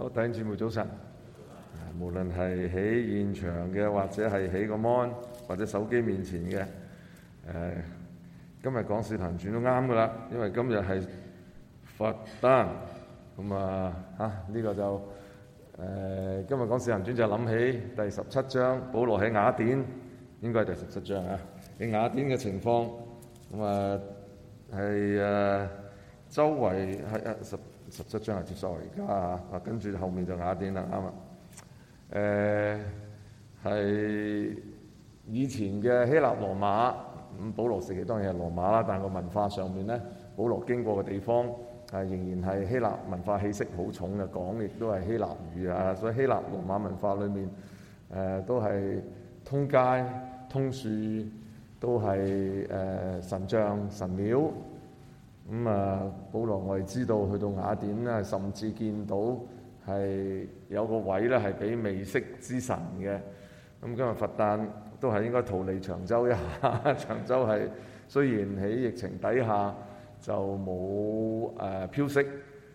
好，弟兄姊妹早晨。無論係喺現場嘅，或者係喺個 mon 或者手機面前嘅，誒，今日講《使徒行傳》都啱㗎喇，因為今日係佛誕。咁啊，嚇呢個就誒，今日講《使徒行傳》就諗起第十七章，保羅喺雅典，應該係第十七章啊。喺雅典嘅情況，咁啊係誒，周圍係十。十七章係接受，而家啊，啊跟住後面就雅典啦，啱啊。誒係以前嘅希臘羅馬，咁保羅時期當然係羅馬啦，但個文化上面咧，保羅經過嘅地方係仍然係希臘文化氣息好重嘅，講亦都係希臘語啊。所以希臘羅馬文化裡面誒都係通街通樹都係誒神像神廟。咁啊、嗯，保羅我哋知道去到雅典咧，甚至見到係有個位咧係俾未識之神嘅。咁、嗯、今日佛誕都係應該逃離長洲一下，長洲係雖然喺疫情底下就冇誒、呃、飄色，咁、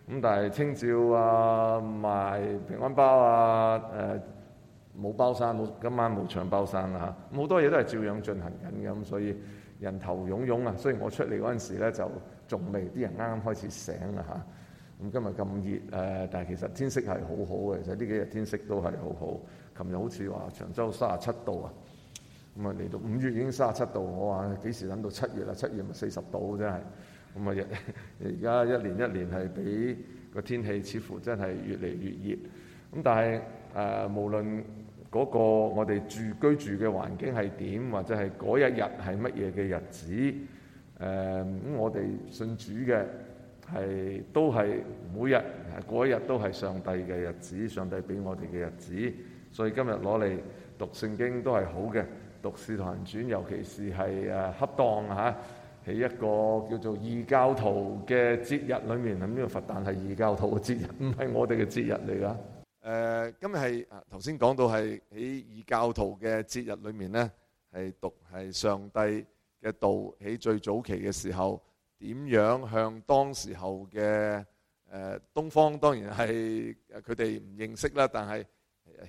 嗯、但係清照啊賣平安包啊誒冇、呃、包山冇，今晚冇長包山啊，嚇、嗯。好多嘢都係照樣進行緊嘅，咁所以人頭湧湧啊。雖然我出嚟嗰陣時咧就～仲未，啲人啱啱開始醒啊。嚇！咁今日咁熱，誒，但係其實天色係好好嘅，其實呢幾日天，天色都係好好。琴日好似話長洲三十七度啊，咁啊嚟到五月已經三十七度，我話幾時等到七月啊？七月咪四十度真係，咁啊，而家一年一年係比個天氣似乎真係越嚟越熱。咁但係誒，無論嗰個我哋住居住嘅環境係點，或者係嗰一日係乜嘢嘅日子。誒咁、嗯，我哋信主嘅係都係每日過一日都係上帝嘅日子，上帝俾我哋嘅日子，所以今日攞嚟讀聖經都係好嘅。讀使徒行傳，尤其是係誒、啊、恰當嚇喺、啊、一個叫做異教徒嘅節日裏面，咁呢個佛誕係異教徒嘅節日，唔係我哋嘅節日嚟㗎。誒、呃，今日係頭先講到係喺異教徒嘅節日裏面咧，係讀係上帝。一度喺最早期嘅時候，點樣向當時候嘅誒、呃、東方？當然係佢哋唔認識啦。但係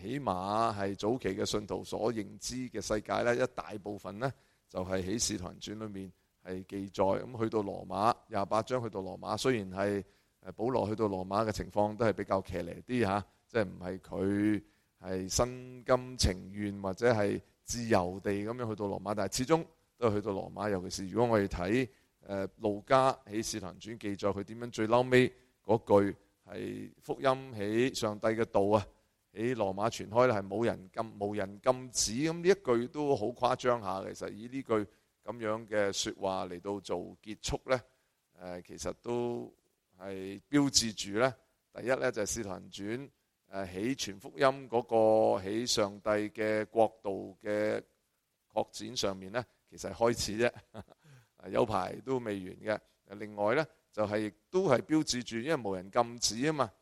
起碼係早期嘅信徒所認知嘅世界咧，一大部分咧就係喺《使徒行傳》裏面係記載。咁去到羅馬廿八章，去到羅馬，雖然係誒保羅去到羅馬嘅情況都係比較騎呢啲吓，即係唔係佢係心甘情願或者係自由地咁樣去到羅馬，但係始終。都去到羅馬，尤其是如果我哋睇誒路加喺《使徒行傳》記載佢點樣最嬲尾嗰句，係福音喺上帝嘅道啊喺羅馬傳開咧，係冇人禁，冇人禁止。咁呢一句都好誇張下。其實以呢句咁樣嘅説話嚟到做結束呢，誒、呃、其實都係標誌住呢。第一呢，就係、是《使徒行傳》誒喺傳福音嗰個喺上帝嘅國度嘅擴展上面呢。其實開始啫，有排都未完嘅。另外呢，就係亦都係標誌住，因為無人禁止啊嘛。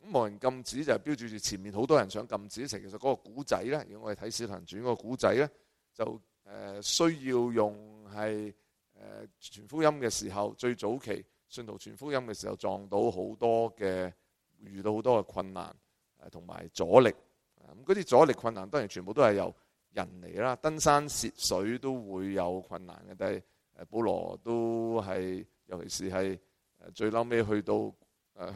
咁無人禁止就係標誌住前面好多人想禁止。其實嗰個故仔呢，如果我哋睇《使徒行傳》嗰個故仔呢就誒需要用係誒傳福音嘅時候，最早期信徒傳福音嘅時候，撞到好多嘅遇到好多嘅困難，誒同埋阻力。嗰啲阻力、困難，當然全部都係由。人嚟啦，登山涉水都會有困難嘅，但係保羅都係，尤其是係最嬲尾去到誒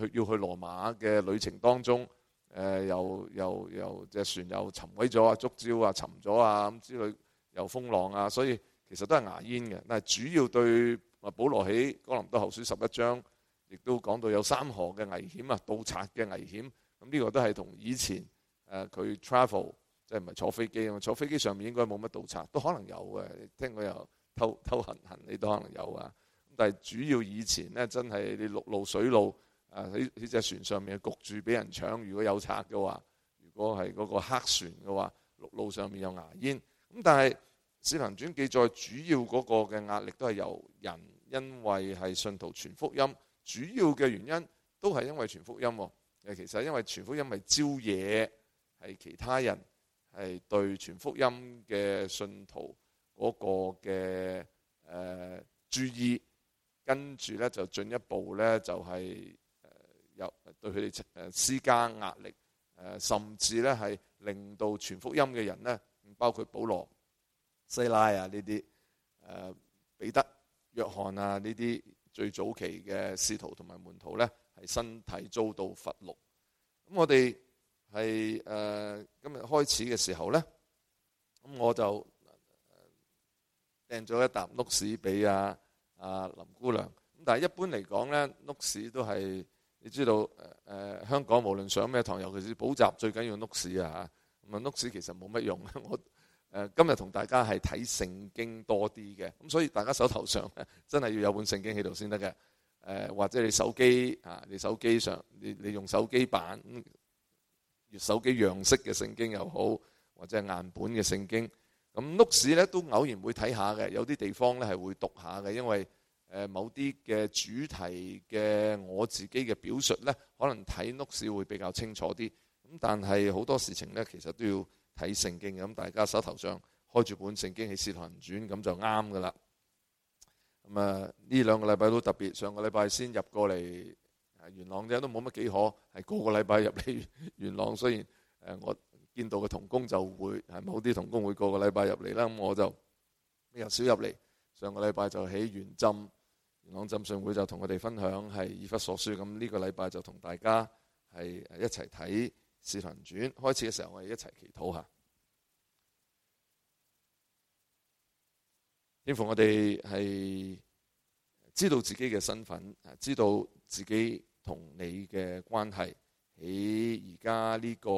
去要去羅馬嘅旅程當中，誒、呃、又又又隻船又沉毀咗啊，觸礁啊沉咗啊咁之類，又風浪啊，所以其實都係牙煙嘅。但係主要對誒保羅喺哥林多後書十一章，亦都講到有三河嘅危險啊，盜賊嘅危險，咁呢、這個都係同以前誒佢 travel。即係唔係坐飛機吖嘛？坐飛機上面應該冇乜盜賊，都可能有嘅。你聽過又偷偷行行你都可能有啊。但係主要以前呢，真係你陸路水路啊，喺喺隻船上面焗住俾人搶。如果有賊嘅話，如果係嗰個黑船嘅話，陸路上面有牙煙咁。但係《使徒行傳》記載，主要嗰個嘅壓力都係由人，因為係信徒傳福音。主要嘅原因都係因為傳福音。誒，其實因為傳福音係招惹，係其他人。係對全福音嘅信徒嗰、那個嘅誒注意，跟住咧就進一步咧就係誒有對佢哋誒施加壓力，誒、呃、甚至咧係令到全福音嘅人咧，包括保羅、西拉啊呢啲，誒、呃、彼得、約翰啊呢啲最早期嘅使徒同埋門徒咧，係身體遭到罰錄。咁我哋。係誒、呃、今日開始嘅時候咧，咁我就、呃、訂咗一沓 notes 俾阿阿林姑娘。咁但係一般嚟講咧，notes 都係你知道誒誒、呃、香港無論上咩堂，尤其是補習最緊要 notes 啊吓，咁啊，notes 其實冇乜用。我誒今日同大家係睇聖經多啲嘅，咁所以大家手頭上真係要有本聖經喺度先得嘅。誒、呃、或者你手機啊，你手機上你你用手機版。嗯手機樣式嘅聖經又好，或者係硬本嘅聖經，咁碌 o 咧都偶然會睇下嘅，有啲地方咧係會讀一下嘅，因為誒、呃、某啲嘅主題嘅我自己嘅表述咧，可能睇碌 o k 會比較清楚啲。咁但係好多事情咧，其實都要睇聖經，咁大家手頭上開住本聖經喺舌頭轉，咁就啱噶啦。咁啊，呢兩個禮拜都特別，上個禮拜先入過嚟。元朗啫，都冇乜幾可，係個個禮拜入嚟元朗，雖然誒我見到嘅同工就會係某啲同工會個個禮拜入嚟啦。咁我就由少入嚟。上個禮拜就喺元浸元朗浸信會就同我哋分享係以弗所書。咁、這、呢個禮拜就同大家係一齊睇使徒行傳。開始嘅時候我哋一齊祈禱下，願乎我哋係知道自己嘅身份，知道自己。同你嘅關係喺而家呢個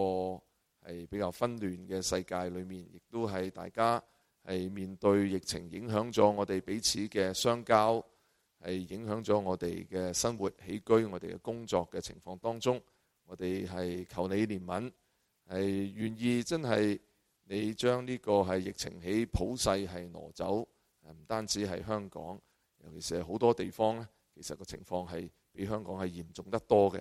係比較紛亂嘅世界裏面，亦都係大家係面對疫情影響咗我哋彼此嘅相交，係影響咗我哋嘅生活起居，我哋嘅工作嘅情況當中，我哋係求你憐憫，係願意真係你將呢個係疫情喺普世係挪走，唔單止係香港，尤其是好多地方咧，其實個情況係。比香港係嚴重得多嘅。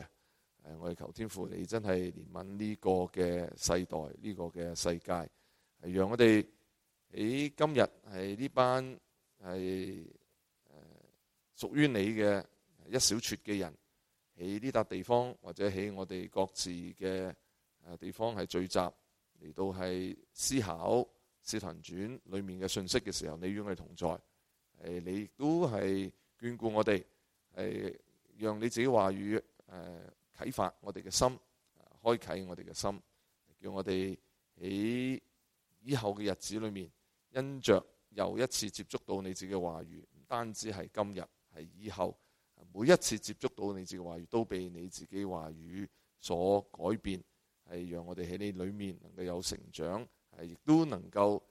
誒，我哋求天父，你真係憐憫呢個嘅世代，呢個嘅世界，係讓我哋喺今日係呢班係誒屬於你嘅一小撮嘅人喺呢笪地方，或者喺我哋各自嘅誒地方係聚集嚟到係思考《使徒行傳》裏面嘅信息嘅時候，你與我哋同在，係你都係眷顧我哋，係。讓你自己話語誒、呃、啟發我哋嘅心，開啟我哋嘅心，叫我哋喺以後嘅日子裏面，因着又一次接觸到你自己嘅話語，唔單止係今日，係以後，每一次接觸到你自己嘅話語，都被你自己話語所改變，係讓我哋喺你裏面能夠有成長，係亦都能夠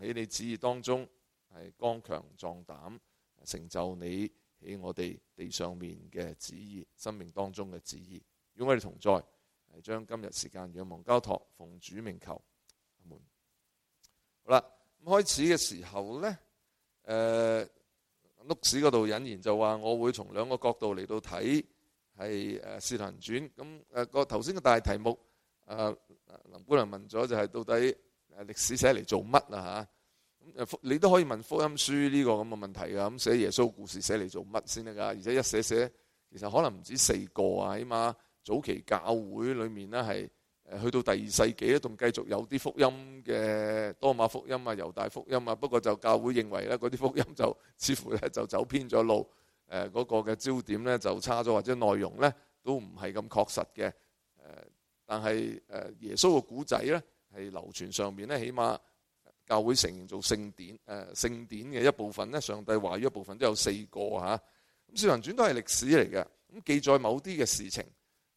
喺你旨意當中，係剛強壯膽，成就你。喺我哋地上面嘅旨意，生命當中嘅旨意，與我哋同在，係將今日時間仰望交託，奉主名求。阿門。好啦，開始嘅時候咧，誒、呃，碌史嗰度引言就話我會從兩個角度嚟到睇係誒《使徒行、啊、傳》。咁誒個頭先嘅大題目，誒、啊、林姑娘問咗就係到底誒歷史寫嚟做乜啊吓？你都可以問福音書呢個咁嘅問題啊！咁寫耶穌故事寫嚟做乜先得㗎？而且一寫寫，其實可能唔止四個啊，起碼早期教會裏面呢，係誒去到第二世紀咧仲繼續有啲福音嘅多馬福音啊、猶大福音啊。不過就教會認為咧，嗰啲福音就似乎咧就走偏咗路，誒、那、嗰個嘅焦點咧就差咗，或者內容咧都唔係咁確實嘅。誒，但係誒耶穌嘅古仔咧係流傳上面咧，起碼，教會承認做聖典，誒聖典嘅一部分咧，上帝話語一部分都有四個嚇。咁《使徒行傳》都係歷史嚟嘅，咁記載某啲嘅事情，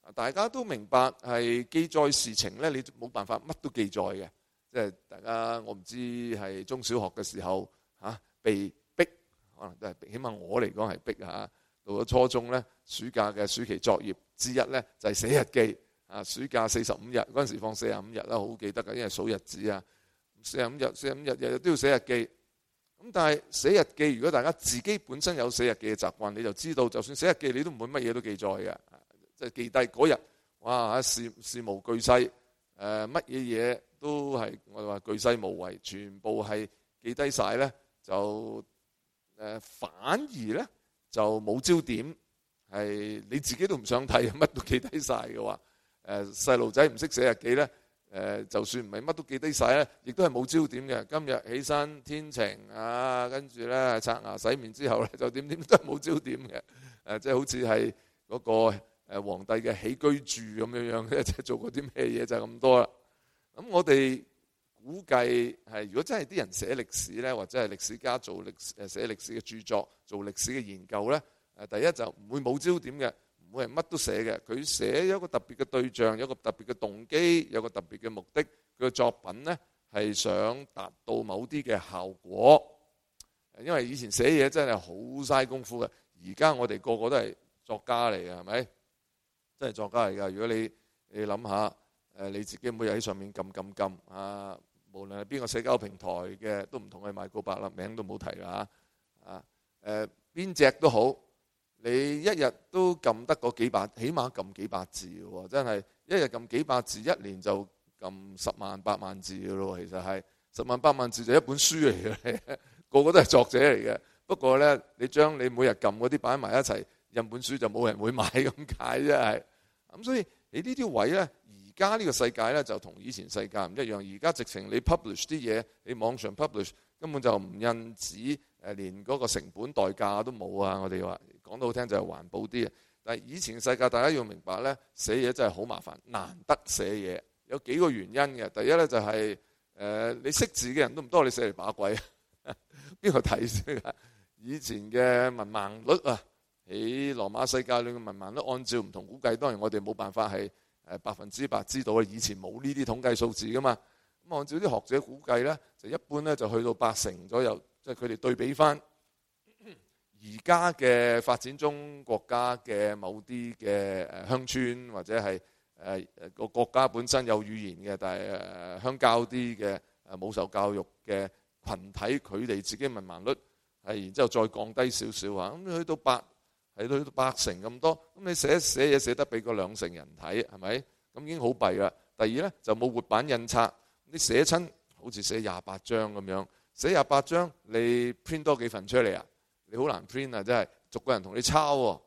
啊大家都明白係記載事情咧，你冇辦法乜都記載嘅，即係大家我唔知係中小學嘅時候嚇、啊、被逼，可能都係，起碼我嚟講係逼嚇。到咗初中咧，暑假嘅暑期作業之一咧就係、是、寫日記，啊暑假四十五日嗰陣時放四十五日啦，好記得㗎，因為數日子啊。四十五日，四十五日，日日都要寫日記。咁但係寫日記，如果大家自己本身有寫日記嘅習慣，你就知道，就算寫日記，你都唔會乜嘢都記載嘅，即係記低嗰日，哇，事事無巨細，誒乜嘢嘢都係我哋話巨細無遺，全部係記低晒咧，就誒反而咧就冇焦點，係你自己都唔想睇，乜都記低晒嘅話，誒細路仔唔識寫日記咧。誒就算唔係乜都記低晒咧，亦都係冇焦點嘅。今日起身天晴啊，跟住咧刷牙洗面之後咧，就點點都係冇焦點嘅。誒即係好似係嗰個誒皇帝嘅起居住咁樣樣嘅，即係做過啲咩嘢就係咁多啦。咁我哋估計係如果真係啲人寫歷史咧，或者係歷史家做歷誒寫歷史嘅著作、做歷史嘅研究咧，誒第一就唔會冇焦點嘅。唔會係乜都寫嘅，佢寫有一個特別嘅對象，有個特別嘅動機，有個特別嘅目的。佢嘅作品呢，係想達到某啲嘅效果。因為以前寫嘢真係好嘥功夫嘅，而家我哋個個都係作家嚟嘅，係咪？真係作家嚟㗎？如果你你諗下，誒你自己每日喺上面撳撳撳啊，無論係邊個社交平台嘅，都唔同你買告白，粒名都冇提啦啊，誒邊隻都好。你一日都撳得過幾百，起碼撳幾百字喎，真係一日撳幾百字，一年就撳十萬八萬字嘅咯。其實係十萬八萬字就一本書嚟嘅，個個都係作者嚟嘅。不過呢，你將你每日撳嗰啲擺埋一齊印本書就冇人會買咁解啫係。咁所以你呢啲位呢，而家呢個世界呢，就同以前世界唔一樣。而家直情你 publish 啲嘢，你網上 publish 根本就唔印紙，誒連嗰個成本代價都冇啊！我哋話。講到好聽就係、是、環保啲嘅，但係以前世界大家要明白咧，寫嘢真係好麻煩，難得寫嘢有幾個原因嘅。第一咧就係、是呃、你識字嘅人都唔多，你寫嚟把鬼，邊個睇先啊？以前嘅文盲率啊，喺羅馬世界裏嘅文盲率，按照唔同估計，當然我哋冇辦法係百分之百知道啊。以前冇呢啲統計數字噶嘛，咁按照啲學者估計咧，就一般咧就去到八成左右，即係佢哋對比翻。而家嘅發展中國家嘅某啲嘅誒鄉村或者係誒個國家本身有語言嘅，但係、呃、鄉郊啲嘅冇受教育嘅群體，佢哋自己文盲率係，然之後再降低少少啊。咁去到八係去到八成咁多，咁你寫寫嘢寫得俾個兩成人睇係咪？咁已經好弊啦。第二咧就冇活版印刷，你寫親好似寫廿八張咁樣，寫廿八張你編多幾份出嚟啊？你好難 print 啊！真係逐個人同你抄喎，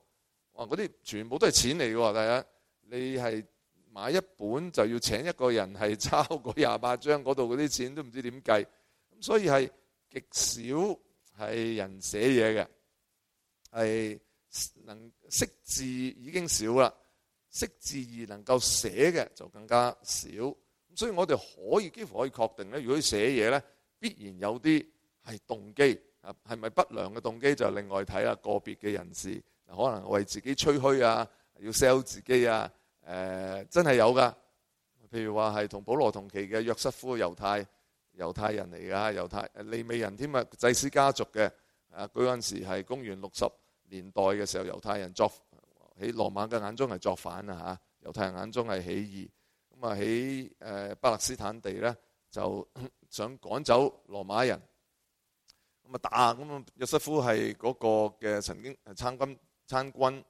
哇！嗰啲全部都係錢嚟㗎喎，大家你係買一本就要請一個人係抄嗰廿八張，嗰度嗰啲錢都唔知點計，咁所以係極少係人寫嘢嘅，係能識字已經少啦，識字而能夠寫嘅就更加少。所以我哋可以幾乎可以確定咧，如果寫嘢咧，必然有啲係動機。係咪不，不良嘅動機，就另外睇下個別嘅人士，可能為自己吹噓啊，要 sell 自己啊。誒、呃，真係有㗎。譬如話係同保羅同期嘅約瑟夫猶，猶太猶太人嚟㗎，猶太利未人添啊，祭司家族嘅。啊，嗰陣時係公元六十年代嘅時候，猶太人作喺羅馬嘅眼中係作反啊嚇，猶太人眼中係起義。咁啊喺誒巴勒斯坦地呢，就想趕走羅馬人。咁啊打咁啊，約瑟夫係嗰個嘅曾經係參軍、參軍、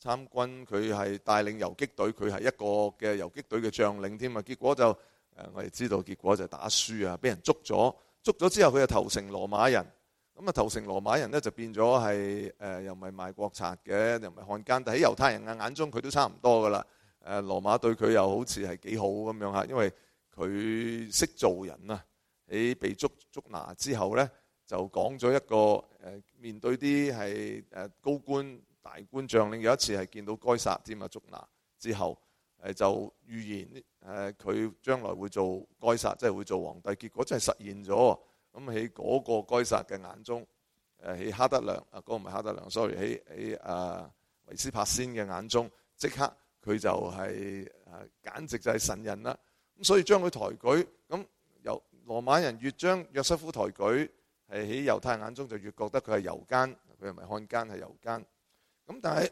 參軍，佢係帶領遊擊隊，佢係一個嘅遊擊隊嘅將領添啊。結果就誒，我哋知道，結果就打輸啊，俾人捉咗。捉咗之後，佢就投誠羅馬人。咁啊，投誠羅馬人呢，就變咗係誒，又唔係賣國賊嘅，又唔係漢奸，但喺猶太人嘅眼中，佢都差唔多噶啦。誒，羅馬對佢又好似係幾好咁樣嚇，因為佢識做人啊。喺被捉捉拿之後呢，就講咗一個誒，面對啲係誒高官大官將領，有一次係見到該撒添啊捉拿之後，誒就預言誒佢將來會做該撒，即係會做皇帝，結果真係實現咗。咁喺嗰個該撒嘅眼中，誒喺哈德良、那個、啊，嗰個唔係哈德良，sorry，喺喺啊維斯帕先嘅眼中，即刻佢就係、是、誒、啊，簡直就係神人啦。咁所以將佢抬舉，咁由羅馬人越將約瑟夫抬舉。係喺猶太眼中就越覺得佢係猶奸，佢又唔係漢奸係猶奸？咁但係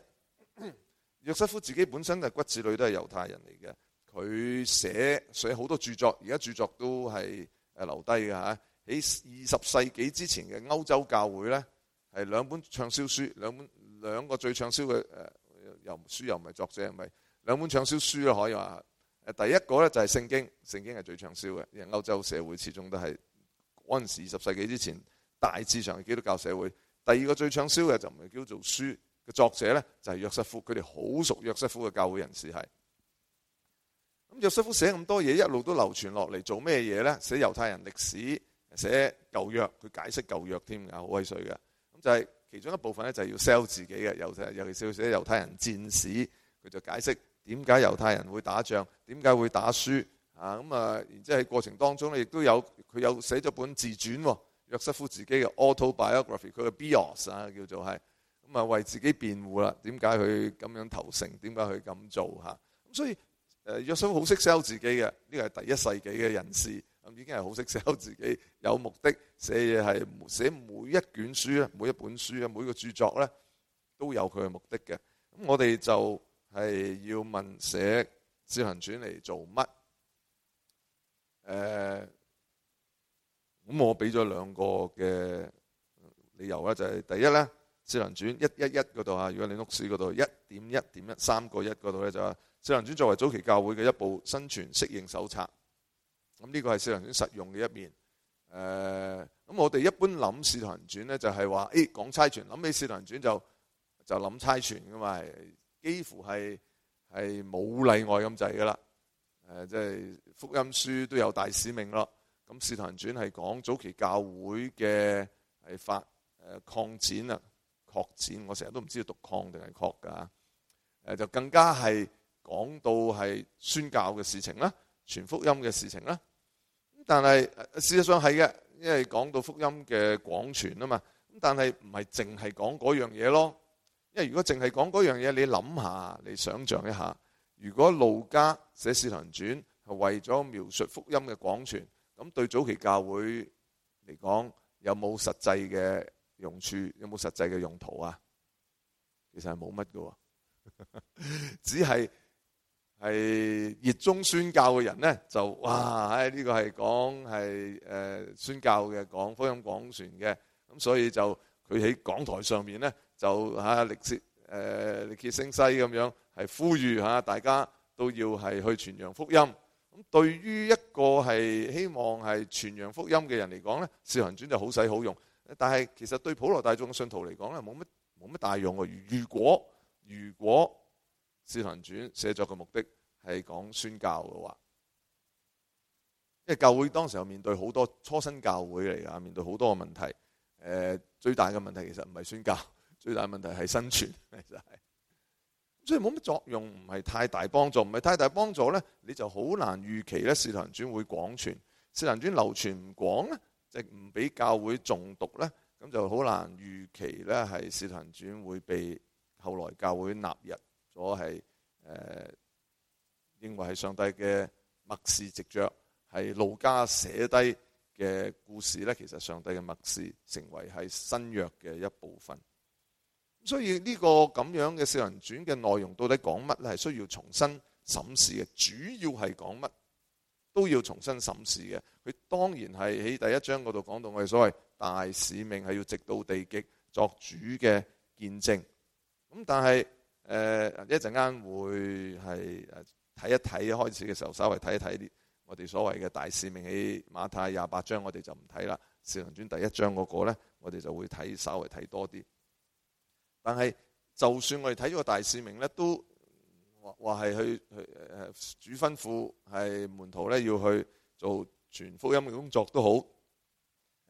約瑟夫自己本身嘅骨子裏都係猶太人嚟嘅。佢寫寫好多著作，而家著作都係誒留低嘅嚇。喺二十世紀之前嘅歐洲教會呢，係兩本暢銷書，兩本兩個最暢銷嘅誒又書又唔係作者，係咪兩本暢銷書都可以話？第一個呢，就係聖經，聖經係最暢銷嘅，因為歐洲社會始終都係嗰陣時二十世紀之前。大致上係基督教社會。第二個最暢銷嘅就唔係叫做書嘅作者呢就係約瑟夫。佢哋好熟約瑟夫嘅教會人士係。咁約瑟夫寫咁多嘢，一路都流傳落嚟，做咩嘢呢？寫猶太人歷史，寫舊約，佢解釋舊約添㗎，好威水嘅。咁就係、是、其中一部分呢，就係要 sell 自己嘅。尤尤其是寫猶太人戰史。佢就解釋點解猶太人會打仗，點解會打輸啊？咁啊，然之後喺過程當中呢，亦都有佢有寫咗本自傳喎。約瑟夫自己嘅 auto biography，佢嘅 bios 啊叫做係咁啊，為自己辯護啦。點解佢咁樣投誠？點解佢咁做吓，咁所以誒，約瑟夫好識 sell 自己嘅。呢個係第一世紀嘅人士，咁已經係好識 sell 自己。有目的寫嘢係寫每一卷書咧，每一本書啊，每個著作咧都有佢嘅目的嘅。咁我哋就係要問寫《使徒行傳》嚟做乜？誒？咁我俾咗兩個嘅理由咧，就係、是、第一咧《使徒行傳》一一一嗰度啊，如果你屋市嗰度一點一點一三個一嗰度咧，就話《使徒行傳》作為早期教會嘅一部生存適應手冊，咁呢個係《使徒行傳》實用嘅一面。誒、呃，咁我哋一般諗《哎、傳使徒行傳》咧，就係話，誒講差傳，諗起《使徒行傳》就就諗差傳噶嘛，係幾乎係係冇例外咁滯噶啦。誒，即係福音書都有大使命咯。咁《使徒行傳》係講早期教會嘅係發誒擴展啊，擴展我成日都唔知道讀擴定係擴噶誒，就更加係講到係宣教嘅事情啦，傳福音嘅事情啦。咁但係事實上係嘅，因為講到福音嘅廣傳啊嘛。咁但係唔係淨係講嗰樣嘢咯，因為如果淨係講嗰樣嘢，你諗下，你想象一下，如果路加寫《使徒行傳》係為咗描述福音嘅廣傳。咁對早期教會嚟講，有冇實際嘅用處？有冇實際嘅用途啊？其實係冇乜㗎， 只係係熱衷宣教嘅人咧，就哇，唉、哎、呢、這個係講係宣教嘅，講福音廣傳嘅，咁所以就佢喺講台上面咧，就吓、啊、力竭誒、呃、力竭聲嘶咁樣，係呼籲吓、啊、大家都要係去傳揚福音。咁對於一個係希望係傳揚福音嘅人嚟講呢，《使徒行傳》就好使好用。但係其實對普羅大眾信徒嚟講呢，冇乜冇乜大用。如果如果《使徒行傳》寫作嘅目的係講宣教嘅話，因為教會當時候面對好多初生教會嚟啊，面對好多嘅問題。誒、呃，最大嘅問題其實唔係宣教，最大嘅問題係生存係咪先？就是所以冇乜作用，唔係太大幫助，唔係太大幫助咧，你就好難預期咧。《使徒行傳》會廣傳，《使徒行傳》流傳唔廣咧，即係唔俾教會中毒咧，咁就好難預期咧。係《使徒行傳》會被後來教會納入咗係誒認為係上帝嘅默示直着，係路加寫低嘅故事咧。其實上帝嘅默示成為係新約嘅一部分。所以呢個咁樣嘅《四人傳》嘅內容到底講乜咧？係需要重新審視嘅，主要係講乜都要重新審視嘅。佢當然係喺第一章嗰度講到我哋所謂大使命係要直到地極作主嘅見證。咁但係誒一陣間會係誒睇一睇開始嘅時候，稍微睇一睇啲我哋所謂嘅大使命喺馬太廿八章，我哋就唔睇啦。《四人傳》第一章嗰個呢，我哋就會睇稍微睇多啲。但係，就算我哋睇咗個大使命咧，都話話係去去誒主吩咐係門徒咧，要去做全福音嘅工作都好。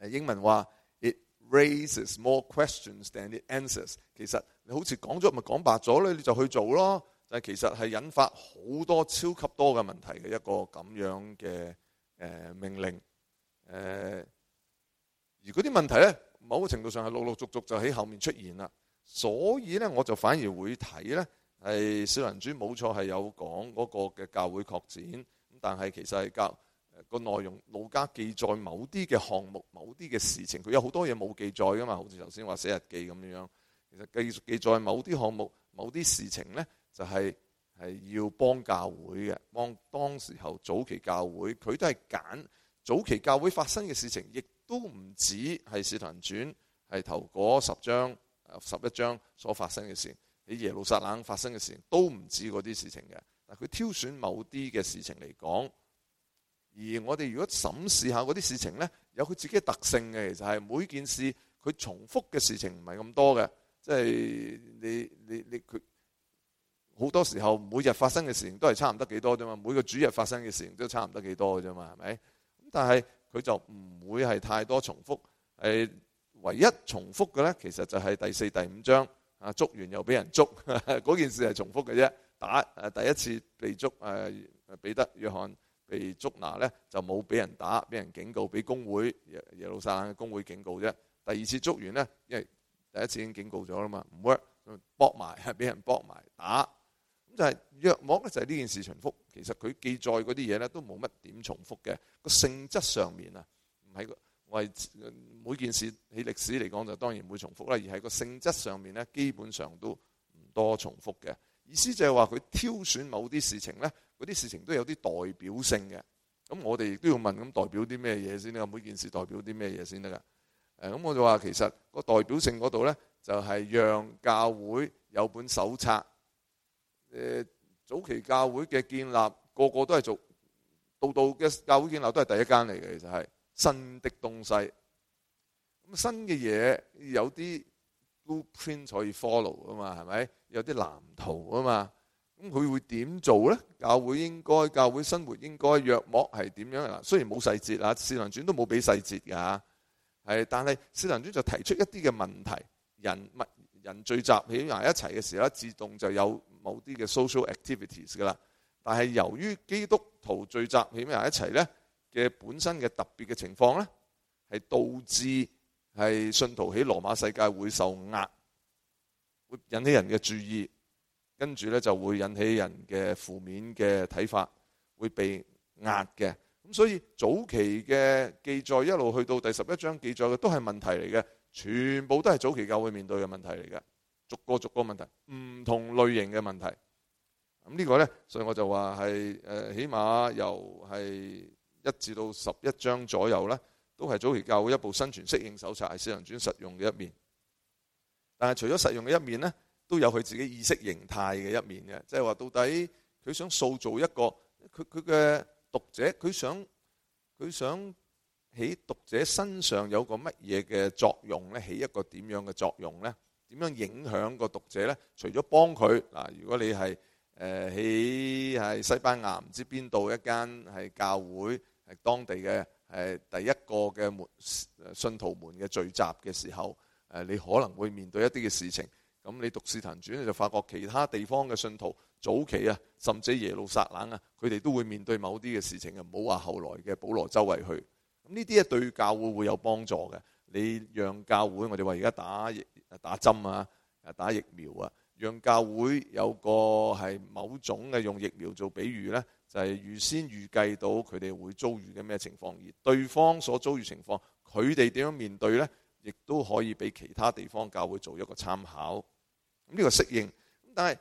英文話，It raises more questions than it answers。其實你好似講咗咪講白咗咧，你就去做咯。但係其實係引發好多超級多嘅問題嘅一個咁樣嘅、呃、命令。呃、而嗰啲問題咧，某個程度上係陸陸續續就喺後面出現啦。所以咧，我就反而會睇呢。係《使徒行傳》冇錯係有講嗰個嘅教會擴展，但係其實係教、嗰個內容。路加記載某啲嘅項目，某啲嘅事情，佢有好多嘢冇記載㗎嘛。好似頭先話寫日記咁樣，其實記記載某啲項目，某啲事情呢、就是，就係係要幫教會嘅幫當時候早期教會，佢都係揀早期教會發生嘅事情，亦都唔止係《使徒行傳》，係頭嗰十章。十一章所發生嘅事情，喺耶路撒冷發生嘅事都唔止嗰啲事情嘅。但佢挑選某啲嘅事情嚟講，而我哋如果審視下嗰啲事情呢，有佢自己嘅特性嘅。其實係每件事佢重複嘅事情唔係咁多嘅，即係你你你佢好多時候每日發生嘅事情都係差唔多幾多啫嘛。每個主日發生嘅事情都差唔多幾多嘅啫嘛，係咪？但係佢就唔會係太多重複，誒。唯一重複嘅咧，其實就係第四、第五章啊，捉完又俾人捉，嗰件事係重複嘅啫。打，誒，第一次被捉誒，彼得、約翰被捉拿咧，就冇俾人打，俾人警告，俾公會耶路撒冷嘅公會警告啫。第二次捉完咧，因為第一次已經警告咗啦嘛，唔 work，搏埋係俾人搏埋打。咁就係約莫咧，就係呢件事重複。其實佢記載嗰啲嘢咧，都冇乜點重複嘅，個性質上面啊，唔係個。為每件事喺歷史嚟講就當然唔會重複啦，而喺個性質上面咧，基本上都唔多重複嘅。意思就係話佢挑選某啲事情咧，嗰啲事情都有啲代表性嘅。咁我哋亦都要問，咁代表啲咩嘢先啦？每件事代表啲咩嘢先得噶？誒，咁我就話其實個代表性嗰度咧，就係讓教會有本手冊。誒，早期教會嘅建立，個個都係做到到嘅，教會建立都係第一間嚟嘅，其實係的新的東西，咁新嘅嘢有啲 blueprint 都可以 follow 啊嘛，係咪？有啲藍圖啊嘛，咁佢會點做呢？教會應該，教會生活應該，約莫係點樣？嗱，雖然冇細節啊，《使行傳》都冇俾細節㗎，係，但係《使行傳》就提出一啲嘅問題，人物人聚集起埋一齊嘅時候咧，自動就有某啲嘅 social activities 噶啦。但係由於基督徒聚集起埋一齊呢，嘅本身嘅特別嘅情況呢，係導致係信徒喺羅馬世界會受壓，會引起人嘅注意，跟住呢，就會引起人嘅負面嘅睇法，會被壓嘅。咁所以早期嘅記載一路去到第十一章記載嘅都係問題嚟嘅，全部都係早期教會面對嘅問題嚟嘅，逐個逐個問題，唔同類型嘅問題。咁呢個呢，所以我就話係誒，起碼由係。一至到十一章左右咧，都係早期教會一部生存適應手冊，係《使徒傳》實用嘅一面。但係除咗實用嘅一面咧，都有佢自己意識形態嘅一面嘅，即係話到底佢想塑造一個佢佢嘅讀者，佢想佢想喺讀者身上有個乜嘢嘅作用咧？起一個點樣嘅作用咧？點樣影響個讀者咧？除咗幫佢嗱，如果你係誒喺係西班牙唔知邊度一間係教會。當地嘅誒第一個嘅門信徒門嘅聚集嘅時候，誒你可能會面對一啲嘅事情。咁你讀使徒行傳咧，就發覺其他地方嘅信徒早期啊，甚至耶路撒冷啊，佢哋都會面對某啲嘅事情啊。唔好話後來嘅保羅周圍去。咁呢啲咧對教會會有幫助嘅。你讓教會，我哋話而家打疫打針啊，誒打疫苗啊，讓教會有個係某種嘅用疫苗做比喻咧。就係預先預計到佢哋會遭遇嘅咩情況，而對方所遭遇情況，佢哋點樣面對呢？亦都可以俾其他地方教會做一個參考。咁呢個適應。咁但係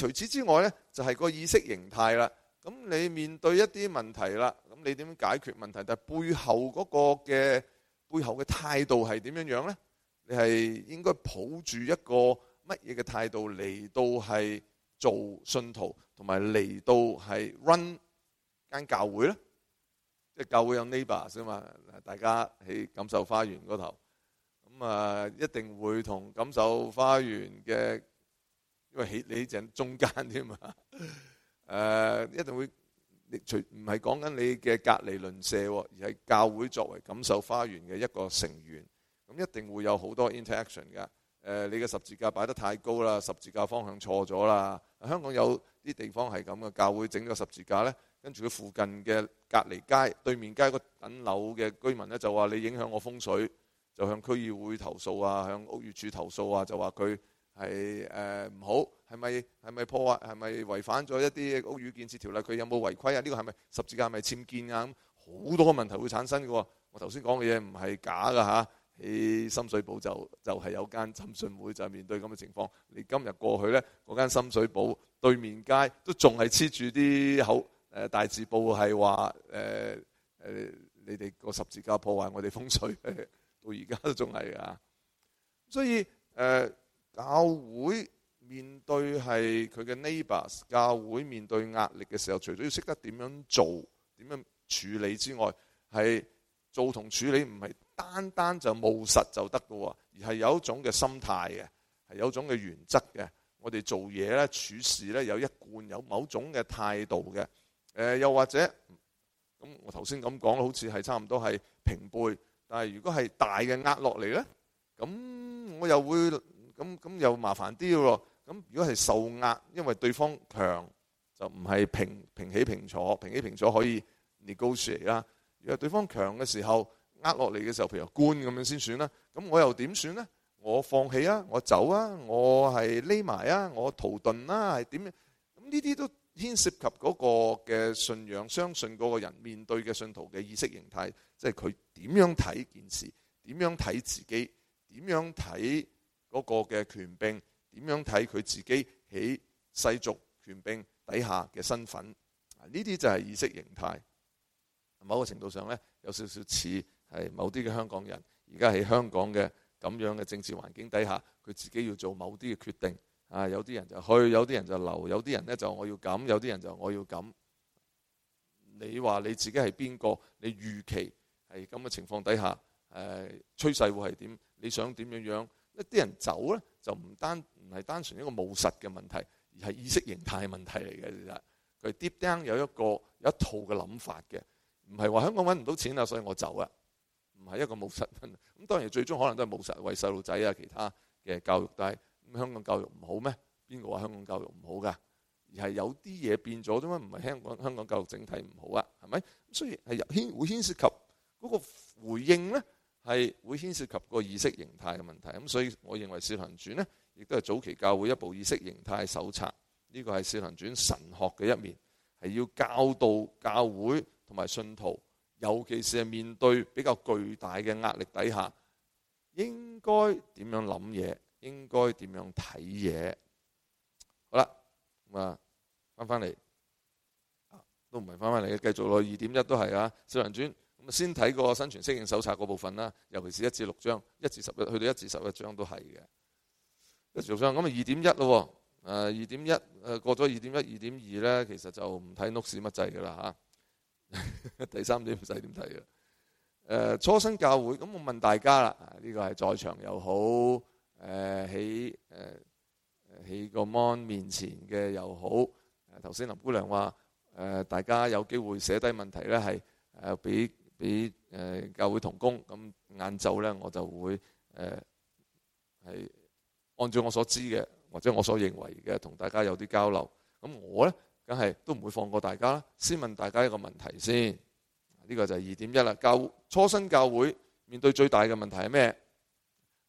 除此之外呢，就係個意識形態啦。咁你面對一啲問題啦，咁你點樣解決問題？但係背後嗰個嘅背後嘅態度係點樣樣呢？你係應該抱住一個乜嘢嘅態度嚟到係做信徒？同埋嚟到係 run 間教會啦，即係教會有 neighbor 先嘛？大家喺錦繡花園嗰頭，咁、嗯、啊，一定會同錦繡花園嘅，因為起你正中間添嘛，誒、嗯，一定會除唔係講緊你嘅隔籬鄰舍，而係教會作為錦繡花園嘅一個成員，咁、嗯、一定會有好多 interaction 噶。誒、嗯，你嘅十字架擺得太高啦，十字架方向錯咗啦，香港有。啲地方係咁嘅，教會整咗十字架呢。跟住佢附近嘅隔離街、對面街個等樓嘅居民呢，就話你影響我風水，就向區議會投訴啊，向屋宇處投訴啊，就話佢係誒唔好，係咪係咪破壞，係咪違反咗一啲屋宇建設條例？佢有冇違規啊？呢個係咪十字架係咪僭建啊？咁好多問題會產生嘅。我頭先講嘅嘢唔係假嘅嚇。喺深水埗就就係有間浸信會就係面對咁嘅情況，你今日過去咧，間深水埗對面街都仲係黐住啲口誒大字報係話誒誒你哋個十字架破壞我哋風水，到而家都仲係啊。所以誒、呃、教會面對係佢嘅 neighbours，教會面對壓力嘅時候，除咗要識得點樣做、點樣處理之外，係做同處理唔係。單單就務實就得㗎喎，而係有一種嘅心態嘅，係有一種嘅原則嘅。我哋做嘢咧、處事咧，有一貫有某種嘅態度嘅。誒、呃，又或者咁，我頭先咁講好似係差唔多係平輩，但係如果係大嘅壓落嚟咧，咁我又會咁咁又麻煩啲嘅喎。咁如果係受壓，因為對方強，就唔係平平起平坐，平起平坐可以 negotiate 啦。如果對方強嘅時候，呃落嚟嘅時候，譬如官咁樣先算啦，咁我又點算呢？我放棄啊，我走啊，我係匿埋啊，我逃遁啦、啊，係點樣？咁呢啲都牽涉及嗰個嘅信仰、相信嗰個人面對嘅信徒嘅意識形態，即係佢點樣睇件事，點樣睇自己，點樣睇嗰個嘅權柄，點樣睇佢自己喺世俗權柄底下嘅身份？啊，呢啲就係意識形態，某個程度上呢，有少少似。係某啲嘅香港人，而家喺香港嘅咁樣嘅政治環境底下，佢自己要做某啲嘅決定啊。有啲人就去，有啲人就留，有啲人咧就我要咁，有啲人就我要咁。你話你自己係邊個？你預期係咁嘅情況底下，誒趨勢會係點？你想點樣樣？一啲人走呢，就唔單唔係單純一個務實嘅問題，而係意識形態問題嚟嘅。其實佢 deep down 有一個有一套嘅諗法嘅，唔係話香港揾唔到錢啊，所以我走啊。係一個冇實，咁當然最終可能都係冇實，為細路仔啊，其他嘅教育。但係香港教育唔好咩？邊個話香港教育唔好㗎？而係有啲嘢變咗啫嘛，唔係香港香港教育整體唔好啊，係咪？雖然係牽會牽涉及嗰個回應呢，係會牽涉及個意識形態嘅問題，咁所以我認為《使徒行傳》呢，亦都係早期教會一部意識形態手冊，呢個係《使徒行傳》神學嘅一面，係要教導教會同埋信徒。尤其是係面對比較巨大嘅壓力底下，應該點樣諗嘢？應該點樣睇嘢？好啦，咁啊翻返嚟，都唔係翻返嚟嘅，繼續咯。二點一都係啊，轉《少人轉》咁先睇個生存適應手冊嗰部分啦。尤其是一至六章，一至十一，十一，去到一至十一章都係嘅。繼續上咁啊，二點一咯，誒二點一誒過咗二點一、二點二咧，其實就唔睇 notes 乜滯嘅啦嚇。 第三點唔使點睇嘅，誒、呃，初生教會，咁我問大家啦，呢、這個係在場又好，誒喺誒喺個 mon 面前嘅又好，誒，頭先林姑娘話，誒、呃，大家有機會寫低問題咧，係、呃、誒，俾俾誒教會同工，咁晏晝咧，我就會誒係、呃、按照我所知嘅，或者我所認為嘅，同大家有啲交流，咁我咧。梗係都唔會放過大家，先問大家一個問題先，呢、這個就係二點一啦。教初生教會面對最大嘅問題係咩？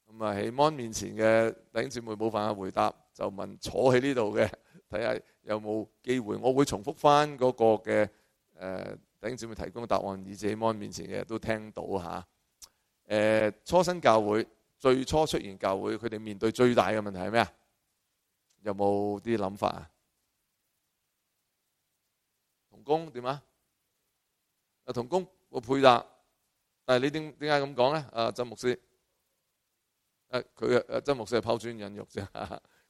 咁啊喺 Mon 面前嘅弟兄姊妹冇辦法回答，就問坐喺呢度嘅，睇下有冇機會。我會重複翻嗰個嘅誒，弟兄姐妹提供嘅答案，以至 Mon 面前嘅都聽到吓。誒、啊，初生教會最初出現教會，佢哋面對最大嘅問題係咩啊？有冇啲諗法啊？工點啊？啊同工我配搭，但你點點解咁講咧？啊，曾牧師，誒、啊，佢嘅誒，曾、啊、牧師係拋磚引玉啫，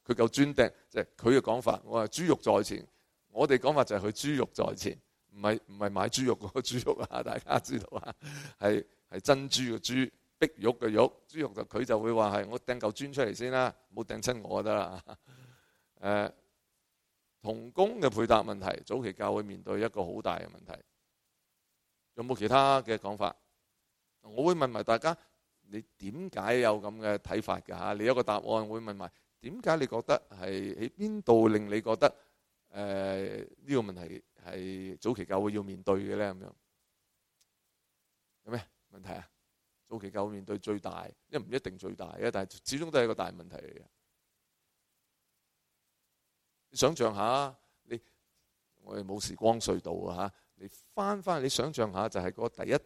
佢嚿磚掟，即係佢嘅講法。我話豬肉在前，我哋講法就係佢豬肉在前，唔係唔係買豬肉嗰個豬肉啊？大家知道啊？係係珍珠嘅豬，碧玉嘅玉。豬肉就佢就會話係我掟嚿磚出嚟先啦，冇掟親我得啦，誒、啊。同工嘅配搭問題，早期教會面對一個好大嘅問題。有冇其他嘅講法？我會問埋大家，你點解有咁嘅睇法㗎吓？你有一個答案我會問埋點解你覺得係喺邊度令你覺得誒呢、呃這個問題係早期教會要面對嘅咧？咁樣有咩問題啊？早期教會面對最大，因為唔一定最大嘅，但係始終都係一個大問題嚟嘅。想象下，你我哋冇時光隧道啊！吓，你翻翻，你想象下就係嗰第一代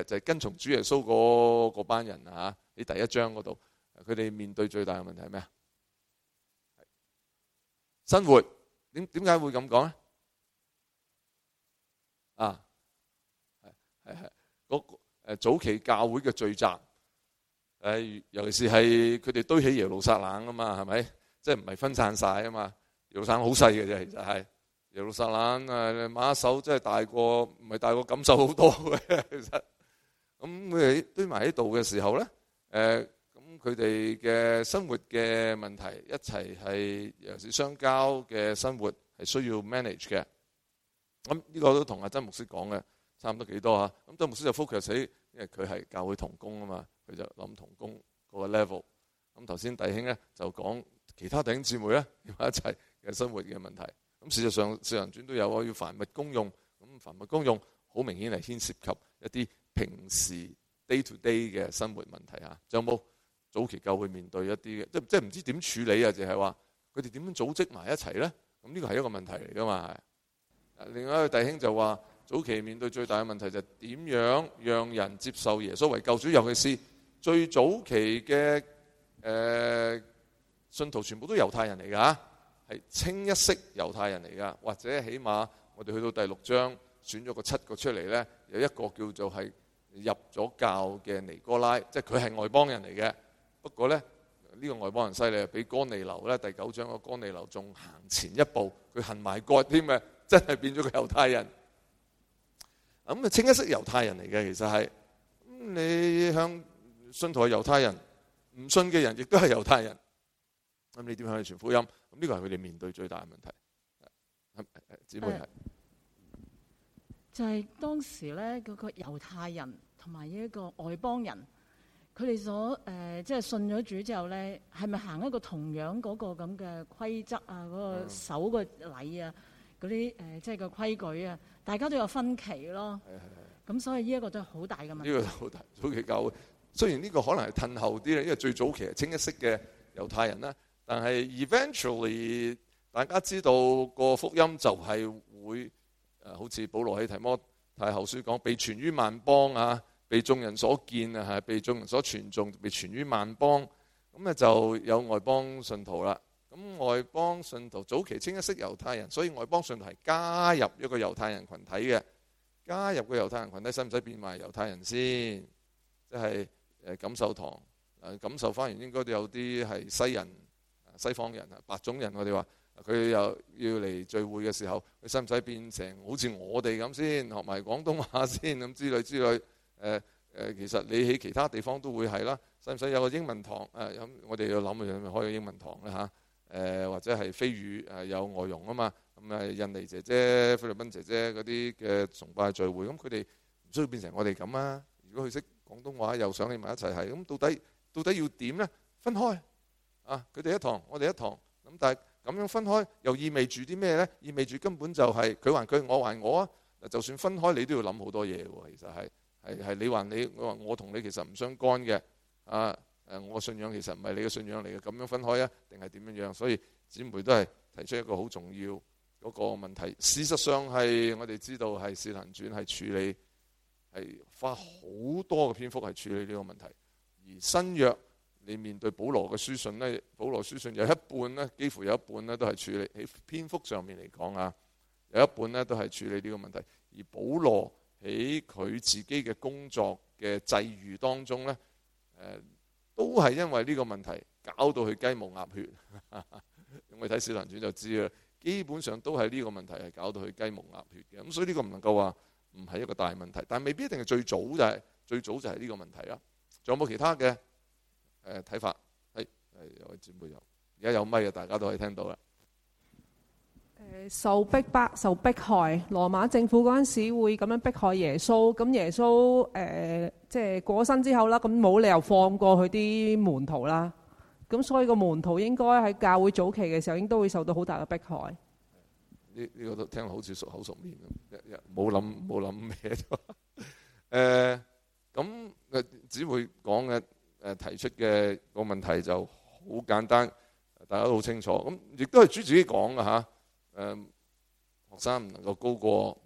嘅，就係、是、跟從主耶穌嗰班人啊！吓，你第一章嗰度，佢哋面對最大嘅問題係咩啊？生活點，點解會咁講咧？啊，係係係嗰誒早期教會嘅聚集，誒尤其是係佢哋堆起耶路撒冷啊嘛，係咪？即係唔係分散晒啊嘛？耶路撒冷好細嘅啫，其實係耶路撒冷啊！馬手真係大過，唔係大過感受好多嘅。其實咁佢哋堆埋喺度嘅時候咧，誒咁佢哋嘅生活嘅問題一齊係，尤其是相交嘅生活，係需要 manage 嘅。咁呢個都同阿曾牧師講嘅差唔多幾多啊？咁曾牧師就 focus 喺因為佢係教會同工啊嘛，佢就諗同工嗰個 level。咁頭先弟兄咧就講其他弟兄姊妹咧要埋一齊嘅生活嘅問題，咁事實上《四人轉》都有啊。要凡物公用，咁凡物公用好明顯係牽涉及一啲平時 day to day 嘅生活問題啊。有冇早期教會面對一啲，即即係唔知點處理啊，就係話佢哋點樣組織埋一齊咧？咁呢個係一個問題嚟噶嘛。另外一個弟兄就話，早期面對最大嘅問題就係點樣讓人接受耶穌為救主，尤其是最早期嘅誒、呃、信徒全部都猶太人嚟㗎。係清一色猶太人嚟㗎，或者起碼我哋去到第六章選咗個七個出嚟呢，有一個叫做係入咗教嘅尼哥拉，即係佢係外邦人嚟嘅。不過呢，呢、呢個外邦人犀利，比哥尼流呢。第九章個哥尼流仲行前一步，佢行埋割添嘅，真係變咗個猶太人。咁啊，清一色猶太人嚟嘅，其實係你向信徒係猶太人，唔信嘅人亦都係猶太人。咁你點樣去傳福音？咁、這、呢個係佢哋面對最大嘅問題。姊妹係、呃、就係、是、當時咧，嗰、這個猶太人同埋一個外邦人，佢哋所誒即係信咗主之後咧，係咪行一個同樣嗰個咁嘅規則啊？嗰、那個守個禮啊，嗰啲誒即係個規矩啊，大家都有分歧咯。係咁、嗯、所以呢一個都係好大嘅問題。呢個好大早期教會，雖然呢個可能係褪後啲咧，因為最早期係清一色嘅猶太人啦。但係 eventually，大家知道個福音就係會好似保羅喺提摩太後書講，被傳於萬邦啊，被眾人所見啊，被眾人所傳頌，被傳於萬邦。咁咧就有外邦信徒啦。咁外邦信徒早期清一色猶太人，所以外邦信徒係加入一個猶太人群體嘅。加入個猶太人群體，使唔使變埋猶太人先？即係誒錦繡堂誒錦繡花園，應該都有啲係西人。西方人啊，白種人，我哋話佢又要嚟聚會嘅時候，佢使唔使變成好似我哋咁先學埋廣東話先咁之類之類？誒、呃、誒、呃，其實你喺其他地方都會係啦，使唔使有個英文堂？誒、呃、咁，我哋要諗啊，開個英文堂啦嚇。誒、呃、或者係菲語誒有外傭啊嘛。咁啊，印尼姐姐、菲律賓姐姐嗰啲嘅崇拜聚會，咁佢哋唔需要變成我哋咁啊。如果佢識廣東話，又想喺埋一齊係，咁到底到底要點呢？分開。啊！佢哋一堂，我哋一堂。咁但係咁樣分開，又意味住啲咩呢？意味住根本就係佢還佢，我還我啊！就算分開，你都要諗好多嘢喎。其實係係你還你，我同你其實唔相干嘅。啊我信仰其實唔係你嘅信仰嚟嘅。咁樣分開啊，定係點樣樣？所以姊妹都係提出一個好重要嗰個問題。事實上係我哋知道係《使徒行傳》係處理係花好多嘅篇幅係處理呢個問題，而新約。你面對保羅嘅書信呢，保羅書信有一半呢，幾乎有一半呢，都係處理喺篇幅上面嚟講啊，有一半呢都係處理呢個問題。而保羅喺佢自己嘅工作嘅際遇當中呢，都係因為呢個問題搞到佢雞毛鴨血。用我睇《小徒行傳》使徒行傳就知啊，基本上都係呢個問題係搞到佢雞毛鴨血嘅。咁所以呢個唔能夠話唔係一個大問題，但未必一定係最早就係、是、最早就係呢個問題啊。仲有冇其他嘅？誒，睇法係係、哎、有位姊妹有，而家有咪嘅，大家都可以聽到啦。誒，受逼迫，迫、受迫害，羅馬政府嗰陣時會咁樣迫害耶穌，咁耶穌誒、呃，即係過身之後啦，咁冇理由放過佢啲門徒啦。咁所以個門徒應該喺教會早期嘅時候，應該都會受到好大嘅迫害。呢呢個都聽好似熟口熟面咁，一一冇諗冇諗咩？誒，咁、 呃、只會講嘅。誒提出嘅個問題就好簡單，大家都好清楚。咁亦都係主自己講嘅嚇。誒學生唔能夠高過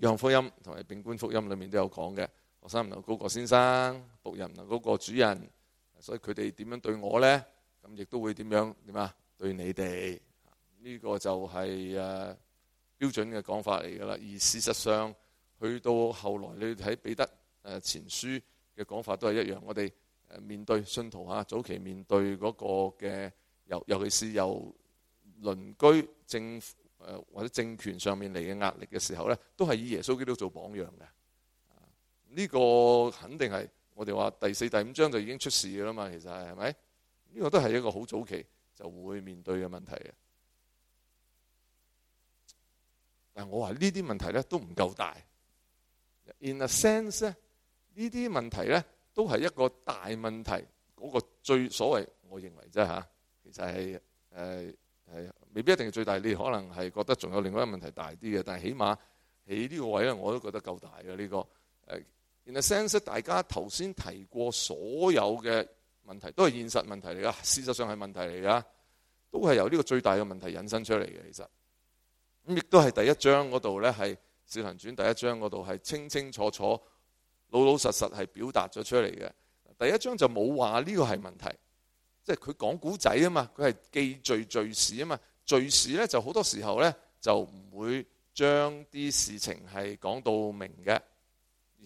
讓福音同埋並觀福音裏面都有講嘅，學生唔能夠高過先生、僕人唔能夠高過主人。所以佢哋點樣對我咧，咁亦都會點樣點啊對你哋呢，這個就係誒、啊、標準嘅講法嚟㗎啦。而事實上，去到後來你睇彼得誒前書嘅講法都係一樣，我哋。誒，面對信徒啊，早期面對嗰個嘅，尤尤其是由鄰居政府，誒或者政權上面嚟嘅壓力嘅時候咧，都係以耶穌基督做榜樣嘅。呢個肯定係我哋話第四、第五章就已經出事啦嘛，其實係咪？呢個都係一個好早期就會面對嘅問題嘅。但我話呢啲問題咧都唔夠大。In a sense 咧，呢啲問題咧。都係一個大問題，嗰、那個最所謂，我認為啫嚇，其實係誒誒，未必一定係最大，你可能係覺得仲有另外一個問題大啲嘅，但係起碼喺呢個位咧，我都覺得夠大嘅呢、這個誒。然、呃、後，sense 大家頭先提過所有嘅問題，都係現實問題嚟㗎，事實上係問題嚟㗎，都係由呢個最大嘅問題引申出嚟嘅。其實亦都係第一章嗰度呢係《使徒行傳》第一章嗰度係清清楚楚。老老實實係表達咗出嚟嘅第一章就冇話呢個係問題，即係佢講古仔啊嘛，佢係記敘敘事啊嘛。敘事呢就好多時候呢，就唔會將啲事情係講到明嘅，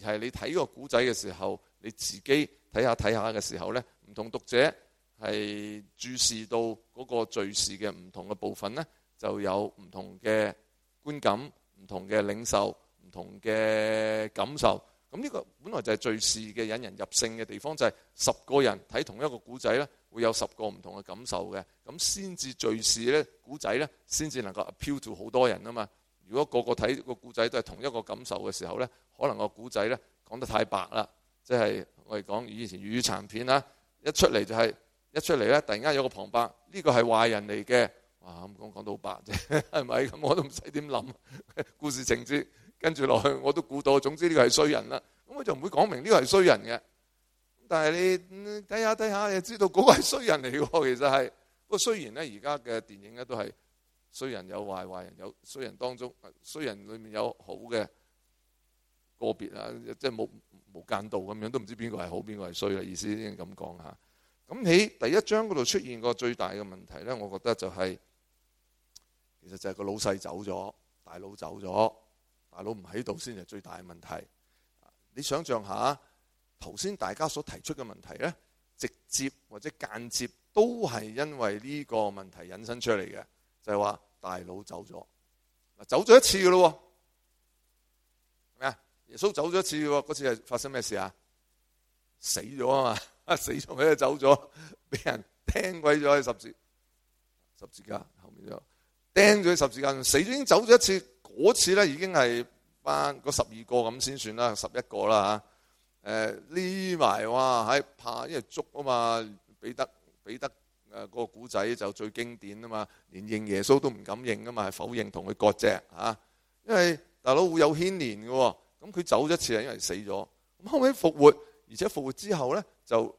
而係你睇個古仔嘅時候，你自己睇下睇下嘅時候呢，唔同讀者係注視到嗰個敘事嘅唔同嘅部分呢，就有唔同嘅觀感、唔同嘅領受、唔同嘅感受。咁呢個本來就係敘事嘅引人入勝嘅地方，就係十個人睇同一個古仔呢，會有十個唔同嘅感受嘅，咁先至敘事呢，古仔呢，先至能夠 appeal to 好多人啊嘛。如果個個睇個古仔都係同一個感受嘅時候呢，可能個古仔呢講得太白啦，即係我哋講以前粵語殘片啦，一出嚟就係一出嚟呢，突然間有個旁白，呢個係壞人嚟嘅，哇咁講講到白啫，係咪？我都唔使點諗故事情節。跟住落去，我都估到。總之呢個係衰人啦，咁我就唔會講明呢個係衰人嘅。但係你睇下睇下，就知道嗰個係衰人嚟嘅。其實係不過雖然咧，而家嘅電影咧都係衰人有壞，壞人有衰人當中，衰人裡面有好嘅個別啦，即係冇冇間道咁樣，都唔知邊個係好，邊個係衰啦。意思先咁講下。咁喺第一章嗰度出現個最大嘅問題咧，我覺得就係、是、其實就係個老細走咗，大佬走咗。大佬唔喺度先係最大嘅問題。你想象下，頭先大家所提出嘅問題咧，直接或者間接都係因為呢個問題引申出嚟嘅，就係話大佬走咗。嗱，走咗一次咯，咩啊？耶穌走咗一次，嗰次係發生咩事啊？死咗啊嘛，死咗佢就走咗，俾人釘鬼咗喺十字十字架後面，就釘咗喺十字架，死咗已經走咗一次。嗰次咧已經係班嗰十二個咁先算啦，十一個啦嚇。誒呢埋哇，喺怕因為捉啊嘛，彼得彼得誒個古仔就最經典啊嘛，連認耶穌都唔敢認啊嘛，係否認，同佢割蓆嚇。因為大佬會有牽連嘅喎，咁佢走一次係因為死咗，咁後尾復活，而且復活之後咧就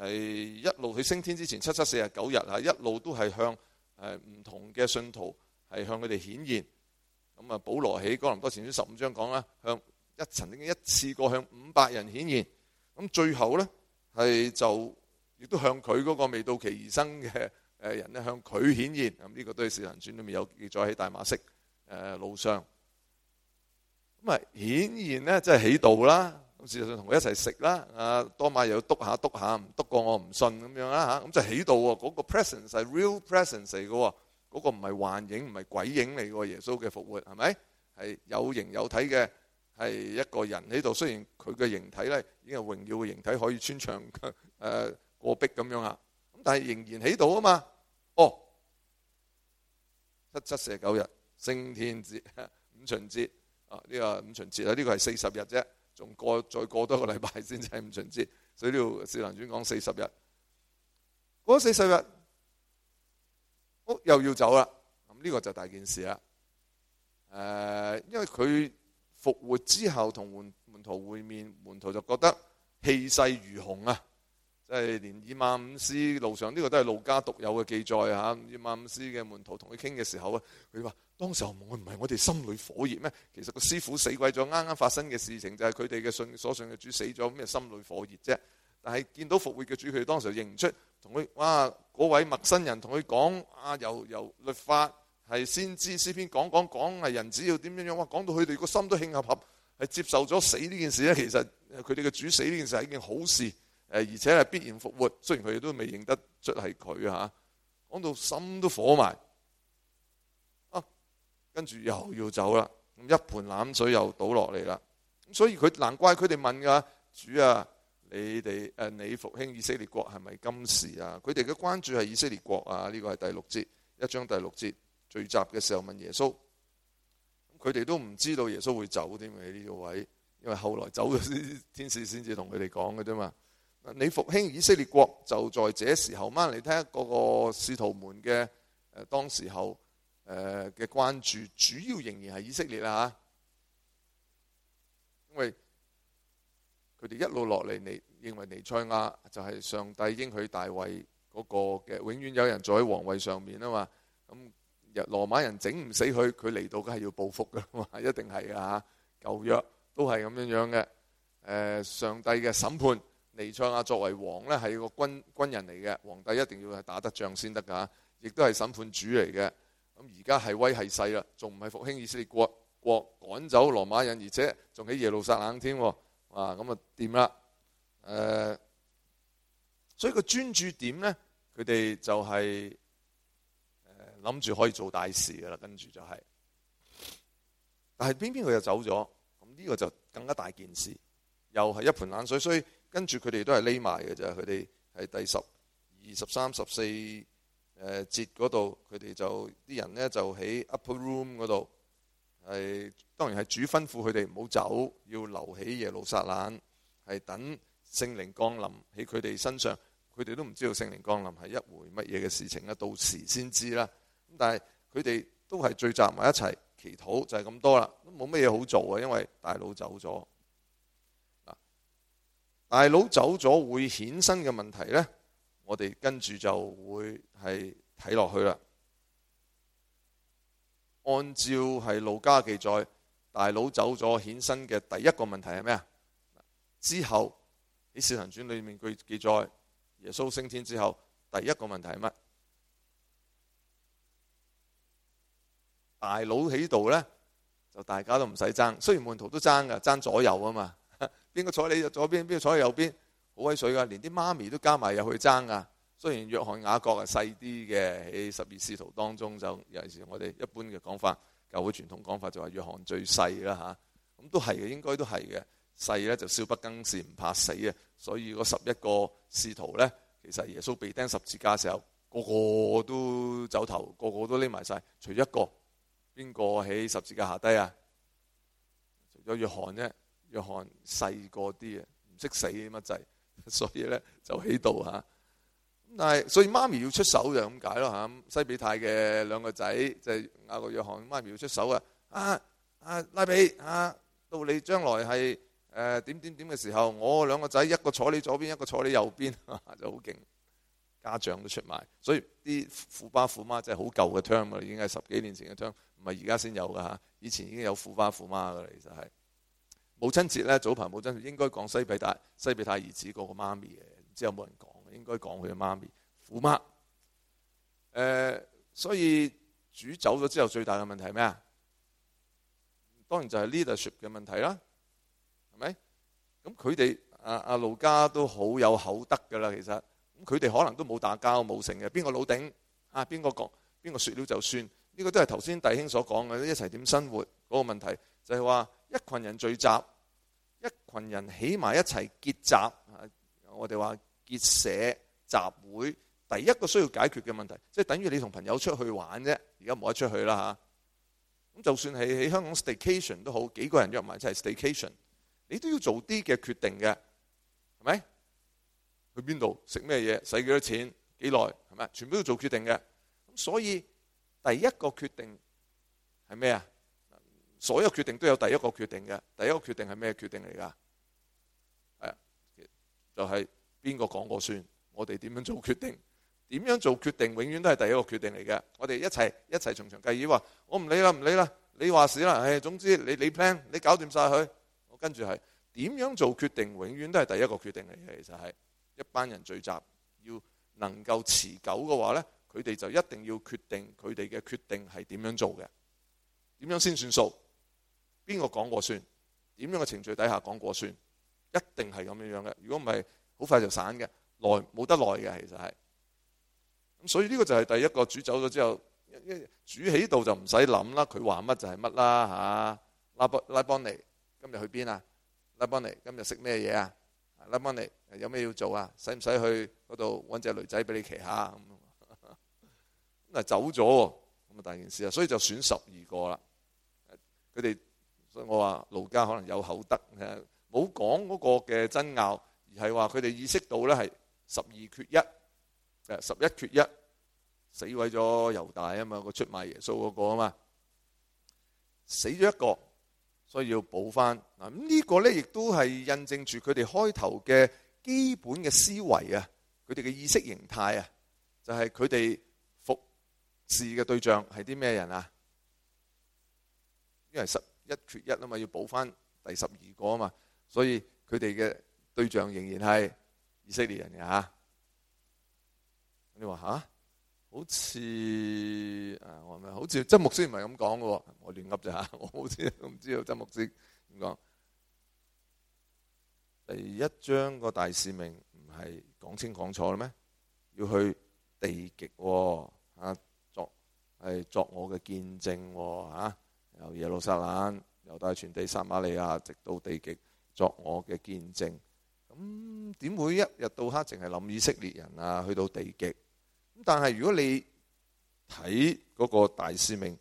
係一路去升天之前七七四十九日嚇，一路都係向誒唔同嘅信徒係向佢哋顯現。咁啊，保羅起哥林多前書十五章講啦，向一曾經一次過向五百人顯現。咁最後咧，係就亦都向佢嗰個未到期而生嘅誒人咧，向佢顯現。咁、這、呢個都係《四福音書》裡面有記載喺大馬色誒、呃、路上。咁啊，顯現咧即係起度啦。咁事實上同佢一齊食啦。啊，多馬又篤下篤下，唔篤過我唔信咁樣啦嚇。咁就起度喎，嗰、那個 presence 係 real presence 嚟嘅喎。嗰個唔係幻影，唔係鬼影嚟喎！耶穌嘅復活係咪？係有形有體嘅，係一個人喺度。雖然佢嘅形體咧，已經係榮耀嘅形體可以穿牆誒、呃、過壁咁樣啊，咁但係仍然喺度啊嘛。哦，七七四十九日升天節、五旬節啊，呢、這個五旬節啊，呢、這個係四十日啫，仲過再過多個禮拜先至係五旬節。所以呢度《四堂書》講四十日，過咗四十日。我又要走啦，咁、這、呢個就是大件事啦。誒、呃，因為佢復活之後同門門徒會面，門徒就覺得氣勢如虹啊，即、就、係、是、連以馬忤斯路上呢、這個都係路加獨有嘅記載吓。以馬忤斯嘅門徒同佢傾嘅時候啊，佢話：當時我唔係我哋心裏火熱咩？其實個師傅死鬼咗，啱啱發生嘅事情就係佢哋嘅信所信嘅主死咗，咩心裏火熱啫？但係見到復活嘅主，佢哋當時就認唔出，同佢哇嗰位陌生人，同佢講啊，由由律法係先知詩篇，講講講係人子要點樣樣，哇！講到佢哋個心都慶合合，係接受咗死呢件事咧。其實佢哋嘅主死呢件事係一件好事，誒，而且係必然復活。雖然佢哋都未認得出係佢吓，講到心都火埋啊，跟住又要走啦，咁一盆冷水又倒落嚟。啦咁所以佢難怪佢哋問噶主啊。你哋誒你復興以色列國係咪今時啊？佢哋嘅關注係以色列國啊！呢個係第六節，一章第六節聚集嘅時候問耶穌，佢哋都唔知道耶穌會走添嘅呢個位，因為後來走咗啲天使先至同佢哋講嘅啫嘛。你復興以色列國就在這時候嘛。翻你睇下嗰個使徒們嘅誒當時候誒嘅關注，主要仍然係以色列啦嚇，因為。佢哋一路落嚟，尼認為尼賽亞就係上帝應許大衛嗰個嘅，永遠有人坐喺皇位上面啊嘛。咁羅馬人整唔死佢，佢嚟到梗係要報復噶嘛，一定係啊。舊約都係咁樣樣嘅。誒，上帝嘅審判，尼賽亞作為王呢係個軍軍人嚟嘅，皇帝一定要係打得仗先得噶。亦都係審判主嚟嘅。咁而家係威係勢啦，仲唔係復興以色列國國趕走羅馬人，而且仲喺耶路撒冷添。啊，咁啊掂啦？誒、呃，所以個專注點咧，佢哋就係誒諗住可以做大事噶啦，跟住就係、是，但係偏偏佢又走咗，咁、這、呢個就更加大件事，又係一盆冷水，所以跟住佢哋都係匿埋嘅啫，佢哋喺第十、二十三、十四誒、呃、節嗰度，佢哋就啲人咧就喺 upper room 嗰度。係當然係主吩咐佢哋唔好走，要留起耶路撒冷，係等聖靈降臨喺佢哋身上。佢哋都唔知道聖靈降臨係一回乜嘢嘅事情啦，到時先知啦。但係佢哋都係聚集埋一齊祈禱，就係咁多啦，都冇乜嘢好做啊，因為大佬走咗。大佬走咗會衍生嘅問題呢，我哋跟住就會係睇落去啦。按照係路加記載，大佬走咗顯身嘅第一個問題係咩啊？之後喺《使徒行傳》裏面佢記載，耶穌升天之後第一個問題係乜？大佬喺度咧，就大家都唔使爭。雖然門徒都爭㗎，爭左右啊嘛。邊個坐你左邊？邊個坐喺右邊？好鬼威水㗎，連啲媽咪都加埋入去爭㗎。雖然約翰雅各係細啲嘅喺十二使徒當中就，就有時我哋一般嘅講法、教會傳統講法就話約翰最細啦嚇，咁、啊、都係嘅，應該都係嘅。細呢，就少不更事，唔怕死嘅，所以嗰十一個使徒呢，其實耶穌被釘十字架的時候，個個都走頭，個個都匿埋晒，除一個邊個喺十字架下低啊？除咗約翰啫，約翰細個啲嘅，唔識死乜滯，所以呢，就喺度嚇。但係，所以媽咪要出手就咁解咯嚇。西比泰嘅兩個仔，即係雅各約翰，媽咪要出手啊！啊啊拉比啊，到你將來係誒、呃、點點點嘅時候，我兩個仔一個坐你左邊，一個坐你右邊，就好勁。家長都出埋，所以啲富爸富媽真係好舊嘅 term 啦，已經係十幾年前嘅 term，唔係而家先有噶嚇。以前已經有富爸富媽噶啦，其實係母親節咧。早排母親節應該講西比泰，西比泰兒子嗰個媽咪嘅，唔知有冇人講。應該講佢嘅媽咪，虎媽。誒、呃，所以主走咗之後，最大嘅問題係咩啊？當然就係 leadership 嘅問題啦，係咪？咁佢哋阿阿路加都好有口德㗎啦，其實。咁佢哋可能都冇打交冇成嘅，邊個老頂啊？邊個講？邊個説了就算？呢、這個都係頭先弟兄所講嘅，一齊點生活嗰、那個問題，就係、是、話一群人聚集，一群人起埋一齊結集。我哋話。結社集會，第一個需要解決嘅問題，即、就、係、是、等於你同朋友出去玩啫。而家冇得出去啦嚇。咁就算係喺香港 staycation 都好，幾個人約埋一齊、就是、staycation，你都要做啲嘅決定嘅，係咪？去邊度食咩嘢，使幾多錢，幾耐，係咪？全部都要做決定嘅。咁所以第一個決定係咩啊？所有決定都有第一個決定嘅。第一個決定係咩決定嚟㗎？就係、是。邊個講過算？我哋點樣做決定？點樣做決定？永遠都係第一個決定嚟嘅。我哋一齊一齊從長計議。話我唔理啦，唔理啦，你話事啦。唉、哎，總之你你 plan，你搞掂晒佢。我跟住係點樣做決定？永遠都係第一個決定嚟嘅。其實係一班人聚集，要能夠持久嘅話呢，佢哋就一定要決定佢哋嘅決定係點樣做嘅？點樣先算數？邊個講過算？點樣嘅程序底下講過算？一定係咁樣樣嘅。如果唔係。好快就散嘅，耐冇得耐嘅，其實係咁，所以呢個就係第一個煮走咗之後，煮喺度就唔使諗啦。佢話乜就係乜啦嚇。拉波拉邦尼今日去邊啊？拉邦尼今日食咩嘢啊？拉邦尼有咩要做啊？使唔使去嗰度揾隻驢仔俾你騎下咁？咁 啊，走咗喎，咁啊大件事啊，所以就選十二個啦。佢哋所以我話盧家可能有口德冇講嗰個嘅爭拗。係話佢哋意識到咧係十二缺一誒，十一缺一死鬼咗猶大啊嘛，個出賣耶穌嗰個啊嘛，死咗一個，所以要補翻嗱。咁呢個咧亦都係印證住佢哋開頭嘅基本嘅思維啊，佢哋嘅意識形態啊，就係佢哋服侍嘅對象係啲咩人啊？因為十一缺一啊嘛，要補翻第十二個啊嘛，所以佢哋嘅。對象仍然係以色列人嘅吓，你話吓、啊？好似誒，我好似曾牧師唔係咁講嘅喎，我亂噏啫吓，我唔知唔知道曾牧師點講？第一章個大使命唔係講清講楚啦咩？要去地極吓、啊、作係作我嘅見證吓、啊啊，由耶路撒冷由大泉地撒馬利亞直到地極作我嘅見證。咁點會一日到黑淨係諗以色列人啊？去到地極？但係如果你睇嗰個大使命，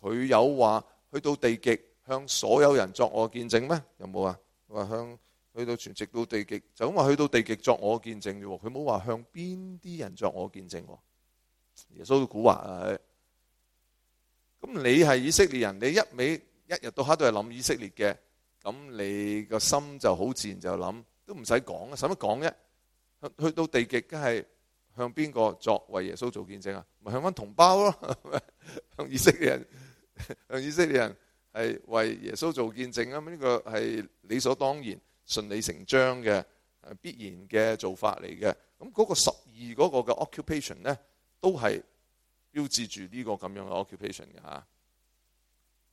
佢有話去到地極向所有人作我見證咩？有冇啊？佢話向去到全直到地極，就咁話去到地極作我的見證啫。佢冇話向邊啲人作我見證。耶穌都古話啊，咁你係以色列人，你一味一日到黑都係諗以色列嘅，咁你個心就好自然就諗。都唔使講啊，使乜講啫？去到地極，梗係向邊個作為耶穌做見證啊？咪向翻同胞咯，向以色列人，向以色列人係為耶穌做見證啊！咁呢個係理所當然、順理成章嘅必然嘅做法嚟嘅。咁、那、嗰個十二嗰個嘅 occupation 呢，都係標誌住呢個咁樣嘅 occupation 嘅吓。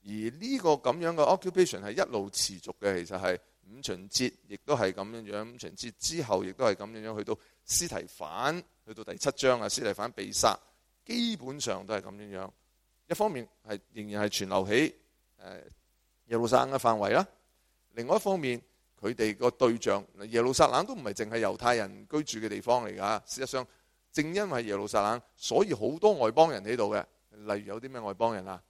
而呢個咁樣嘅 occupation 係一路持續嘅，其實係。五旬節亦都係咁樣樣，五旬節之後亦都係咁樣樣，去到斯提反，去到第七章啊，斯提反被殺，基本上都係咁樣樣。一方面係仍然係存留喺誒耶路撒冷嘅範圍啦，另外一方面佢哋個對象，耶路撒冷都唔係淨係猶太人居住嘅地方嚟㗎。事實上，正因為耶路撒冷，所以好多外邦人喺度嘅。例如有啲咩外邦人啊？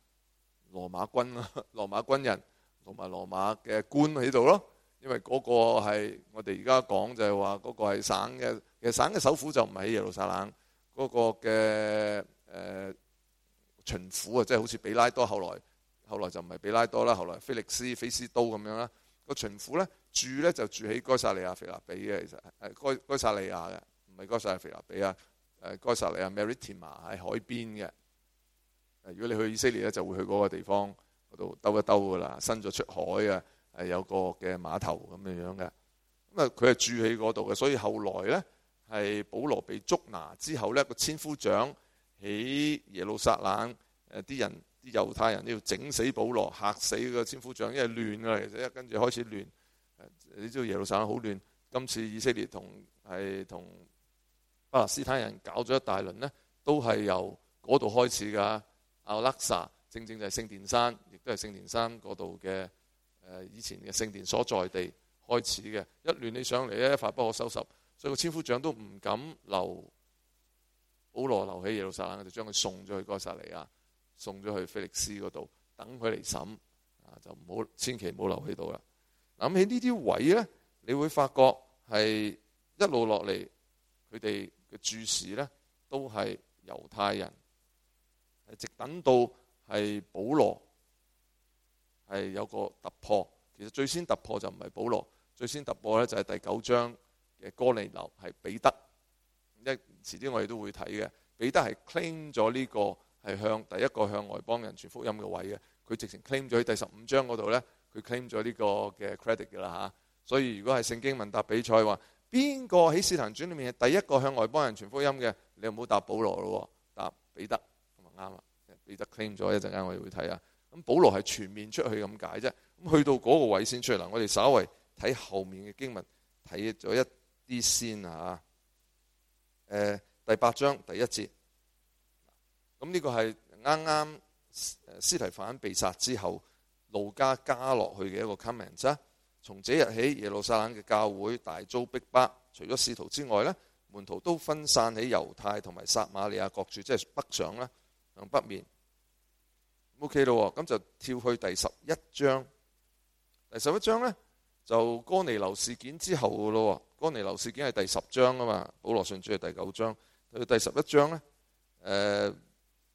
羅馬軍啊，羅馬軍人同埋羅馬嘅官喺度咯。因為嗰個係我哋而家講就係話，嗰個係省嘅。其實省嘅首府就唔係喺耶路撒冷，嗰、那個嘅誒、呃、巡撫啊，即、就、係、是、好似比，比拉多，後來後來就唔係比拉多啦，後來菲利斯、菲斯都咁樣啦。嗰個巡撫咧住咧就住喺該撒利亞腓立比嘅，其實係該該撒利亞嘅，唔係該撒利亞腓立比啊，誒該撒利亞 Maritima 喺海邊嘅。如果你去以色列咧，就會去嗰個地方嗰度兜一兜噶啦，伸咗出海啊。係有個嘅碼頭咁樣樣嘅，咁啊佢係住喺嗰度嘅，所以後來呢，係保羅被捉拿之後呢，個千夫長喺耶路撒冷誒，啲人，啲猶太人都要整死保羅，嚇死個千夫長。因為亂啊，其實一跟住開始亂，你知道耶路撒冷好亂，今次以色列同係同巴勒斯坦人搞咗一大輪呢，都係由嗰度開始㗎，阿拉薩正正就係聖殿山，亦都係聖殿山嗰度嘅。誒以前嘅聖殿所在地開始嘅，一亂你上嚟咧，一發不可收拾，所以個千夫長都唔敢留，保羅留喺耶路撒冷，就將佢送咗去哥撒利亞，送咗去菲利斯嗰度，等佢嚟審，啊就唔好千祈唔好留喺度啦。諗起呢啲位咧，你會發覺係一路落嚟，佢哋嘅注視咧都係猶太人，係直等到係保羅。係有個突破，其實最先突破就唔係保羅，最先突破呢就係第九章嘅哥尼流，係彼得。因遲啲我哋都會睇嘅，彼得係 claim 咗呢個係向第一個向外邦人傳福音嘅位嘅，佢直情 claim 咗喺第十五章嗰度呢，佢 claim 咗呢個嘅 credit 㗎啦嚇。所以如果係聖經問答比賽話，邊個喺使徒行傳裡面係第一個向外邦人傳福音嘅？你唔好答保羅咯，答彼得咁就啱啦，彼得 claim 咗，一陣間我哋會睇啊。咁保羅係全面出去咁解啫，咁去到嗰個位先出嚟。嗱，我哋稍為睇後面嘅經文，睇咗一啲先啊。誒、嗯，第八章第一節，咁、嗯、呢、這個係啱啱司提反被殺之後，路加加落去嘅一個 comment 啫。從這日起，耶路撒冷嘅教會大遭逼迫，除咗使徒之外呢，門徒都分散喺猶太同埋撒瑪利亞各處，即係北上啦，向北面。O K 啦，咁、okay、就跳去第十一章。第十一章呢，就哥尼流事件之後嘅咯。哥尼流事件係第十章啊嘛，保羅信主係第九章。到第十一章呢，誒、呃、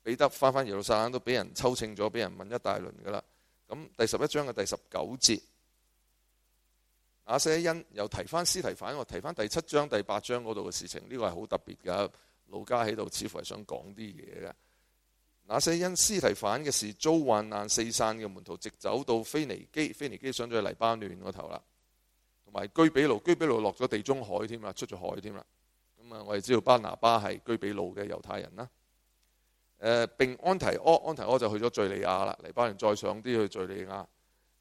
彼得翻返耶路撒冷都俾人抽秤咗，俾人問一大輪噶啦。咁第十一章嘅第十九節，阿西恩又提翻司提反，我提翻第七章第八章嗰度嘅事情。呢、這個係好特別噶，路加喺度似乎係想講啲嘢嘅。那些因司提反嘅事遭患難四散嘅門徒，直走到腓尼基，腓尼基上咗去黎巴嫩嗰頭啦。同埋居比路，居比路落咗地中海添啦，出咗海添啦。咁啊，我哋知道巴拿巴係居比路嘅猶太人啦。誒、呃，並安提阿，安提阿就去咗敍利亞啦。黎巴嫩再上啲去敍利亞。誒、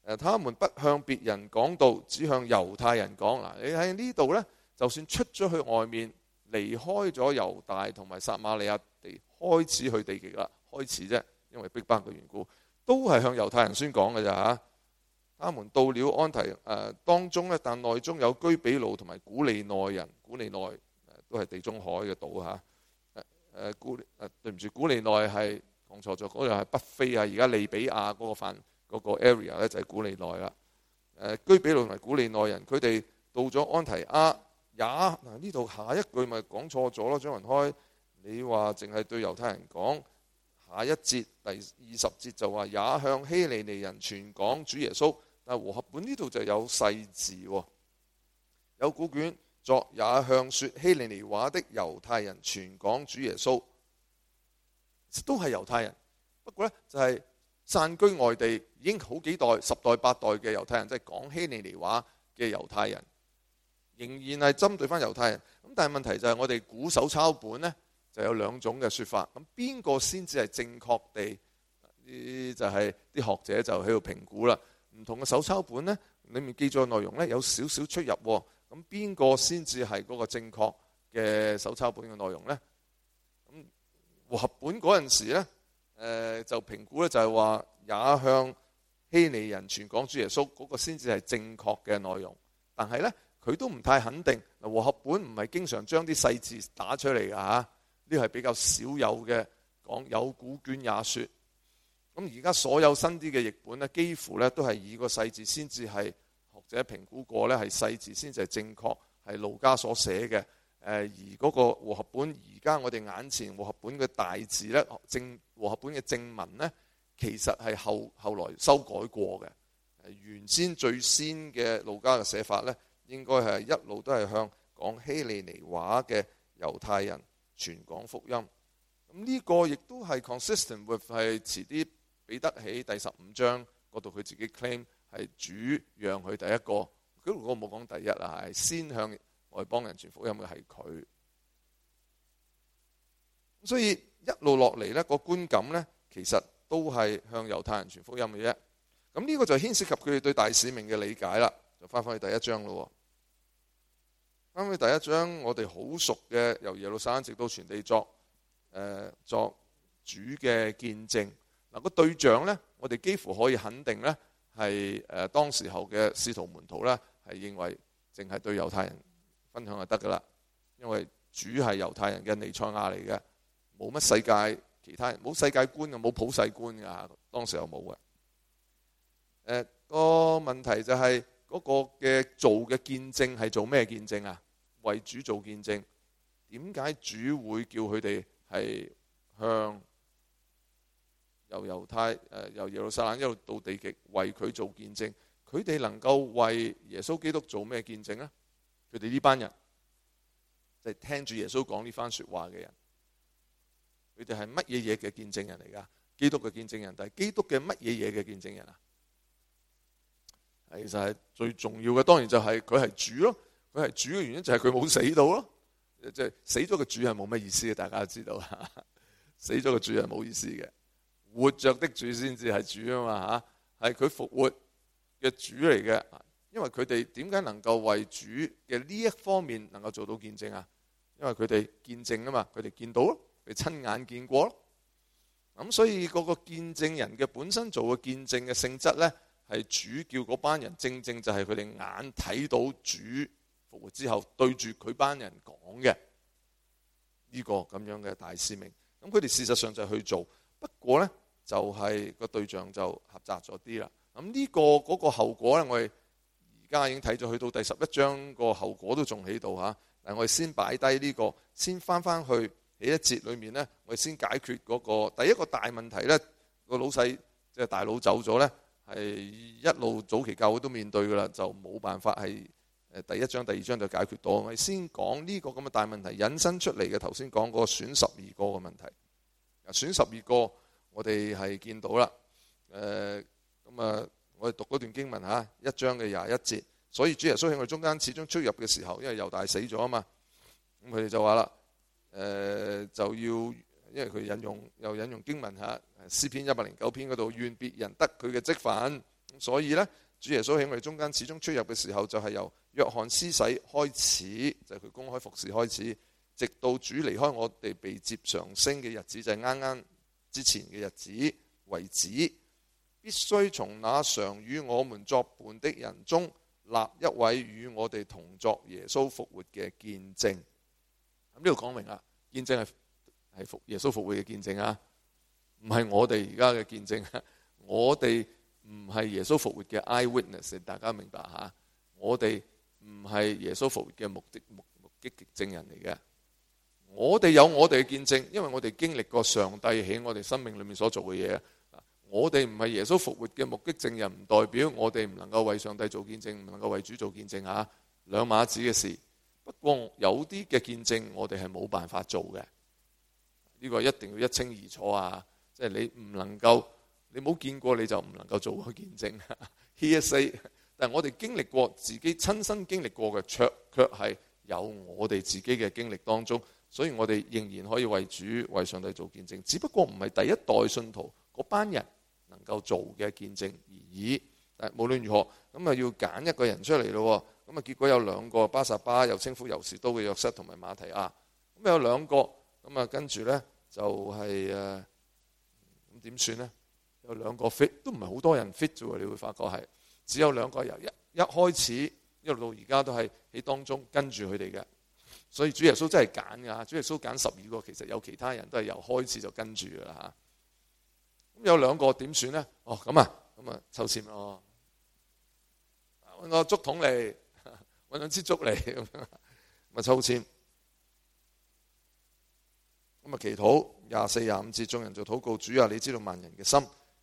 呃，他們不向別人講道，只向猶太人講。嗱、呃，你喺呢度呢，就算出咗去外面，離開咗猶大同埋撒馬利亞地，開始去地極啦。開始啫，因為逼班嘅緣故，都係向猶太人宣講嘅咋，吓，他們到了安提誒、呃、當中呢，但內中有居比路同埋古利奈人。古利奈都係地中海嘅島吓。誒誒古誒，對唔住，古利奈係講錯咗，嗰度係北非啊，而家利比亞嗰個範嗰、嗰個 area 咧就係古利奈啦。誒、呃，居比路同埋古利奈人，佢哋到咗安提阿也。嗱，呢度下一句咪講錯咗咯，張雲開，你話淨係對猶太人講。下一節第二十節就話也向希利尼人傳講主耶穌，但係和合本呢度就有細字，有古卷作也向說希利尼話的猶太人傳講主耶穌，都係猶太人，不過呢，就係散居外地已經好幾代十代八代嘅猶太人，即係講希利尼話嘅猶太人，仍然係針對翻猶太人。咁但係問題就係我哋古手抄本呢，就有兩種嘅説法，咁邊個先至係正確地？呢就係、是、啲學者就喺度評估啦。唔同嘅手抄本呢，裡面記載內容呢有少少出入。咁邊個先至係嗰個正確嘅手抄本嘅內容呢？咁和合本嗰陣時呢，就評估呢就係話也向希利尼人傳講主耶穌嗰、那個先至係正確嘅內容，但係呢，佢都唔太肯定。和合本唔係經常將啲細字打出嚟㗎嚇。啲係比較少有嘅，講有古卷也説咁，而家所有新啲嘅譯本咧，幾乎咧都係以個細字，先至係學者評估過呢係細字，先至係正確係路加所寫嘅。而嗰個和合本，而家我哋眼前和合本嘅大字咧，正和合本嘅正文呢，其實係後後來修改過嘅。原先最先嘅路加嘅寫法呢，應該係一路都係向講希利尼話嘅猶太人。全港福音，咁、這、呢個亦都係 consistent with 係遲啲彼得喺第十五章嗰度佢自己 claim 係主讓佢第一個，佢如果冇講第一啦，係先向外邦人傳福音嘅係佢，所以一路落嚟呢個觀感呢，其實都係向猶太人傳福音嘅啫，咁、這、呢個就牽涉及佢哋對大使命嘅理解啦，就翻翻去第一章咯。啱啱第一章，我哋好熟嘅，由耶路山直到全地作誒作主嘅見證。嗱，個對象呢，我哋幾乎可以肯定呢，係誒當時候嘅使徒門徒呢，係認為淨係對猶太人分享就得噶啦，因為主係猶太人嘅彌賽亞嚟嘅，冇乜世界其他人，冇世界觀又冇普世觀嘅嚇，當時又冇嘅。誒、呃、個問題就係、是。嗰個嘅做嘅見證係做咩見證啊？為主做見證，點解主會叫佢哋係向由猶太誒、呃、由耶路撒冷一路到地極為佢做見證？佢哋能夠為耶穌基督做咩見證啊？佢哋呢班人即係、就是、聽住耶穌講呢番説話嘅人，佢哋係乜嘢嘢嘅見證人嚟㗎？基督嘅見證人，但係基督嘅乜嘢嘢嘅見證人啊？其實係最重要嘅，當然就係佢係主咯。佢係主嘅原因就係佢冇死到咯，即係死咗嘅主係冇乜意思嘅，大家都知道啊。死咗嘅主係冇意思嘅，活着的主先至係主啊嘛吓，係佢復活嘅主嚟嘅。因為佢哋點解能夠為主嘅呢一方面能夠做到見證啊？因為佢哋見證啊嘛，佢哋見到咯，佢親眼見過咯。咁所以嗰個見證人嘅本身做嘅見證嘅性質咧。係主叫嗰班人，正正就係佢哋眼睇到主復活之後，對住佢班人講嘅呢個咁樣嘅大使命。咁佢哋事實上就去做，不過呢就係個對象就狹窄咗啲啦。咁呢個嗰個後果呢，我哋而家已經睇咗，去到第十一章個後果都仲喺度吓。嗱，我哋先擺低呢個，先翻翻去喺一節裏面呢，我哋先解決嗰個第一個大問題呢，個老細即係大佬走咗呢。係一路早期教會都面對噶啦，就冇辦法係誒第一章第二章就解決到，我哋先講呢個咁嘅大問題引申出嚟嘅。頭先講個選十二個嘅問題，啊選十二個，我哋係見到啦。誒咁啊，我哋讀嗰段經文嚇一章嘅廿一節。所以主耶穌喺我哋中間，始終出入嘅時候，因為猶大死咗啊嘛，咁佢哋就話啦，誒、呃、就要，因為佢引用又引用經文嚇。詩篇一百零九篇嗰度，願別人得佢嘅職分，所以呢，主耶穌喺我哋中間始終出入嘅時候，就係、是、由約翰施洗開始，就係、是、佢公開服侍開始，直到主離開我哋被接上升嘅日子，就係啱啱之前嘅日子為止。必須從那常與我們作伴的人中立一位與我哋同作耶穌復活嘅見證。咁呢度講明啊，見證係耶穌復活嘅見證啊。唔係我哋而家嘅見證，我哋唔係耶穌復活嘅 eye witness，大家明白吓？我哋唔係耶穌復活嘅目擊目目擊證人嚟嘅。我哋有我哋嘅見證，因為我哋經歷過上帝喺我哋生命裏面所做嘅嘢。我哋唔係耶穌復活嘅目擊證人，唔代表我哋唔能夠為上帝做見證，唔能夠為主做見證啊！兩碼子嘅事。不過有啲嘅見證，我哋係冇辦法做嘅。呢個一定要一清二楚啊！即係你唔能夠，你冇見過你就唔能夠做個見證。Here s a 但係我哋經歷過，自己親身經歷過嘅，卻卻係有我哋自己嘅經歷當中，所以我哋仍然可以為主、為上帝做見證。只不過唔係第一代信徒嗰班人能夠做嘅見證而已。但係無論如何，咁啊要揀一個人出嚟咯。咁啊結果有兩個，巴撒巴又稱呼猶士都嘅約瑟同埋馬提亞。咁有兩個，咁啊跟住呢就係、是、誒。點算呢？有兩個 fit 都唔係好多人 fit 啫，你會發覺係只有兩個由一一開始一路到而家都係喺當中跟住佢哋嘅，所以主耶穌真係揀噶，主耶穌揀十二個，其實有其他人都係由開始就跟住噶啦吓。咁有兩個點算呢？哦，咁啊，咁啊抽籤咯，搵個竹筒嚟，搵兩支竹嚟咁樣抽籤，咪抽籤。咁啊！祈禱廿四廿五節，眾人就禱告：主啊，你知道萬人嘅心，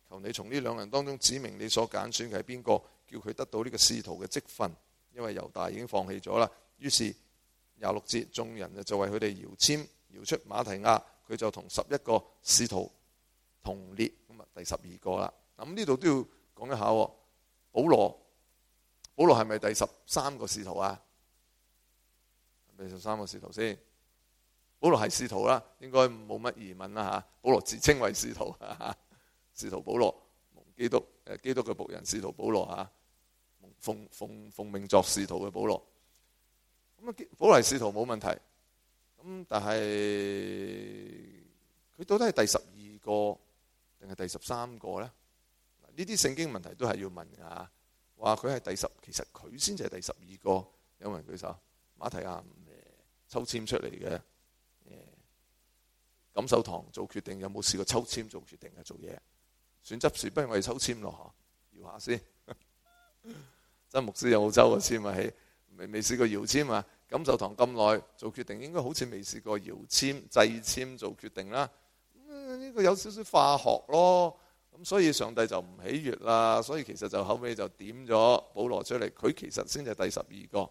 求你從呢兩人當中指明你所揀選嘅係邊個，叫佢得到呢個使徒嘅職分。因為猶大已經放棄咗啦。於是廿六節，眾人就為佢哋搖籤，搖出馬提亞，佢就同十一個使徒同列，咁啊，第十二個啦。咁呢度都要講一下，保羅，保羅係咪第十三個使徒啊？係咪第十三個使徒先。保羅係使徒啦，應該冇乜疑問啦吓。保羅自稱為使徒，使徒保羅蒙基督誒，基督嘅僕人，使徒保羅奉奉奉命作使徒嘅保羅咁啊。保羅係使徒冇問題咁，但係佢到底係第十二個定係第十三個咧？呢啲聖經問題都係要問噶。話佢係第十，其實佢先至係第十二個。有冇人舉手？馬提亞抽籤出嚟嘅。錦繡堂做決定，有冇試過抽籤做決定啊？做嘢選執事，不如我哋抽籤咯嚇，搖下先 真。真牧師有冇抽過籤咪未未試過搖籤啊！錦繡堂咁耐做決定，應該好似未試過搖籤、製籤做決定啦。呢、嗯這個有少少化學咯。咁所以上帝就唔喜悅啦。所以其實就後尾就點咗保羅出嚟。佢其實先至第十二個。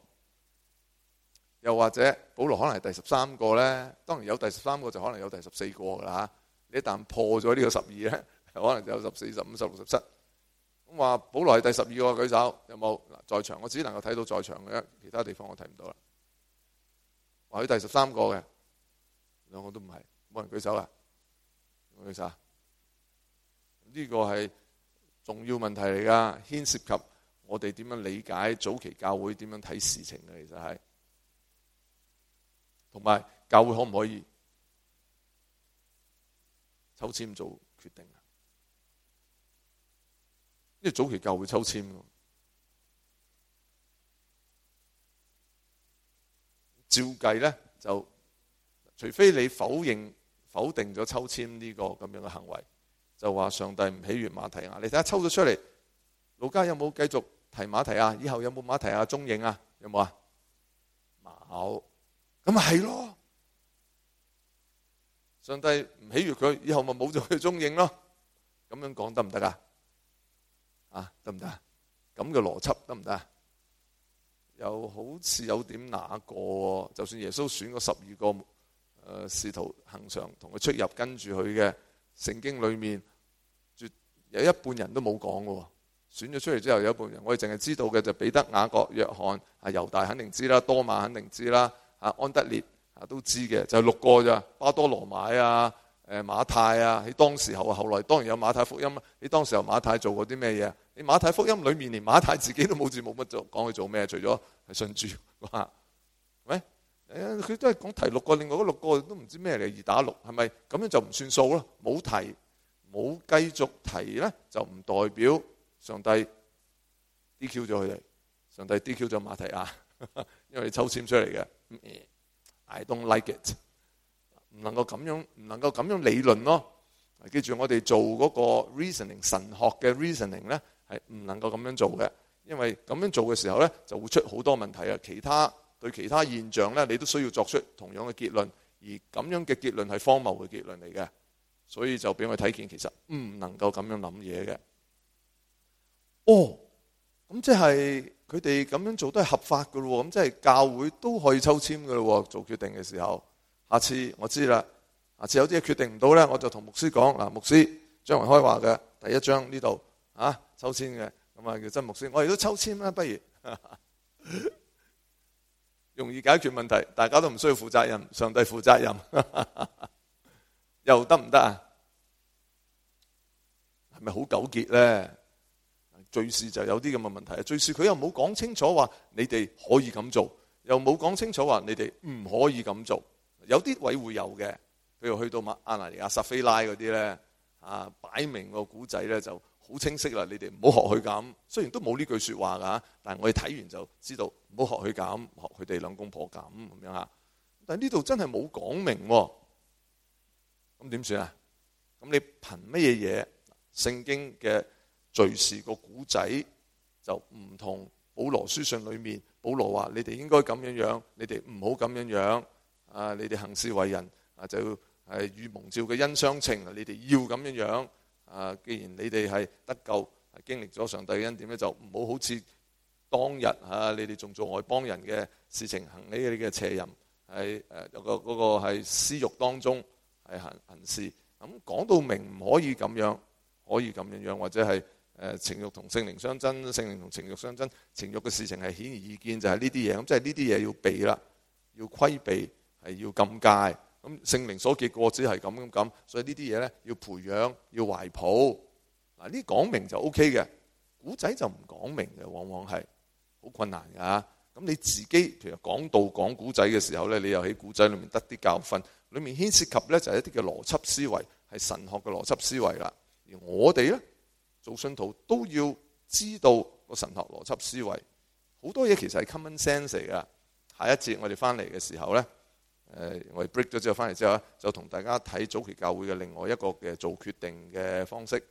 又或者保羅可能係第十三個咧，當然有第十三個就可能有第十四個㗎啦。你一旦破咗呢個十二咧，可能就有十四、十五、十六、十七。咁話保羅係第十二個舉手有冇？嗱，在場我只能夠睇到在場嘅，其他地方我睇唔到啦。喺第十三個嘅兩個都唔係，冇人舉手啊！舉手呢？呢個係重要問題嚟㗎，牽涉及我哋點樣理解早期教會點樣睇事情嘅，其實係。同埋教會可唔可以抽籤做決定啊？因為早期教會抽籤照計咧就除非你否認否定咗抽籤呢個咁樣嘅行為，就話上帝唔喜悅馬提亞。你睇下抽咗出嚟，老家有冇繼續提馬提亞？以後有冇馬提亞蹤影啊？有冇啊？冇。咁咪係咯，上帝唔喜悅佢，以後咪冇咗佢蹤影咯。咁樣講得唔得啊？啊，得唔得？咁嘅邏輯得唔得？又好似有點那個，就算耶穌選咗十二個誒、呃，使徒行傳上同佢出入跟住佢嘅聖經裡面，絕有一半人都冇講喎。選咗出嚟之後有一半人，我哋淨係知道嘅就彼得、雅各、約翰、阿猶大肯定知啦，多馬肯定知啦。啊，安德烈啊都知嘅，就係六個咋，巴多羅買啊，誒馬太啊，喺當時候後來當然有馬太福音啦。喺當時候馬太做過啲咩嘢啊？喺馬太福音裡面，連馬太自己都冇字冇乜做講佢做咩，除咗係信主。話喂，誒佢都係講提六個，另外嗰六個都唔知咩嚟，二打六係咪？咁樣就唔算數咯。冇提冇繼續提咧，就唔代表上帝 DQ 咗佢哋，上帝 DQ 咗馬太亞。因為你抽簽出嚟嘅，I don't like it，唔能夠咁樣，唔能夠咁樣理論咯。記住我哋做嗰個 reasoning 神學嘅 reasoning 呢，係唔能夠咁樣做嘅，因為咁樣做嘅時候呢，就會出好多問題啊。其他對其他現象呢，你都需要作出同樣嘅結論，而咁樣嘅結論係荒謬嘅結論嚟嘅，所以就俾我哋睇見，其實唔能夠咁樣諗嘢嘅。哦、oh!。咁即係佢哋咁樣做都係合法噶咯，咁即係教會都可以抽簽噶咯，做決定嘅時候，下次我知啦。下次有啲嘢決定唔到咧，我就同牧師講，嗱，牧師張雲開話嘅第一章呢度啊，抽簽嘅，咁啊叫真牧師，我哋都抽簽啦，不如哈哈容易解決問題，大家都唔需要負責任，上帝負責任，哈哈又得唔得啊？係咪好糾結咧？敘事就有啲咁嘅問題，敘事佢又冇講清楚話你哋可以咁做，又冇講清楚話你哋唔可以咁做。有啲位會有嘅，譬如去到亞拿尼亞、亞撒非拉嗰啲咧，啊擺明個古仔咧就好清晰啦，你哋唔好學佢咁。雖然都冇呢句說話㗎，但係我哋睇完就知道唔好學佢咁，學佢哋兩公婆咁咁樣啊。但呢度真係冇講明，咁點算啊？咁你憑乜嘢嘢聖經嘅？敘事個古仔就唔同。保羅書信裏面，保羅話：你哋應該咁樣樣，你哋唔好咁樣樣。啊，你哋行事為人啊，就要與蒙召嘅恩相稱。你哋要咁樣樣。啊，既然你哋係得救，係經歷咗上帝嘅恩典咧，就唔好好似當日嚇你哋仲做外邦人嘅事情，行起你嘅邪淫，喺誒有個嗰私慾當中係行行事。咁講到明唔可以咁樣，可以咁樣樣，或者係。誒情慾同聖靈相爭，聖靈同情慾相爭，情慾嘅事情係顯而易見，就係呢啲嘢咁，即係呢啲嘢要避啦，要規避，係要禁戒。咁聖靈所結果只係咁咁，所以呢啲嘢呢，要培養，要懷抱。嗱呢講明就 O K 嘅，古仔就唔講明嘅，往往係好困難㗎。咁你自己其實講道講古仔嘅時候呢，你又喺古仔裏面得啲教訓，裏面牽涉及呢，就係一啲嘅邏輯思維，係神學嘅邏輯思維啦。而我哋呢。做信徒都要知道個神學邏輯思維，好多嘢其實係 common sense 嚟㗎。下一節我哋翻嚟嘅時候咧，誒我哋 break 咗之後翻嚟之後，就同大家睇早期教會嘅另外一個嘅做決定嘅方式。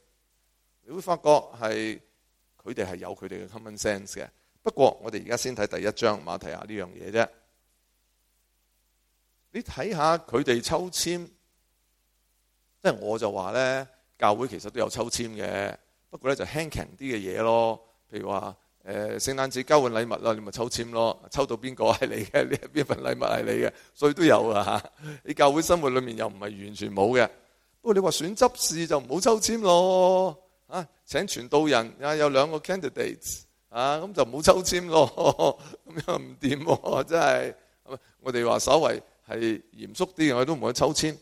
你會發覺係佢哋係有佢哋嘅 common sense 嘅。不過我哋而家先睇第一章馬提亞呢樣嘢啫。你睇下佢哋抽籤，即係我就話咧，教會其實都有抽籤嘅。不過咧就輕鬆啲嘅嘢咯，譬如話聖誕節交換禮物啦，你咪抽籤咯，抽到邊個係你嘅，你邊份禮物係你嘅，所以都有啊。你教會生活裏面又唔係完全冇嘅。不過你話選執事就唔好抽籤咯，啊請全道人啊有兩個 candidate 啊咁就唔好抽籤咯，咁又唔掂喎，真係。我哋話稍為係嚴肅啲嘅我都唔會抽籤，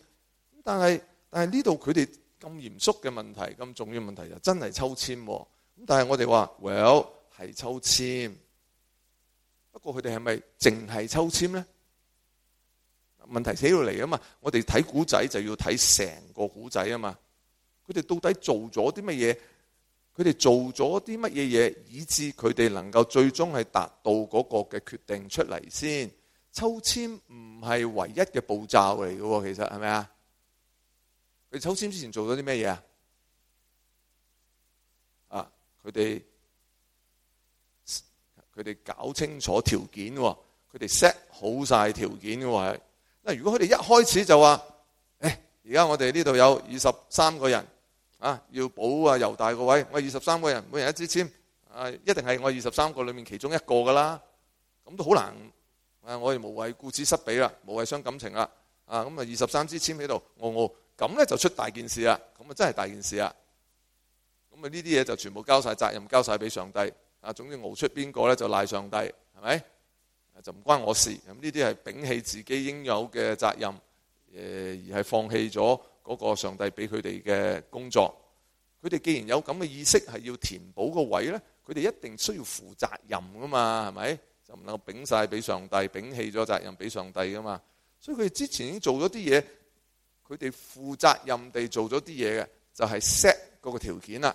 但係但係呢度佢哋。咁嚴肅嘅問題，咁重要問題就真係抽籤咁。但係我哋話，Well 係抽籤，不過佢哋係咪淨係抽籤呢？問題寫到嚟啊嘛，我哋睇古仔就要睇成個古仔啊嘛。佢哋到底做咗啲乜嘢？佢哋做咗啲乜嘢嘢，以致佢哋能夠最終係達到嗰個嘅決定出嚟先。抽籤唔係唯一嘅步驟嚟嘅喎，其實係咪啊？抽簽之前做咗啲咩嘢啊？啊，佢哋佢哋搞清楚條件喎，佢哋 set 好晒條件嘅喎係。嗱，如果佢哋一開始就話：誒、哎，而家我哋呢度有二十三個人啊，要補啊猶大個位，我二十三個人每人一支簽，啊，一定係我二十三個裏面其中一個噶啦，咁都好難啊！我哋無謂顧此失彼啦，無謂傷感情啦。啊，咁啊二十三支簽喺度，我、啊、我。咁咧就出大件事啦，咁啊真係大件事啦！咁啊呢啲嘢就全部交晒責任，交晒俾上帝啊。總之熬出邊個咧就賴上帝，係咪？就唔關我事。咁呢啲係摒棄自己應有嘅責任，誒而係放棄咗嗰個上帝俾佢哋嘅工作。佢哋既然有咁嘅意識係要填補個位咧，佢哋一定需要負責任噶嘛，係咪？就唔能夠摒晒俾上帝，摒棄咗責任俾上帝噶嘛。所以佢哋之前已經做咗啲嘢。佢哋負責任地做咗啲嘢嘅，就係 set 嗰個條件啦。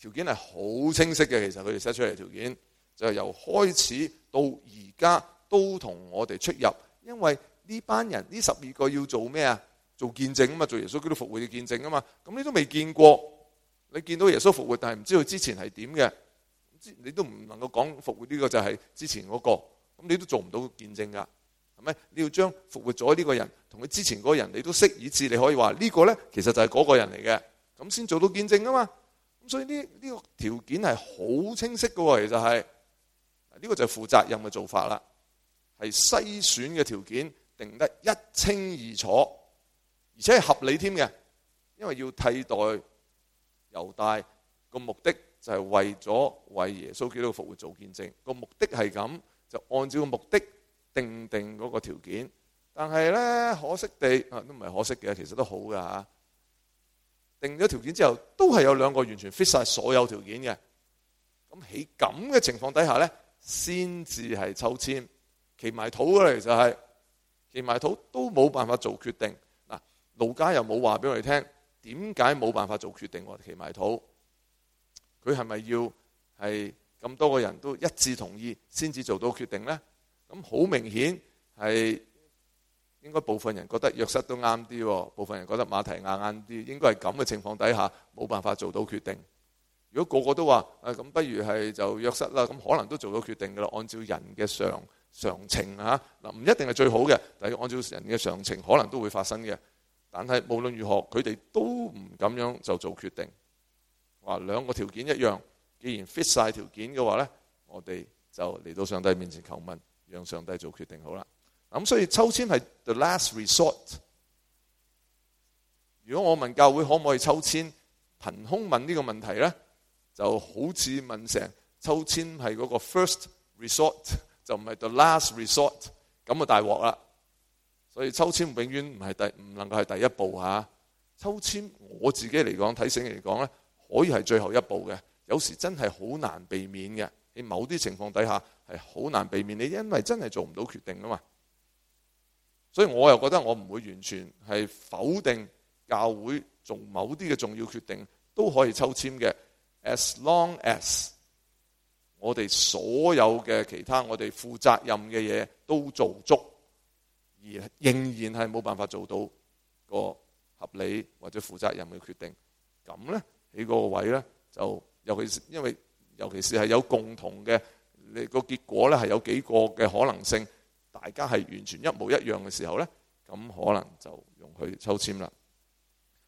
條件係好清晰嘅，其實佢哋 set 出嚟條件，就係由開始到而家都同我哋出入。因為呢班人呢，十二個要做咩啊？做見證啊嘛，做耶穌基督復活嘅見證啊嘛。咁你都未見過，你見到耶穌復活，但係唔知道之前係點嘅，你都唔能夠講復活呢個就係之前嗰個。咁你都做唔到見證㗎，係咪？你要將復活咗呢個人，同佢之前嗰個人你都識，以致你可以話呢個咧，其實就係嗰個人嚟嘅，咁先做到見證啊嘛。咁所以呢，呢個條件係好清晰㗎喎。其實係呢、呢個就係負責任嘅做法啦，係篩選嘅條件定得一清二楚，而且係合理添嘅。因為要替代猶大個目的，就係為咗為耶穌基督復活做見證，個目的係咁，就按照個目的定定嗰個條件。但係咧，可惜地啊，都唔係可惜嘅，其實都好嘅、啊、定咗條件之後，都係有兩個完全 fit 晒所有條件嘅。咁喺咁嘅情況底下咧，先至係抽籤祈埋禱嗰、就係、其實係祈埋禱都冇辦法做決定嗱。路加又冇話俾我哋聽點解冇辦法做決定喎？祈埋禱佢係咪要係咁多個人都一致同意先至做到決定咧？咁好明顯係。應該部分人覺得約瑟都啱啲，部分人覺得馬提亞啱啲。應該係咁嘅情況底下，冇辦法做到決定。如果個個都話：，咁不如係就約瑟啦，咁可能都做到決定㗎啦。按照人嘅常常情嚇，嗱唔一定係最好嘅，但係按照人嘅常情，可能都會發生嘅。但係無論如何，佢哋都唔咁樣就做決定。話兩個條件一樣，既然 fit 曬條件嘅話呢，我哋就嚟到上帝面前求問，讓上帝做決定好啦。咁所以抽籤係 the last resort。如果我問教會可唔可以抽籤，憑空問呢個問題呢，就好似問成抽籤係嗰個 first resort，就唔係 the last resort，咁啊大鑊啦。所以抽籤永遠唔係第，唔能夠係第一步吓。抽籤我自己嚟講，睇醒嚟講可以係最後一步嘅。有時真係好難避免嘅。喺某啲情況底下係好難避免你。你因為真係做唔到決定㗎嘛。所以我又覺得我唔會完全係否定教會做某啲嘅重要決定都可以抽籤嘅，as long as 我哋所有嘅其他我哋負責任嘅嘢都做足，而仍然係冇辦法做到個合理或者負責任嘅決定，咁呢，喺嗰個位置呢，就尤其是因為尤其是係有共同嘅你個結果呢係有幾個嘅可能性。大家係完全一模一樣嘅時候呢，咁可能就容許抽籤啦。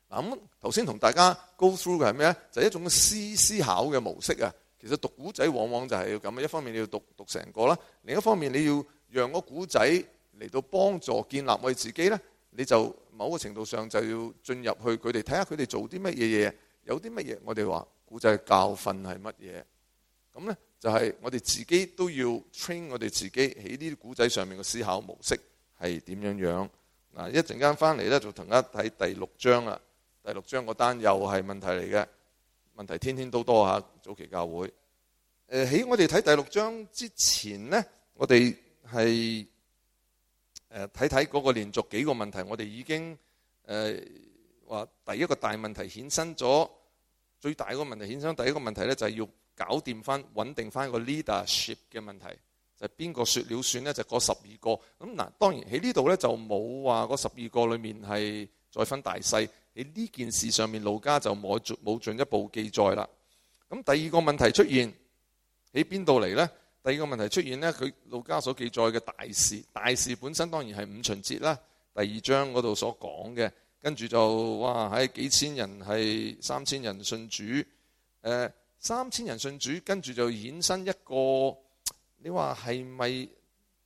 嗱，咁頭先同大家 go through 嘅係咩呢就係、是、一種思思考嘅模式啊。其實讀古仔往往就係要咁，一方面你要讀讀成個啦，另一方面你要讓嗰古仔嚟到幫助建立我哋自己呢。你就某個程度上就要進入去佢哋睇下佢哋做啲乜嘢嘢，有啲乜嘢我哋話古仔嘅教訓係乜嘢？咁咧。就係我哋自己都要 train 我哋自己喺呢啲古仔上面嘅思考模式係點樣樣。嗱，一陣間翻嚟咧就同大家睇第六章啦。第六章個單又係問題嚟嘅，問題天天都多吓。早期教會，誒喺我哋睇第六章之前呢，我哋係睇睇嗰個連續幾個問題，我哋已經話第一個大問題衍生咗，最大個問題衍生。第一個問題咧就係要，搞掂翻穩定翻個 leadership 嘅問題，就邊個説了算呢？就嗰十二個咁嗱，當然喺呢度呢，就冇話嗰十二個裏面係再分大細。喺呢件事上面，路加就冇進冇進一步記載啦。咁第二個問題出現喺邊度嚟呢？第二個問題出現呢，佢路加所記載嘅大事，大事本身當然係五旬節啦。第二章嗰度所講嘅，跟住就哇喺幾千人係三千人信主，誒、呃。三千人信主，跟住就衍生一個，你話係咪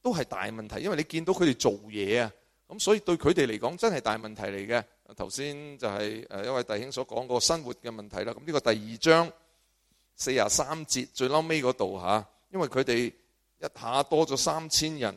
都係大問題？因為你見到佢哋做嘢啊，咁所以對佢哋嚟講真係大問題嚟嘅。頭先就係誒一位弟兄所講過生活嘅問題啦。咁呢個第二章四十三節最嬲尾嗰度吓，因為佢哋一下多咗三千人，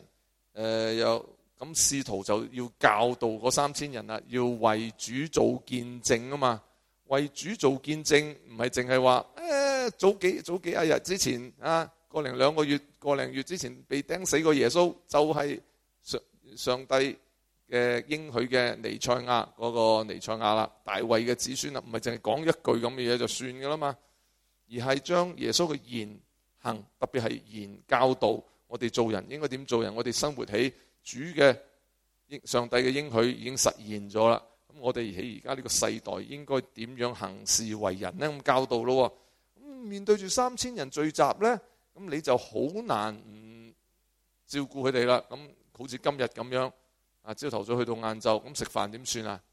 誒又咁試圖就要教導嗰三千人啦，要為主做見證啊嘛。為主做見證，唔係淨係話，誒、啊，早幾早幾啊日之前啊，過零兩個月，過零月之前被釘死個耶穌，就係、是、上上帝嘅應許嘅尼賽亞嗰、那個尼賽亞啦，大衛嘅子孫啦，唔係淨係講一句咁嘅嘢就算噶啦嘛，而係將耶穌嘅言行，特別係言教導我哋做人應該點做人，我哋生活起主嘅上帝嘅應許已經實現咗啦。我哋而家呢個世代應該點樣行事為人呢？咁教導咯。咁面對住三千人聚集呢，咁你就好難照顧佢哋啦。咁好似今日咁樣，啊朝頭早去到晏晝，咁食飯點算啊？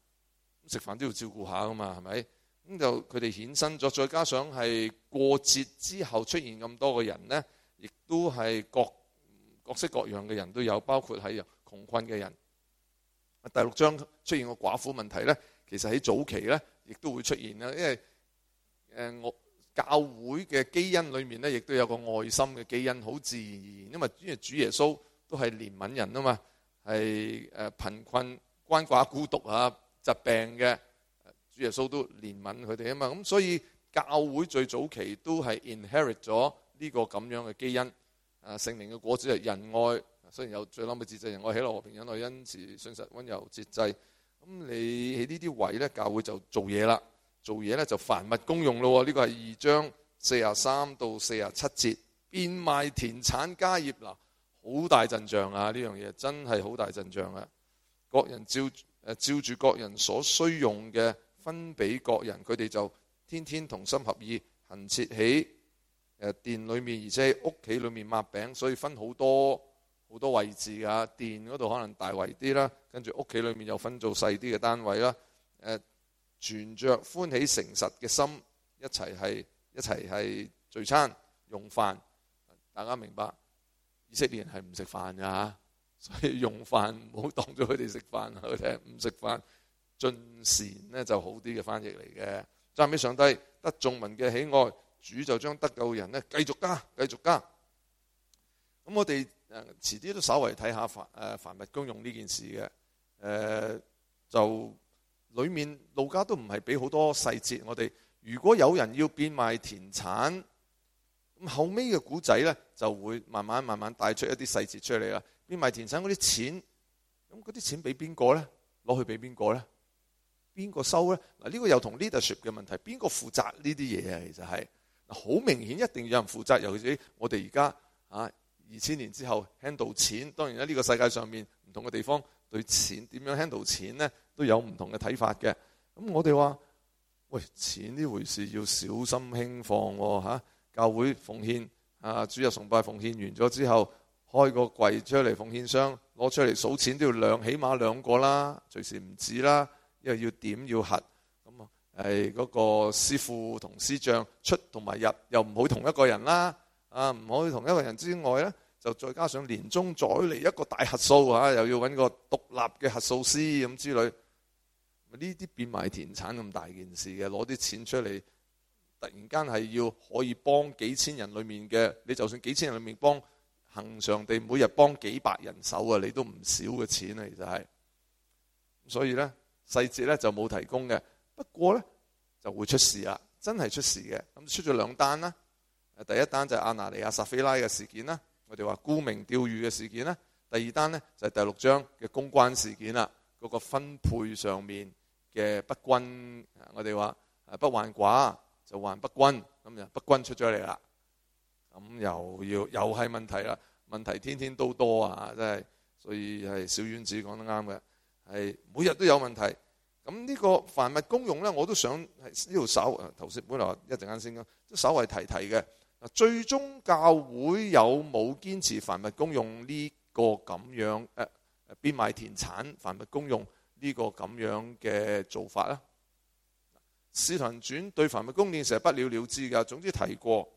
食飯都要照顧下噶嘛，係咪？咁就佢哋顯身咗，再加上係過節之後出現咁多嘅人呢，亦都係各各式各樣嘅人都有，包括係窮困嘅人。第六章出現個寡婦問題咧，其實喺早期咧，亦都會出現啦。因為誒，我教會嘅基因裏面咧，亦都有個愛心嘅基因，好自然。因為主耶穌都係憐憫人啊嘛，係誒貧困、關寡、孤獨啊、疾病嘅，主耶穌都憐憫佢哋啊嘛。咁所以教會最早期都係 inherit 咗呢個咁樣嘅基因啊，聖靈嘅果子係仁愛。雖然有最諗嘅節制人，我喜樂和平忍耐，恩慈、信實、溫柔、節制。咁你喺呢啲位咧，教會就做嘢啦。做嘢咧就凡物公用咯。呢、呢個係二章四十三到四十七節變賣田產家業嗱，好大陣仗啊！呢樣嘢真係好大陣仗啊！各人照誒照住各人所需用嘅分俾各人，佢哋就天天同心合意恆切喺誒殿裏面，而且喺屋企裏面擘餅，所以分好多。好多位置啊，電嗰度可能大圍啲啦，跟住屋企裏面又分做細啲嘅單位啦。誒，存著歡喜誠實嘅心一齊係一齊係聚餐用飯，大家明白以色列人係唔食飯㗎，所以用飯唔好當咗佢哋食飯。佢哋唔食飯，盡善呢就好啲嘅翻譯嚟嘅。讚美上帝得眾民嘅喜愛，主就將得救人呢繼續加繼續加。咁我哋。誒遲啲都稍為睇下凡誒凡物公用呢件事嘅、呃、就裏面路加都唔係俾好多細節。我哋如果有人要變賣田產，咁後尾嘅古仔咧就會慢慢慢慢帶出一啲細節出嚟啦。變賣田產嗰啲錢，咁嗰啲錢俾邊個咧？攞去俾邊個咧？邊個收咧？嗱、這、呢個又同 leadership 嘅問題，邊個負責呢啲嘢啊？其實係好明顯，一定要有人負責。尤其是我哋而家啊。二千年之後 handle 錢，當然喺呢個世界上面唔同嘅地方對錢點樣 handle 錢呢，都有唔同嘅睇法嘅。咁我哋話：喂，錢呢回事要小心輕放喎、啊啊、教會奉獻啊，主日崇拜奉獻完咗之後，開個櫃出嚟奉獻箱，攞出嚟數錢都要兩，起碼兩個啦，隨時唔止啦，因為要點要核咁啊，係嗰個司庫同司帳出同埋入又唔好同一個人啦。啊，唔可以同一個人之外呢，就再加上年終再嚟一個大核數嚇，又要揾個獨立嘅核數師咁之類。呢啲變賣田產咁大件事嘅，攞啲錢出嚟，突然間係要可以幫幾千人裡面嘅，你就算幾千人裡面幫恒常地每日幫幾百人手啊，你都唔少嘅錢啊，其實係。所以呢，細節呢就冇提供嘅，不過呢，就會出事啦，真係出事嘅，咁出咗兩單啦。第一單就係阿拿尼亞撒菲拉嘅事件啦，我哋話沽名釣譽嘅事件啦。第二單呢，就係第六章嘅公關事件啦，嗰個分配上面嘅不均，我哋話不患寡就患不均，咁就不均出咗嚟啦。咁又要又係問題啦，問題天天都多啊，真係。所以係小丸子講得啱嘅，係每日都有問題。咁呢個凡物公用呢，我都想係呢度稍啊，頭先本來話一陣間先嘅，即係稍微提提嘅。最終教會有冇堅持凡物公用呢個咁樣？誒、呃、誒，變賣田產、凡物公用呢個咁樣嘅做法啦。《使徒傳》對凡物公用成日不了了之㗎。總之提過，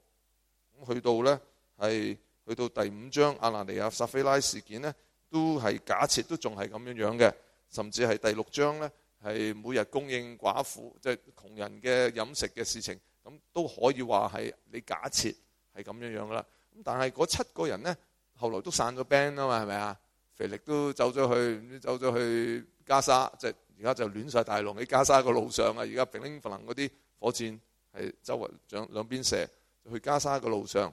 去到咧係去到第五章阿拿尼亞撒菲拉事件咧，都係假設都仲係咁樣樣嘅。甚至係第六章呢，係每日供應寡婦即係窮人嘅飲食嘅事情。咁都可以話係你假設係咁樣樣噶啦。咁但係嗰七個人呢，後來都散咗 band 啦嘛，係咪啊？腓力都走咗去，走咗去加沙，即係而家就亂晒大龍喺加沙個路上啊！而家 pinging fling 嗰啲火箭係周圍兩兩邊射，就去加沙個路上。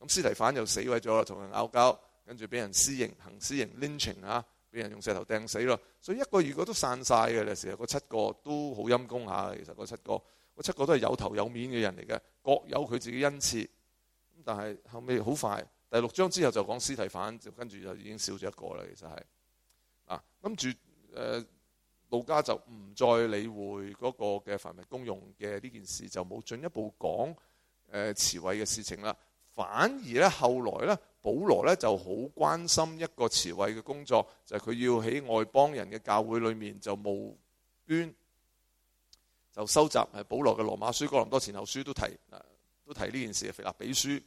咁司提反又死鬼咗啦，同人拗交，跟住俾人私刑，行私刑，lynching 啊，俾人用石頭掟死咯。所以一個月嗰都散晒嘅啦，其實嗰七個都好陰功下，其實嗰七個。七個都係有頭有面嘅人嚟嘅，各有佢自己恩賜。但係後尾好快，第六章之後就講司提反，就跟住就已經少咗一個啦。其實係啊，跟住誒，路加就唔再理會嗰個嘅凡物公用嘅呢件事，就冇進一步講誒、呃、慈惠嘅事情啦。反而呢後來呢，保羅呢就好關心一個慈惠嘅工作，就佢、係、要喺外邦人嘅教會裏面就募捐。就收集，係保羅嘅羅馬書、哥林多前後書都提，都提呢件事啊。腓立比書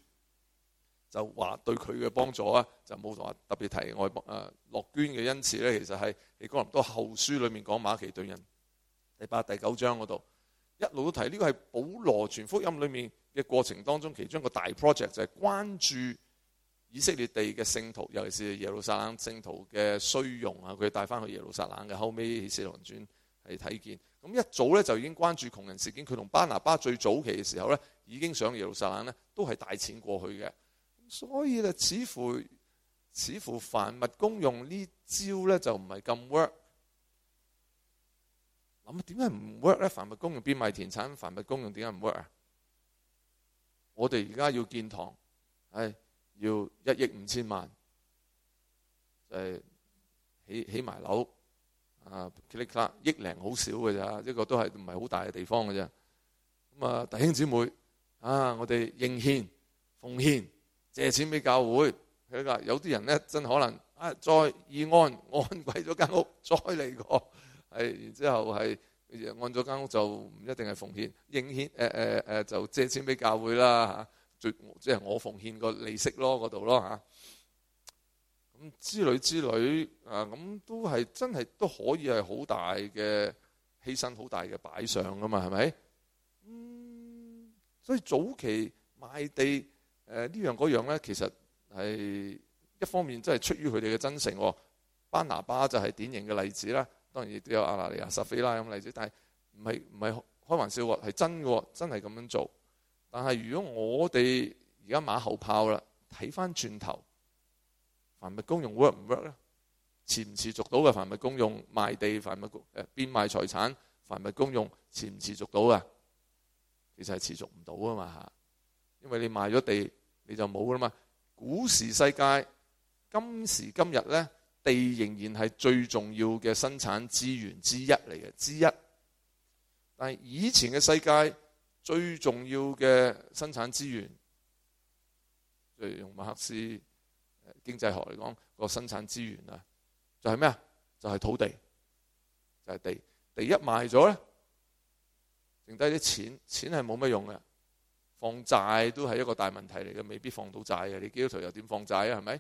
就話對佢嘅幫助啊，就冇話特別提外邦。誒、呃，樂捐嘅，因此咧，其實喺哥林多後書裏面講馬其頓人第八、第九章嗰度，一路都提呢個係保羅全福音裏面嘅過程當中其中一個大 project，就係關注以色列地嘅聖徒，尤其是耶路撒冷聖徒嘅衰容啊。佢帶翻去耶路撒冷嘅，後尾喺使徒行傳係睇見。咁一早咧就已經關注窮人事件，佢同巴拿巴最早期嘅時候咧，已經上耶路撒冷咧，都係帶錢過去嘅。所以咧，似乎似乎凡物公用呢招咧就唔係咁 work。咁點解唔 work 咧？凡物公用變賣田產，凡物公用點解唔 work 啊？我哋而家要建堂，係要一億五千萬，誒、就係、起起埋樓。啊，億零好少嘅咋，呢、這個都係唔係好大嘅地方嘅啫。咁啊，弟兄姊妹啊，我哋應獻、奉獻、借錢俾教會。佢話有啲人咧，真可能啊，再以安安貴咗間屋，再嚟過係，然之後係按咗間屋就唔一定係奉獻、應獻，誒誒誒，就借錢俾教會啦嚇。即係、就是、我奉獻個利息咯，嗰度咯嚇。之旅之旅啊，咁都係真係都可以係好大嘅犧牲，好大嘅擺上噶嘛，係咪？咁、嗯、所以早期賣地誒呢、呃、樣嗰樣咧，其實係一方面真係出於佢哋嘅真誠喎。班拿巴就係典型嘅例子啦，當然亦都有亞拿尼亞、撒非拉咁例子，但係唔係唔係開玩笑喎，係真嘅，真係咁樣做。但係如果我哋而家馬後炮啦，睇翻轉頭。凡物公用 work 唔 work 咧？持唔持續到嘅？凡物公用賣地，凡物公誒變賣財產，凡物公用持唔持續到嘅？其實係持續唔到啊嘛吓，因為你賣咗地，你就冇噶啦嘛。古時世界，今時今日咧，地仍然係最重要嘅生產資源之一嚟嘅，之一。但係以前嘅世界，最重要嘅生產資源，譬如用馬克思。經濟學嚟講，個生產資源啊，就係咩啊？就係土地，就係地。地一賣咗咧，剩低啲錢，錢係冇咩用嘅。放債都係一個大問題嚟嘅，未必放到債嘅。你基督徒又點放債啊？係咪？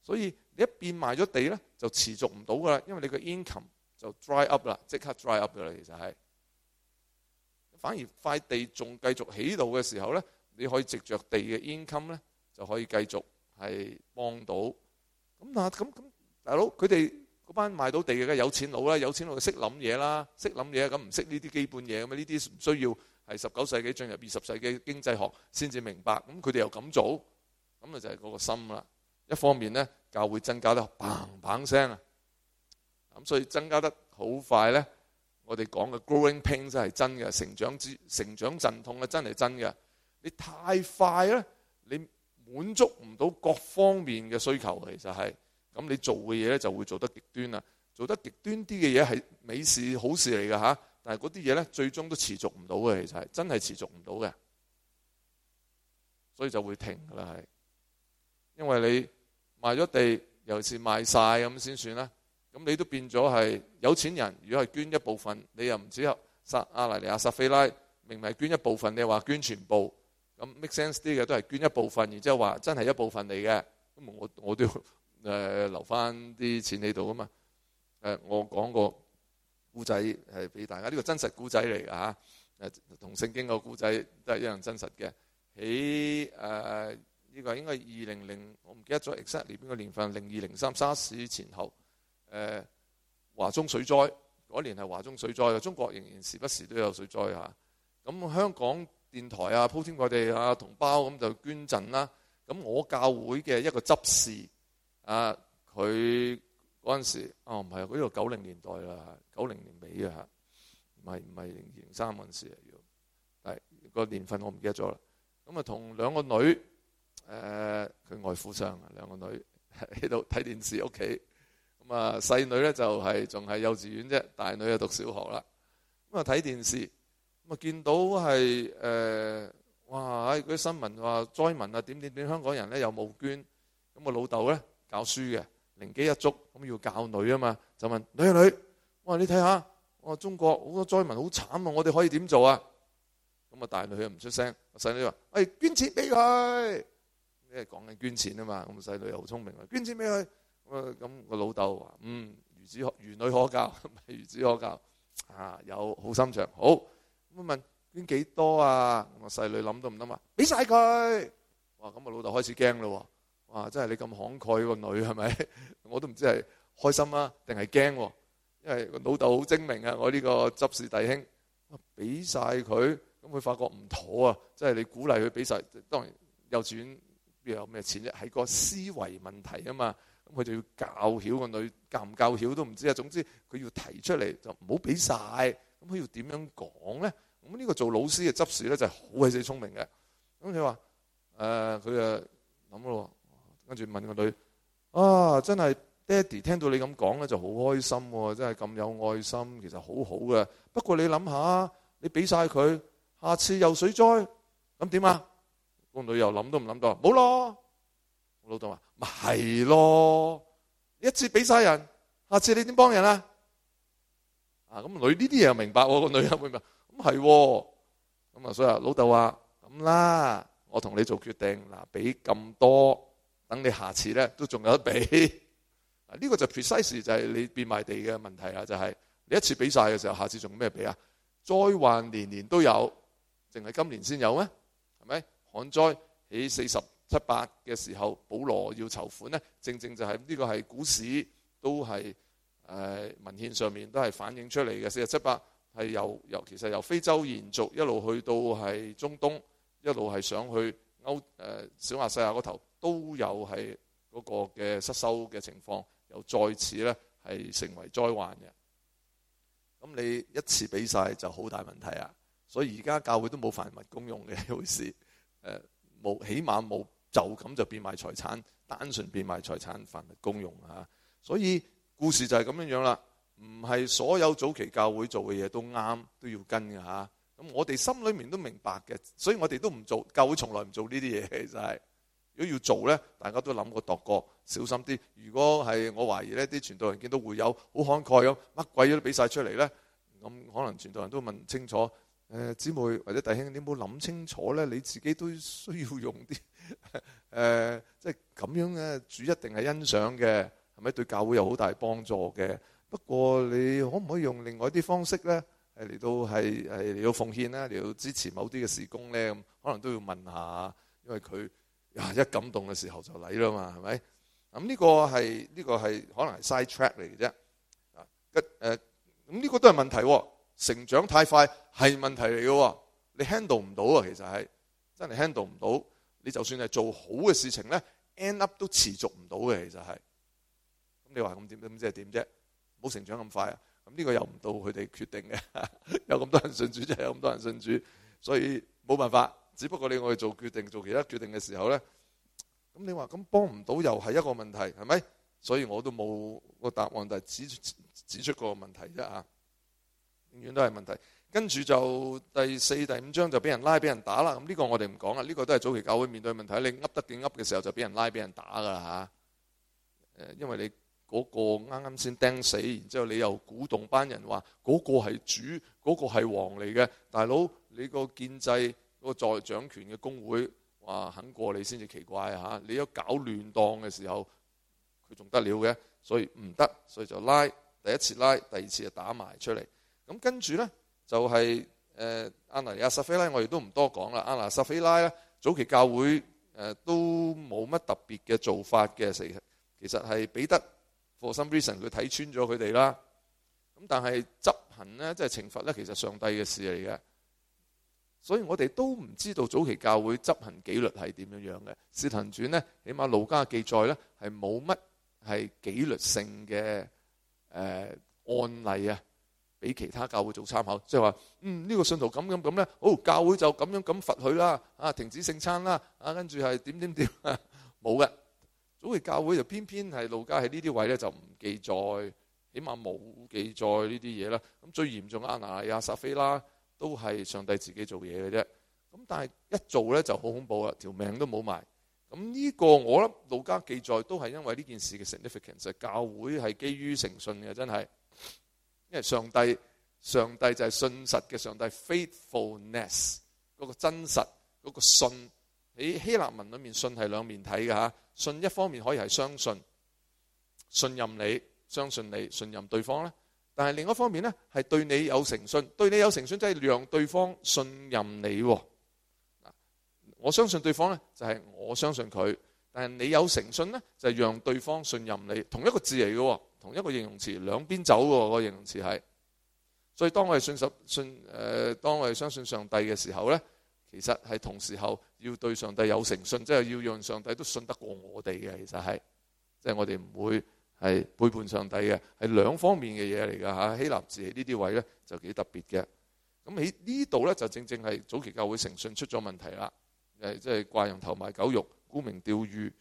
所以你一變賣咗地咧，就持續唔到噶啦，因為你個 income 就 dry up 啦，即刻 dry up 咗啦。其實係，反而塊地仲繼續起道嘅時候咧，你可以藉着地嘅 income 咧，就可以繼續。係幫到咁啊！咁咁，大佬佢哋嗰班賣到地嘅有錢佬啦，有錢佬就識諗嘢啦，識諗嘢咁唔識呢啲基本嘢咁啊！呢啲唔需要係十九世紀進入二十世紀經濟學先至明白。咁佢哋又咁做，咁啊就係嗰個心啦。一方面咧，教會增加得砰砰聲啊！咁所以增加得好快咧。我哋講嘅 growing pains 係真嘅，成長之成長陣痛啊，真係真嘅。你太快咧，你～滿足唔到各方面嘅需求，其實係咁，你做嘅嘢咧就會做得極端啦。做得極端啲嘅嘢係美事好事嚟嘅，但係嗰啲嘢咧最終都持續唔到嘅，其實係真係持續唔到嘅，所以就會停啦係。因為你賣咗地，尤其是賣晒咁先算啦。咁你都變咗係有錢人。如果係捐一部分，你又唔只合撒亞拿尼亞撒非拉明明係捐一部分，你話捐全部。咁 make sense 啲嘅都係捐一部分，然之後話真係一部分嚟嘅。咁我我都要、呃、留翻啲錢喺度啊嘛。呃、我講個故仔係俾大家，呢、這個真實故仔嚟㗎嚇。同聖經個故仔都係一樣真實嘅。喺呢、呃這個應該係二零零，我唔記得咗 exact 年邊個年份，零二零三沙士前後。誒、呃，華中水災嗰年係華中水災，中國仍然時不時都有水災啊。咁香港。電台啊，鋪天蓋地啊，同胞咁就捐贈啦。咁我教會嘅一個執事啊，佢嗰陣時，哦唔係，佢呢度九零年代啦，九零年尾啊，唔係唔係零零三嗰陣時啊要，但係個年份我唔記得咗啦。咁啊，同兩個女，誒、呃、佢外父相啊，兩個女喺度睇電視屋企。咁啊、就係，細女咧就係仲係幼稚園啫，大女啊讀小學啦。咁啊睇電視。咁啊，見到係誒、呃、哇！嗰啲新聞話災民啊，點點點，香港人咧又募捐。咁我老豆咧教書嘅，靈機一觸，咁要教女啊嘛，就問女女，我話你睇下，我話中國好多災民好慘啊，我哋可以點做啊？咁啊，大女又唔出聲，細女話：誒捐錢俾佢，咩講緊捐錢啊嘛？咁細女又好聰明啊，捐錢俾佢。咁啊，咁我老豆話：嗯，孺子可孺女可教，孺子可教啊，有好心腸，好。問捐幾多啊？我細女諗都唔得啊，話俾晒佢。哇！咁我老豆開始驚咯。哇！真係你咁慷慨個女係咪？我都唔知係開心啊定係驚。因為老豆好精明啊。我呢個執事弟兄話俾晒佢。咁佢發覺唔妥啊。即係你鼓勵佢俾晒，當然幼稚園邊有咩錢啫。係個思維問題啊嘛。咁佢就要教曉個女，教唔教曉都唔知啊。總之佢要提出嚟，就唔好俾晒。咁佢要點樣講咧？咁呢個做老師嘅執事咧就係好鬼死聰明嘅。咁佢話：誒、呃，佢誒諗咯，跟住問個女：啊，真係爹哋聽到你咁講咧就好開心喎！真係咁有愛心，其實好好嘅。不過你諗下，你俾晒佢，下次又水災，咁點啊？個女又諗都唔諗到，冇咯。我老豆話：咪係咯，一次俾晒人，下次你點幫人啊？咁、啊、女呢啲嘢明白喎，個女人會明白。咁係喎，咁啊所以老豆話咁啦，我同你做決定嗱，俾咁多，等你下次咧都仲有得俾。啊呢、這個就 precise 就係你變賣地嘅問題啊，就係、是、你一次俾晒嘅時候，下次仲咩俾啊？災患年年都有，淨係今年先有咩？係咪旱災喺四十七八嘅時候，保羅要籌款咧？正正就係、是、呢、這個係股市都係。誒文獻上面都係反映出嚟嘅，四十七八係由由其實是由非洲延續一路去到係中東，一路係上去歐誒小亞細亞嗰頭都有係嗰個嘅失收嘅情況，又再次呢係成為災患嘅、嗯。咁你一次俾晒就好大問題啊！所以而家教會都冇凡物公用嘅一回事，誒冇起碼冇就咁就變賣財產，單純變賣財產凡物公用啊！所以。故事就係咁樣樣啦，唔係所有早期教會做嘅嘢都啱，都要跟嘅嚇。咁我哋心裏面都明白嘅，所以我哋都唔做。教會從來唔做呢啲嘢，就係如果要做咧，大家都諗過度過，小心啲。如果係我懷疑咧，啲傳道人見到會友好慷慨咁乜鬼都俾曬出嚟咧，咁可能傳道人都問清楚。誒姊妹或者弟兄，你有冇諗清楚咧，你自己都需要用啲誒，即係咁樣嘅，主一定係欣賞嘅。係咪對教會有好大幫助嘅？不過你可唔可以用另外啲方式咧，係嚟到係係嚟到奉獻啦，嚟到支持某啲嘅事工咧，咁可能都要問下，因為佢呀一感動嘅時候就嚟啦嘛，係咪？咁、嗯、呢個係呢個係可能係 side track 嚟嘅啫。啊，嘅咁呢個都係問題。成長太快係問題嚟嘅，你 handle 唔到啊，其實係真係 handle 唔到。你就算係做好嘅事情咧，end up 都持續唔到嘅，其實係。你話咁點咁即係點啫？冇成長咁快啊！咁呢個又唔到佢哋決定嘅， 有咁多人信主就係有咁多人信主，所以冇辦法。只不過你我哋做決定，做其他決定嘅時候咧，咁你話咁幫唔到又係一個問題，係咪？所以我都冇、個答案就係，就係指指出個問題啫啊！永遠都係問題。跟住就第四、第五章就俾人拉、俾人打啦。咁呢個我哋唔講啦。呢、這個都係早期教會面對嘅問題，你噏得幾噏嘅時候就俾人拉、俾人打噶啦嚇。誒，因為你。嗰個啱啱先釘死，然之後你又鼓動班人話嗰個係主，嗰個係王嚟嘅。大佬你個建制個在掌權嘅公會話肯過你先至奇怪吓。你一搞亂檔嘅時候，佢仲得了嘅？所以唔得，所以就拉，第一次拉，第二次就打埋出嚟。咁跟住呢，就係誒阿拿撒非拉，我亦都唔多講啦。阿拿撒菲拉咧早期教會誒、呃、都冇乜特別嘅做法嘅，成其實係彼得，核心 reason 佢睇穿咗佢哋啦，咁但係執行咧，即係懲罰咧，其實上帝嘅事嚟嘅，所以我哋都唔知道早期教會執行紀律係點樣樣嘅。使徒傳咧，起碼路加記載咧係冇乜係紀律性嘅誒案例啊，俾其他教會做參考，即係話嗯呢個信徒咁樣咁咧，好教會就咁樣咁罰佢啦，啊停止聖餐啦，啊跟住係點點點，冇嘅。所以教會就偏偏係路加喺呢啲位咧就唔記載，起碼冇記載呢啲嘢啦。咁最嚴重的阿拿尼亞、阿撒非啦，都係上帝自己做嘢嘅啫。咁但係一做咧就好恐怖啦，條命都冇埋。咁、這、呢個我諗路加記載都係因為呢件事嘅 significance。教會係基於誠信嘅，真係。因為上帝，上帝就係信實嘅上帝 （faithfulness），嗰個真實，嗰、那個信。喺希臘文裏面，信係兩面睇嘅吓。信一方面可以係相信、信任你，相信你、信任對方咧。但係另一方面呢，係對你有誠信，對你有誠信，即係讓對方信任你、哦。我相信對方呢，就係、是、我相信佢。但係你有誠信呢，就係、是、讓對方信任你。同一個字嚟嘅，同一個形容詞，兩邊走嘅、那個形容詞係。所以當我哋信信誒、呃，當我哋相信上帝嘅時候呢。其實係同時候要對上帝有誠信，即係要讓上帝都信得過我哋嘅。其實係，即係我哋唔會係背叛上帝嘅，係兩方面嘅嘢嚟噶吓。希臘字呢啲位呢，就幾特別嘅。咁喺呢度呢，就正正係早期教會誠信出咗問題啦。即係掛羊頭賣狗肉，沽名釣譽。誒、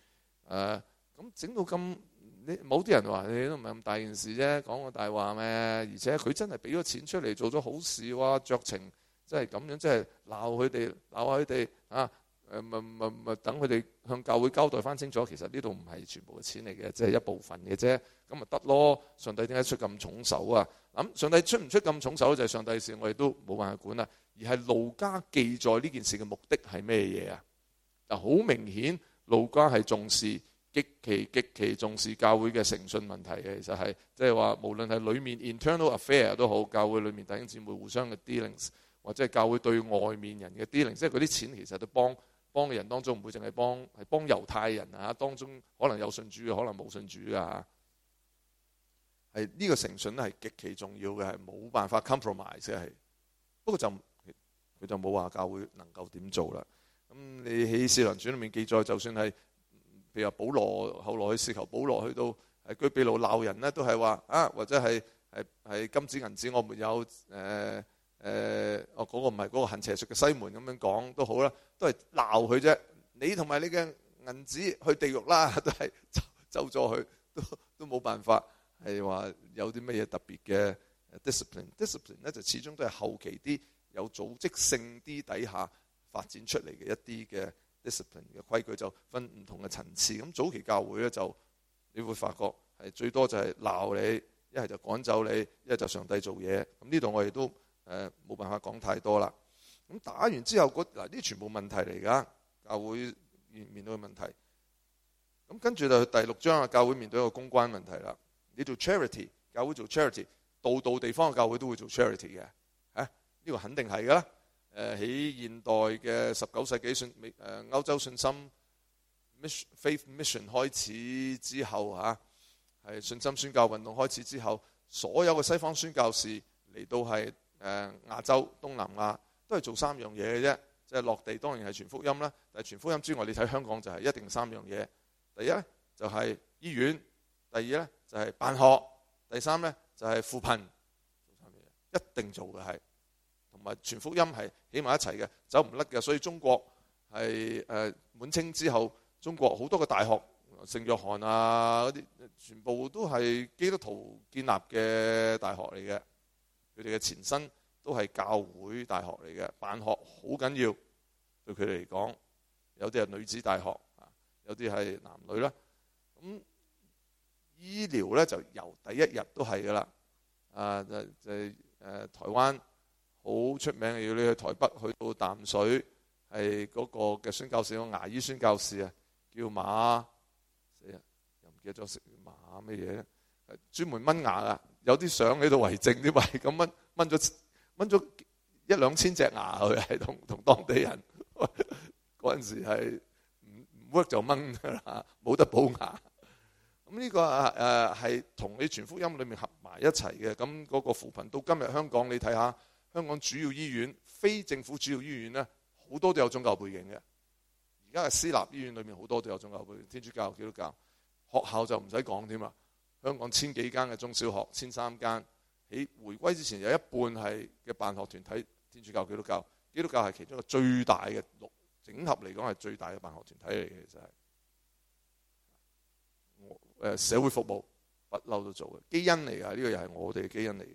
呃，咁整到咁，你某啲人話你都唔係咁大件事啫，講個大話咩？而且佢真係俾咗錢出嚟做咗好事啊，酌情。即係咁樣，即係鬧佢哋，鬧下佢哋啊！誒，咪咪咪等佢哋向教會交代翻清楚。其實呢度唔係全部嘅錢嚟嘅，即係一部分嘅啫。咁咪得咯？上帝點解出咁重手啊？咁上帝出唔出咁重手就係上帝事，我哋都冇辦法管啦。而係路加記載呢件事嘅目的係咩嘢啊？嗱，好明顯，路加係重視極其極其重視教會嘅誠信問題嘅，其實係即係話無論係裏面 internal affair 都好，教會裏面弟兄姊妹互相嘅 dealings。或者係教會對外面人嘅啲 dealing，即係嗰啲錢其實都幫幫嘅人當中不會只是幫，唔會淨係幫係幫猶太人啊，當中可能有信主嘅，可能冇信主啊，係呢、這個誠信係極其重要嘅，係冇辦法 compromise 嘅。不過就佢就冇話教會能夠點做啦。咁你喺四福音書裏面記載，就算係譬如話保羅，後來去試求保羅去到喺居比路鬧人呢，都係話啊，或者係係係金子銀子我沒有誒。呃誒，哦、呃，嗰、那個唔係嗰個行邪術嘅西門咁樣講都好啦，都係鬧佢啫。你同埋你嘅銀紙去地獄啦，都係走走咗去，都都冇辦法係話有啲乜嘢特別嘅 discipline dis。discipline 咧就始終都係後期啲有組織性啲底下發展出嚟嘅一啲嘅 discipline 嘅規矩，就分唔同嘅層次。咁早期教會咧就你會發覺係最多就係鬧你，一係就趕走你，一係就上帝做嘢。咁呢度我哋都。誒冇辦法講太多啦。咁打完之後嗰嗱啲全部問題嚟噶，教會面面對嘅問題。咁跟住就第六章啊，教會面對一個公關問題啦。你做 charity，教會做 charity，度度地方嘅教會都會做 charity 嘅嚇，呢個肯定係噶啦。誒喺現代嘅十九世紀信美誒歐洲信心 mission faith mission 開始之後嚇，係信心宣教運動開始之後，所有嘅西方宣教士嚟到係。誒亞洲東南亞都係做三樣嘢嘅啫，即係落地當然係傳福音啦。但係傳福音之外，你睇香港就係一定三樣嘢：第一呢，就係、是、醫院，第二呢，就係、是、辦學，第三呢，就係、是、扶貧。一定做嘅，係同埋傳福音係起埋一齊嘅，走唔甩嘅。所以中國係誒、呃、滿清之後，中國好多個大學，聖約翰啊嗰啲，全部都係基督徒建立嘅大學嚟嘅。佢哋嘅前身都係教會大學嚟嘅，辦學好緊要對佢哋嚟講。有啲係女子大學啊，有啲係男女啦。咁醫療咧就由第一日都係噶啦。啊就就是、誒、啊、台灣好出名嘅，嘅，要你去台北去到淡水，係嗰個嘅宣教師、個牙醫宣教師啊，叫馬死人，又唔記得咗食馬乜嘢咧？專門掹牙啊！有啲相喺度為證，因為咁掹掹咗掹咗一兩千隻牙，去。係同同當地人嗰陣時係唔 work 就掹噶啦，冇得補牙。咁呢個誒係同你全福音裡面合埋一齊嘅。咁嗰個扶貧到今日香港你看，你睇下香港主要醫院、非政府主要醫院咧，好多都有宗教背景嘅。而家係私立醫院裏面好多都有宗教背景，天主教、基督教、學校就唔使講添啦。香港千幾間嘅中小學，千三間喺回歸之前有一半係嘅辦學團體，天主教、基督教、基督教係其中一個最大嘅六整合嚟講係最大嘅辦學團體嚟嘅，其實係誒社會服務不嬲都做嘅基因嚟噶，呢個又係我哋嘅基因嚟嘅。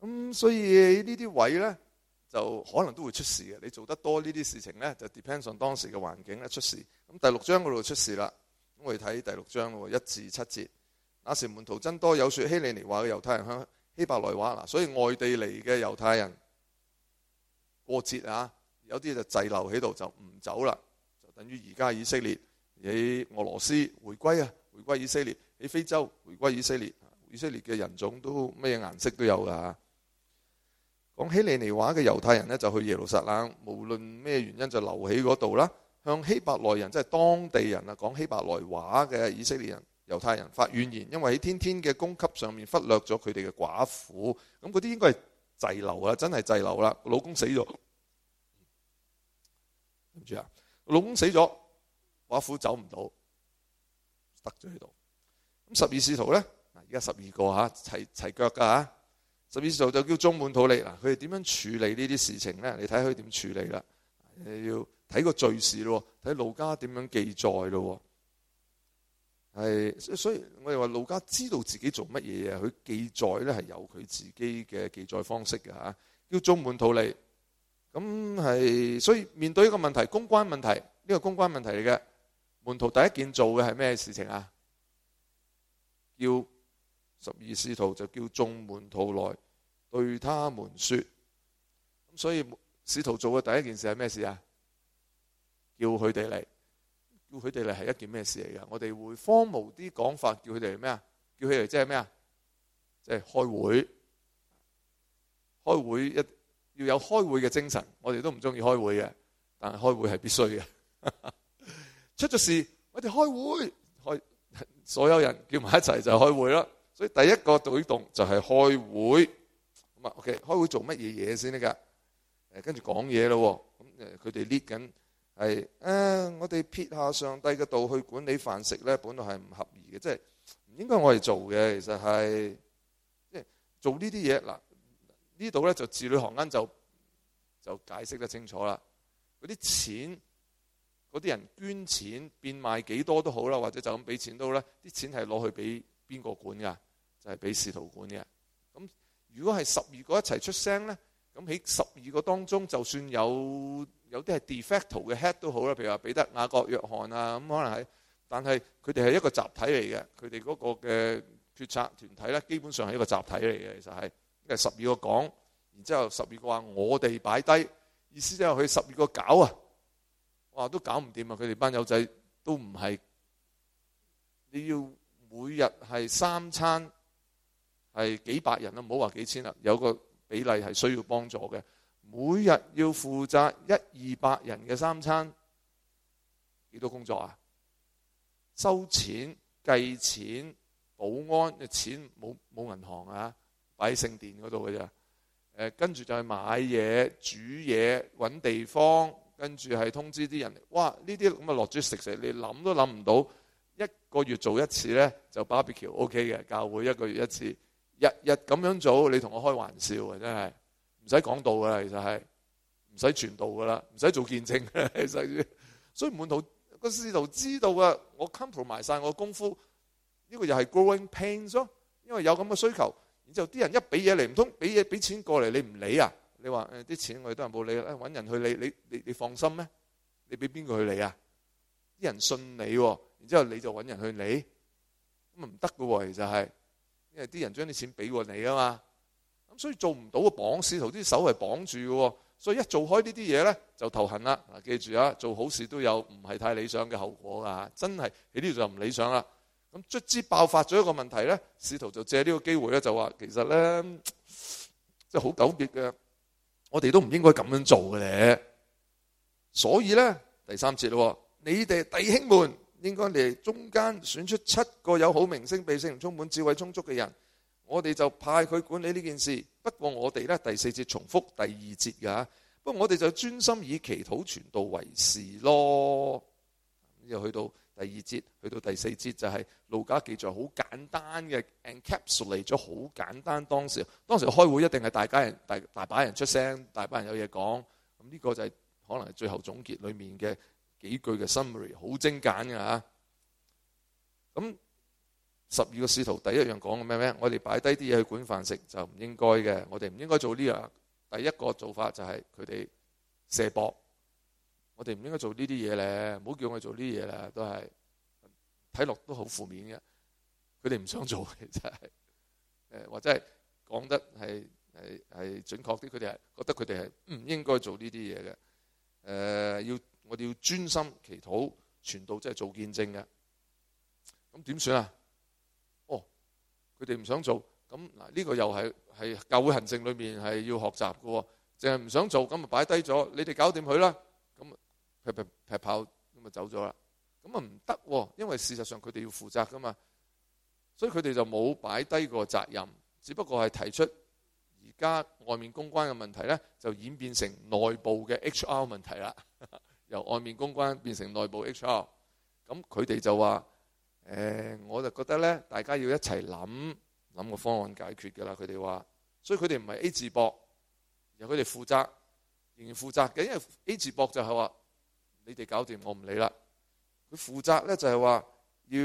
咁所以呢啲位咧就可能都會出事嘅，你做得多呢啲事情咧就 depends on 當時嘅環境咧出事。咁第六章嗰度出事啦。我哋睇第六章咯，一至七節。那時門徒增多，有說希利尼話嘅猶太人響希伯來話嗱，所以外地嚟嘅猶太人過節啊，有啲就滯留喺度就唔走啦，就等於而家以色列喺俄羅斯回歸啊，回歸以色列喺非洲回歸以色列，以色列嘅人種都咩顏色都有噶。講講希利尼話嘅猶太人呢，就去耶路撒冷，無論咩原因就留喺嗰度啦。向希伯來人，即係當地人啊，講希伯來話嘅以色列人，猶太人發怨言，因為喺天天嘅供給上面忽略咗佢哋嘅寡婦。咁嗰啲應該係滯留啦，真係滯留啦。老公死咗，住啊，老公死咗，寡婦走唔到，得咗喺度。咁十二使徒咧，嗱，而家十二個吓，齊齊腳噶吓。十二使徒就叫眾門徒嚟，嗱，佢哋點樣處理呢啲事情咧？你睇佢點處理啦，你要。睇個敘事咯，睇路加點樣記載咯，係所以我哋話路加知道自己做乜嘢啊。佢記載咧，係有佢自己嘅記載方式嘅，叫眾門徒嚟。咁係所以面對呢個問題，公關問題呢、呢個公關問題嚟嘅門徒第一件做嘅係咩事情啊？叫十二使徒就叫眾門徒來對他們說。咁所以使徒做嘅第一件事係咩事啊？叫佢哋嚟，叫佢哋嚟係一件咩事嚟噶？我哋會荒謬啲講法，叫佢哋嚟，叫佢哋咩啊？叫佢哋即係咩啊？即係開會，開會一要有開會嘅精神。我哋都唔中意開會嘅，但係開會係必須嘅。出咗事我哋開會，開所有人叫埋一齊就係開會啦。所以第一個舉動就係開會咁啊。O、OK, K，開會做乜嘢嘢先得噶？誒，跟住講嘢咯。咁誒，佢哋 lead 緊。係，誒、啊，我哋撇下上帝嘅道去管理飯食咧，本來係唔合宜嘅，即係唔應該我哋做嘅。其實係，即係做呢啲嘢嗱，呢度咧就字裏行間就就解釋得清楚啦。嗰啲錢，嗰啲人捐錢變賣幾多都好啦，或者就咁俾錢都好啦，啲錢係攞去俾邊個管噶？就係俾使徒管嘅。咁如果係十二個一齊出聲咧，咁喺十二個當中，就算有。有啲係 de facto 嘅 head 都好啦，譬如話彼得、雅各、約翰啊，咁可能係。但係佢哋係一個集體嚟嘅，佢哋嗰個嘅決策團體咧，基本上係一個集體嚟嘅。其實係，係十二個講，然之後十二個話我哋擺低，意思即係佢十二個搞啊，哇都搞唔掂啊！佢哋班友仔都唔係，你要每日係三餐係幾百人啊，唔好話幾千啦，有個比例係需要幫助嘅。每日要負責一二百人嘅三餐，幾多工作啊？收錢、計錢、保安嘅錢冇冇銀行啊？擺喺聖殿嗰度嘅啫。誒、呃，跟住就係買嘢、煮嘢、搵地方，跟住係通知啲人。哇！呢啲咁嘅 logistics，你諗都諗唔到。一個月做一次咧，OK，就 barbecue，ok 嘅教會一個月一次，日日咁樣做，你同我開玩笑啊！真係。唔使講道噶，其實係唔使傳道噶啦，唔使做見證嘅，其實係。所以門徒個士徒知道啊，我 control 埋晒我功夫，呢個又係 growing pains 咯，因為有咁嘅需求。然之後啲人一俾嘢嚟唔通，俾嘢俾錢過嚟你唔理啊？你話誒啲錢我哋都冇理啦，揾人去理你，你你放心咩？你俾邊個去理啊？啲人信你喎，然之後你就揾人去理咁啊，唔得噶喎，其實係，因為啲人將啲錢俾過你啊嘛。所以做唔到嘅，綁使徒啲手係綁住嘅，所以一做開呢啲嘢咧，就頭痕啦。嗱，記住啊，做好事都有唔係太理想嘅後果噶，真係呢度就唔理想啦。咁卒之爆發咗一個問題咧，使徒就借呢個機會咧，就話，其實咧即係好糾結嘅，我哋都唔應該咁樣做嘅咧。所以咧第三節咯，你哋弟兄們應該嚟中間選出七個有好名聲、被聖靈充滿、智慧充足嘅人。我哋就派佢管理呢件事，不過我哋呢，第四節重複第二節嘅，不過我哋就專心以祈禱傳道為事咯。又去到第二節，去到第四節就係路加記載好簡單嘅 encapsulate 咗好簡單當時，當時開會一定係大家人大大把人出聲，大把人有嘢講。咁呢個就係、是、可能係最後總結裏面嘅幾句嘅 summary，好精簡嘅吓。咁。十二個使徒第一樣講咩咩？我哋擺低啲嘢，去管飯食就唔應該嘅，我哋唔應該做呢樣。第一個做法就係佢哋卸膊，我哋唔應該做呢啲嘢咧，唔好叫佢做呢啲嘢啦。都係睇落都好負面嘅，佢哋唔想做嘅。其實，誒或者係講得係係係準確啲，佢哋係覺得佢哋係唔應該做呢啲嘢嘅。誒，要我哋要專心祈禱傳道，即係做見證嘅。咁點算啊？佢哋唔想做咁嗱，呢個又係係教會行政裏面係要學習噶喎，淨係唔想做咁咪擺低咗，你哋搞掂佢啦，咁劈劈炮咁咪走咗啦，咁啊唔得，因為事實上佢哋要負責噶嘛，所以佢哋就冇擺低個責任，只不過係提出而家外面公關嘅問題咧，就演變成內部嘅 HR 問題啦，由外面公關變成內部 HR，咁佢哋就話。誒、呃，我就覺得咧，大家要一齊諗諗個方案解決㗎啦。佢哋話，所以佢哋唔係 A 字膊，由佢哋負責仍然負責嘅，因為 A 字膊就係話你哋搞掂，我唔理啦。佢負責咧就係、是、話要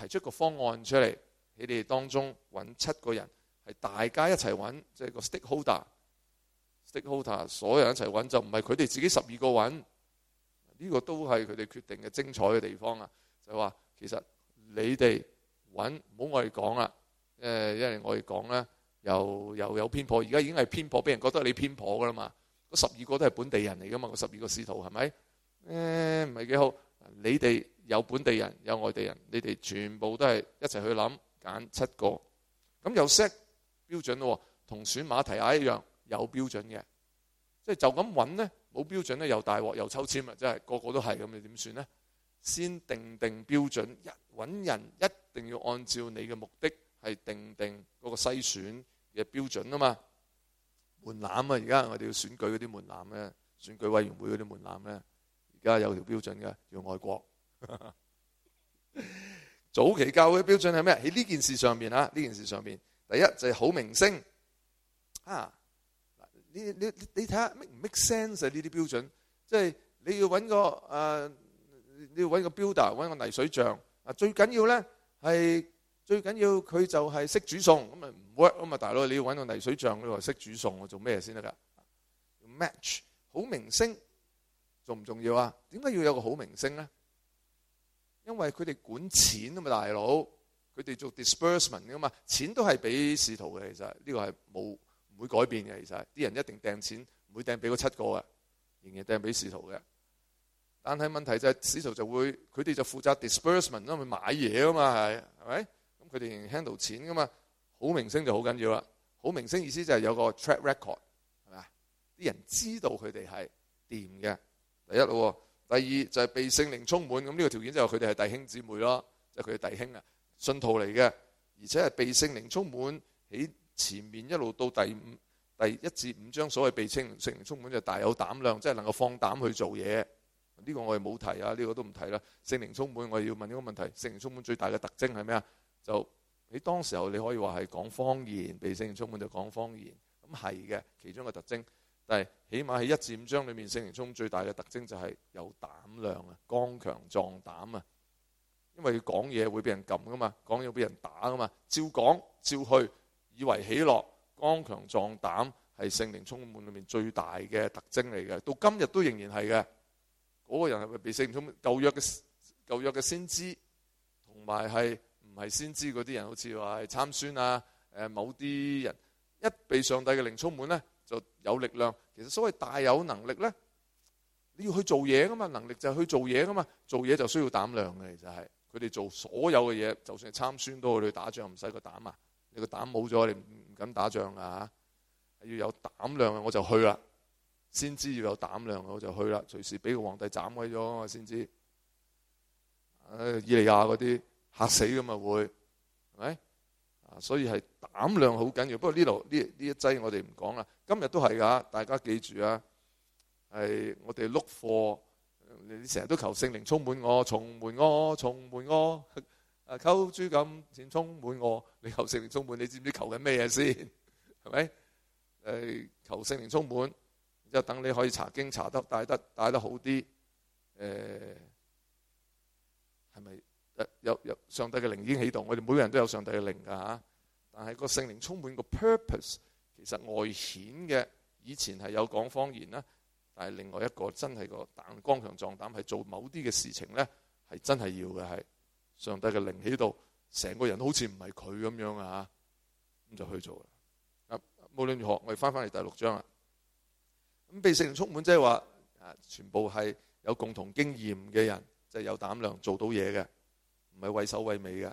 提出個方案出嚟，你哋當中揾七個人係大家一齊揾，即、就、係、是、個 stakeholder，stakeholder st 所有人一齊揾，就唔係佢哋自己十二個揾。呢、這個都係佢哋決定嘅精彩嘅地方啊，就係、是、話。其實你哋揾唔好我哋講啦，誒，因為我哋講啦，又又有偏頗，而家已經係偏頗，俾人覺得你偏頗噶啦嘛。十二個都係本地人嚟噶嘛，個十二個使徒係咪？唔係幾好。你哋有本地人，有外地人，你哋全部都係一齊去諗揀七個，咁又識標準咯，同選馬提亞一樣有標準嘅，即係就咁揾呢，冇標準咧又大鑊又，又抽籤啊！真係個個都係咁，你點算呢？先定定標準，一揾人一定要按照你嘅目的係定定嗰個篩選嘅標準啊嘛門檻啊！而家我哋要選舉嗰啲門檻咧，選舉委員會嗰啲門檻咧，而家有條標準嘅叫外國 早期教會嘅標準係咩？喺呢件事上邊啊，呢件事上邊第一就係、是、好明星啊！你你你睇下 make 唔 make sense 啊？呢啲標準即係、就是、你要揾個誒。呃你要揾個 builder，揾個泥水匠。啊，最緊要咧係最緊要佢就係識煮餸，咁咪唔 work 啊嘛，大佬！你要揾個泥水匠，你話識煮餸，我做咩先得噶？Match 好明星重唔重要啊？點解要有個好明星咧？因為佢哋管錢啊嘛，大佬，佢哋做 disbursement 噶嘛，錢都係俾使徒嘅，其實呢個係冇唔會改變嘅，其實啲人一定掟錢，唔會掟俾嗰七個啊，仍然掟俾使徒嘅。但係問題就係、是，使徒就會佢哋就負責 disbursement，因去買嘢啊嘛，係係咪咁佢哋 handle 錢噶嘛？好名聲就好緊要啦。好名聲意思就係有個 track record 係咪啊？啲人知道佢哋係掂嘅。第一咯，第二就係、是、被聖靈充滿咁呢，這個條件就係佢哋係弟兄姊妹咯，即係佢哋弟兄啊，信徒嚟嘅，而且係被聖靈充滿，喺前面一路到第五第一至五章所謂被聖靈聖靈充滿就是大有膽量，即、就、係、是、能夠放膽去做嘢。呢個我哋冇提啊，呢個都唔提啦。聖靈充滿，我要問呢個問題：聖靈充滿最大嘅特徵係咩啊？就你當時候你可以話係講方言，被聖靈充滿就講方言咁係嘅其中嘅特徵。但係起碼喺一至五章裏面，聖靈充滿最大嘅特徵就係有膽量啊，剛強壯膽啊，因為講嘢會俾人撳噶嘛，講嘢俾人打噶嘛，照講照去，以為喜樂，剛強壯膽係聖靈充滿裏面最大嘅特徵嚟嘅，到今日都仍然係嘅。嗰個人係咪被聖靈充滿，舊約嘅舊約嘅先知，同埋係唔係先知嗰啲人？好似話係參孫啊，誒某啲人一被上帝嘅靈充滿咧，就有力量。其實所謂大有能力咧，你要去做嘢噶嘛，能力就係去做嘢噶嘛，做嘢就需要膽量嘅。其實係佢哋做所有嘅嘢，就算係參孫都你去打仗，唔使個膽啊！你個膽冇咗，你唔敢打仗啊！要有膽量嘅，我就去啦。先知要有膽量，我就去啦。隨時俾個皇帝斬鬼咗，我先知。誒、哎，以利亞嗰啲嚇死咁啊，會係咪啊？所以係膽量好緊要。不過呢度呢呢一劑我哋唔講啦。今日都係㗎，大家記住啊！係我哋碌貨，你成日都求聖靈充滿我，充滿我，充滿我，啊溝豬咁先充滿我。你求聖靈充滿，你知唔知求緊咩嘢先？係咪誒？求聖靈充滿。就等你可以查經查得帶得帶得好啲，誒係咪有有上帝嘅靈已經喺度？我哋每個人都有上帝嘅靈噶吓，但係個聖靈充滿個 purpose，其實外顯嘅以前係有講方言啦，但係另外一個真係個膽剛強壯膽係做某啲嘅事情咧，係真係要嘅係上帝嘅靈喺度，成個人好似唔係佢咁樣啊，咁就去做啦。啊，無論如何我哋翻翻嚟第六章啦。咁被聖充滿，即係話，啊，全部係有共同經驗嘅人，即係有膽量做到嘢嘅，唔係畏首畏尾嘅。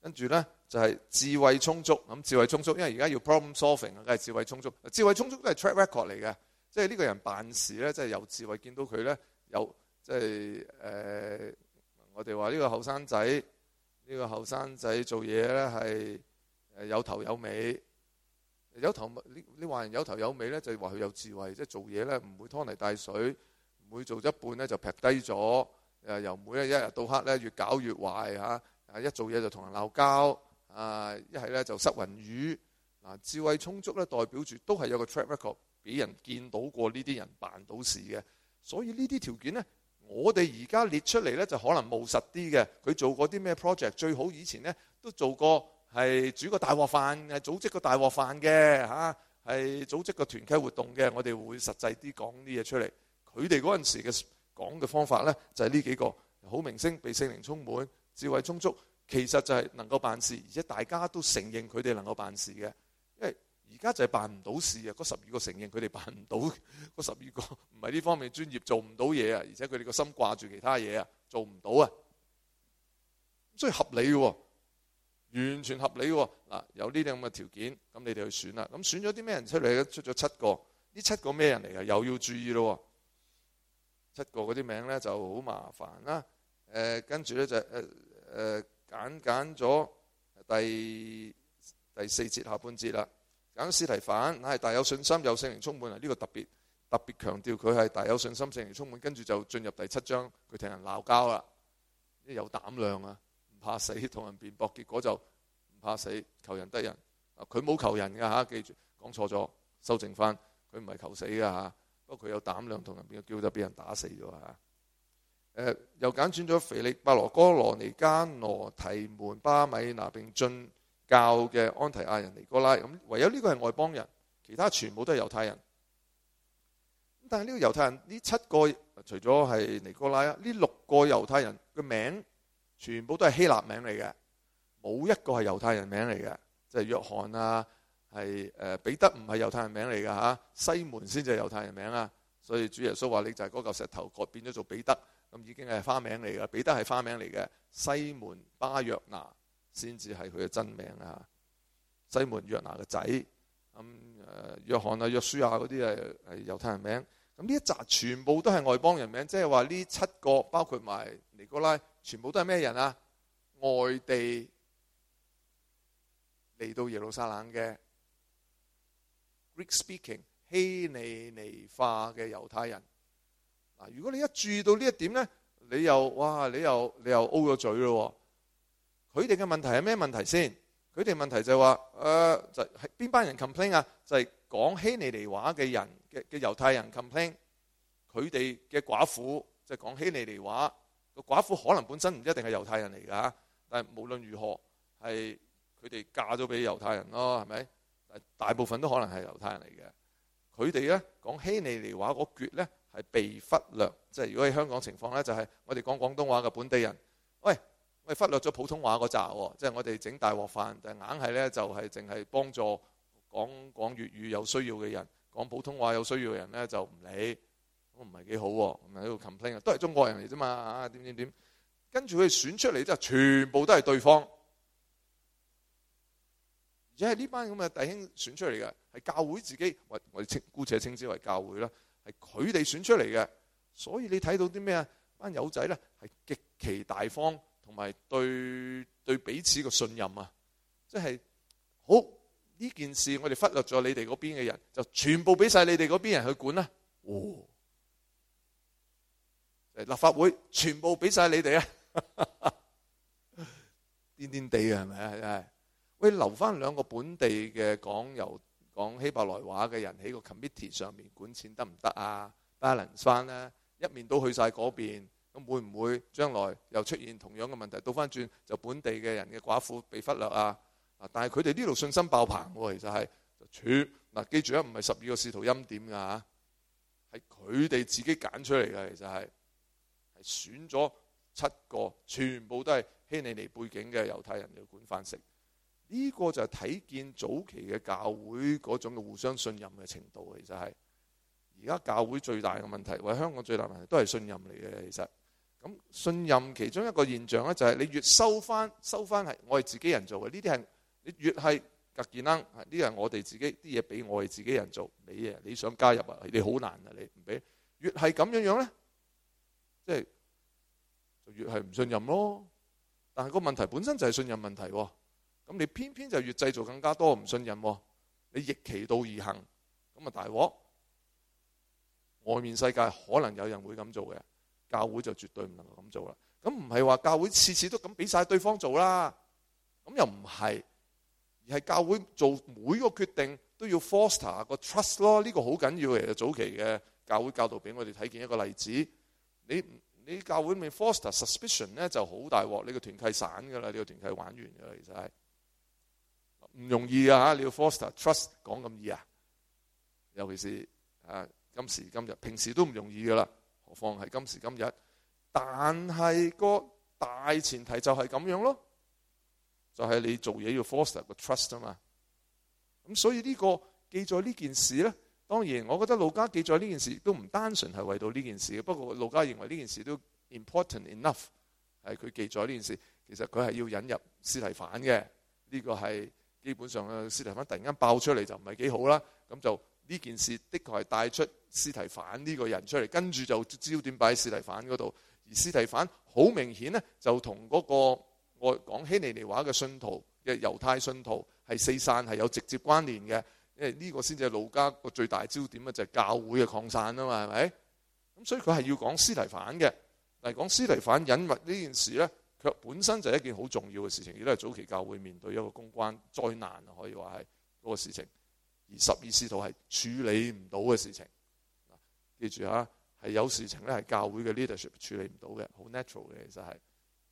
跟住咧就係智慧充足，咁智慧充足，因為而家要 problem solving，梗係智慧充足。智慧充足都係 track record 嚟嘅，即係呢個人辦事咧，即係有智慧，見到佢咧有，即係誒，我哋話呢個後生仔，呢個後生仔做嘢咧係誒有頭有尾。有頭，你你話人有頭有尾咧，就係話佢有智慧，即係做嘢咧唔會拖泥帶水，唔會做一半咧就劈低咗，誒又唔會咧一日到黑咧越搞越壞吓，啊一做嘢就同人鬧交，啊一係咧就失魂魚。嗱智慧充足咧，代表住都係有個 track record，俾人見到過呢啲人辦到事嘅。所以呢啲條件咧，我哋而家列出嚟咧就可能務實啲嘅。佢做過啲咩 project？最好以前咧都做過。係煮個大鑊飯，係組織個大鑊飯嘅吓，係組織個團契活動嘅。我哋會實際啲講啲嘢出嚟。佢哋嗰陣時嘅講嘅方法呢，就係呢幾個好明星，被聖靈充滿，智慧充足，其實就係能夠辦事，而且大家都承認佢哋能夠辦事嘅。因為而家就係辦唔到事啊！嗰十二個承認佢哋辦唔到，嗰十二個唔係呢方面專業，做唔到嘢啊！而且佢哋個心掛住其他嘢啊，做唔到啊，所以合理嘅。完全合理喎！嗱，有呢啲咁嘅條件，咁你哋去選啦。咁選咗啲咩人出嚟咧？出咗七個，呢七個咩人嚟嘅？又要注意咯。七個嗰啲名咧就好麻煩啦。誒、呃，跟住咧就誒誒揀揀咗第第四節下半節啦。揀司提反係大有信心、有聖靈充滿啊！呢、這個特別特別強調佢係大有信心、聖靈充滿。跟住就進入第七章，佢聽人鬧交啦，有膽量啊！怕死同人辯駁，結果就唔怕死求人得人。啊，佢冇求人噶吓，記住講錯咗，修正返。佢唔係求死噶吓，不過佢有膽量同人辯，叫就俾人打死咗吓。誒、啊呃，又揀選咗腓利、伯羅哥羅、尼迦挪、提門、巴米拿、並進教嘅安提阿人尼哥拉。咁唯有呢個係外邦人，其他全部都係猶太人。但係呢個猶太人呢七個，除咗係尼哥拉啊，呢六個猶太人嘅名。全部都係希臘名嚟嘅，冇一個係猶太人名嚟嘅。即係約翰啊，係誒、呃、彼得唔係猶太人名嚟嘅吓，西門先至係猶太人名啊，所以主耶穌話你就係嗰嚿石頭角變咗做彼得，咁已經係花名嚟嘅。彼得係花名嚟嘅，西門巴約拿先至係佢嘅真名啊。西門約拿嘅仔咁，誒、嗯，約翰啊、約書亞嗰啲係係猶太人名。咁呢一集全部都係外邦人名，即係話呢七個包括埋尼哥拉。全部都係咩人啊？外地嚟到耶路撒冷嘅 Greek-speaking 希利尼化嘅猶太人。嗱，如果你一注意到呢一點咧，你又哇，你又你又 O 咗嘴咯。佢哋嘅問題係咩問題先？佢哋問題就係話，誒就係邊班人 complain 啊？就係講希利尼話嘅人嘅嘅猶太人 complain。佢哋嘅寡婦就係講希利尼話。個寡婦可能本身唔一定係猶太人嚟㗎，但係無論如何係佢哋嫁咗俾猶太人咯，係咪？大部分都可能係猶太人嚟嘅。佢哋呢，講希尼尼希利尼話嗰撅呢係被忽略，即係如果喺香港情況呢，就係、是、我哋講廣東話嘅本地人，喂，喂，忽略咗普通話嗰紮喎，即係我哋整大鑊飯，但係硬係呢，就係淨係幫助講講粵語有需要嘅人，講普通話有需要嘅人呢，就唔理。都我唔係幾好咁喺度 complain 啊，都係中國人嚟啫嘛，點點點，跟住佢選出嚟都係全部都係對方，而且係呢班咁嘅弟兄選出嚟嘅，係教會自己，我我稱姑且稱之為教會啦，係佢哋選出嚟嘅，所以你睇到啲咩啊？班友仔咧係極其大方，同埋對對彼此嘅信任啊，即係好呢件事，我哋忽略咗你哋嗰邊嘅人，就全部俾晒你哋嗰邊人去管啦，哦立法會全部俾晒你哋啊，癲癲地嘅係咪啊？係，喂，留翻兩個本地嘅講由講希伯來話嘅人喺個 committee 上面管錢得唔得啊？balance 翻啦一面都去晒嗰邊，咁會唔會將來又出現同樣嘅問題？倒翻轉就本地嘅人嘅寡婦被忽略啊！啊，但係佢哋呢度信心爆棚喎，其實係，嗱，記住啊，唔係十二個使徒欽點㗎嚇，係佢哋自己揀出嚟嘅，其實係。選咗七個，全部都係希利尼背景嘅猶太人嚟管飯食。呢、這個就係睇見早期嘅教會嗰種互相信任嘅程度。其實係而家教會最大嘅問題，或者香港最大的問題都係信任嚟嘅。其實咁信任其中一個現象咧、就是，就係你越收翻收翻係我哋自己人做嘅呢啲係你越係格件啦。呢個係我哋自己啲嘢俾我哋自己人做。你啊，你想加入啊，你好難啊，你唔俾。越係咁樣樣咧，即、就、係、是。就越係唔信任咯，但係個問題本身就係信任問題喎。咁你偏偏就越製造更加多唔信任，你逆其道而行，咁啊大鑊。外面世界可能有人會咁做嘅，教會就絕對唔能夠咁做啦。咁唔係話教會次次都咁俾曬對方做啦，咁又唔係，而係教會做每個決定都要 foster 個 trust 咯。呢個好緊要嘅，早期嘅教會教導俾我哋睇見一個例子，你。你教會面 foster suspicion 咧就好大鑊，你個團契散噶啦，你個團契玩完噶啦，其實係唔容易啊！你要 foster trust 講咁易啊？尤其是啊今時今日，平時都唔容易噶啦，何況係今時今日？但係個大前提就係咁樣咯，就係、係、你做嘢要 foster 個 trust 啊嘛。咁所以呢、呢個記載呢件事咧。當然，我覺得路加記載呢件事都唔單純係為到呢件事。不過路加認為呢件事都 important enough，係佢記載呢件事。其實佢係要引入斯提反嘅。呢、這個係基本上啊，斯提反突然間爆出嚟就唔係幾好啦。咁就呢件事的確係帶出斯提反呢個人出嚟，跟住就焦點擺喺斯提反嗰度。而斯提反好明顯呢、那個，就同嗰個我講希利尼話嘅信徒嘅猶太信徒係四散，係有直接關聯嘅。因為呢個先至係路加個最大的焦點，就係教會嘅擴散啊嘛，係咪咁？所以佢係要講司提反嘅，但係講司提反隱密呢件事呢，佢本身就係一件好重要嘅事情，亦都係早期教會面對一個公關災難，可以話係嗰個事情。而十二使徒係處理唔到嘅事情，記住啊，係有事情呢，係教會嘅 leadership 處理唔到嘅，好 natural 嘅，其實係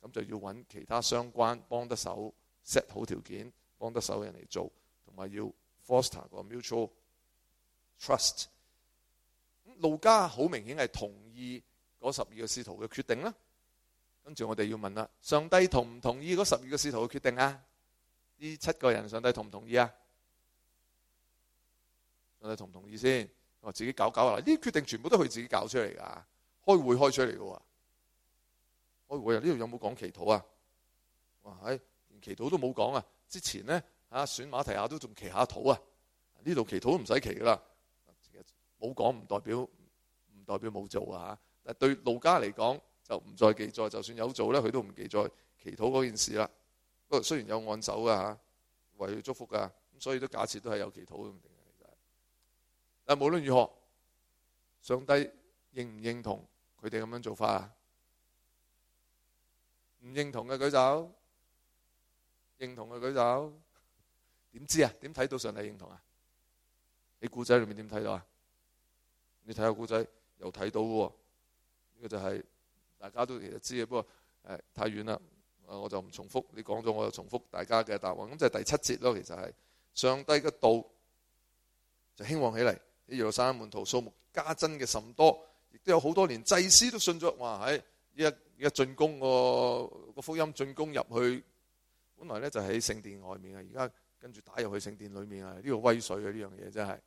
咁就要揾其他相關幫得手 set 好條件幫得手人嚟做，同埋要 Foster 個 mutual trust，路加好明顯係同意嗰十二個使徒嘅決定啦。跟住我哋要問啦，上帝同唔同意嗰十二個使徒嘅決定啊？呢七個人上帝同唔同意啊？上帝同唔同意先？我自己搞搞下。呢啲決定全部都佢自己搞出嚟噶，開會開出嚟噶喎。開會啊？呢度有冇講祈禱啊？哇！唉，連祈禱都冇講啊！之前呢。啊！選馬提亞都仲祈下禱啊！呢度祈禱都唔使祈噶啦，冇講唔代表唔代表冇做啊！嚇，但對路加嚟講就唔再記載，就算有做咧，佢都唔記載祈禱嗰件事啦。不過雖然有按手噶嚇，為祝福噶，咁所以都假設都係有祈禱嘅。但無論如何，上帝認唔認同佢哋咁樣做法啊？唔認同嘅舉手，認同嘅舉手。點知啊？點睇到上帝認同啊？你故仔裏面點睇到啊？你睇下故仔又睇到喎。呢個就係、是、大家都其實知嘅，不過誒太遠啦，誒我就唔重複。你講咗我就重複大家嘅答案，咁就第七節咯。其實係上帝嘅道就興旺起嚟，喺耶路撒冷門徒數目加增嘅甚多，亦都有好多年祭司都信咗。話：哎「喺一一進攻個、那個福音進攻入去，本來咧就喺聖殿外面啊，而家。跟住打入去聖殿裏面啊！呢個威水啊！呢樣嘢真係，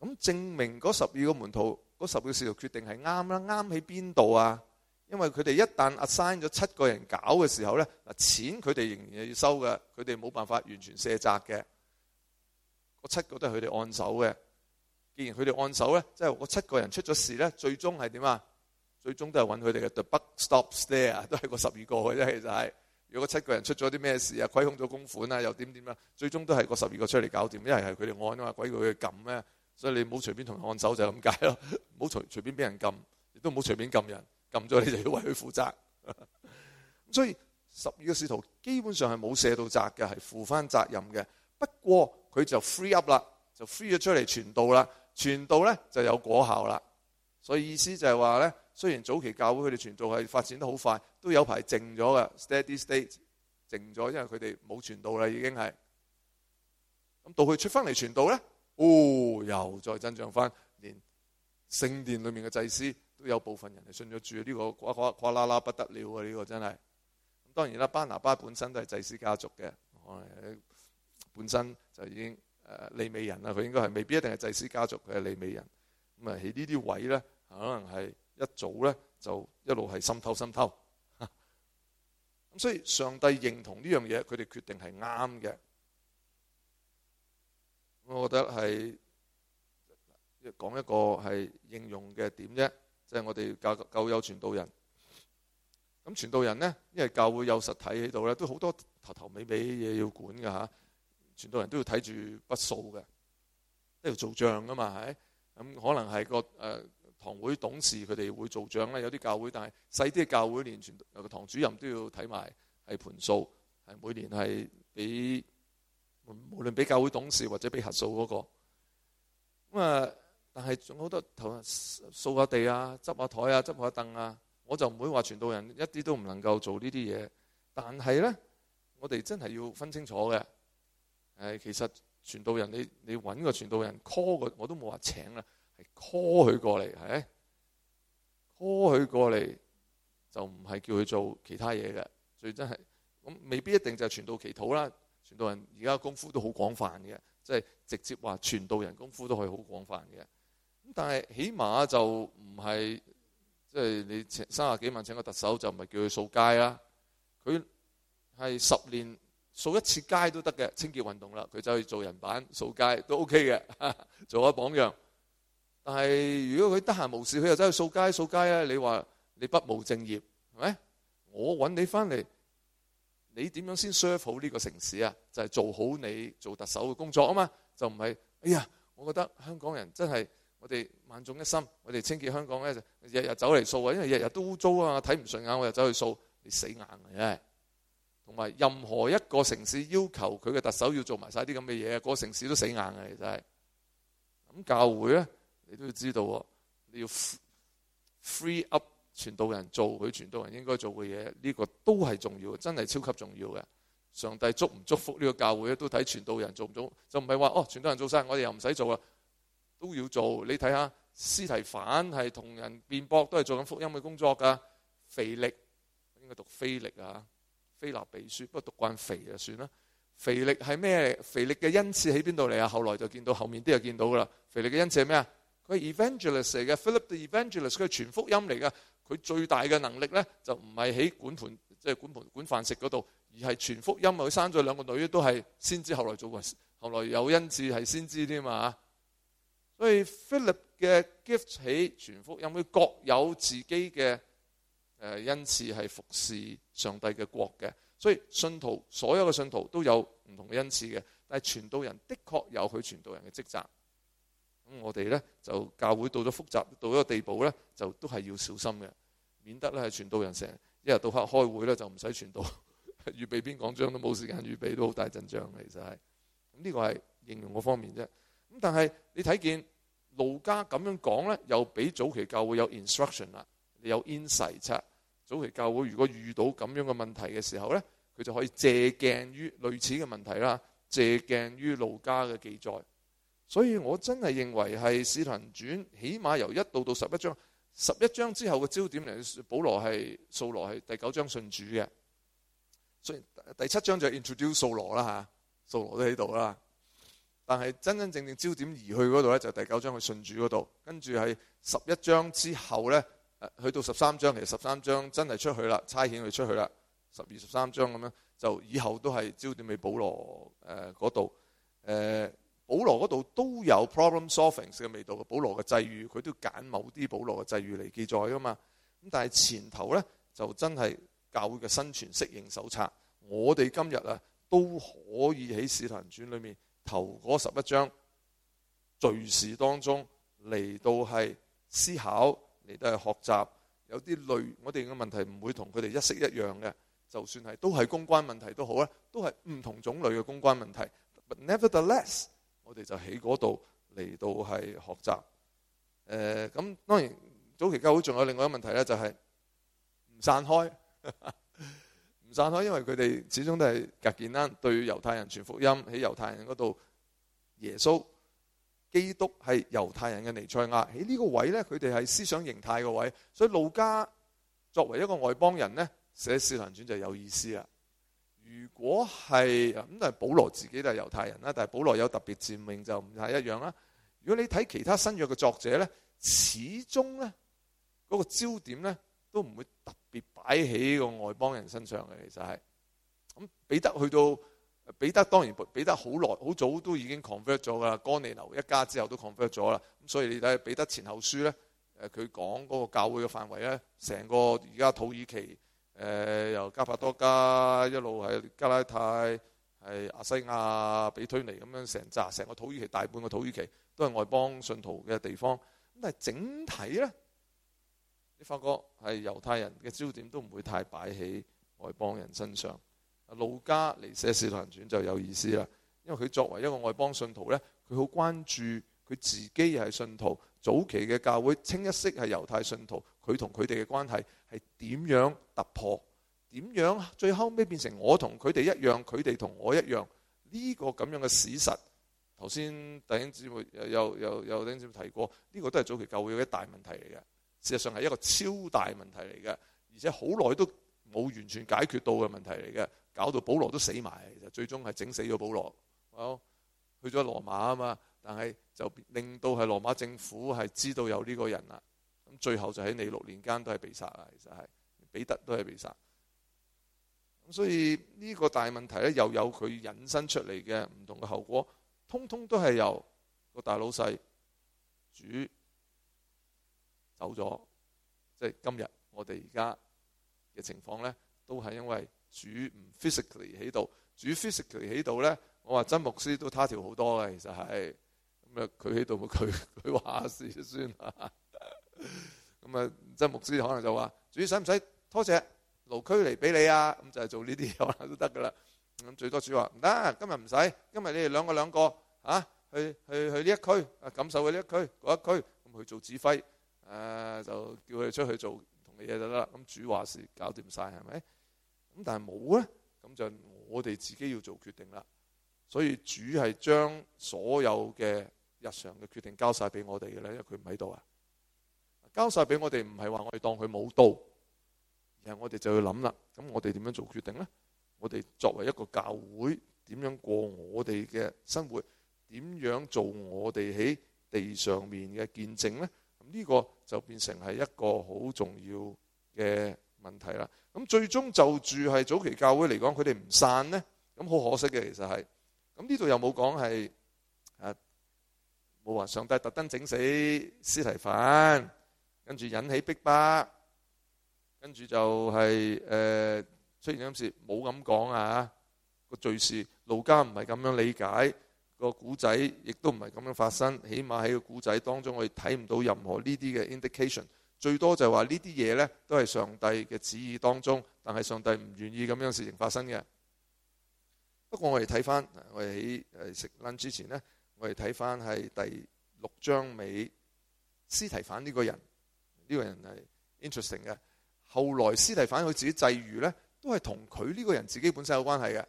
咁證明嗰十二個門徒，嗰十二個使徒決定係啱啦。啱喺邊度啊？因為佢哋一旦 assign 咗七個人搞嘅時候咧，嗱錢佢哋仍然係要收嘅，佢哋冇辦法完全卸責嘅。嗰七個都係佢哋按手嘅。既然佢哋按手咧，即係嗰七個人出咗事咧，最終係點啊？最終都係揾佢哋嘅。The buck stops there，都係嗰十二個嘅啫，其實係。如果七個人出咗啲咩事啊，虧空咗公款啊，又點點啊，最終都係個十二個出嚟搞掂，因為係佢哋按啊嘛，鬼叫佢哋撳咩？所以你唔好隨便同人按手就咁解咯，唔好隨便俾人撳，亦都唔好隨便撳人，撳咗你就要為佢負責。咁 所以十二個使徒基本上係冇卸到責嘅，係負翻責任嘅。不過佢就 free up 啦，就 free 咗出嚟傳道啦，傳道咧就有果效啦。所以意思就係話咧。雖然早期教會佢哋傳道係發展得好快，都有排靜咗嘅，steady state 靜咗，因為佢哋冇傳道啦已經係。咁到佢出翻嚟傳道咧，哦，又再增長翻，連聖殿裏面嘅祭司都有部分人係信咗主呢個呱呱呱啦啦不得了啊！呢個真係。咁當然啦，班拿巴本身都係祭司家族嘅，本身就已經利未人啦，佢應該係未必一定係祭司家族，佢係利未人。咁啊喺呢啲位咧，可能係。一早咧就一路係滲透滲透，咁所以上帝認同呢樣嘢，佢哋決定係啱嘅。我覺得係講一個係應用嘅點啫，即係我哋教教友傳道人。咁傳道人呢，因為教會有實體喺度咧，都好多頭頭尾尾嘢要管㗎。嚇。傳道人都要睇住筆數嘅，呢度做帳㗎嘛，係咁可能係個、呃堂會董事佢哋會做賬咧，有啲教會，但係細啲嘅教會連全個堂主任都要睇埋，係盤數，係每年係俾無論俾教會董事或者俾核數嗰個。咁啊，但係仲好多頭掃下地啊，執下枱啊，執下凳啊，我就唔會話傳道人一啲都唔能夠做呢啲嘢。但係咧，我哋真係要分清楚嘅。誒，其實傳道人你你揾個傳道人 call 個我都冇話請啊。係 call 佢過嚟，係，call 佢過嚟就唔係叫佢做其他嘢嘅，最真係咁未必一定就係傳道祈禱啦。傳道人而家功夫都好廣泛嘅，即係直接話傳道人功夫都可以好廣泛嘅。咁但係起碼就唔係即係你三十幾萬請個特首就唔係叫佢掃街啦。佢係十年掃一次街都得嘅，清潔運動啦。佢就去做人板掃街都 OK 嘅，做下榜樣。但係如果佢得閒無事，佢又走去掃街掃街啊！你話你不務正業係咪？我揾你翻嚟，你點樣先 serve 好呢個城市啊？就係做好你做特首嘅工作啊嘛！就唔係哎呀，我覺得香港人真係我哋萬眾一心，我哋清潔香港咧，日日走嚟掃啊，因為日日都污糟啊，睇唔順眼，我又走去掃，你死硬嘅真係。同埋任何一個城市要求佢嘅特首要做埋晒啲咁嘅嘢，個城市都死硬嘅，其實係咁教會咧。你都要知道，你要 free up 傳道人做佢傳道人應該做嘅嘢，呢個都係重要，真係超級重要嘅。上帝祝唔祝福呢個教會都睇傳道人做唔做，就唔係話哦，傳道人做晒，我哋又唔使做啊，都要做。你睇下司提反係同人辯駁都係做緊福音嘅工作㗎。腓力應該讀腓力啊，腓立比書，不過讀慣腓就算啦。腓力係咩？腓力嘅恩賜喺邊度嚟啊？後來就見到後面啲又見到㗎啦。腓力嘅恩賜係咩啊？佢係 evangelist 嚟嘅，Philip the evangelist，佢係傳福音嚟嘅。佢最大嘅能力咧，就唔係喺管盤，即係管盤管飯食嗰度，而係傳福音啊！佢生咗兩個女都係先知，後來做過，後來有恩賜係先知添嘛。所以 Philip 嘅 gift 係傳福音，佢各有自己嘅誒恩賜係服侍上帝嘅國嘅。所以信徒所有嘅信徒都有唔同嘅恩賜嘅，但係傳道人的確有佢傳道人嘅職責。我哋咧就教會到咗複雜到咗一個地步咧，就都係要小心嘅，免得咧傳道人成一日到黑，開會咧，就唔使傳道，預備邊講章都冇時間預備都，都好大陣仗，其實係。呢個係應用嘅方面啫。咁但係你睇見路加咁樣講咧，又俾早期教會有 instruction 啦，有 insight。早期教會如果遇到咁樣嘅問題嘅時候咧，佢就可以借鏡於類似嘅問題啦，借鏡於路加嘅記載。所以我真係認為係《使徒行傳》起碼由一到到十一章，十一章之後嘅焦點嚟保羅係掃羅係第九章信主嘅，所以第七章就係 introduce 掃羅啦吓，掃羅都喺度啦。但係真真正正焦點移去嗰度呢，就第九章去信主嗰度，跟住係十一章之後呢，去到十三章，其實十三章真係出去啦，差遣佢出去啦，十二十三章咁樣，就以後都係焦點喺保羅誒嗰度誒。呃保羅嗰度都有 problem-solving 嘅味道嘅，保羅嘅際遇佢都揀某啲保羅嘅際遇嚟記載噶嘛。咁但係前頭呢就真係教會嘅生存適應手冊，啊。我哋今日啊都可以喺使徒行傳裏面頭嗰十一章敘事當中嚟到係思考嚟到係學習。有啲類我哋嘅問題唔會同佢哋一式一樣嘅，就算係都係公關問題都好啦，都係唔同種類嘅公關問題。But nevertheless。我哋就喺嗰度嚟到係學習，咁、呃、當然早期教會仲有另外一個問題咧，就係、是、唔散開，唔散開，因為佢哋始終都係格件單對猶太人傳福音喺猶太人嗰度，耶穌基督係猶太人嘅彌賽亞喺呢個位咧，佢哋係思想形態個位，所以路加作為一個外邦人咧寫《使徒行傳》就有意思啦。如果係咁，但係保羅自己都係猶太人啦，但係保羅有特別使命就唔太一樣啦。如果你睇其他新約嘅作者咧，始終咧嗰個焦點咧都唔會特別擺喺個外邦人身上嘅，其實係咁。彼得去到彼得當然彼得好耐好早都已經 convert 咗㗎啦，哥尼流一家之後都 convert 咗啦。咁所以你睇彼得前後書咧，誒佢講嗰個教會嘅範圍咧，成個而家土耳其。誒、呃、由加帕多加一路係加拉太、係亞細亞、比推尼，咁樣成扎成個土耳其，大半個土耳其都係外邦信徒嘅地方，咁但係整體呢，你發覺係猶太人嘅焦點都唔會太擺喺外邦人身上。路加嚟寫使徒行傳就有意思啦，因為佢作為一個外邦信徒呢，佢好關注佢自己係信徒，早期嘅教會清一色係猶太信徒。佢同佢哋嘅關係係點樣突破？點樣最後尾變成我同佢哋一樣，佢哋同我一樣？呢個咁樣嘅事實，頭先弟兄姊妹有有有弟兄姊妹提過，呢個都係早期教會嘅一大問題嚟嘅。事實上係一個超大問題嚟嘅，而且好耐都冇完全解決到嘅問題嚟嘅，搞到保羅都死埋。其實最終係整死咗保羅，去咗羅馬啊嘛。但係就令到係羅馬政府係知道有呢個人啦。最後就喺你六年間都係被殺啊！其實係彼得都係被殺，咁所以呢個大問題咧，又有佢引申出嚟嘅唔同嘅後果，通通都係由個大老細主走咗。即係今日我哋而家嘅情況咧，都係因為主唔 physically 喺度。主 physically 喺度咧，我話曾牧師都他條好多嘅，其實係咁啊！佢喺度，佢佢話事先啦。咁啊，即係 牧師可能就話主使唔使拖隻勞區嚟俾你啊？咁就係做呢啲嘢啦，可能都得噶啦。咁最多主話唔得，今日唔使，今日你哋兩個兩個吓、啊、去去去呢一區啊，感受嘅呢一區嗰一區咁去做指揮啊，就叫佢哋出去做唔同嘅嘢就得啦。咁主話事搞掂晒係咪？咁但係冇啊。咁就我哋自己要做決定啦。所以主係將所有嘅日常嘅決定交晒俾我哋嘅咧，因為佢唔喺度啊。交晒俾我哋，唔係話我哋當佢冇到，而係我哋就去諗啦。咁我哋點樣做決定呢？我哋作為一個教會，點樣過我哋嘅生活？點樣做我哋喺地上面嘅見證呢？咁呢個就變成係一個好重要嘅問題啦。咁最終就住係早期教會嚟講，佢哋唔散呢。咁好可惜嘅其實係。咁呢度又冇講係，冇、啊、話上帝特登整死司提反。跟住引起逼迫，跟住就係、是、誒、呃、出現咗啲事，冇咁講啊。個敘事盧家唔係咁樣理解個古仔，亦都唔係咁樣發生。起碼喺個古仔當中，我哋睇唔到任何呢啲嘅 indication。最多就係話呢啲嘢呢，都係上帝嘅旨意當中，但係上帝唔願意咁樣事情發生嘅。不過我哋睇翻我哋喺食 lunch 之前呢，我哋睇翻係第六章尾，司提反呢個人。呢個人係 interesting 嘅。後來司提反佢自己際遇呢，都係同佢呢個人自己本身有關係嘅。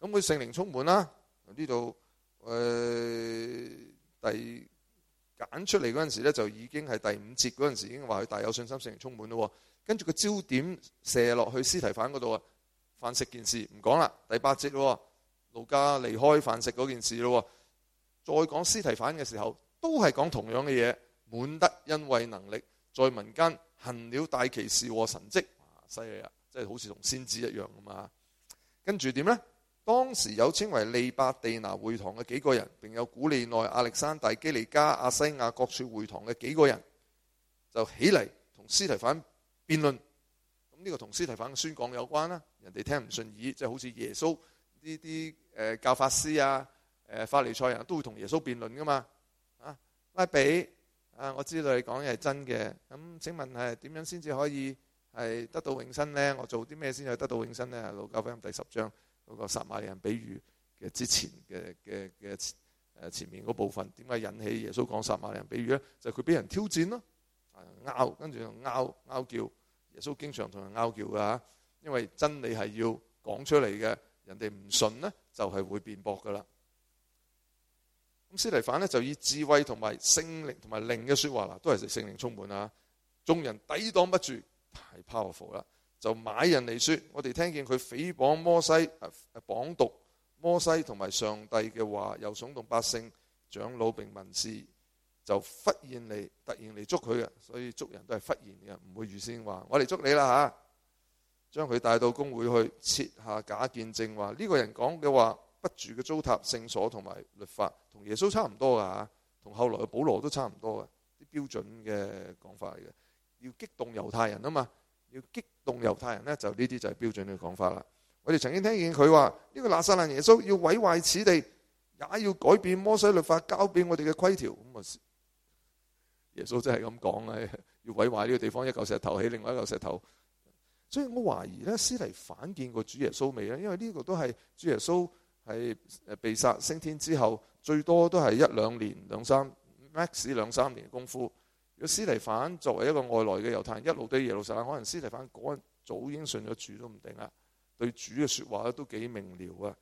咁佢聖靈充滿啦。呢度誒第揀出嚟嗰陣時咧，就已經係第五節嗰陣時已經話佢大有信心，聖靈充滿咯。跟住個焦點射落去司提反嗰度啊，飯食件事唔講啦。第八節咯，路加離開飯食嗰件事咯。再講司提反嘅時候，都係講同樣嘅嘢，滿得因為能力。在民間行了大奇事和神蹟，犀利啊！即係好似同先知一樣噶嘛。跟住點呢？當時有稱為利巴地拿會堂嘅幾個人，並有古利奈、亞歷山大、基利加、亞西亞各處會堂嘅幾個人，就起嚟同司提反辯論。咁、這、呢個同司提反宣講有關啦。人哋聽唔順耳，即、就、係、是、好似耶穌呢啲誒教法師啊、誒法利賽人都會同耶穌辯論噶嘛。啊，拉比。啊！我知道你講嘅係真嘅，咁請問係點樣先至可以係得到永生呢？我做啲咩先至得到永生呢？路加福音第十章嗰個撒瑪利亞人比喻嘅之前嘅嘅嘅前面嗰部分，點解引起耶穌講撒瑪利亞人比喻咧？就係佢俾人挑戰咯，拗跟住拗拗叫，耶穌經常同人拗叫噶嚇，因為真理係要講出嚟嘅，人哋唔信呢，就係會辯駁噶啦。咁司提反呢就以智慧同埋聖靈同埋靈嘅說話啦，都係聖靈充滿啊！眾人抵擋不住，太 powerful 啦，就買人嚟說，我哋聽見佢誹謗摩西，誒誒，謗毒摩西同埋上帝嘅話，又聳動百姓、長老並文士，就忽然嚟，突然嚟捉佢嘅，所以捉人都係忽然嘅，唔會預先話我嚟捉你啦吓，將佢帶到公會去，設下假見證話呢、這個人講嘅話。不住嘅糟蹋聖所同埋律法，同耶穌差唔多噶，同後來嘅保羅都差唔多嘅，標準嘅講法嚟嘅。要激動猶太人啊嘛，要激動猶太人呢，就呢啲就係標準嘅講法啦。我哋曾經聽見佢話呢個拿撒勒耶穌要毀壞此地，也要改變摩西律法交俾我哋嘅規條。咁啊，耶穌真係咁講啊，要毀壞呢個地方一嚿石頭，起另外一嚿石頭。所以我懷疑呢，司提反見過主耶穌未呢？因為呢個都係主耶穌。係誒被殺升天之後，最多都係一兩年兩三 max 兩三年嘅功夫。如果司提反作為一個外來嘅猶太人，一路對耶路撒冷可能司提反嗰日早已經信咗主都唔定啦，對主嘅説話都幾明瞭啊，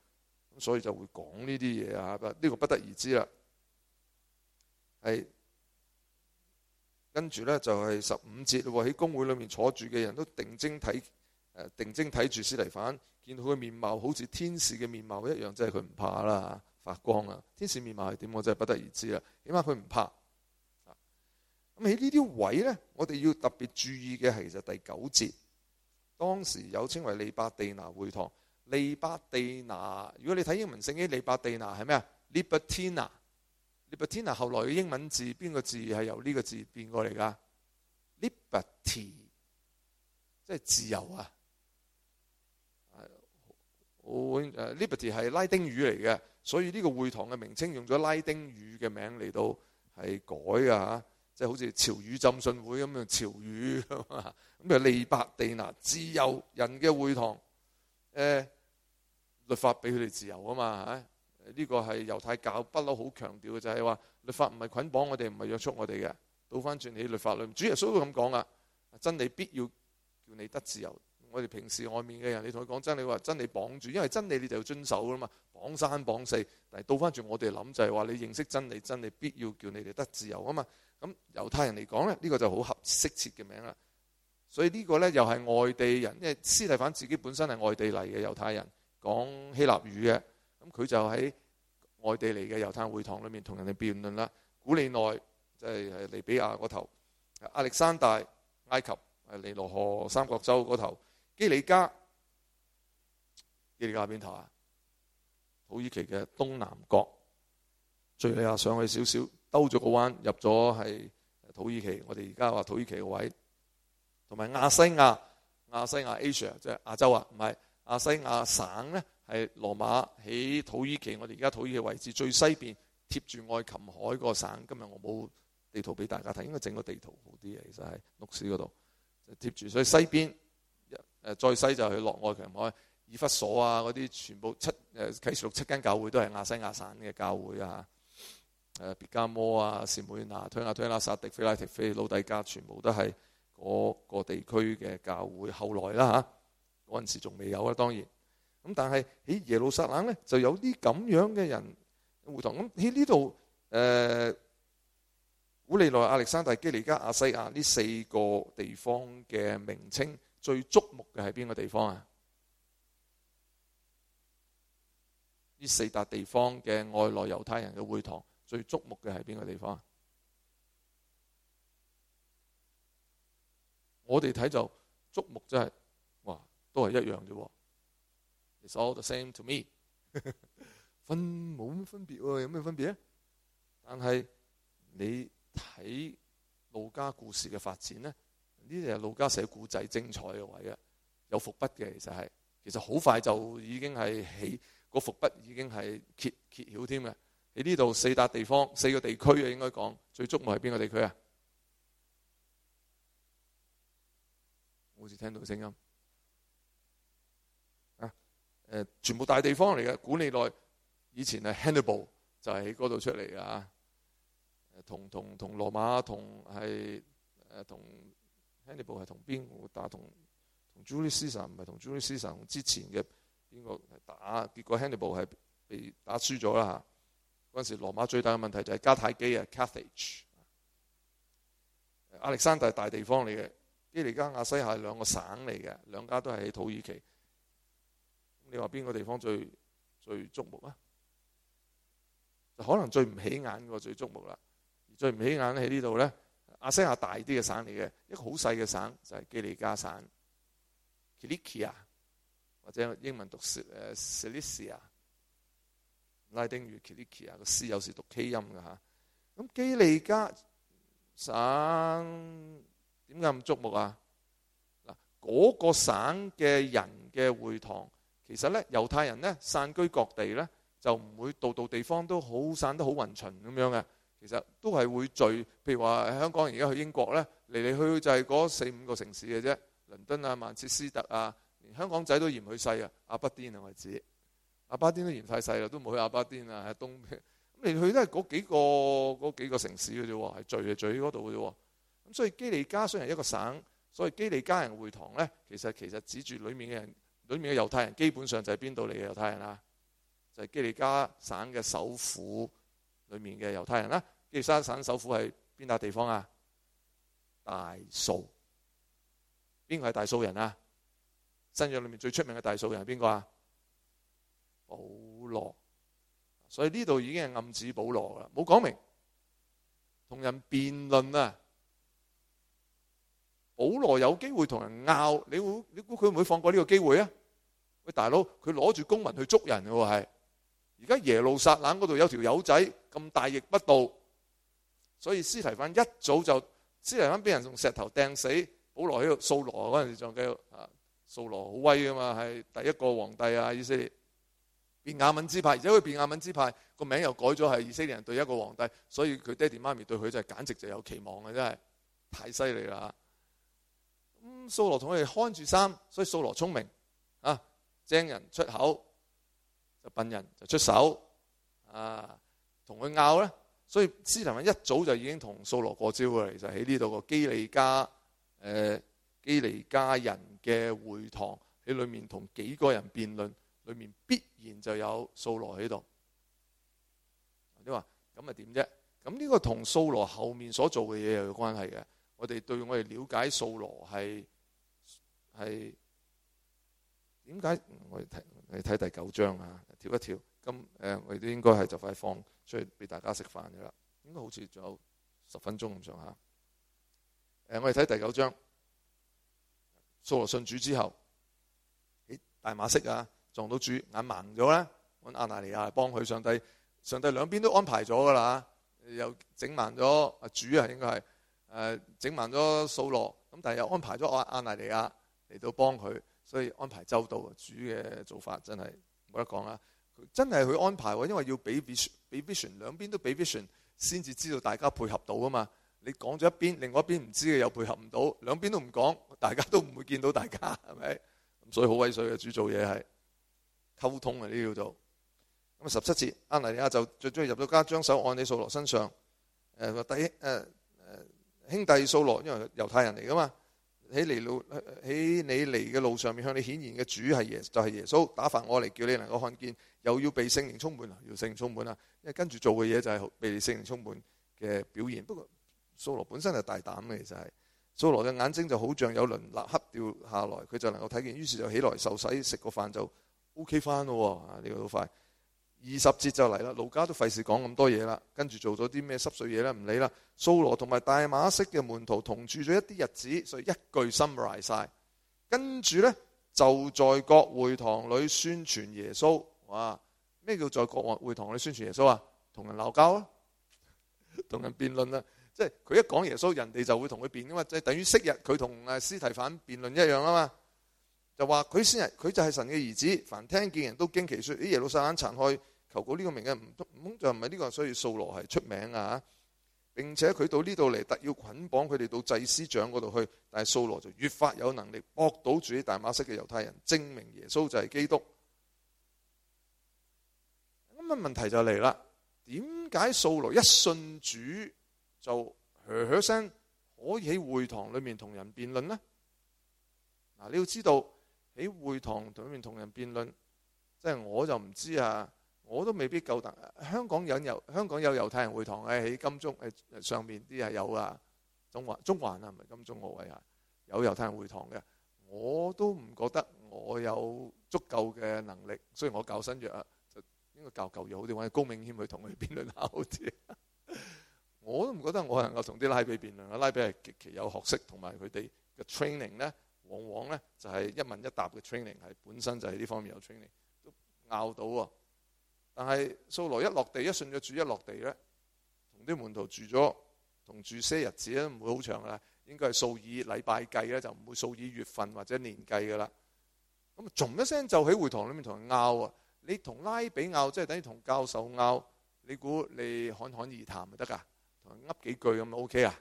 所以就會講呢啲嘢啊，呢、這個不得而知啦。係跟住呢，就係十五節喎，喺公會裏面坐住嘅人都定睛睇誒定睛睇住司提反。見到佢面貌好似天使嘅面貌一樣，即係佢唔怕啦，發光啊！天使面貌係點，我真係不得而知啊。起碼佢唔怕。咁喺呢啲位咧，我哋要特別注意嘅係，其實第九節，當時有稱為利巴地拿會堂。利巴地拿，如果你睇英文聖經，利巴地拿係咩啊？Libertina，Libertina，後來嘅英文字邊個字係由呢個字變過嚟噶？Liberty，即係自由啊！Liberty 係拉丁語嚟嘅，所以呢個會堂嘅名稱用咗拉丁語嘅名嚟到係改㗎，即係好似潮語浸信會咁樣潮語咁啊。 利百地拿自由人嘅會堂，誒、哎、律法俾佢哋自由啊嘛，呢、哎這個係猶太教不嬲好強調嘅，就係、是、話律法唔係捆綁我哋，唔係約束我哋嘅。倒翻轉起律法裏面，主耶穌咁講啊，真理必要叫你得自由。我哋平時外面嘅人，你同佢講真理話，真理綁住，因為真理你就要遵守㗎嘛，綁三綁四。但係倒翻轉我哋諗就係話，你認識真理，真理必要叫你哋得自由啊嘛。咁猶太人嚟講呢，呢、這個就好合適切嘅名啦。所以呢個呢，又係外地人，因為司提反自己本身係外地嚟嘅猶太人，講希臘語嘅。咁佢就喺外地嚟嘅猶太會堂裏面同人哋辯論啦。古利奈即係係利比亞嗰頭，亞歷山大埃及尼羅河三角洲嗰頭。基里加，基里加邊頭啊？土耳其嘅東南角，敘利亞上去少少，兜咗個彎，入咗係土耳其。我哋而家話土耳其個位，同埋亞西亞，亞西亞 Asia 即係亞洲啊，唔係亞西亞省咧，係羅馬喺土耳其。我哋而家土耳其位置最西邊，貼住愛琴海個省。今日我冇地圖俾大家睇，應該整個地圖好啲啊。其實係綠市嗰度，貼住所以西邊。誒再西就係去洛外強海、以弗所啊，嗰啲全部七誒啟示六七間教會都係亞西亞省嘅教會啊！誒、啊、別迦摩啊、士每拿、推雅推喇薩、撒狄非拉鐵非、老底嘉，全部都係嗰個地區嘅教會。後來啦、啊、嚇，嗰陣時仲未有啊。當然。咁但係喺耶路撒冷呢，就有啲咁樣嘅人會堂。咁喺呢度誒，古、呃、利奈、亞歷山大、基利家、亞西亞呢四個地方嘅名稱，最觸目嘅係邊個地方啊？呢四笪地方嘅外來猶太人嘅會堂最觸目嘅係邊個地方？我哋睇就觸目，就係哇，都係一樣嘅喎。It's all the same to me。分冇乜分別喎，有咩分別啊？但係你睇路加故事嘅發展咧。呢啲係路加寫古仔精彩嘅位啊，有伏筆嘅，其實係其實好快就已經係起個伏筆，已經係揭揭曉添嘅。喺呢度四笪地方，四個地區啊，應該講最觸目係邊個地區啊？我好似聽到聲音啊！誒，全部大地方嚟嘅，古利奈以前係 Hannibal 就喺嗰度出嚟啊！誒，同同同羅馬同係誒同。漢尼拔係同邊個打同同 Julius Caesar 唔係同 Julius Caesar 之前嘅邊個打？結果 Hannibal 係被打輸咗啦。嗰陣時候羅馬最大嘅問題就係迦太基啊 Carthage 亞歷山大係大地方嚟嘅，基利家亞西亞係兩個省嚟嘅，兩家都係喺土耳其。你話邊個地方最最矚目啊？就可能最唔起眼個最矚目啦。最唔起眼喺呢度咧。啊、西亞大啲嘅省嚟嘅，一個好細嘅省就係基利加省 Kilikia 或者英文讀 Sel…… Cilicia 拉丁語 Kilikia 個 C 有時讀 K 音㗎。嚇。咁基利加省點解咁矚目啊？嗱，嗰個省嘅人嘅會堂，其實咧猶太人咧散居各地咧，就唔會度度地方都好散得好勻巡咁樣嘅。其實都係會聚，譬如話香港而家去英國呢，嚟嚟去去就係嗰四五個城市嘅啫，倫敦啊、曼徹斯特啊，連香港仔都嫌佢細啊，阿巴甸啊為止。阿巴甸都嫌太細啦，都冇去阿巴甸啊。喺東邊，你去都係嗰幾個嗰幾個城市嘅啫，係聚係聚喺嗰度嘅啫。咁所以基利加雖然係一個省，所以基利加人會堂呢，其實其實指住裡面嘅人，裡面嘅猶太人基本上就係邊度嚟嘅猶太人啊？就係、是、基利加省嘅首府裡面嘅猶太人啦、啊。四川省首府係邊笪地方啊？大數，邊個係大數人啊？新約裡面最出名嘅大數人係邊個啊？保羅，所以呢度已經係暗指保羅啦，冇講明同人辯論啊！保羅有機會同人拗，你會你估佢唔會放過呢個機會啊？喂，大佬，佢攞住公民去捉人嘅喎，係而家耶路撒冷嗰度有條友仔咁大逆不道。所以斯提芬一早就，斯提芬俾人用石頭掟死，保羅喺度，掃羅嗰陣時仲叫啊掃羅，好威噶嘛，係第一個皇帝啊，以色列便雅憫支派，而且佢便雅憫支派個名又改咗，係以色列人第一個皇帝，所以佢爹哋媽咪對佢就簡直就是有期望嘅，真係太犀利啦！咁掃羅同佢哋看住衫，所以掃羅聰明啊，精人出口就，笨人就出手啊，同佢拗咧。所以司提反一早就已經同掃羅過招嘅，其實喺呢度個基利加誒基利加人嘅會堂喺裏面同幾個人辯論，裏面必然就有掃羅喺度。你話咁咪點啫？咁呢個同掃羅後面所做嘅嘢有關係嘅。我哋對我哋了解掃羅係係點解？我哋睇我哋睇第九章啊，跳一跳咁誒，我哋都應該係就快放。出去俾大家食飯嘅啦，應該好似仲有十分鐘咁上下。誒，我哋睇第九章，掃羅信主之後，咦？大馬色啊，撞到主眼盲咗啦，揾亞拿尼亞嚟幫佢。上帝，上帝兩邊都安排咗㗎啦，又整盲咗主啊，應該係誒整盲咗掃羅，咁但係又安排咗亞亞拿尼亞嚟到幫佢，所以安排周到，主嘅做法真係冇得講啦。真係佢安排喎，因為要俾 vision，俾 vision，兩邊都俾 vision，先至知道大家配合到啊嘛。你講咗一邊，另外一邊唔知嘅又配合唔到，兩邊都唔講，大家都唔會見到大家，係咪？所以好威水嘅主做嘢係溝通啊！呢叫做咁，十七節，亞拿尼亞就最中意入咗家，將手按喺掃羅身上。誒，弟誒兄弟掃羅，因為猶太人嚟噶嘛。喺嚟路喺你嚟嘅路上面，向你顯現嘅主係耶就係、是、耶穌打發我嚟，叫你能夠看見，又要被聖靈充滿，啊，要聖靈充滿啊，因為跟住做嘅嘢就係被你聖靈充滿嘅表現，不過蘇羅本身就大膽嘅，其實係，蘇羅嘅眼睛就好像有輪立刻掉下來，佢就能夠睇見，於是就起來受洗，食個飯就 OK 翻咯，呢個都快。二十節就嚟啦，老家都費事講咁多嘢啦，跟住做咗啲咩濕碎嘢呢？唔理啦。掃羅同埋大馬色嘅門徒同住咗一啲日子，所以一句 summarize 曬，跟住呢，就在各會堂裏宣傳耶穌。哇！咩叫在各會堂裏宣傳耶穌啊？同人鬧交啊，同人辯論啊 即係佢一講耶穌，人哋就會同佢辯噶嘛，即係等於昔日佢同司提反辯論一樣啊嘛。就話佢先係佢就係神嘅兒子，凡聽見人都驚奇說：咦、哎，耶路撒冷殘害求告呢個名嘅，唔通就唔係呢個，所以掃羅係出名啊！並且佢到呢度嚟，特要捆綁佢哋到祭司長嗰度去。但係掃羅就越發有能力駁倒住啲大馬色嘅猶太人，證明耶穌就係基督。咁啊，問題就嚟啦，點解掃羅一信主就噓噓聲，可以喺會堂裏面同人辯論呢？嗱，你要知道。喺會堂裡面同人辯論，即係我就唔知啊，我都未必夠膽。香港有猶香港有猶太人會堂嘅喺金鐘上面啲啊，有啊，中環中環啊，唔係金鐘嗰位啊，有猶太人會堂嘅，我都唔覺得我有足夠嘅能力。雖然我教新約，就應該教舊約好啲。或者高銘謙去同佢辯論下好啲。我都唔覺得我能夠同啲拉比辯論啊！拉比係極其有學識同埋佢哋嘅 training 咧。往往咧就係、是、一問一答嘅 training，係本身就係呢方面有 training 都拗到喎、哦。但係掃羅一落地，一信咗住一落地咧，同啲門徒住咗同住些日子咧，唔會好長噶啦，應該係數以禮拜計咧，就唔會數以月份或者年計噶啦。咁仲一聲就喺會堂裏面同人拗啊、哦！你同拉比拗即係等於同教授拗，你估你侃侃而談咪得噶？同佢噏幾句咁 O K 呀？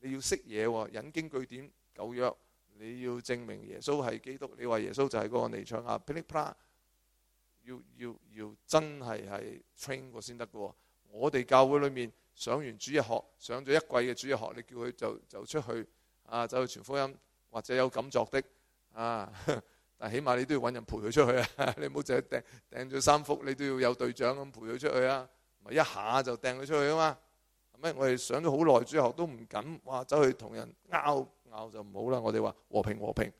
你要識嘢喎、哦，引經據典、舊約。你要證明耶穌係基督，你話耶穌就係嗰個，嚟搶下噼里啪啦，要要要真係係 train 過先得嘅喎。我哋教會裏面上完主日學，上咗一季嘅主日學，你叫佢就就出去啊，走去傳福音或者有感作的啊，但起碼你都要搵人陪佢出去啊。你唔好淨係掟咗三幅，你都要有隊長咁、嗯、陪佢出去啊，咪一下就掟佢出去啊嘛。係咪？我哋上咗好耐主日學都唔敢話、啊、走去同人拗。拗就唔好啦，我哋話和平和平，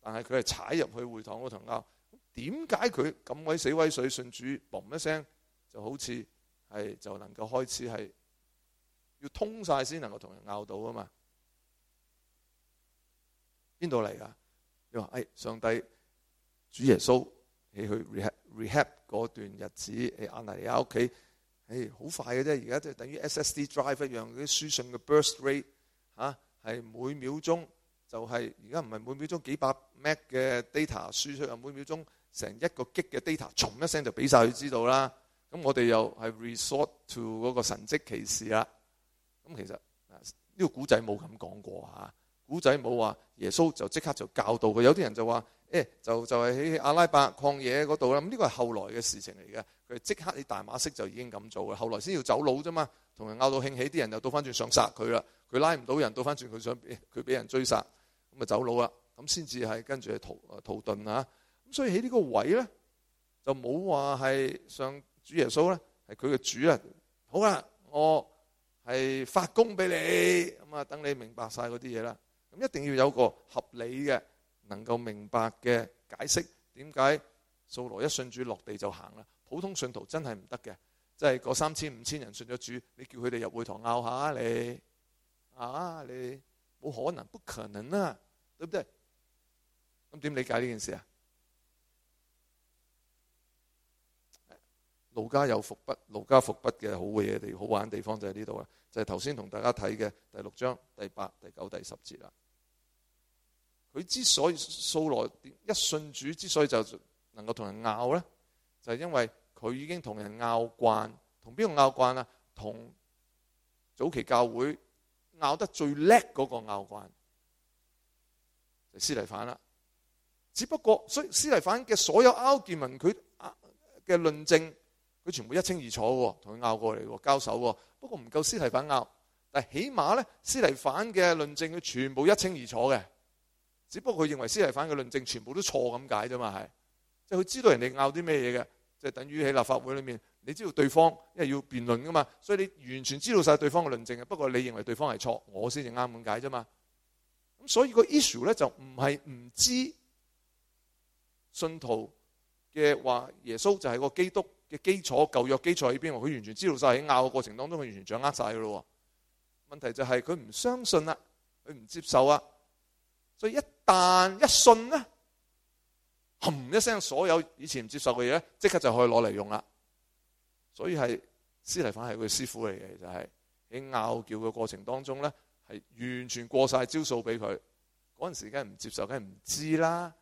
但係佢係踩入去會堂嗰度拗，點解佢咁鬼死威水信主？嘣一聲就好似係就能夠開始係要通晒先能夠同人拗到啊嘛？邊度嚟㗎？你話誒、哎，上帝主耶穌，你去 rehab rehab 嗰段日子，誒亞拿尼亞屋企，誒、哎、好快嘅啫，而家都等於 S S D drive 一樣，啲書信嘅 burst rate 吓、啊。係每秒鐘就係而家唔係每秒鐘幾百 Mbps 嘅 data 輸出啊！每秒鐘成一個 G 嘅 data，重一聲就俾晒佢知道啦。咁我哋又係 resort to 嗰個神蹟奇事啦。咁其實呢、這個古仔冇咁講過嚇，古仔冇話耶穌就即刻就教導佢。有啲人就話誒、哎，就就係喺阿拉伯曠野嗰度啦。咁、這、呢個係後來嘅事情嚟嘅。佢即刻你大馬色就已經咁做嘅。後來先要走佬啫嘛，同人拗到興起，啲人又倒翻轉想殺佢啦。佢拉唔到人，到翻轉佢想佢俾人追殺，咁啊走佬啦，咁先至係跟住係逃逃遁啊！咁所以喺呢個位咧，就冇話係上主耶穌咧，係佢嘅主啊。好啦，我係發功俾你，咁啊等你明白晒嗰啲嘢啦。咁一定要有個合理嘅，能夠明白嘅解釋，點解掃羅一信主落地就行啦？普通信徒真係唔得嘅，即係嗰三千五千人信咗主，你叫佢哋入會堂拗下你。啊！你冇可能，不可能啊，對唔對？咁點理解呢件事啊？路加有伏筆，路加伏筆嘅好嘅嘢地，好玩嘅地方就喺呢度啊！就係頭先同大家睇嘅第六章、第八、第九、第十節啦。佢之所以掃羅一信主，之所以就能夠同人拗咧，就係、是、因為佢已經同人拗慣，同邊個拗慣啊？同早期教會。拗得最叻嗰個拗慣就司提反啦，只不過所以司提反嘅所有拗建文，佢嘅論證佢全部一清二楚嘅，同佢拗過嚟嘅交手，不過唔夠司提反拗，但係起碼咧司提反嘅論證佢全部一清二楚嘅，只不過佢認為司提反嘅論證全部都錯咁解啫嘛，係即係佢知道人哋拗啲咩嘢嘅。即係等於喺立法會裏面，你知道對方因為要辯論噶嘛，所以你完全知道晒對方嘅論證。不過你認為對方係錯，我先至啱咁解啫嘛。咁所以個 issue 咧就唔係唔知信徒嘅話耶穌就係個基督嘅基礎、舊約基礎喺邊，佢完全知道晒喺拗嘅過程當中，佢完全掌握晒噶咯。問題就係佢唔相信啊，佢唔接受啊。所以一旦一信咧。哼一聲，所有以前唔接受嘅嘢咧，即刻就可以攞嚟用啦。所以係司提反係佢師傅嚟嘅，就係、是、喺拗叫嘅過程當中咧，係完全過晒招數俾佢。嗰陣時梗係唔接受，梗係唔知啦。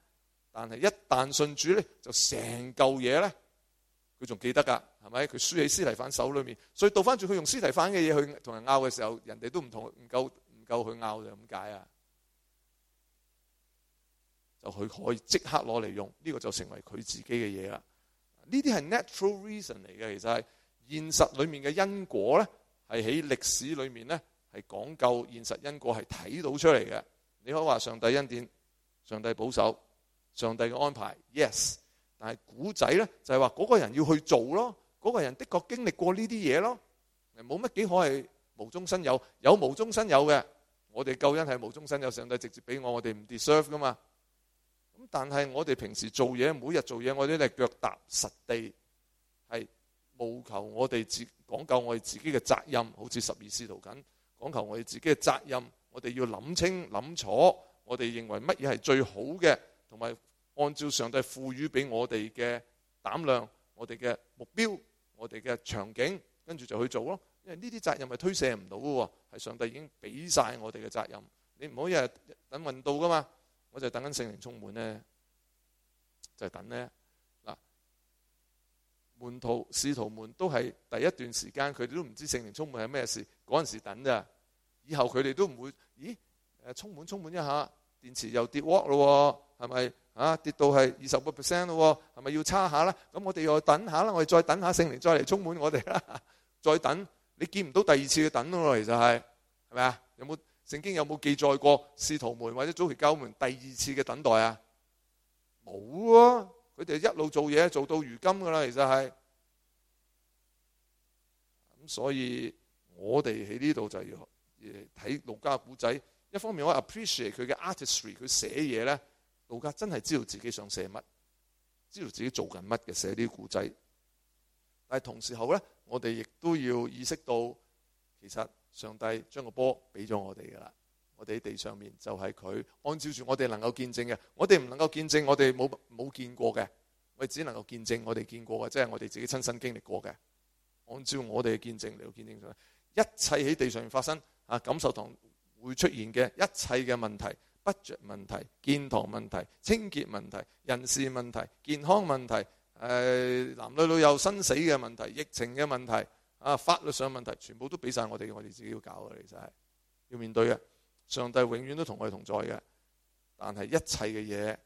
但係一旦信主咧，就成嚿嘢咧，佢仲記得噶，係咪？佢輸喺司提反手裏面，所以倒翻轉佢用司提反嘅嘢去同人拗嘅時候，人哋都唔同，唔夠，唔夠佢拗就咁解啊。佢可以即刻攞嚟用，呢個就成為佢自己嘅嘢啦。呢啲係 natural reason 嚟嘅，其實係現實裡面嘅因果咧，係喺歷史裡面咧，係講究現實因果係睇到出嚟嘅。你可以話上帝恩典、上帝保守、上帝嘅安排，yes。但係故仔咧就係話嗰個人要去做咯，嗰個人的確經歷過呢啲嘢咯，冇乜幾可係無中生有，有無中生有嘅。我哋救恩係無中生有，上帝直接俾我，我哋唔 deserve 噶嘛。但係我哋平時做嘢，每日做嘢，我哋都腳踏實地，係務求我哋自講求我哋自己嘅責任，好似十二使徒咁講求我哋自己嘅責任。我哋要諗清諗楚，我哋認為乜嘢係最好嘅，同埋按照上帝賦予俾我哋嘅膽量、我哋嘅目標、我哋嘅場景，跟住就去做咯。因為呢啲責任係推卸唔到噶，係上帝已經俾晒我哋嘅責任。你唔好日日等運到噶嘛。我就等緊聖靈充滿咧，就等咧。嗱，門徒、使徒們都係第一段時間，佢哋都唔知聖靈充滿係咩事。嗰陣時等咋，以後佢哋都唔會，咦？誒，充滿充滿一下，電池又跌鍋咯，係咪？啊，跌到係二十個 percent 咯，係咪要差下啦？咁我哋又等下啦，我哋再等下聖靈再嚟充滿我哋啦，再等。你見唔到第二次要等咯，其實係，係咪啊？有冇？聖經有冇記載過使徒們或者早期教門第二次嘅等待啊？冇啊！佢哋一路做嘢做到如今㗎喇，其實係咁，所以我哋喺呢度就要睇路加古仔。一方面我 appreciate 佢嘅 artistry，佢寫嘢咧，路加真係知道自己想寫乜，知道自己做緊乜嘅，寫啲古仔。但係同時候咧，我哋亦都要意識到，其實。上帝將個波俾咗我哋噶啦，我哋喺地上面就係佢按照住我哋能夠見證嘅，我哋唔能夠見證我哋冇冇見過嘅，我哋只能夠見證我哋見過嘅，即係我哋自己親身經歷過嘅。按照我哋嘅見證嚟到見證上，一切喺地上面發生啊，感受堂會出現嘅一切嘅問，問題，budget 問題、建堂問題、清潔問題、人事問題、健康問題，誒，男女老幼生死嘅問題、疫情嘅問題。啊，法律上問題全部都俾晒我哋，我哋自己要搞嘅，其實係要面對嘅。上帝永遠都同我哋同在嘅，但係一切嘅嘢，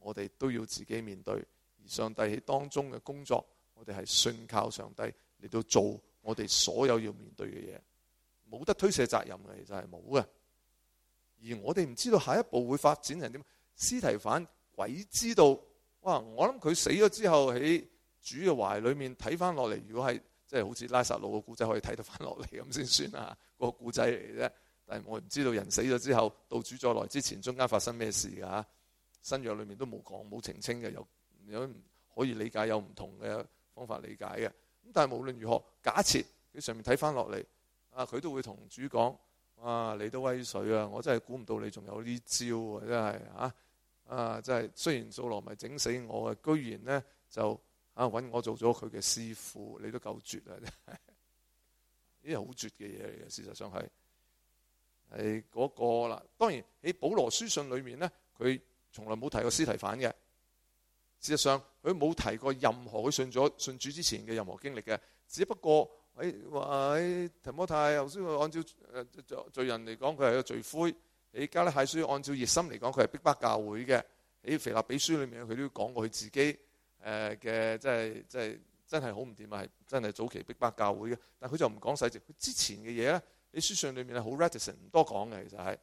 我哋都要自己面對。而上帝喺當中嘅工作，我哋係信靠上帝嚟到做我哋所有要面對嘅嘢，冇得推卸責任嘅，其實係冇嘅。而我哋唔知道下一步會發展成點。司提反鬼知道，哇！我諗佢死咗之後喺主嘅懷裡面睇翻落嚟，如果係～即係好似拉薩魯個故仔可以睇得翻落嚟咁先算啊，個故仔嚟啫，但係我唔知道人死咗之後，到主再來之前，中間發生咩事㗎？新約裡面都冇講，冇澄清嘅，有有可以理解，有唔同嘅方法理解嘅。咁但係無論如何，假設你上面睇翻落嚟，啊佢都會同主講：哇，你都威水啊！我真係估唔到你仲有呢招啊！真係啊！即、啊、係雖然掃羅咪整死我嘅，居然呢就。啊！揾我做咗佢嘅師傅，你都夠絕啊！呢啲好絕嘅嘢嚟嘅，事實上係係嗰個啦。當然喺保羅書信裏面呢，佢從來冇提過司提反嘅。事實上佢冇提過任何佢信主信主之前嘅任何經歷嘅。只不過喺話喺提摩太頭先，佢按照誒罪人嚟講，佢係個罪魁；喺加拉太書按照熱心嚟講，佢係逼迫教會嘅。喺腓立比書裏面，佢都講過佢自己。誒嘅，即係即係真係好唔掂啊！係真係早期逼迫教會嘅，但佢就唔講細節。佢之前嘅嘢咧，喺書信裏面係好 reticent，唔多講嘅。其實係，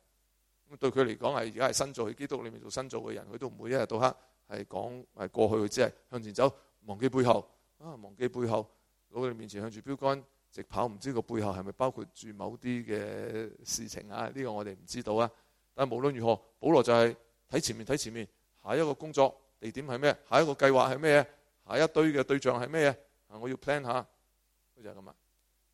對佢嚟講係而家係新造喺基督裏面做新造嘅人，佢都唔會一日到黑係講係過去，佢只係向前走，忘記背後啊，忘記背後，攞佢哋面前向住標杆直跑，唔知個背後係咪包括住某啲嘅事情啊？呢個我哋唔知道啊。但係無論如何，保羅就係睇前面，睇前面，下一個工作。重點係咩？下一個計劃係咩？下一堆嘅對象係咩啊，我要 plan 下，就係咁啊！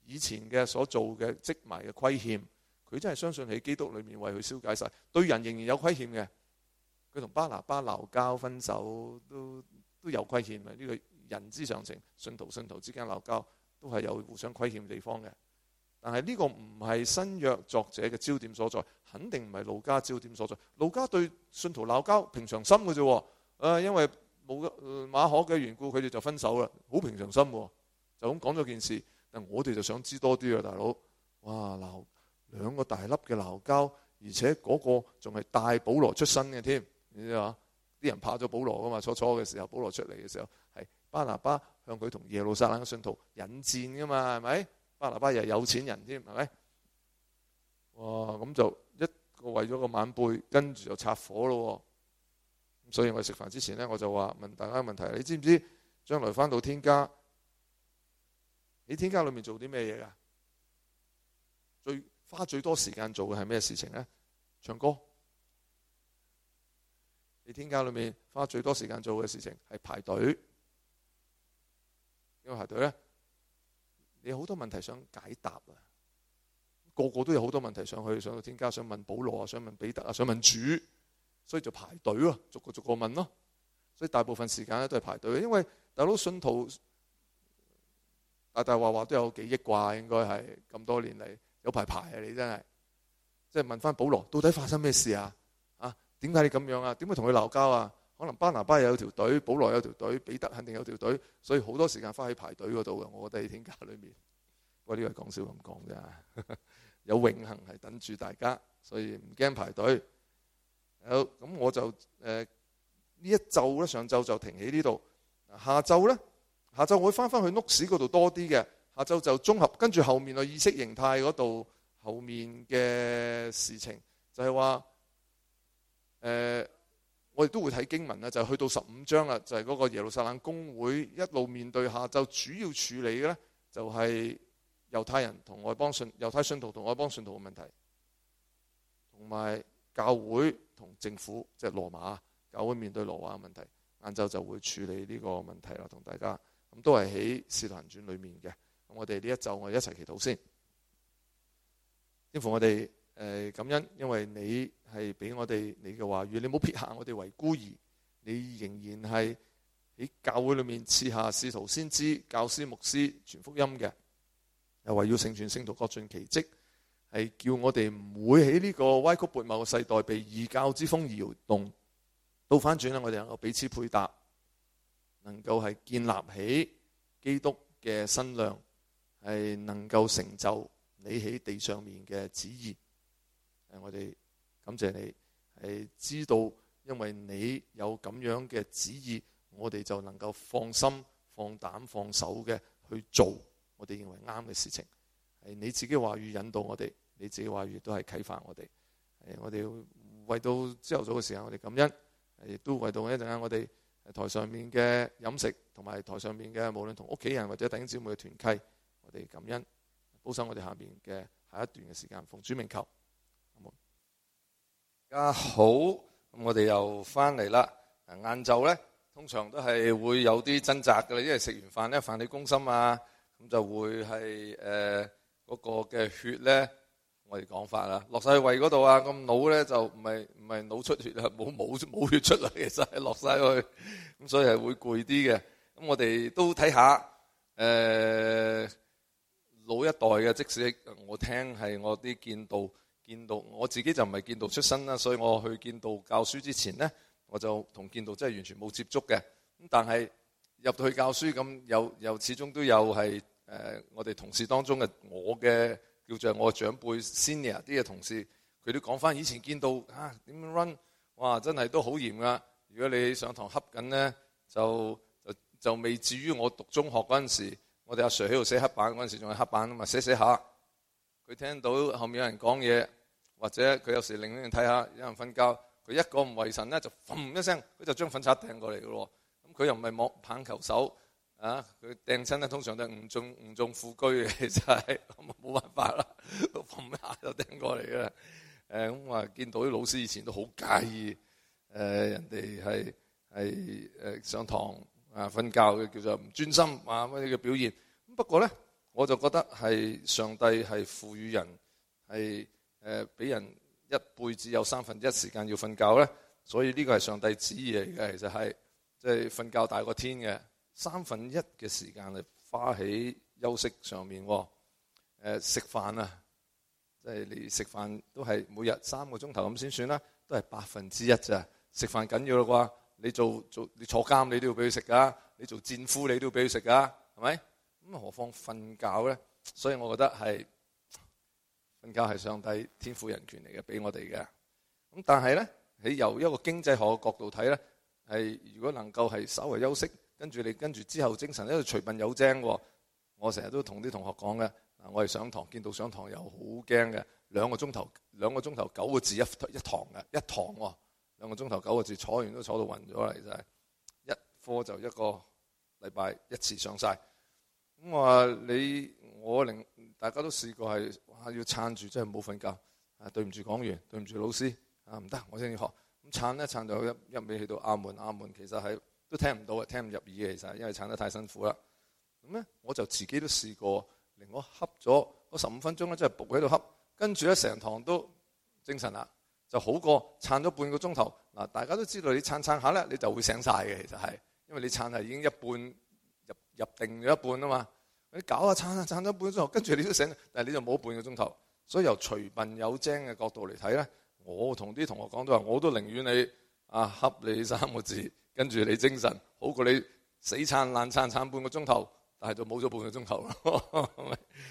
以前嘅所做嘅積埋嘅虧欠，佢真係相信喺基督裏面為佢消解晒。對人仍然有虧欠嘅，佢同巴拿巴鬧交分手都都有虧欠嘅。呢個人之常情，信徒信徒之間鬧交都係有互相虧欠的地方嘅。但係呢個唔係新約作者嘅焦點所在，肯定唔係路加焦點所在。路加對信徒鬧交平常心嘅啫。啊，因為冇馬可嘅緣故，佢哋就分手啦。好平常心，就咁講咗件事。但我哋就想知多啲啊，大佬。哇，鬧兩個大粒嘅鬧交，而且嗰個仲係大保羅出身嘅添。你知嘛？啲人拍咗保羅噶嘛？初初嘅時候，保羅出嚟嘅時候，係巴拿巴向佢同耶路撒冷嘅信徒引戰噶嘛？係咪？巴拿巴又係有錢人添，係咪？哇，咁就一個為咗個晚輩，跟住就拆火咯。所以我食飯之前咧，我就話問大家問題：你知唔知將來翻到天家喺天家裏面做啲咩嘢噶？最花最多時間做嘅係咩事情咧？唱歌？喺天家裏面花最多時間做嘅事情係排隊。因為排隊咧，你有好多問題想解答啊！個個都有好多問題上去，上到天家，想問保羅啊，想問彼得啊，想問主。所以就排隊啊，逐個逐個問咯。所以大部分時間咧都係排隊，因為大佬信徒大大話話都有幾億啩，應該係咁多年嚟有排排啊！你真係即係問翻保羅，到底發生咩事啊？啊，點解你咁樣啊？點會同佢鬧交啊？可能巴拿巴又有條隊，保羅有條隊，彼得肯定有條隊，所以好多時間返去排隊嗰度嘅。我覺得喺天家裏面，不過呢個講笑咁講啫， 有永恆係等住大家，所以唔驚排隊。好，咁我就呢、呃、一晝咧，上晝就停喺呢度。下晝咧，下晝我會翻翻去歷史嗰度多啲嘅。下晝就綜合跟住後面嘅意識形態嗰度後面嘅事情就、呃，就係話我哋都會睇經文啦，就去到十五章啦，就係嗰個耶路撒冷公會一路面對。下晝主要處理嘅咧，就係、是、猶太人同外邦信猶太信徒同外邦信徒嘅問題，同埋。教會同政府即係羅馬，教會面對羅馬嘅問題，晏晝就會處理呢個問題啦，同大家咁都係喺使徒行傳裏面嘅。咁我哋呢一晝我哋一齊祈禱先，祈乎我哋誒、呃、感恩，因為你係俾我哋你嘅話語，你冇撇下我哋為孤兒，你仍然係喺教會裏面賜下使徒先知、教師、牧師傳福音嘅，又話要成全聖徒各盡其職。係叫我哋唔會喺呢個歪曲悖謬嘅世代被異教之風搖動，倒反轉啦！我哋能夠彼此配搭，能夠係建立起基督嘅身量，係能夠成就你喺地上面嘅旨意。誒，我哋感謝你，係知道，因為你有咁樣嘅旨意，我哋就能夠放心、放膽、放手嘅去做我哋認為啱嘅事情。係你自己話語引導我哋。你自己話語都係啟發我哋，誒,我哋要為到朝頭早嘅時間，我哋感恩，亦都為到一陣間我哋台上面嘅飲食，同埋台上面嘅無論同屋企人或者弟兄姊妹嘅團契，我哋感恩，保守我哋下面嘅下一段嘅時間，奉主名求，好唔好？大家好，咁我哋又翻嚟啦。晏晝咧，通常都係會有啲掙扎㗎喇，因為食完飯咧，飯氣攻心啊，咁就會係誒嗰個嘅血咧。我哋講法啦，落晒去胃嗰度啊！咁腦咧就唔係唔係腦出血啊，冇冇冇血出嚟，其實係落晒去，咁所以係會攰啲嘅。咁我哋都睇下，誒、呃、老一代嘅，即使我聽係我啲建道建道，我自己就唔係建道出身啦，所以我去建道教書之前咧，我就同建道真係完全冇接觸嘅。咁但係入到去教書咁，又又始終都有係誒、呃、我哋同事當中嘅我嘅。叫做我嘅長輩 senior 啲嘅同事，佢都講返以前見到啊點樣 run，哇真係都好嚴㗎。如果你上堂瞌緊咧，就就就未至於我讀中學嗰陣時候，我哋阿 sir 喺度寫黑板嗰陣時仲係黑板啊嘛，寫寫下。佢聽到後面有人講嘢，或者佢有時令一睇下有人瞓覺，佢一個唔為神咧就嘣一聲，佢就將粉刷掟過嚟嘅喎。咁佢又唔係網棒球手。啊！佢訂親咧，通常都係唔中唔中富居嘅，就係咁冇辦法啦，咁下就掟過嚟啦。誒咁話見到啲老師以前都好介意，誒、啊、人哋係係誒上堂啊瞓覺嘅叫做唔專心啊乜嘢嘅表現。咁不過咧，我就覺得係上帝係賦予人係誒俾人一輩子有三分一時間要瞓覺咧，所以呢個係上帝旨意嚟嘅，其實係即係瞓覺大過天嘅。三分一嘅時間嚟花喺休息上面，哦、誒、呃、食飯啊，即、就、係、是、你食飯都係每日三個鐘頭咁先算啦，都係百分之一咋，食飯緊要啦啩？你做做你坐監，你都要俾佢食㗎；你做戰俘，你都要俾佢食㗎，係咪？咁何況瞓覺咧？所以，我覺得係瞓覺係上帝天賦人權嚟嘅，俾我哋嘅。咁但係咧，喺由一個經濟學嘅角度睇咧，係如果能夠係稍為休息。跟住你，跟住之後精神度隨便有精喎、哦。我成日都同啲同學講嘅，我哋上堂見到上堂又好驚嘅。兩個鐘頭，兩個鐘頭九個字一一堂嘅，一堂喎兩、哦、個鐘頭九個字，坐完都坐到暈咗嚟，真、就、係、是、一科就一個禮拜一次上晒。咁話你，我令大家都試過係，哇！要撐住真係冇瞓覺。啊，對唔住講完，對唔住老師，啊唔得，我先要學咁撐，撐一撐就一一味去到阿門阿門，阿門其實喺……都聽唔到啊！聽唔入耳啊！其實因為撐得太辛苦啦。咁咧，我就自己都試過，令我瞌咗十五分鐘咧，即係伏喺度瞌，跟住咧成堂都精神啦，就好過撐咗半個鐘頭嗱。大家都知道，你撐撐下咧，你就會醒晒嘅。其實係因為你撐係已經一半入入定咗一半啊嘛。你搞下撐下撐咗半個鐘頭，跟住你都醒喇，但係你就冇半個鐘頭。所以由除笨有精嘅角度嚟睇咧，我同啲同學講都話，我都寧願你啊，瞌你三個字。跟住你精神好過你死撐爛撐撐半個鐘頭，但係就冇咗半個鐘頭啦。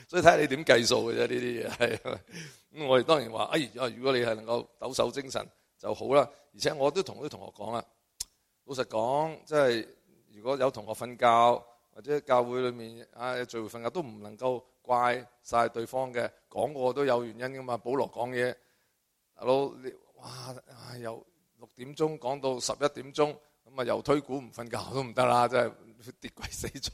所以睇下你點計數嘅啫呢啲嘢，係咁 我哋當然話，哎，如果你係能夠抖擻精神就好啦。而且我都同啲同學講啦，老實講，即係如果有同學瞓覺或者教會裏面啊聚會瞓覺都唔能夠怪晒對方嘅，講我都有原因噶嘛。保羅講嘢，大佬，你，哇，啊、由六點鐘講到十一點鐘。咁啊，又推估唔瞓覺都唔得啦！真係跌鬼死咗，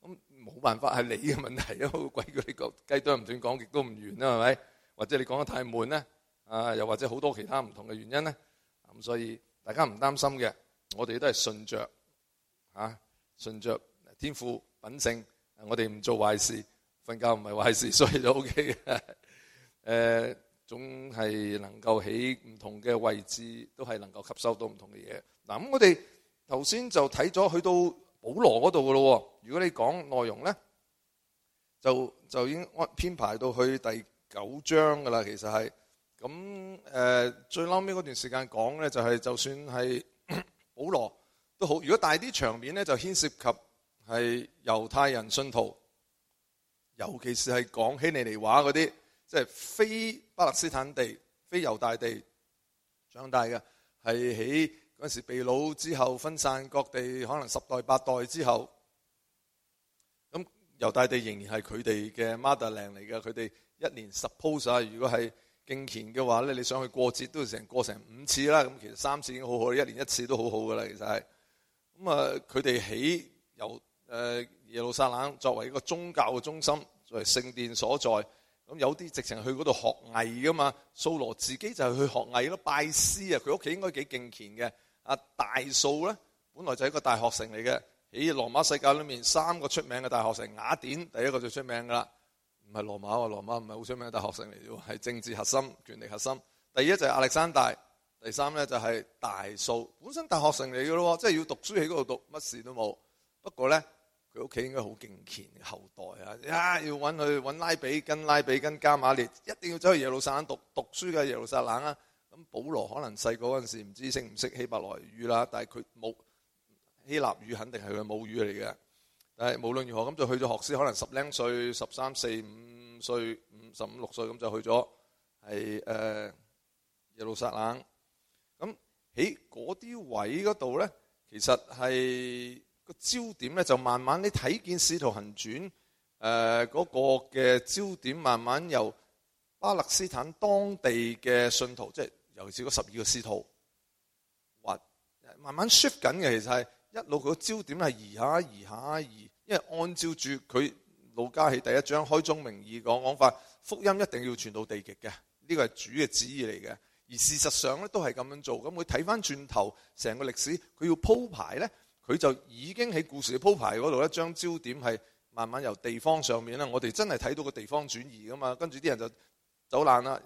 咁冇辦法係你嘅問題啊！鬼叫你個雞啄唔斷講極都唔完啦，係咪？或者你講得太悶咧啊？又或者好多其他唔同嘅原因咧，咁所以大家唔擔心嘅，我哋都係順著嚇，順著天賦品性，我哋唔做壞事，瞓覺唔係壞事，所以就 O K 嘅。誒，總係能夠喺唔同嘅位置都係能夠吸收到唔同嘅嘢。嗱，咁我哋頭先就睇咗去到保羅嗰度噶咯。如果你講內容咧，就就已經編排到去第九章噶啦。其實係咁，誒、呃、最撈尾嗰段時間講咧，就係、是、就算係 保羅都好，如果大啲場面咧，就牽涉及係猶太人信徒，尤其是係講希利尼話嗰啲，即、就、係、是、非巴勒斯坦地、非猶大地長大嘅，係喺。嗰陣時被擄之後分散各地，可能十代八代之後，咁猶大地仍然係佢哋嘅 motherland 嚟㗎。佢哋一年十 post 如果係敬虔嘅話咧，你想去過節都要成過成五次啦。咁其實三次已經好好，一年一次都好好㗎啦。其實係咁啊，佢哋喺由耶路撒冷作為一個宗教嘅中心，作為聖殿所在。咁有啲直情去嗰度學藝㗎嘛。掃羅自己就係去學藝咯，拜師啊。佢屋企應該幾敬虔嘅。啊大數咧，本來就係一個大學城嚟嘅。喺羅馬世界裏面三個出名嘅大學城，雅典第一個最出名㗎啦，唔係羅馬喎，羅馬唔係好出名嘅大學城嚟喎，係政治核心、權力核心。第二就係亞歷山大，第三咧就係大數，本身大學城嚟嘅咯，即係要讀書，喺嗰度讀，乜事都冇。不過咧，佢屋企應該好敬虔，後代啊，呀要揾佢揾拉比跟拉比，跟加馬列，一定要走去耶路撒冷讀讀書嘅耶路撒冷啊！咁保羅可能細個嗰陣時唔知識唔識希伯來語啦，但係佢冇。希臘語肯定係佢母語嚟嘅。但係無論如何，咁就去咗學師，可能十零歲、十三四五歲、五十五六歲咁就去咗係誒耶路撒冷。咁喺嗰啲位嗰度咧，其實係個焦點咧，就慢慢你睇見使徒行傳誒嗰個嘅焦點，慢慢由巴勒斯坦當地嘅信徒即係。尤其是嗰十二個司徒，或慢慢 shift 緊嘅，其實係一路佢個焦點係移下移下移，因為按照住佢老家起第一章開宗明義講講法，福音一定要傳到地極嘅，呢個係主嘅旨意嚟嘅。而事實上咧都係咁樣做，咁佢睇翻轉頭成個歷史，佢要鋪排咧，佢就已經喺故事嘅鋪排嗰度咧，將焦點係慢慢由地方上面咧，我哋真係睇到個地方轉移噶嘛，跟住啲人就。走難啦！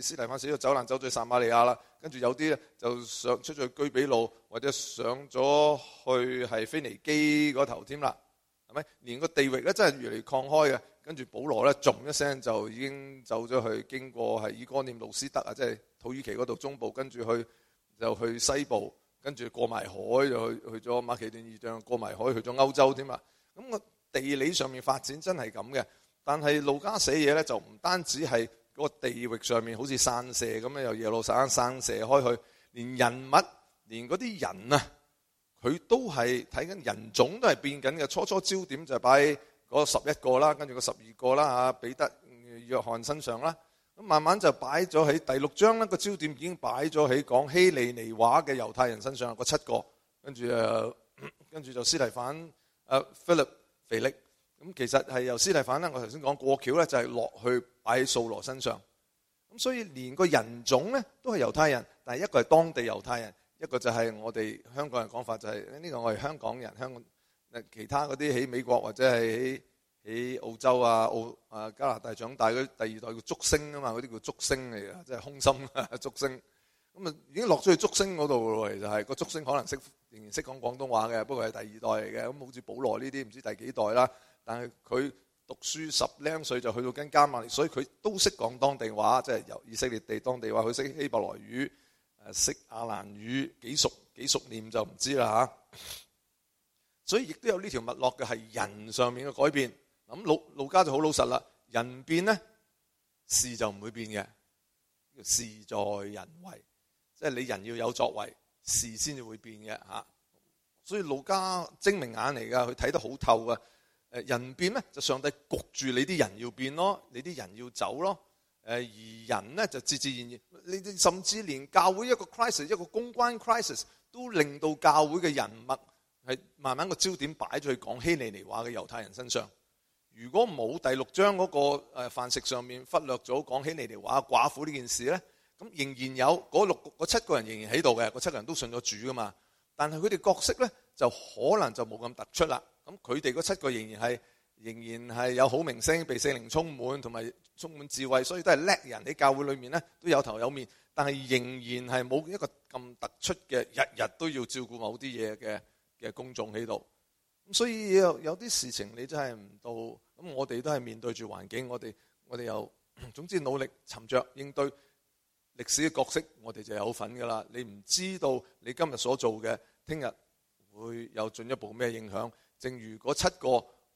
司提反死咗走難，走咗去撒瑪利亞啦。跟住有啲咧就上出咗去居比路，或者上咗去係腓尼基嗰頭添啦。係咪？連個地域咧真係越嚟擴開嘅。跟住保羅咧，噹一聲就已經走咗去，經過係以哥念、路司得啊，即係土耳其嗰度中部，跟住去就去西部，跟住過埋海就去去咗馬其頓異象，過埋海去咗歐洲添啦。咁個地理上面發展真係咁嘅。但係路加寫嘢咧就唔單止係。嗰個地域上面好似散射咁樣，由耶路撒冷散射開去，連人物，連嗰啲人啊，佢都係睇緊人種都係變緊嘅。初初焦點就擺嗰十一個啦，跟住個十二個啦嚇，彼得、約翰身上啦，咁慢慢就擺咗喺第六章啦，個焦點已經擺咗喺講希利尼話嘅猶太人身上，個七個，跟住誒，跟住就斯提反誒、 uh, Philip、Philip 咁其實係由司提反咧，我頭先講過橋咧，就係落去擺喺掃羅身上。咁所以連個人種咧都係猶太人，但係一個係當地猶太人，一個就係我哋香港人講法就係、係、呢個我係香港人。香港其他嗰啲喺美國或者係喺澳洲啊、澳加拿大長大嗰啲第二代叫竹升啊嘛，嗰啲叫竹升嚟嘅，即係空心啊竹升。咁啊已經落咗去竹升嗰度咯，其實係個竹升，可能識仍然識講廣東話嘅，不過係第二代嚟嘅，咁好似保羅呢啲唔知第幾代啦。但係佢讀書十零歲就去到跟迦瑪列，所以佢都識講當地話，即係由以色列地當地話，佢識希伯來語，誒識阿蘭語，幾熟幾熟稔就唔知啦嚇。所以亦都有呢條脈絡嘅係人上面嘅改變。咁老老家就好老實啦，人變咧事就唔會變嘅，事在人為，即係你人要有作為，事先至會變嘅嚇。所以老家精明眼嚟㗎，佢睇得好透啊。人變咧，就上帝焗住你啲人要變咯，你啲人要走咯。而人咧就自自然然，你哋甚至連教會一個 crisis，一個公關 crisis，都令到教會嘅人物係慢慢個焦點擺咗去講希利尼話嘅猶太人身上。如果冇第六章嗰個誒飯食上面忽略咗講希利尼話寡婦呢件事咧，咁仍然有嗰六嗰七個人仍然喺度嘅，嗰七個人都信咗主噶嘛。但係佢哋角色咧就可能就冇咁突出啦。咁佢哋嗰七個仍然係，仍然係有好名聲，被聖靈充滿同埋充滿智慧，所以都係叻人。喺教會裏面咧都有頭有面，但係仍然係冇一個咁突出嘅，日日都要照顧某啲嘢嘅嘅公眾喺度。咁所以有有啲事情你真係唔到咁，我哋都係面對住環境，我哋我哋又總之努力沉着應對歷史嘅角色，我哋就有份㗎啦。你唔知道你今日所做嘅，聽日會有進一步咩影響。正如果七個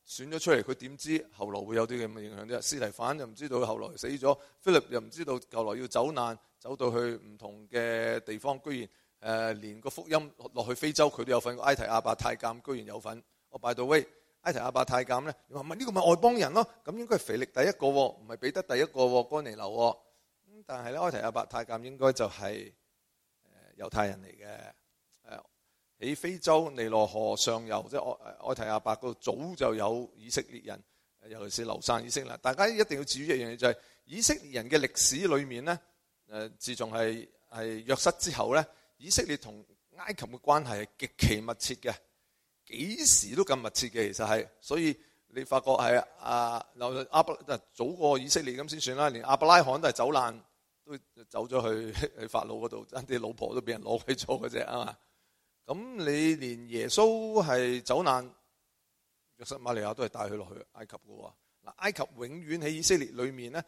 選咗出嚟，佢點知後來會有啲咁嘅影響啫？斯提反又唔知道後來死咗，腓力 Philip 又唔知道後來要走難，走到去唔同嘅地方，居然誒連個福音落去非洲佢都有份。埃提亞伯太監居然有份，我拜到威埃提亞伯太監咧，唔咪，呢、呢個咪外邦人咯？咁應該係腓力第一個喎，唔係彼得第一個喎，哥尼流喎。但係咧，埃提亞伯太監應該就係誒猶太人嚟嘅。喺非洲尼羅河上游，即係埃埃提阿伯嗰度，早就有以色列人，尤其是流散以色列。大家一定要注意一樣嘢，就係、是、以色列人嘅歷史裏面咧，誒自從係係約瑟之後咧，以色列同埃及嘅關係係極其密切嘅，幾時都咁密切嘅，其實係。所以你發覺係啊，流阿伯早過以色列咁先算啦，連亞伯拉罕都係走難，都走咗去去法老嗰度，啲老婆都俾人攞去咗嘅啫，係嘛？咁你連耶穌係走難，約瑟馬利亞都係帶佢落去埃及嘅喎。嗱，埃及永遠喺以色列裏面呢，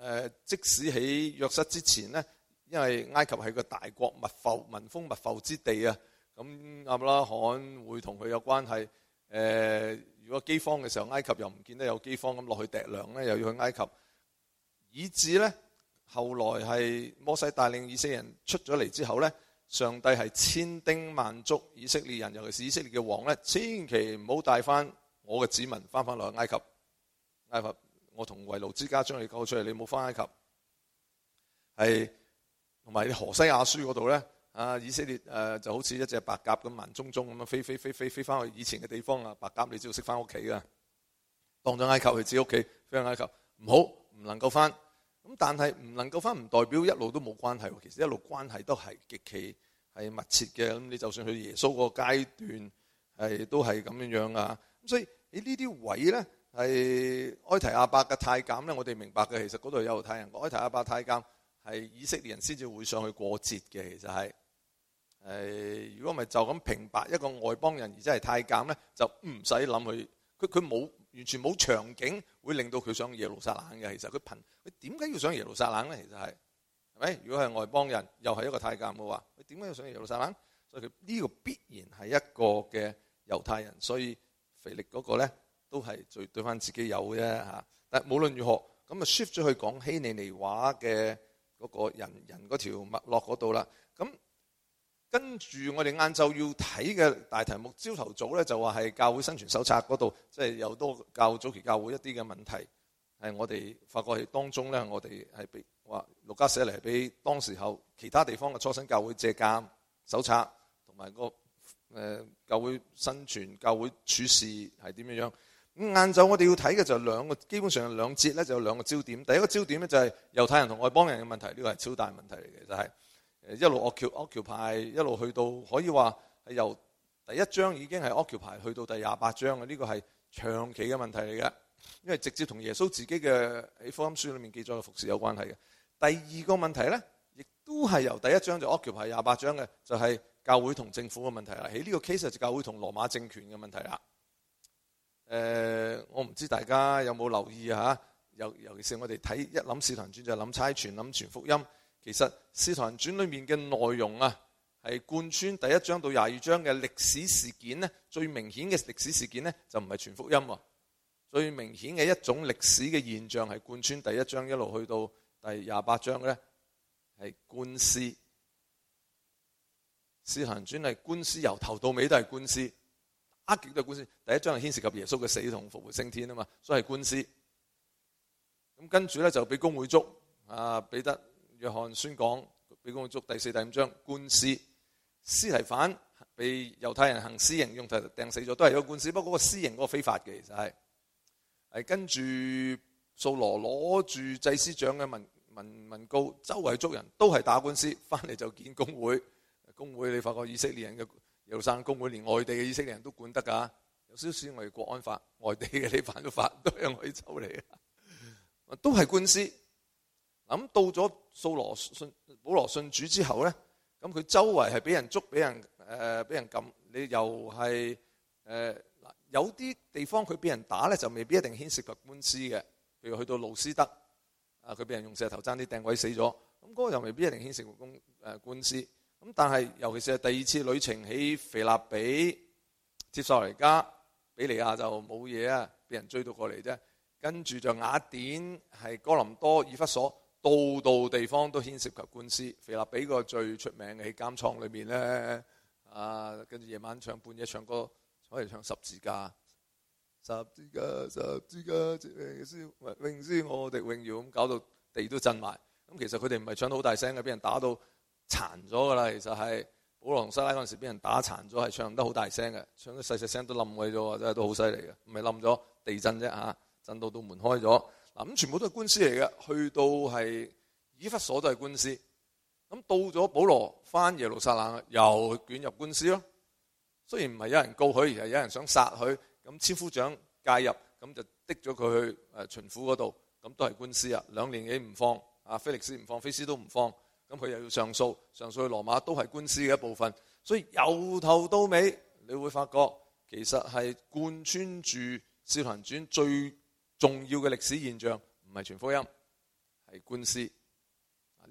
誒，即使喺約瑟之前呢，因為埃及係個大國，物阜民豐物阜之地啊。咁亞伯拉罕會同佢有關係，呃。如果饑荒嘅時候，埃及又唔見得有饑荒咁落去糴糧呢，又要去埃及，以致呢，後來係摩西帶領以色列人出咗嚟之後呢。上帝係千叮萬囑以色列人，尤其是以色列嘅王咧，千祈唔好帶翻我嘅子民翻返去埃及。埃及，我同為奴之家將你救出嚟，你冇返埃及。係同埋你何西阿書嗰度咧，啊以色列誒、呃、就好似一隻白鴿咁，盲中中咁樣飛飛飛飛飛翻去以前嘅地方啊！白鴿你只要識翻屋企噶，當咗埃及去自己屋企，飛翻埃及唔好，唔能夠翻。咁但係唔能夠翻，唔代表一路都冇關係喎。其實一路關係都係極其係密切嘅。咁你就算去耶穌個階段係都係咁樣樣啊。咁所以喺呢啲位咧，係埃提阿伯嘅太監咧，我哋明白嘅，其實嗰度有猶太人。埃提阿伯太監係以色列人先至會上去過節嘅，其實係誒。如果唔係就咁平白一個外邦人而真係太監咧，就唔使諗佢，佢佢冇。完全冇場景會令到佢上耶路撒冷嘅，其實佢貧佢點解要上耶路撒冷咧？其實係係咪？如果係外邦人，又係一個太監嘅話，佢點解要上耶路撒冷？所以佢呢個必然係一個嘅猶太人。所以腓利嗰個咧都係最對翻自己有嘅嚇。但係無論如何，咁啊 shift 咗去講希利尼話嘅嗰個人人嗰條脈絡嗰度啦，咁。跟住我哋晏晝要睇嘅大題目，朝頭早咧就話係教會生存手冊嗰度，即係有多教早期教會一啲嘅問題，係我哋發覺係當中咧，我哋係俾話路加寫嚟俾當時候其他地方嘅初生教會借鑑手冊，同埋、嗰個、呃、教會生存、教會處事係點樣樣。咁晏晝我哋要睇嘅就兩個，基本上兩節咧就有兩個焦點。第一個焦點咧就係猶太人同外邦人嘅問題，呢、這個係超大問題嚟嘅，就係、是。誒一路 o c c u p 一路去到，可以話係由第一章已經係 o c 牌去到第廿八章嘅，呢、這個係長期嘅問題嚟嘅，因為直接同耶穌自己嘅喺福音書裏面記載嘅服侍有關係嘅。第二個問題咧，亦都係由第一章就 o c 牌，u p a 廿八章嘅，就係、是、教會同政府嘅問題啦。喺、這、呢個 case 就是教會同羅馬政權嘅問題啦。誒、呃，我唔知道大家有冇留意啊？尤尤其是我哋睇一諗史談傳就諗猜傳諗傳福音。其實《使徒行傳》裏面嘅內容啊，係貫穿第一章到廿二章嘅歷史事件呢。最明顯嘅歷史事件呢，就唔係全福音。最明顯嘅一種歷史嘅現象係貫穿第一章一路去到第廿八章嘅咧，係官司。《使徒行傳》係官司，由頭到尾都係官司，打極都官司。第一章係牽涉及耶穌嘅死同復活升天啊嘛，所以係官司。咁跟住咧就俾公會捉啊，彼得。約翰宣講畀公會捉第四、第五章，官司，司提反被猶太人行私刑，用石頭掟死咗，都係有官司。不過嗰個私刑嗰個非法嘅。其實係係跟住掃羅攞住祭司長嘅文文文告，周圍捉人都係打官司，翻嚟就見公會。公會你發覺以色列人嘅猶太公會，連外地嘅以色列人都管得㗎。有少少似我哋國安法，外地嘅你犯咗法都係可以收你，都係官司。嗱，咁到咗掃羅信保羅信主之後咧，咁佢周圍係俾人捉，俾人誒俾、呃、人撳，你又係誒嗱有啲地方佢俾人打咧，就未必一定牽涉個官司嘅。譬如去到路斯德啊，佢俾人用石頭差啲掟鬼死咗，咁、那、嗰個又未必一定牽涉個公誒、呃、官司。咁但係尤其是係第二次旅程喺腓立比接受嚟加比利亞就冇嘢啊，俾人追到過嚟啫。跟住就雅典係哥林多以弗所。到度地方都牽涉及官司。腓立比個最出名嘅喺監倉裏面咧，啊，跟住夜晚唱半夜唱歌，可以唱十字架，十字架，十字架，永是，我哋榮耀咁搞到地都震埋。咁其實佢哋唔係唱得好大聲嘅，俾人打到殘咗㗎啦。其實係保羅同西拉嗰陣時，俾人打殘咗，係唱得好大聲嘅，唱得細細聲都冧佢咗，真係都好犀利嘅。唔係冧咗，地震啫嚇，震到度門開咗。嗱，全部都係官司嚟嘅，去到係以弗所都係官司，咁到咗保羅返耶路撒冷又捲入官司咯。雖然唔係有人告佢，而係有人想殺佢，咁千夫長介入，咁就滴咗佢去誒巡撫嗰度，咁都係官司啊。兩年幾唔放，菲力斯唔放，菲斯都唔放，咁佢又要上訴，上訴去羅馬都係官司嘅一部分。所以由頭到尾你會發覺，其實係貫穿住《使徒行傳》最。重要嘅歷史現象唔係全福音，係官司，呢、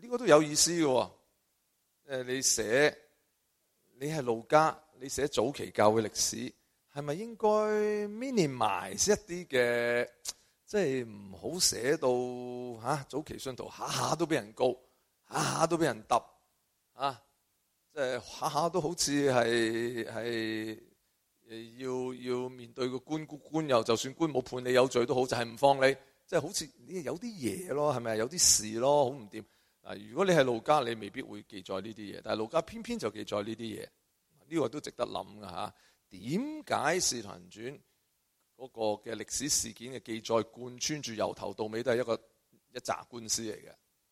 這個都有意思嘅。誒，你寫你係路加，你寫早期教會嘅歷史，係咪應該 minimize 一啲嘅？即係唔好寫到嚇、啊、早期信徒下下都俾人告，下下都俾人揼，啊，即係下下都好似係係。你要要面對個官官，又就算官冇判你有罪都好，就係、是、唔放你，即、就、係、是、好似你有啲嘢咯，係咪有啲事咯，好唔掂。嗱，如果你係路加，你未必會記載呢啲嘢，但係路加偏偏就記載呢啲嘢，呢、這個都值得諗噶吓。點解《使徒行傳》嗰個嘅歷史事件嘅記載貫穿住由頭到尾都係一個一紮官司嚟嘅？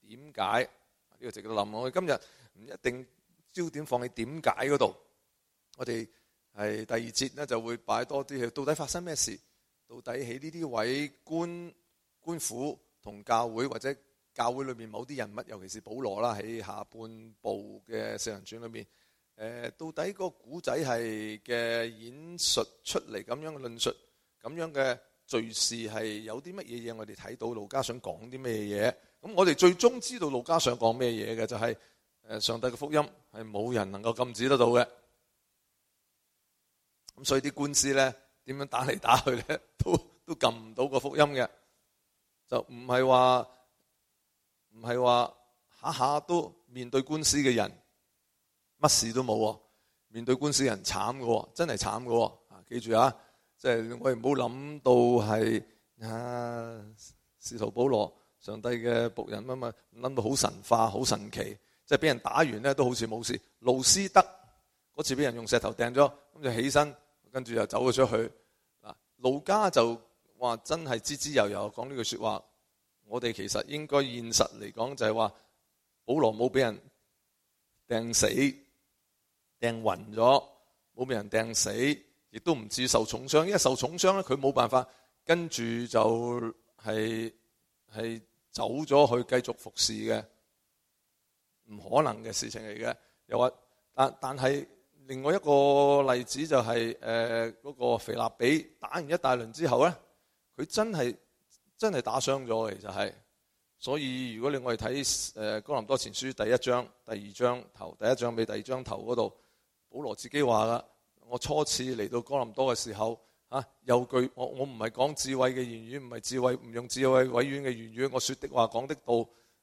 點解呢個值得諗？我哋今日唔一定焦點放喺點解嗰度，我哋。係第二節咧，就會擺多啲去到底發生咩事？到底喺呢啲位官官府同教會或者教會裏面某啲人物，尤其是保羅啦，喺下半部嘅四人傳裏面，誒、呃，到底個古仔係嘅演述出嚟，咁樣嘅論述，咁樣嘅敘事係有啲乜嘢嘢我哋睇到？路加想講啲咩嘢？咁我哋最終知道路加想講咩嘢嘅，就係誒，上帝嘅福音係冇人能夠禁止得到嘅。咁所以啲官司咧，點樣打嚟打去咧，都都撳唔到個福音嘅，就唔係話唔係話下下都面對官司嘅人乜事都冇，面對官司嘅人慘噶，真係慘噶，啊記住啊，即係我哋唔好諗到係啊，使徒保羅上帝嘅僕人啊嘛，諗到好神化好神奇，即係俾人打完咧都好似冇事。路斯德嗰次俾人用石頭掟咗，咁就起身。跟住又走咗出去，嗱，路加就話真係支支悠悠講呢句說話，我哋其實應該現實嚟講就係話，保羅冇俾人掟死，掟暈咗，冇俾人掟死，亦都唔至於受重傷，因為受重傷咧佢冇辦法，跟住就係、是、係走咗去繼續服侍嘅，唔可能嘅事情嚟嘅，又話，但但係。另外一個例子就係誒，嗰個腓立比打完一大輪之後咧，佢真係真係打傷咗其實係。所以如果你我哋睇誒哥林多前書第一章，第二章頭第一章尾，第二章頭嗰度，保羅自己話啦，我初次嚟到哥林多嘅時候，吓，啊，有句我我唔係講智慧嘅言語，唔係智慧唔用智慧委婉嘅言語，我說的話講的道，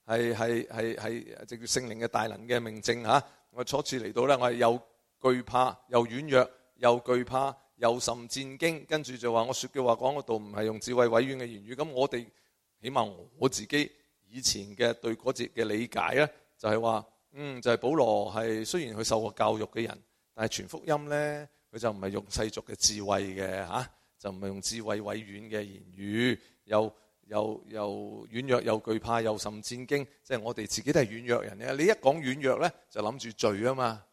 係係係係直接聖靈嘅大能嘅明證吓。我初次嚟到咧，我係有。懼怕又軟弱又懼怕又甚戰驚，跟住就話：我說嘅話講嗰度唔係用智慧委婉嘅言語。咁我哋起碼我自己以前嘅對嗰節嘅理解呢，就係話，嗯，就係保羅係雖然佢受過教育嘅人，但係傳福音呢，佢就唔係用世俗嘅智慧嘅，吓、啊，就唔係用智慧委婉嘅言語，又又又軟弱又懼怕又甚戰驚，即係我哋自己都係軟弱人咧，你一講軟弱呢，就諗住罪啊嘛。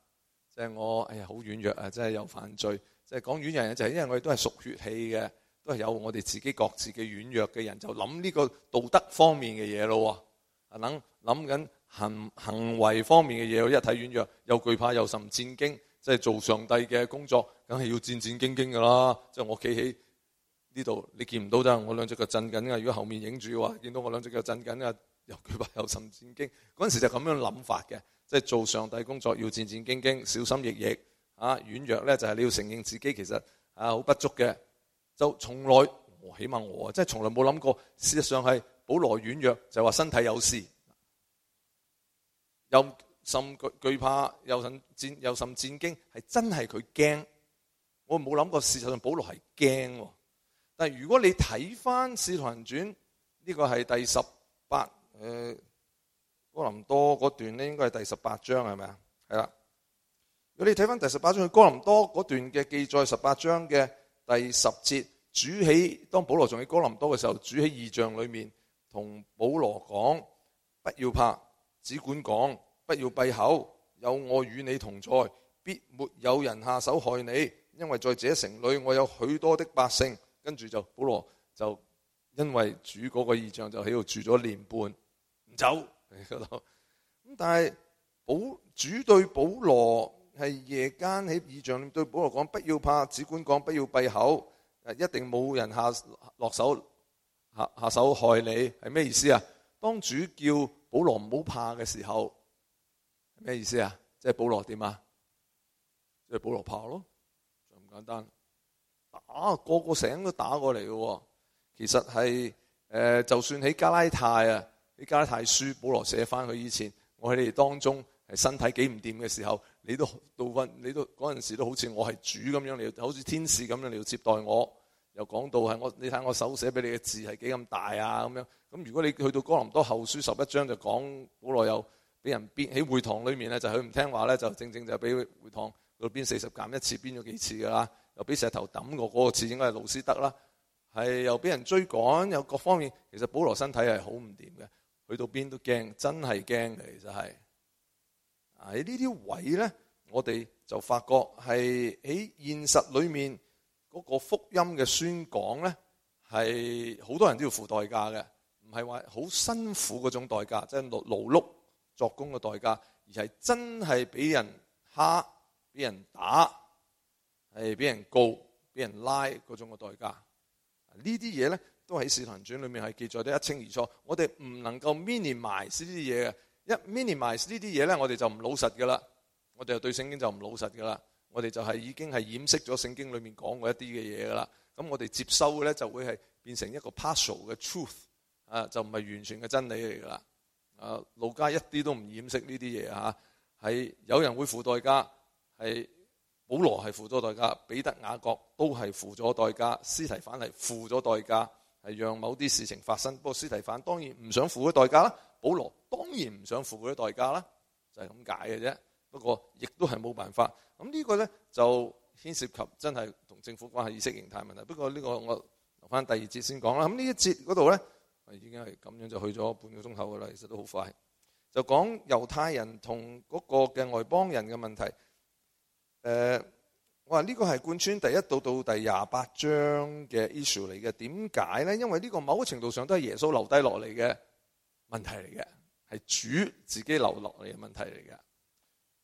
就係我，哎呀，好軟弱啊！真係有犯罪，即係講軟弱嘅，就係因為我哋都係屬血氣嘅，都係有我哋自己各自嘅軟弱嘅人，就諗呢個道德方面嘅嘢咯。啊，諗諗緊行行為方面嘅嘢，我一睇軟弱，又懼怕，又甚戰驚，即係做上帝嘅工作，梗係要戰戰兢兢噶啦。即係我企喺呢度，你見唔到啫。我兩隻腳震緊啊。如果後面影住嘅話，見到我兩隻腳震緊啊，又懼怕，又甚戰驚。嗰陣時就咁樣諗法嘅。即係做上帝工作，要戰戰兢兢、小心翼翼。啊，軟弱咧就係你要承認自己其實啊好不足嘅，就從來，起碼我即係從來冇諗過。事實上係保羅軟弱，就話、係、身體有事，又甚懼懼怕，又甚戰，又甚戰驚，係真係佢驚。我冇諗過，事實上保羅係驚。但係如果你睇翻《使徒行傳》，呢、呢個係第十八誒。哥林多嗰段咧，應該係第十八章係咪啊？係啦，如果你睇翻第十八章去哥林多嗰段嘅記載，十八章嘅第十節，主喺。當保羅仲喺哥林多嘅時候，主喺異象裏面同保羅講：不要怕，只管講，不要閉口，有我與你同在，必沒有人下手害你，因為在這城裏我有許多的百姓。跟住就保羅就因為主嗰個異象就喺度住咗年半唔走。咁， 但係保主對保羅係夜間喺異象裏對保羅講，不要怕，只管講，不要閉口，一定冇人下落手下下手害你，係咩意思啊？當主叫保羅唔好怕嘅時候，係咩意思啊？即係保羅點啊？即係保羅怕咯，就咁簡單。啊，個個城都打過嚟嘅，其實係誒、呃，就算喺加拉太啊。加拉太書，保羅寫翻佢以前，我喺你哋當中身體幾唔掂嘅時候，你都到分，你都嗰陣時都好似我係主咁樣，你好似天使咁樣你要接待我。又講到係我，你睇我手寫俾你嘅字係幾咁大啊咁樣。咁如果你去到哥林多後書十一章就講，保羅又俾人鞭喺會堂裏面咧，就佢、是、唔聽話咧，就正正就俾會堂度鞭四十減一次，鞭咗幾次㗎啦。又俾石頭揼過嗰個字，應該係路司得啦。係又俾人追趕，有各方面，其實保羅身體係好唔掂嘅。去到邊都驚，真係驚嘅，其實係啊，喺呢啲位咧，我哋就發覺係喺現實裏面嗰個福音嘅宣講咧，係好多人都要付代價嘅，唔係話好辛苦嗰種代價，即係勞碌、作工嘅代價，而係真係俾人蝦、俾人打、係俾人告、俾人拉嗰種嘅代價。呢啲嘢咧。因為喺《使徒行傳》裏面係記載得一清二楚，我哋唔能夠 minimize 呢啲嘢嘅，一 minimize 呢啲嘢呢，我哋就唔老實噶啦，我哋就對聖經就唔老實噶啦，我哋就係已經係掩飾咗聖經裏面講過一啲嘅嘢噶啦，咁我哋接收嘅呢，就會係變成一個 partial 嘅 truth 啊，就唔係完全嘅真理嚟噶啦，啊，路加一啲都唔掩飾呢啲嘢吓，係有人會付代價，係保羅係付咗代價，彼得雅各都係付咗代價，斯提反係付咗代價。係讓某啲事情發生，不過司提反當然唔想付啲代價啦，保羅當然唔想付啲代價啦，就係、是、咁解嘅啫。不過亦都係冇辦法。咁呢個咧就牽涉及真係同政府關係意識形態問題。不過呢個我留返第二節先講啦。咁呢一節嗰度咧，已經係咁樣就去咗半個鐘頭噶啦，其實都好快。就講猶太人同嗰個嘅外邦人嘅問題。誒、呃。我話呢個係貫穿第一到到第廿八章嘅 issue 嚟嘅，點解咧？因為呢個某程度上都係耶穌留低落嚟嘅問題嚟嘅，係主自己留落嚟嘅問題嚟嘅。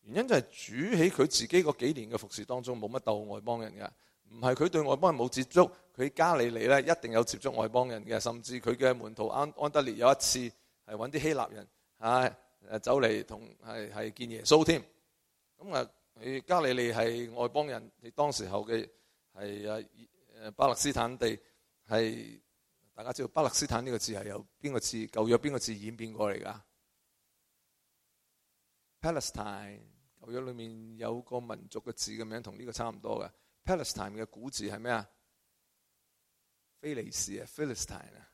原因就係主喺佢自己嗰幾年嘅服侍當中冇乜鬥外邦人噶，唔係佢對外邦人冇接觸，佢加利利咧一定有接觸外邦人嘅，甚至佢嘅門徒安安德烈有一次係搵啲希臘人，係、啊、誒走嚟同係係見耶穌添，咁啊。佢加利利係外邦人，佢當時候嘅係啊誒巴勒斯坦地，係大家知道巴勒斯坦呢個字係由邊個字舊約邊個字演變過嚟噶？Palestine 舊約裏面有個民族嘅字嘅名同呢個差唔多嘅，Palestine 嘅古字係咩啊？菲利士啊 Philistine 啊，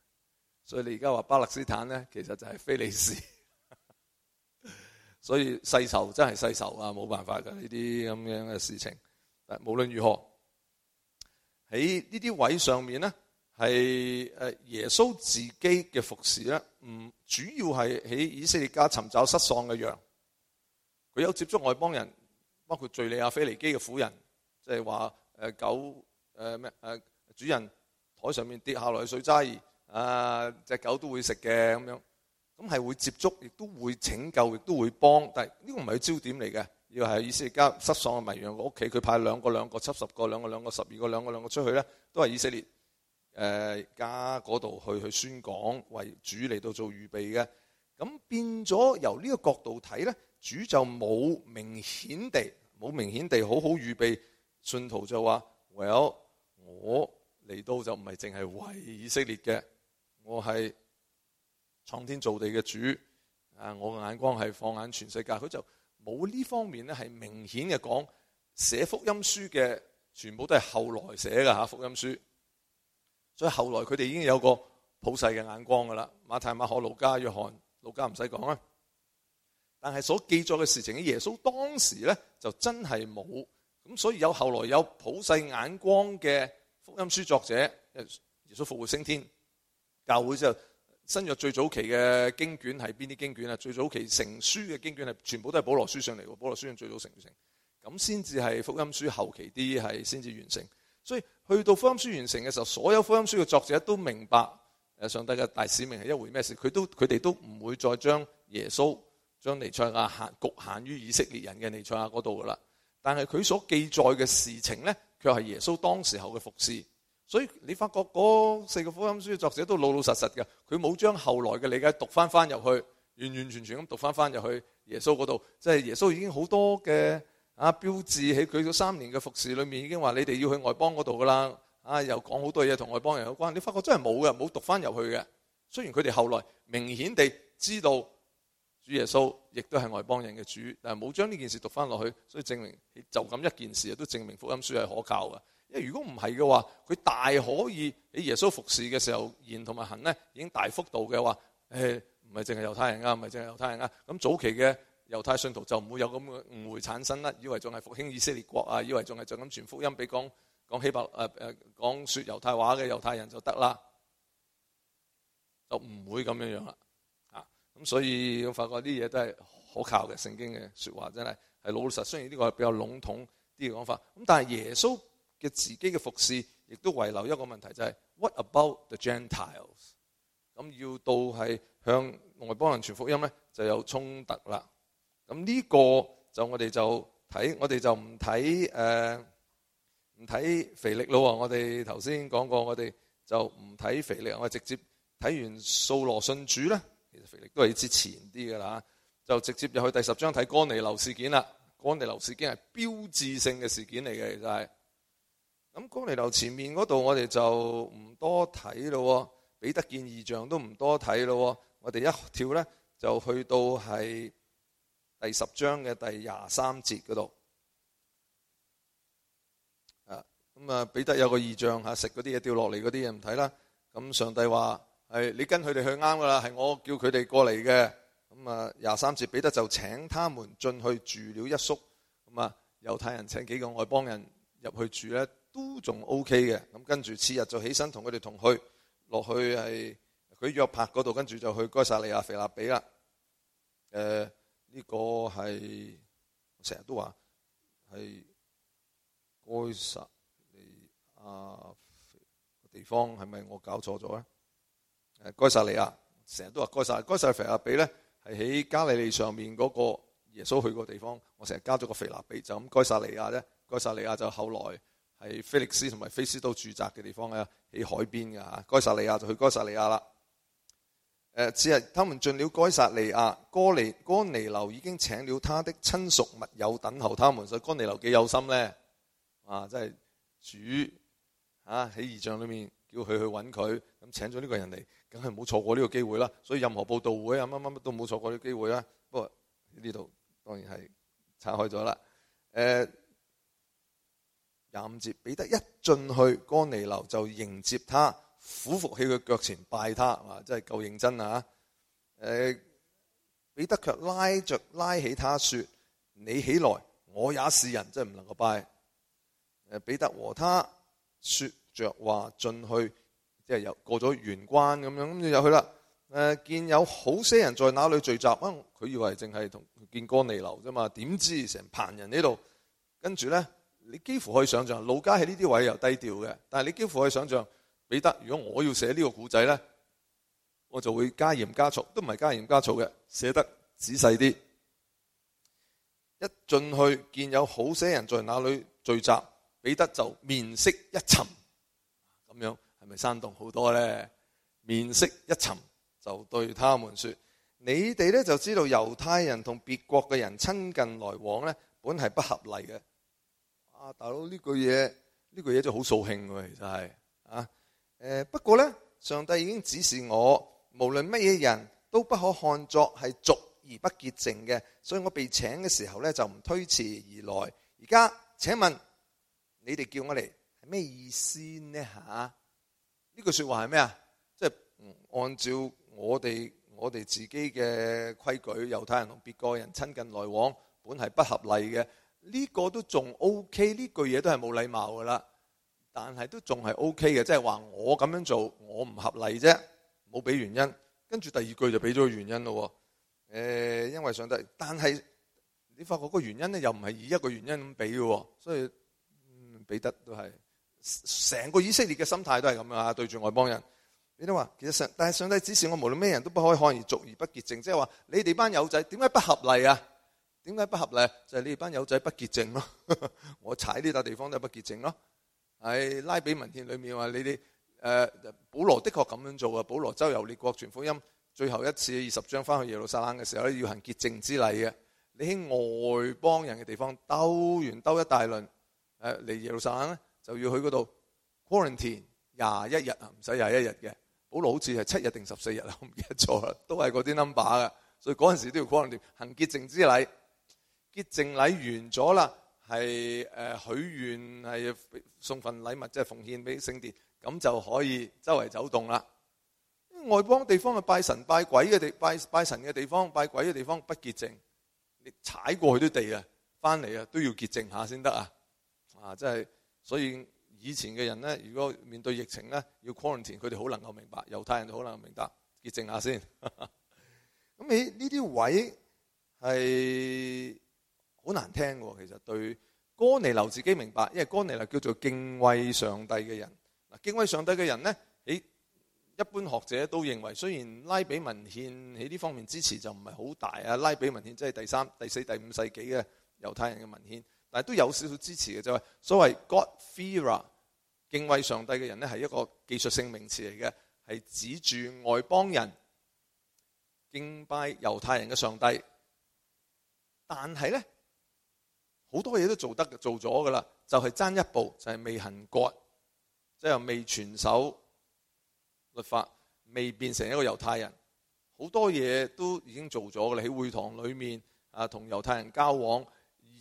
所以你而家話巴勒斯坦咧，其實就係菲利士。所以世仇真係世仇啊，冇辦法㗎呢啲咁樣嘅事情。但係無論如何，喺呢啲位上面咧，係誒耶穌自己嘅服侍咧，唔主要係喺以色列家尋找失喪嘅羊。佢有接觸外邦人，包括敍利亞腓尼基嘅婦人，即係話誒狗誒咩誒主人枱上面跌下來水碎渣啊、呃、隻狗都會食嘅咁樣。咁係會接觸，亦都會拯救，亦都會幫，但係呢個唔係佢焦點嚟嘅。要係以色列家失喪嘅迷羊嘅屋企，佢派兩個兩個、七十個兩個兩個、十二個兩個兩個出去咧，都係以色列誒、呃，加嗰度去去宣講為主嚟到做預備嘅。咁變咗由呢個角度睇咧，主就冇明顯地，冇明顯地好好預備信徒就，就話唯有我嚟到就唔係淨係為以色列嘅，我係。創天造地嘅主啊，我嘅眼光係放眼全世界，佢就冇呢方面咧，係明顯嘅講，寫福音書嘅全部都係後來寫㗎。吓福音書，所以後來佢哋已經有個普世嘅眼光噶啦。馬太、馬可、路加、約翰、路加唔使講啊，但係所記載嘅事情喺耶穌當時咧就真係冇，咁所以有後來有普世眼光嘅福音書作者，耶穌復活升天，教會之後。新約最早期嘅經卷係邊啲經卷啊？最早期成書嘅經卷係全部都係保羅書上嚟嘅，保羅書上最早成成？咁先至係福音書後期啲係先至完成。所以去到福音書完成嘅時候，所有福音書嘅作者都明白，上帝嘅大使命係一回咩事？佢都佢哋都唔會再將耶穌將彌賽亞限侷限於以色列人嘅彌賽亞嗰度噶啦。但係佢所記載嘅事情呢，卻係耶穌當時候嘅服侍。所以你發覺嗰四個福音書嘅作者都老老實實嘅，佢冇將後來嘅理解讀翻翻入去，完完全全咁讀翻翻入去耶穌嗰度，即係耶穌已經好多嘅啊標誌喺佢三年嘅服侍裏面已經話你哋要去外邦嗰度噶啦，啊又講好多嘢同外邦人有關，你發覺真係冇嘅，冇讀翻入去嘅。雖然佢哋後來明顯地知道主耶穌亦都係外邦人嘅主，但係冇將呢件事讀翻落去，所以證明就咁一件事都證明福音書係可靠嘅。因為如果唔係嘅話，佢大可以喺耶穌服侍嘅時候，言同埋行咧，已經大幅度嘅話，誒、哎，唔係淨係猶太人啊，唔係淨係猶太人啊。咁早期嘅猶太信徒就唔會有咁嘅誤會產生啦，以為仲係復興以色列國啊，以為仲係就咁傳福音俾講講希伯誒誒、呃、講說猶太話嘅猶太人就得啦，就唔會咁樣樣啦。啊，咁所以我發覺啲嘢都係可靠嘅，聖經嘅說話真係係老老實。雖然呢個係比較籠統啲嘅講法，咁但係耶穌，嘅自己嘅服侍，亦都遺留一個問題，就係、是、What about the Gentiles？咁要到係向外邦人傳福音咧，就有衝突啦。咁呢個就我哋就睇，我哋就唔睇誒，唔睇腓力咯。我哋頭先講過，我哋就唔睇腓力，我哋直接睇完掃羅信主咧。其實腓力都係之前啲噶啦，就直接入去第十章睇哥尼流事件啦。哥尼流事件係標誌性嘅事件嚟嘅，其實係。咁哥尼流前面嗰度，我哋就唔多睇咯。彼得見異象都唔多睇咯。我哋一跳咧，就去到係第十章嘅第廿三節嗰度。咁啊，彼得有個異象嚇，食嗰啲嘢掉落嚟嗰啲嘢唔睇啦。咁上帝話：係你跟佢哋去啱噶啦，係我叫佢哋過嚟嘅。咁啊，廿三節彼得就請他們進去住了一宿。咁啊，猶太人請幾個外邦人入去住咧。都仲 OK 嘅，咁跟住次日就起身同佢哋同去落去係佢約帕嗰度，跟住就去該撒利亞腓立比啦。誒、呃，呢、這個係我成日都話係該撒利亞地方係咪我搞錯咗咧？誒，該撒利亞成日都話該撒利該撒腓立比咧係喺加利利上面嗰、那個耶穌去過的地方。我成日加咗個腓立比就咁，該撒利亞咧，該撒利亞就後來。喺菲利斯同埋菲斯都住宅嘅地方咧，喺海邊嘅嚇。該撒利亞就去該撒利亞啦。誒、呃，次日，他們進了該撒利亞，哥尼哥尼流已經請了他的親屬密友等候他們。所以哥尼流幾有心咧，啊，真係主啊喺異象裏面叫佢去揾佢，咁請咗呢個人嚟，梗係冇錯過呢個機會啦。所以任何佈道會啊乜乜乜都冇錯過呢個機會啦。不過呢度當然係拆開咗啦。誒、呃。廿五節，彼得一進去，哥尼流就迎接他，俯伏喺佢腳前拜他，啊、真係夠認真啊！誒、啊，彼得卻拉着拉起他說，你起來，我也是人，真係唔能夠拜。誒、啊，彼得和他說着話進去，即係又過咗玄關咁樣咁就入去啦。誒、啊，見有好些人在那裡聚集，啊，佢以為淨係同見哥尼流啫嘛，點知成棚人呢度，跟住咧。你幾乎可以想像，路加喺呢啲位又低調嘅，但係你幾乎可以想像，彼得如果我要寫這個呢個古仔咧，我就會加鹽加醋，都唔係加鹽加醋嘅，寫得仔細啲。一進去見有好些人在那裏聚集，彼得就面色一沉，咁樣係咪生動好多咧？面色一沉就對他們說，你哋咧就知道猶太人同別國嘅人親近來往咧，本係不合理嘅。啊，大佬呢句嘢，呢句嘢真係好掃興喎，其實係啊。誒，不過呢，上帝已經指示我，無論乜嘢人都不可看作係俗而不潔淨嘅，所以我被請嘅時候呢，就唔推辭而來。而家請問你哋叫我嚟係咩意思呢？嚇，呢句説話係咩啊？即係、就是、按照我哋我哋自己嘅規矩，猶太人同別個人親近來往本係不合理嘅。呢個都仲 OK，呢句嘢都係冇禮貌噶啦，但係都仲係 OK 嘅，即係話我咁樣做，我唔合禮啫，冇俾原因。跟住第二句就俾咗個原因咯，誒，因為上帝。但係你發覺個原因咧，又唔係以一個原因咁俾嘅，所以，嗯，彼得都係成個以色列嘅心態都係咁樣啊，對住外邦人。你都話其實上，但係上帝指示我，無論咩人都不可以看作俗而不潔淨，即係話你哋班友仔點解不合禮啊？點解不合呢？就係你哋班友仔不潔淨咯！ 我踩呢笪地方都係不潔淨咯。喺拉比文獻裏面話你哋保羅的確咁樣做啊。保羅周遊列國傳福音，最後一次二十章翻去耶路撒冷嘅時候咧，要行潔淨之禮嘅。你喺外邦人嘅地方兜完兜一大輪，誒嚟耶路撒冷咧，就要去嗰度 quarantine 廿一日啊，唔使廿一日嘅。保羅好似係七日定十四日啊，我唔記得咗啦，都係嗰啲 number 嘅。所以嗰陣時都要 quarantine，行潔淨之禮。結潔禮完咗啦，係誒許願係送份禮物，即係奉獻俾聖殿，咁就可以周圍走動啦。外邦地方咪拜神拜鬼嘅地，拜拜神嘅地方，拜鬼嘅地方不潔淨，你踩過去啲地啊，翻嚟啊都要潔淨下先得啊！啊，真係，所以以前嘅人咧，如果面對疫情咧，要 quarantine，佢哋好能夠明白，猶太人就好能夠明白潔淨下先。咁你呢啲位係？好難聽喎，其實對哥尼流自己明白，因為哥尼流叫做敬畏上帝嘅人。嗱，敬畏上帝嘅人呢，喺一般學者都認為，雖然拉比文獻喺呢方面支持就唔係好大啊，拉比文獻即係第三、第四、第五世紀嘅猶太人嘅文獻，但係都有少少支持嘅，就係所謂 God-fearer，敬畏上帝嘅人呢係一個技術性名詞嚟嘅，係指住外邦人敬拜猶太人嘅上帝，但係呢。好多嘢都做得做咗噶啦，就係、是、爭一步就係、是、未行割，即、就、係、是、未全守律法，未變成一個猶太人。好多嘢都已經做咗嘅啦，喺會堂裏面啊，同猶太人交往，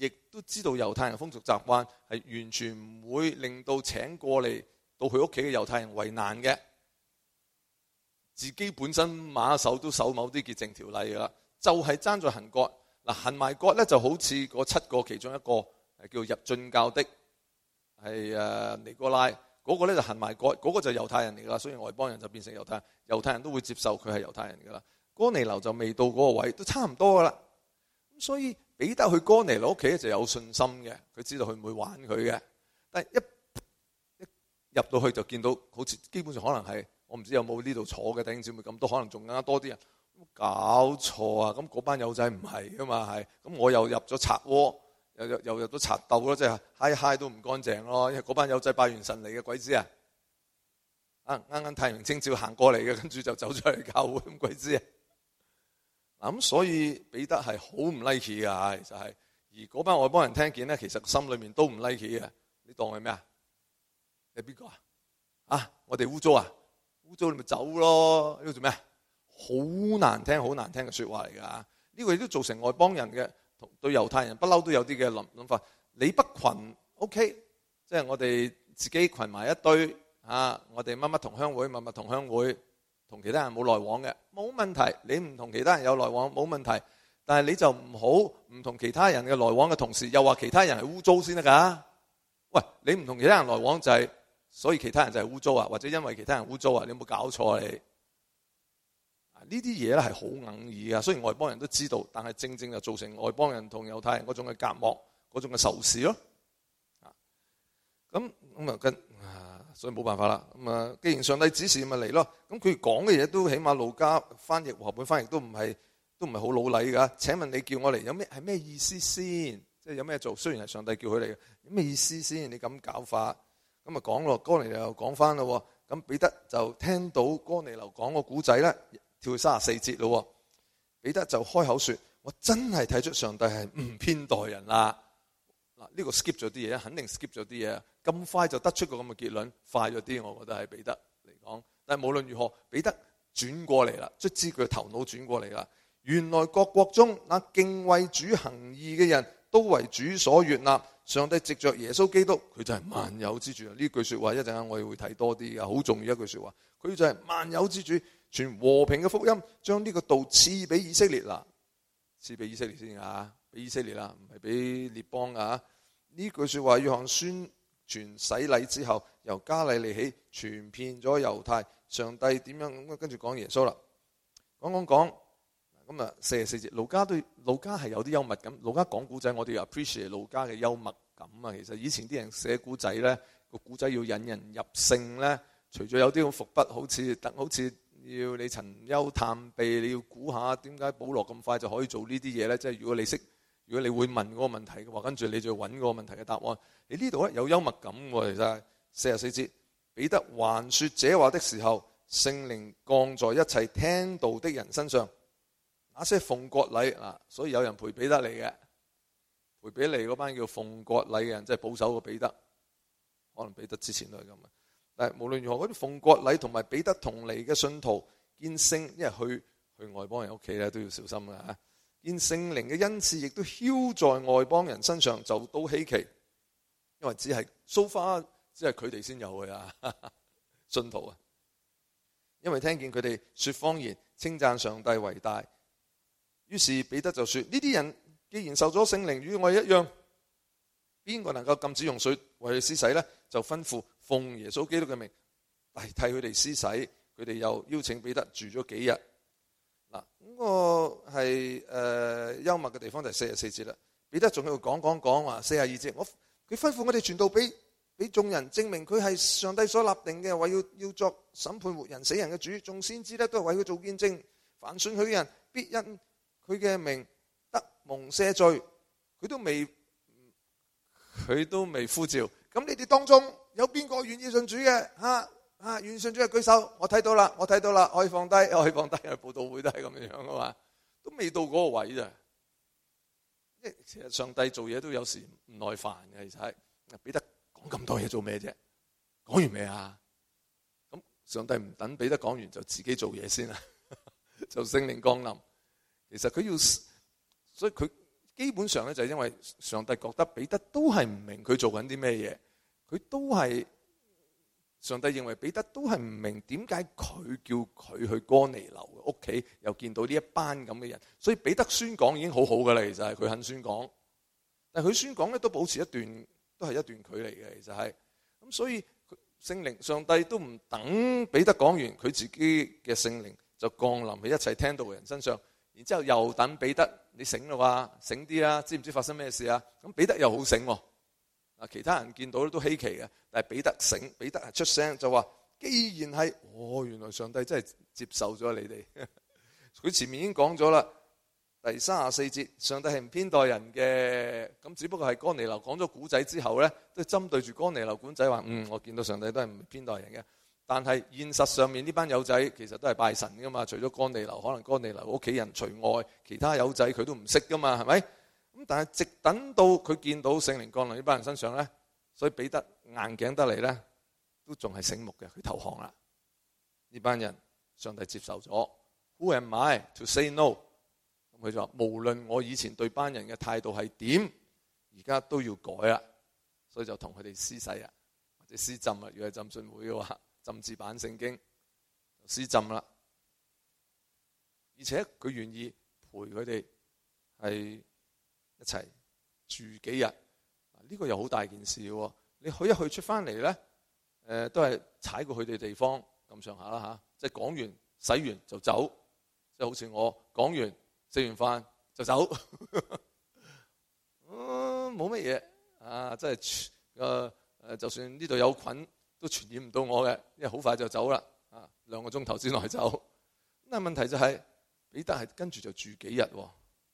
亦都知道猶太人風俗習慣，係完全唔會令到請過嚟到佢屋企嘅猶太人為難嘅。自己本身馬一手都守某啲潔淨條例噶啦，就係爭咗行割。嗱，行埋過咧就好似個七個其中一個係叫入進教的，係誒尼哥拉嗰個咧就行埋過，嗰、嗰個就猶、嗰個、太人嚟㗎，所以外邦人就變成猶太人。猶太人都會接受佢係猶太人㗎啦。哥尼流就未到嗰個位，都差唔多㗎啦。咁所以彼得去哥尼流屋企咧就有信心嘅，佢知道佢唔會玩佢嘅。但係一入到去就見到好似基本上可能係我唔知有冇呢度坐嘅弟兄姊妹咁多，可能仲更加多啲人。搞錯啊！咁嗰班友仔唔係噶嘛，係咁我又入咗賊窩，又又又入咗賊斗咯，即係嗨嗨都唔乾淨咯。因為嗰班友仔拜完神嚟嘅，鬼知啊，啱、啊、啱太陽清照行過嚟嘅，跟住就走出嚟教會，咁鬼知啊！嗱，咁所以彼得係好唔 like 嘅，就係而嗰班外邦人聽見咧，其實心裏面都唔 like 嘅。你當係咩啊？你邊個啊？啊，我哋污糟啊！污糟你咪走咯，呢度做咩？好難聽，好難聽嘅說話嚟噶，呢個亦都造成外邦人嘅同對猶太人不嬲都有啲嘅諗諗法。你不群，OK，即係我哋自己群埋一堆啊！我哋乜乜同鄉會，乜乜同鄉會，同其他人冇來往嘅，冇問題。你唔同其他人有來往，冇問題。但係你就唔好唔同其他人嘅來往嘅同時，又話其他人係污糟先得噶。喂，你唔同其他人來往就係，所以其他人就係污糟啊，或者因為其他人污糟啊，你有冇搞錯啊你？呢啲嘢咧係好硬耳啊！雖然外邦人都知道，但係正正就造成外邦人同猶太人嗰種嘅隔膜，嗰種嘅仇視咯。咁咁啊，跟啊，所以冇辦法啦。咁啊，既然上帝指示咪嚟咯。咁佢講嘅嘢都起碼老家翻譯和本翻譯都唔係都唔係好老禮㗎。請問你叫我嚟有咩係咩意思先？即係有咩做？雖然係上帝叫佢嚟嘅，有咩意思先？你咁搞法咁啊講咯。哥尼又講翻咯。咁彼得就聽到哥尼流講個故仔咧。跳三十四節咯，彼得就開口說：我真係睇出上帝係唔偏待人啦。嗱，呢個 skip 咗啲嘢，肯定 skip 咗啲嘢。咁快就得出個咁嘅結論，快咗啲，我覺得係彼得嚟講。但係無論如何，彼得轉過嚟啦，卒之，佢頭腦轉過嚟啦。原來各國中那敬畏主行義嘅人都為主所悦納，上帝藉着耶穌基督，佢就係萬有之主。呢、嗯、句說話一陣間我哋會睇多啲嘅，好重要的一句說話。佢就係萬有之主。全和平嘅福音，將呢個道賜俾以色列啦，賜俾以色列先啊，俾以色列啦，唔係俾列邦啊。呢句說話要向宣傳洗禮之後，由加利利起，傳遍咗猶太。上帝點樣跟住講耶穌啦，講講講咁啊，四十四節。路加對路加係有啲幽默感，路加講古仔，我哋又 appreciate 路加嘅幽默感啊。其實以前啲人寫古仔咧，個古仔要引人入勝咧，除咗有啲咁伏筆，好似但好似。要你尋幽探秘，你要估下點解保羅咁快就可以做這些事情呢啲嘢咧？即係如果你識，如果你會問嗰個問題嘅話，跟住你就要揾嗰個問題嘅答案。你呢度咧有幽默感喎，其實四十四節，彼得還説這話的時候，聖靈降在一切聽道的人身上。那些奉國禮啊，所以有人陪彼得嚟嘅，陪彼得嚟嗰班叫奉國禮嘅人，即係保守嘅彼得，可能彼得之前都係咁嘅。但無論如何，嗰啲奉割禮同埋彼得同嚟嘅信徒見聖，因為去去外邦人屋企咧都要小心噶吓。見聖靈嘅恩賜，亦都澆在外邦人身上，就都稀奇，因為只係 so far, 只係佢哋先有嘅啊信徒啊。因為聽見佢哋說方言，稱讚上帝為大，於是彼得就說：呢啲人既然受咗聖靈與我一樣，邊個能夠禁止用水為佢施洗呢？就吩咐。奉耶穌基督嘅名，代替佢哋施洗，佢哋又邀請彼得住咗幾日。嗱、那個，咁個係誒幽默嘅地方就係四十四節啦。彼得仲喺度講講講話，四十二節，我佢吩咐我哋傳道俾俾眾人證明佢係上帝所立定嘅，為要要作審判活人死人嘅主。眾先知咧都係為佢做見證，凡信佢嘅人必因佢嘅名得蒙赦罪。佢都未，佢都未呼召。咁你哋當中有邊個願意信主嘅？吓、啊、吓、啊，願信主嘅舉手，我睇到啦，我睇到啦，我可以放低，我可以放低。報道會都係咁樣噶嘛，都未到嗰個位啫。其實上帝做嘢都有時唔耐煩嘅，其實彼得講咁多嘢做咩啫？講完未啊？咁上帝唔等彼得講完就自己做嘢先啦，就聖靈降臨。其實佢要，所以佢。基本上咧，就係因為上帝覺得彼得都係唔明佢做緊啲咩嘢，佢都係上帝認為彼得都係唔明點解佢叫佢去哥尼流嘅屋企，又見到呢一班咁嘅人，所以彼得宣講已經好好噶啦，其實係佢肯宣講，但係佢宣講咧都保持一段，都係一段距離嘅，其實係咁，所以聖靈上帝都唔等彼得講完，佢自己嘅聖靈就降臨喺一切聽到嘅人身上。然之後又等彼得，你醒啦喎、啊，醒啲啦、啊，知唔知發生咩事啊？咁彼得又好醒喎、啊，啊其他人見到都稀奇嘅，但係彼得醒，彼得係出聲就話：既然係，哦，原來上帝真係接受咗你哋。佢 前面已經講咗啦，第三十四節，上帝係唔偏待人嘅，咁只不過係哥尼流講咗古仔之後咧，都針對住哥尼流管仔話：嗯，我見到上帝都係唔偏待人嘅。但係現實上面呢班友仔其實都係拜神噶嘛，除咗哥尼流可能哥尼流屋企人除外，其他友仔佢都唔識噶嘛，係咪？咁但係直等到佢見到聖靈降臨呢班人身上咧，所以彼得硬頸得嚟咧，都仲係醒目嘅，佢投降啦。呢班人上帝接受咗。Who am I to say no？咁佢就話：無論我以前對班人嘅態度係點，而家都要改啦。所以就同佢哋施洗啊，或者施浸啊，如果係浸信會嘅話。浸字版聖經，就施浸啦，而且佢願意陪佢哋係一齊住幾日，呢個又好大件事喎！你去一去出翻嚟咧，誒，都係踩過佢哋地方咁上下啦吓，即係講完洗完就走，即係好似我講完食完飯就走，嗯，冇乜嘢啊，即係誒，就算呢度有菌。都傳染唔到我嘅，因為好快就走啦。啊，兩個鐘頭之內走。咁啊，問題就係，彼得係跟住就住幾日喎。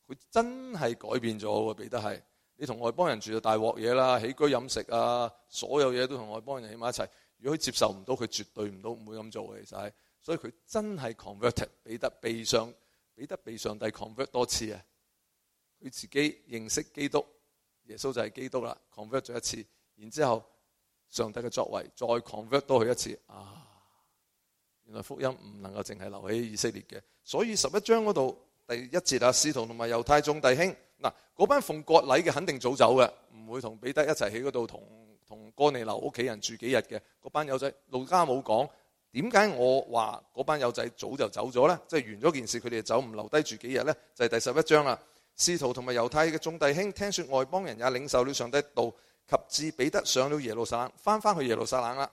佢真係改變咗喎，彼得係。你同外邦人住就大鑊嘢啦，起居飲食啊，所有嘢都同外邦人喺埋一齊。如果佢接受唔到，佢絕對唔到唔會咁做嘅，其實係。所以佢真係 converted，彼得被上彼得被上帝 convert 多次啊。佢自己認識基督耶穌就係基督啦，convert 咗一次，然之後。上帝嘅作為再 convert 多佢一次啊！原來福音唔能夠淨係留喺以色列嘅，所以十一章嗰度第一節啊，使徒同埋猶太眾弟兄嗱，嗰班奉割禮嘅肯定早走嘅，唔會同彼得一齊喺嗰度同同哥尼流屋企人住幾日嘅。嗰班友仔，路加冇講點解我話嗰班友仔早就走咗呢？即係完咗件事佢哋就走，唔留低住幾日呢？就係、是就是、第十一章啦。使徒同埋猶太嘅眾弟兄聽說外邦人也領受了上帝道。及至彼得上了耶路撒冷，翻翻去耶路撒冷啦。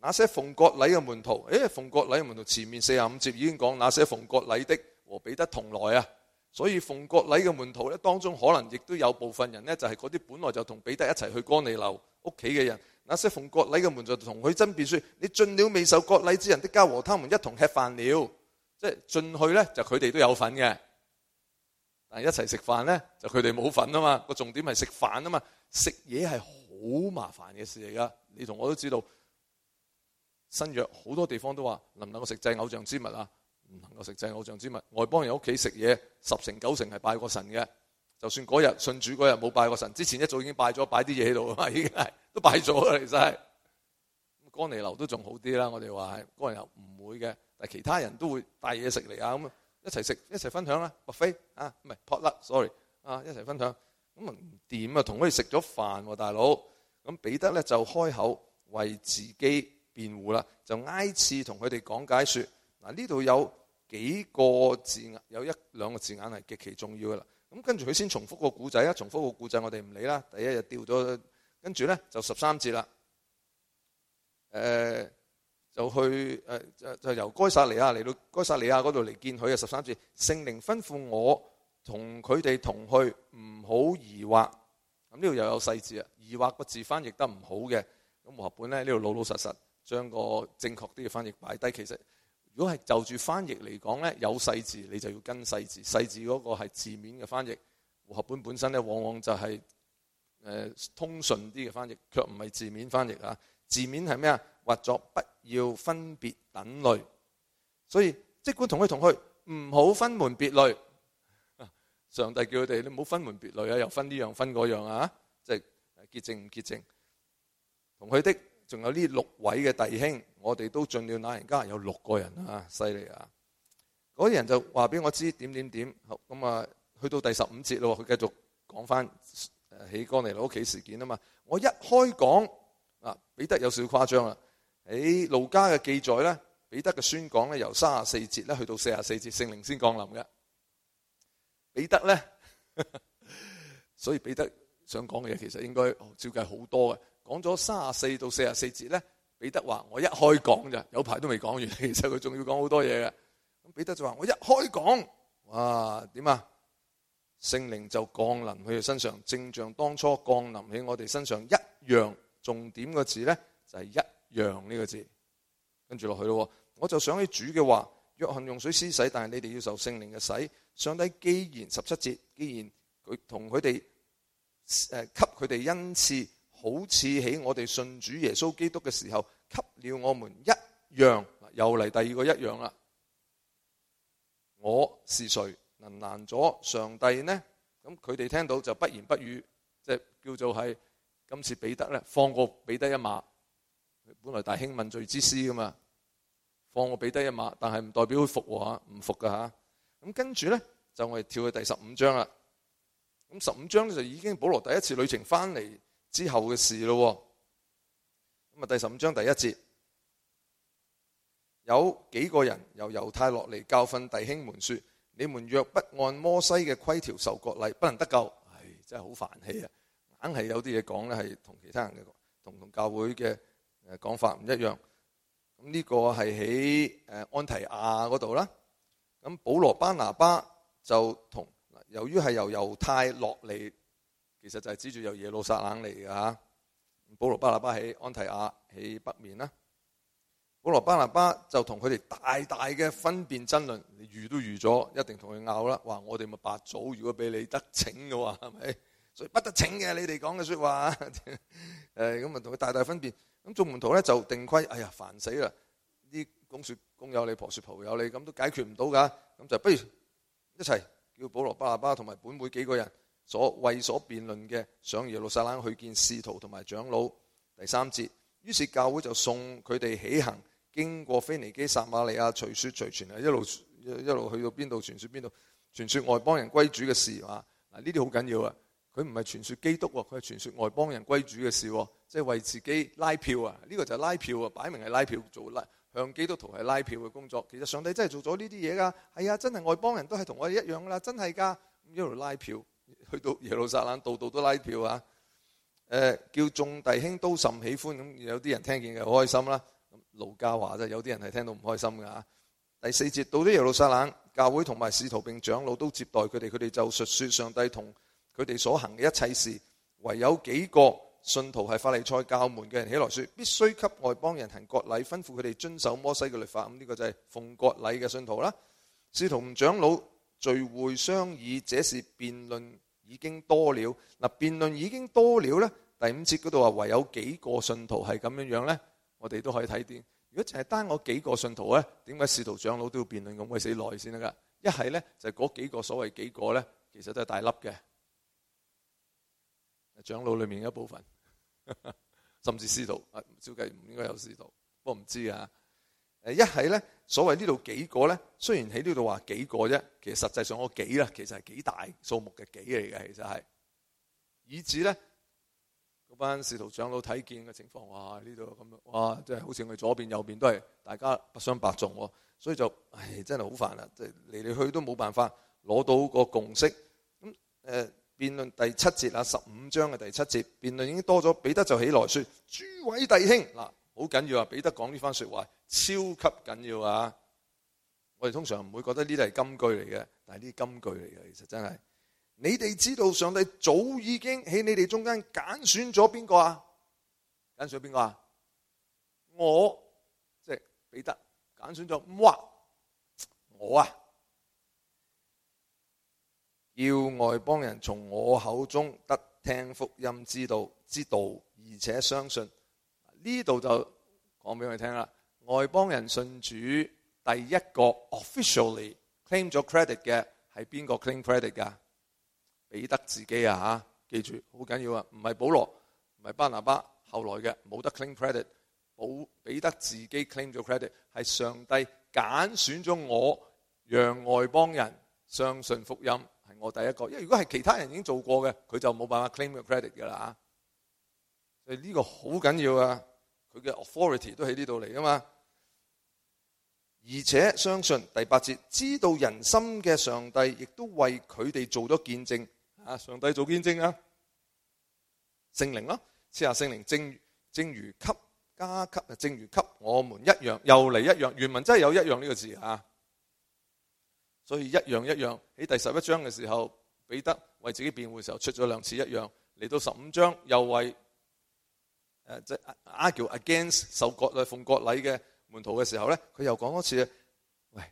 那些奉割禮嘅門徒，咦、哎？奉割禮嘅門徒前面四十五節已經講，那些奉割禮的和彼得同來啊。所以奉割禮嘅門徒咧，當中可能亦都有部分人咧，就係嗰啲本來就同彼得一齊去哥尼流屋企嘅人。那些奉割禮嘅門徒就同佢爭辯説：你進了未受割禮之人的家，和他們一同吃飯了，即係進去咧，就佢哋都有份嘅。嗱，但一齊食飯咧，就佢哋冇份啊嘛。個重點係食飯啊嘛。食嘢係好麻煩嘅事嚟噶。你同我都知道，新約好多地方都話：能唔能夠食祭偶像之物啊，唔能夠食祭偶像之物。外邦人屋企食嘢，十成九成係拜過神嘅。就算嗰日信主嗰日冇拜過神，之前一早已經拜咗，擺啲嘢喺度啊嘛，已經係都拜咗啦， 其實係，哥尼流都仲好啲啦，我哋話係哥尼流唔會嘅，但係其他人都會帶嘢食嚟啊咁。一齊食，一齊分享啦！莫非、ah, ah, 啊，唔係 potluck，sorry 啊，一齊分享咁啊唔掂啊，同佢哋食咗飯喎，大佬。咁彼得咧就開口為自己辯護啦，就挨次同佢哋講解説嗱，呢、啊、度有幾個字眼，有一兩個字眼係極其重要噶啦。咁跟住佢先重複個故仔啊，重複個故仔我哋唔理啦。第一日掉咗，跟住咧就十三節啦。誒、uh,。就去誒就就由該撒利亞嚟到該撒利亞嗰度嚟見佢啊！十三節，聖靈吩咐我同佢哋同去，唔好疑惑。咁呢度又有細字啊！疑惑個字翻譯得唔好嘅，咁和合本咧呢度老老實實將個正確啲嘅翻譯擺低。其實如果係就住翻譯嚟講咧，有細字你就要跟細字。細字嗰個係字面嘅翻譯，和合本本身咧往往就係、是、誒、呃、通順啲嘅翻譯，卻唔係字面翻譯啊！字面係咩啊？或作不要分別等類，所以即管同去同去，唔好分，分門別類。上帝叫佢哋，你唔好分門別類啊，又分呢樣分嗰樣啊，即係潔淨唔潔淨。同佢的仲有呢六位嘅弟兄，我哋都盡了老人家有六個人啊，犀利啊！嗰啲人就話俾我知點點點，咁啊去到第十五節咯，佢繼續講翻起哥尼流屋企事件啊嘛。我一開講啊，彼得有少少誇張誒，路加嘅記載咧，彼得嘅宣講咧，由三十四節咧去到四十四節，聖靈先降臨嘅。彼得咧， 所以彼得想講嘅嘢其實應該、哦、照計好多嘅，講咗三十四到四十四節咧，彼得話我一開講咋，有排都未講完，其實佢仲要講好多嘢嘅。咁彼得就話我一開講，哇，點啊？聖靈就降臨佢哋身上，正像當初降臨喺我哋身上一樣。重點嘅字咧就係一。「羊」呢個字跟住落去咯，我就想起主嘅話：約翰用水施洗，但係你哋要受聖靈嘅洗。上帝既然十七節，既然佢同佢哋誒，給佢哋恩賜，好似喺我哋信主耶穌基督嘅時候，給了我們一樣，又嚟，第二個一樣啦。我是誰能難？難咗上帝呢？咁佢哋聽到就不言不語，即係叫做係今次彼得呢，放過彼得一馬。本來大興問罪之師噶嘛，放我俾低一馬，但係唔代表佢服我唔服噶吓。咁跟住呢，就我哋跳去第十五章啦。咁十五章就已經保羅第一次旅程翻嚟之後嘅事咯。咁啊，第十五章第一節有幾個人由猶太落嚟教訓弟兄們說：你們若不按摩西嘅規條受割禮，不能得救。唉，真係好煩氣啊！硬係有啲嘢講咧，係同其他人嘅，同同教會嘅。誒講法唔一樣，咁、這、呢個係喺誒安提亞嗰度啦。咁保羅巴拿巴就同由於係由猶太落嚟，其實就係指住由耶路撒冷嚟㗎吓。保羅巴拿巴喺安提亞喺北面啦。保羅巴拿巴就同佢哋大大嘅分辨爭論，預都預咗一定同佢拗啦。話我哋咪白做，如果俾你得逞嘅話，係咪？所以不得逞嘅你哋講嘅説話，誒咁啊同佢大大分辨。咁眾門徒咧就定規，哎呀煩死啦！啲公説公有理，婆説婆有理，咁都解決唔到噶。咁就不如一齊叫保羅、巴拿巴同埋本會幾個人所為所辯論嘅，上耶路撒冷去見使徒同埋長老。第三節，於是教會就送佢哋起行，經過腓尼基、撒馬利亞，隨説隨傳啊，一路一路去到邊度傳説邊度，傳説外邦人歸主嘅事啊。嗱呢啲好緊要啊！佢唔係傳說基督，佢係傳說外邦人歸主嘅事，即係為自己拉票啊！呢個就係拉票啊，擺明係拉票做拉向基督徒係拉票嘅工作。其實上帝真係做咗呢啲嘢噶，係啊，真係外邦人都係同我哋一樣噶啦，真係噶，一路拉票去到耶路撒冷，度度都拉票啊！誒，叫眾弟兄都甚喜歡，咁有啲人聽見嘅好開心啦。盧家華啫，有啲人係聽到唔開心噶。第四節，到咗耶路撒冷，教會同埋使徒並長老都接待佢哋，佢哋就述説上帝同。佢哋所行嘅一切事，唯有幾個信徒係法利賽教門嘅人起來說，必須給外邦人行割禮，吩咐佢哋遵守摩西嘅律法。咁、這、呢個就係奉割禮嘅信徒啦。使徒長老聚會商議，這是辯論已經多了。嗱，辯論已經多了呢。第五節嗰度話，唯有幾個信徒係咁樣樣呢，我哋都可以睇啲。如果淨係單我幾個信徒呢，點解使徒長老都要辯論咁鬼死耐先得噶。一係呢，就嗰、是、幾個所謂幾個呢，其實都係大粒嘅。長老裏面一部分，甚至使徒，照計唔應該有使徒，不過唔知啊。誒，一係咧，所謂呢度幾個咧，雖然喺呢度話幾個啫，其實實際上我幾咧，其實係幾大數目嘅幾嚟嘅，其實係。以至咧，嗰班使徒長老睇見嘅情況，哇！呢度咁樣，哇！即係好似我哋左邊右邊都係大家不相伯仲，所以就唉、哎，真係好煩啊！即係嚟嚟去都冇辦法攞到個共識。咁、嗯、誒。呃辯論第七節啊，十五章嘅第七節，辯論已經多咗。彼得就起來說：諸位弟兄，嗱，好緊要啊！彼得講呢番說話，超級緊要啊！我哋通常唔會覺得呢啲係金句嚟嘅，但係呢啲金句嚟嘅，其實真係。你哋知道上帝早已經喺你哋中間揀選咗邊個啊？揀選邊個啊？我，即係彼得，揀選咗我，我啊！要外邦人從我口中得聽福音之道，知道，而且相信。呢度就講俾佢聽啦。外邦人信主第一個 officially claim 咗 credit 嘅係邊個 claim credit 噶彼得自己啊吓，記住好緊要啊，唔係保羅，唔係巴拿巴，後來嘅冇得 claim credit，保彼得自己 claim 咗 credit，係上帝揀選咗我，讓外邦人相信福音。我第一個，因為如果係其他人已經做過嘅，佢就冇辦法 claim 個 credit 嘅啦啊！就呢個好緊要啊，佢嘅 authority 都喺呢度嚟啊嘛。而且相信第八節，知道人心嘅上帝，亦都為佢哋做咗見證啊！上帝做見證啊，聖靈咯，賜下聖靈，正正如給加給啊，正如給我們一樣，又嚟一樣。原文真係有一樣呢個字啊！所以一樣一樣，喺第十一章嘅時候，彼得為自己辯護嘅時候，出咗兩次一樣。嚟到十五章，又為誒即係 argue against 受割嘅奉割禮嘅門徒嘅時候咧，佢又講多次咧，喂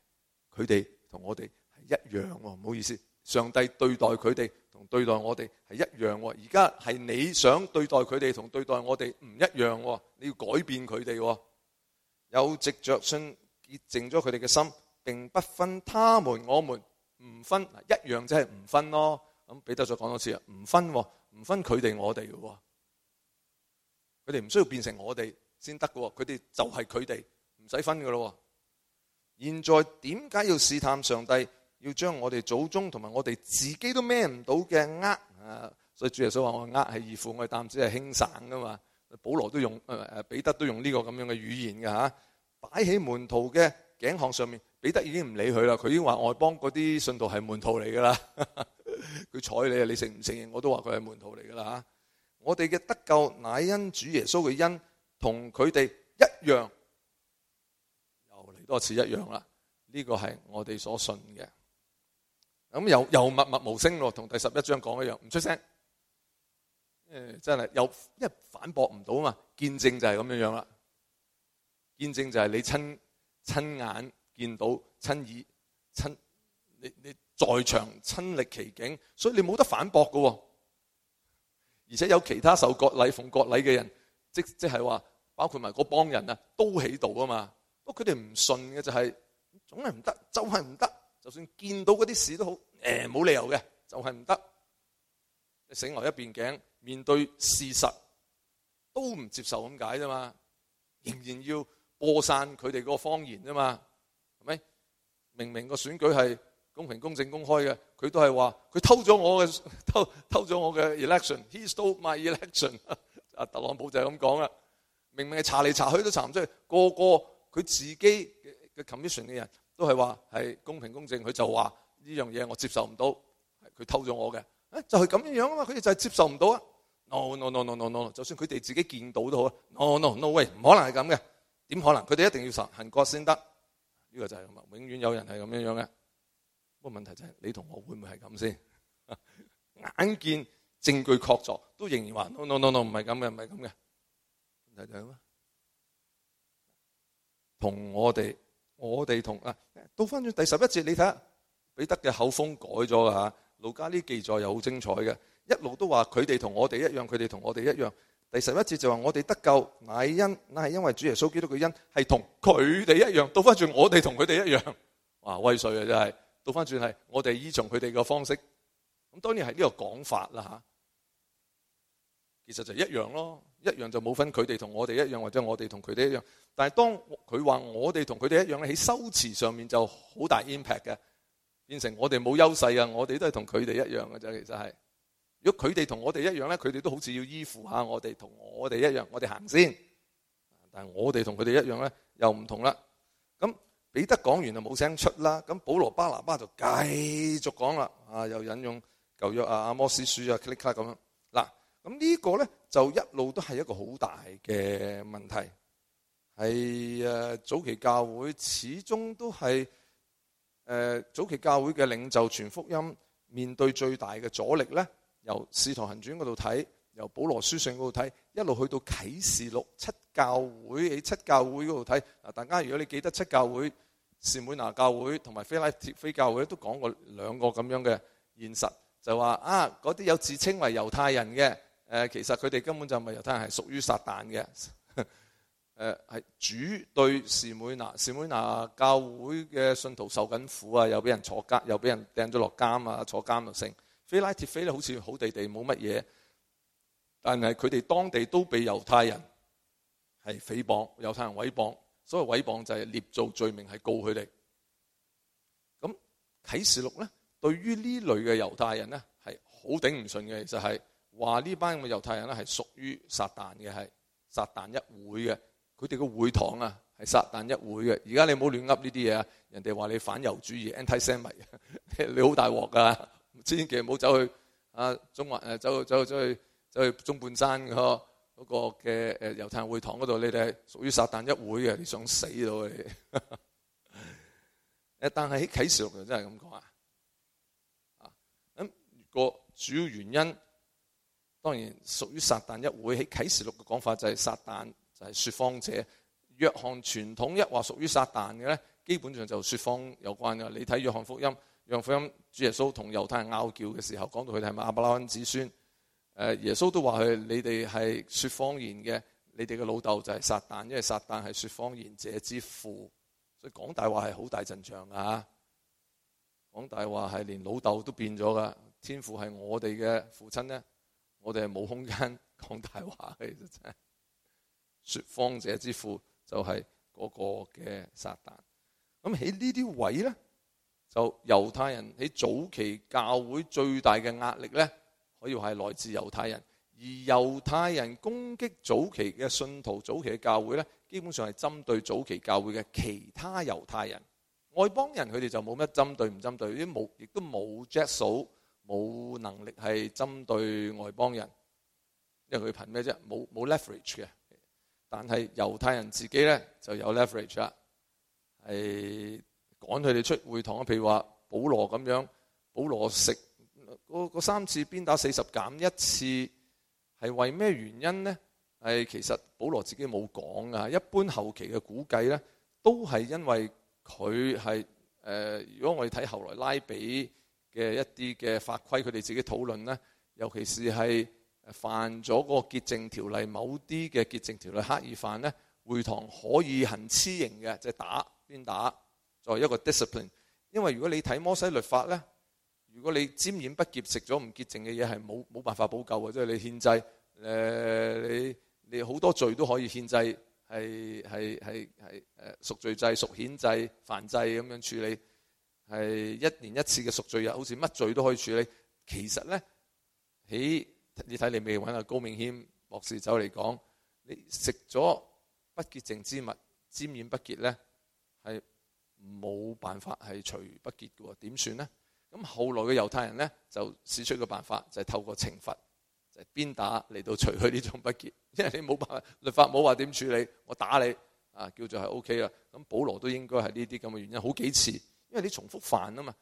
佢哋同我哋係一樣喎，唔好意思，上帝對待佢哋同對待我哋係一樣喎，而家係你想對待佢哋同對待我哋唔一樣喎，你要改變佢哋喎，有直着信潔淨咗佢哋嘅心。並不分，他們我們唔分，一樣就係唔分咯。咁彼得再講多次啊，唔分，唔分佢哋我哋嘅，佢哋唔需要變成我哋先得嘅，佢哋就係佢哋，唔使分嘅咯。現在點解要試探上帝？要將我哋祖宗同埋我哋自己都孭唔到嘅軛，所以主耶穌話我軛係易負，我嘅擔子係輕省嘅嘛。保羅都用，誒彼得都用呢個咁樣嘅語言嘅嚇，擺喺門徒嘅頸項上面。彼得已經唔理佢啦，佢已經話外邦嗰啲信徒係門徒嚟噶啦，佢睬你啊！你承唔承認我？我都話佢係門徒嚟噶啦吓。我哋嘅得救乃因主耶穌嘅恩，同佢哋一樣，又嚟多次一樣啦。呢、呢個係我哋所信嘅。咁又又默默無聲咯，同第十一章講一樣，唔出聲。誒、嗯，真係又因為反駁唔到嘛，見證就係咁樣樣啦。見證就係你親親眼見到親耳親，你你在場親歷其境，所以你冇得反駁喎。而且有其他受割禮奉割禮嘅人，即即係話包括埋嗰幫人啊，都喺度啊嘛。不過佢哋唔信嘅就係、是、總係唔得，就係唔得。就算見到嗰啲事都好，誒、欸、冇理由嘅，就係唔得。醒來一邊頸面對事實都唔接受咁解啫嘛，仍然要播散佢哋嗰個謊言啫嘛。咪明明個選舉係公平公正公開嘅，佢都係話佢偷咗我嘅偷偷咗我嘅 election，he stole my election。阿特朗普就係咁講啊！明明係查嚟查去都查唔出，個個佢自己嘅 commission 嘅人都係話係公平公正，佢就話呢樣嘢我接受唔到，佢偷咗我嘅。誒、哎、就係、是、咁樣樣啊嘛，佢哋就係接受唔到啊！No no no no no no，就算佢哋自己見到都好啊！No no no way，唔可能係咁嘅，點可能？佢哋一定要實行過先得。呢個就係咁啊！永遠有人係咁樣樣嘅，不過問題就係、是、你同我會唔會係咁先？ 眼見證據確鑿，都仍然話 no no no no 唔係咁嘅，唔係咁嘅。問題就係咁？同我哋，我哋同啊，倒翻轉第十一節，你睇下彼得嘅口風改咗噶吓。路、啊、加呢記載又好精彩嘅，一路都話佢哋同我哋一樣，佢哋同我哋一樣。第十一節就話我哋得救，乃因乃係因為主耶穌基督嘅恩，係同佢哋一樣，倒翻轉我哋同佢哋一樣，哇威水啊真係！倒翻轉係我哋依從佢哋嘅方式，咁當然係呢個講法啦吓。其實就一樣咯，一樣就冇分佢哋同我哋一樣，或者我哋同佢哋一樣。但係當佢話我哋同佢哋一樣喺修辭上面就好大 impact 嘅，變成我哋冇優勢啊！我哋都係同佢哋一樣嘅啫，其實係。如果佢哋同我哋一樣咧，佢哋都好似要依附一下我哋，同我哋一樣，我哋行先走。但係我哋同佢哋一樣咧，又唔同啦。咁彼得講完就冇聲出啦。咁保羅巴拿巴就繼續講啦。啊，又引用舊約啊，阿摩司書啊，click click 咁樣。嗱，咁呢個咧就一路都係一個好大嘅問題。係啊，早期教會始終都係誒、啊，早期教會嘅領袖全福音面對最大嘅阻力咧。由《使徒行傳》嗰度睇，由保羅書信嗰度睇，一路去到《啟示錄》七教會，喺七教會嗰度睇。嗱，大家如果你記得七教會，士妹拿教會同埋腓拉鐵非教會都講過兩個咁樣嘅現實，就話啊，嗰啲有自稱為猶太人嘅，誒，其實佢哋根本就唔係猶太人，係屬於撒旦嘅。誒，係主對士妹拿，士妹拿教會嘅信徒受緊苦啊，又俾人坐監，又俾人掟咗落監啊，坐監就剩。腓拉鐵非咧，好似好地地冇乜嘢，但係佢哋當地都被猶太人係誹謗、猶太人毀謗。所謂毀謗就係捏造罪名，係告佢哋。咁啟示錄咧，對於呢類嘅猶太人咧，係好頂唔順嘅，就係話呢班嘅猶太人咧係屬於撒旦嘅，係撒旦一會嘅。佢哋嘅會堂啊，係撒但一會嘅。而家你唔好亂噏呢啲嘢啊，人哋話你反猶主義、a n t i s e m i 你好大鑊噶。千祈唔好走去啊中環誒，走去走去走去走去中半山個嗰個嘅誒猶太會堂嗰度，你哋係屬於撒但一會嘅，你想死到你誒！但係喺啟示錄就真係咁講啊啊，咁，個主要原因當然屬於撒但一會喺啟示錄嘅講法就係撒但就係説謊者。約翰傳統一話屬於撒但嘅咧，基本上就説謊有關嘅。你睇約翰福音。讓福音，主耶穌同猶太人拗叫嘅時候，講到佢哋係亞伯拉罕子孫，誒，耶穌都話佢：你哋係說方言嘅，你哋嘅老豆就係撒旦，因為撒旦係說方言者之父，所以講大話係好大陣仗噶吓，講大話係連老豆都變咗噶，天父係我哋嘅父親呢，我哋係冇空間講大話嘅，真係，說方者之父就係嗰個嘅撒旦。咁喺呢啲位咧。就猶太人喺早期教會最大嘅壓力咧，可以話係來自猶太人。而猶太人攻擊早期嘅信徒，早期嘅教會咧，基本上係針對早期教會嘅其他猶太人。外邦人佢哋就冇乜針對，唔針對啲冇，亦都冇質素，冇能力係針對外邦人，因為佢憑咩啫？冇冇 leverage 嘅。但係猶太人自己咧就有 leverage 啦，係。趕佢哋出會堂，譬如話保羅咁樣，保羅食嗰三次鞭打四十減一次，係為咩原因呢？係其實保羅自己冇講啊。一般後期嘅估計呢，都係因為佢係誒。如果我哋睇後來拉比嘅一啲嘅法規，佢哋自己討論呢，尤其是係犯咗嗰個潔淨條例，某啲嘅潔淨條例刻意犯呢，會堂可以行笞刑嘅，就係打，鞭打。在一個 discipline，因為如果你睇摩西律法咧，如果你沾染不潔，食咗唔潔淨嘅嘢，係冇冇辦法補救嘅，即係你獻祭誒、呃，你你好多罪都可以獻祭，係係係係誒贖罪祭、贖愆祭、燔祭咁樣處理，係一年一次嘅贖罪日，好似乜罪都可以處理。其實咧，喺你睇你未揾阿高明謙博士走嚟講，你食咗不潔淨之物、沾染不潔咧，係。冇辦法係除不潔嘅喎，點算呢？咁後來嘅猶太人呢，就使出個辦法，就係透過懲罰，就係鞭打嚟到除去呢種不潔，因為你冇辦法律法冇話點處理，我打你啊，叫做係 OK 啦。咁保羅都應該係呢啲咁嘅原因，好幾次，因為你重複犯啊嘛，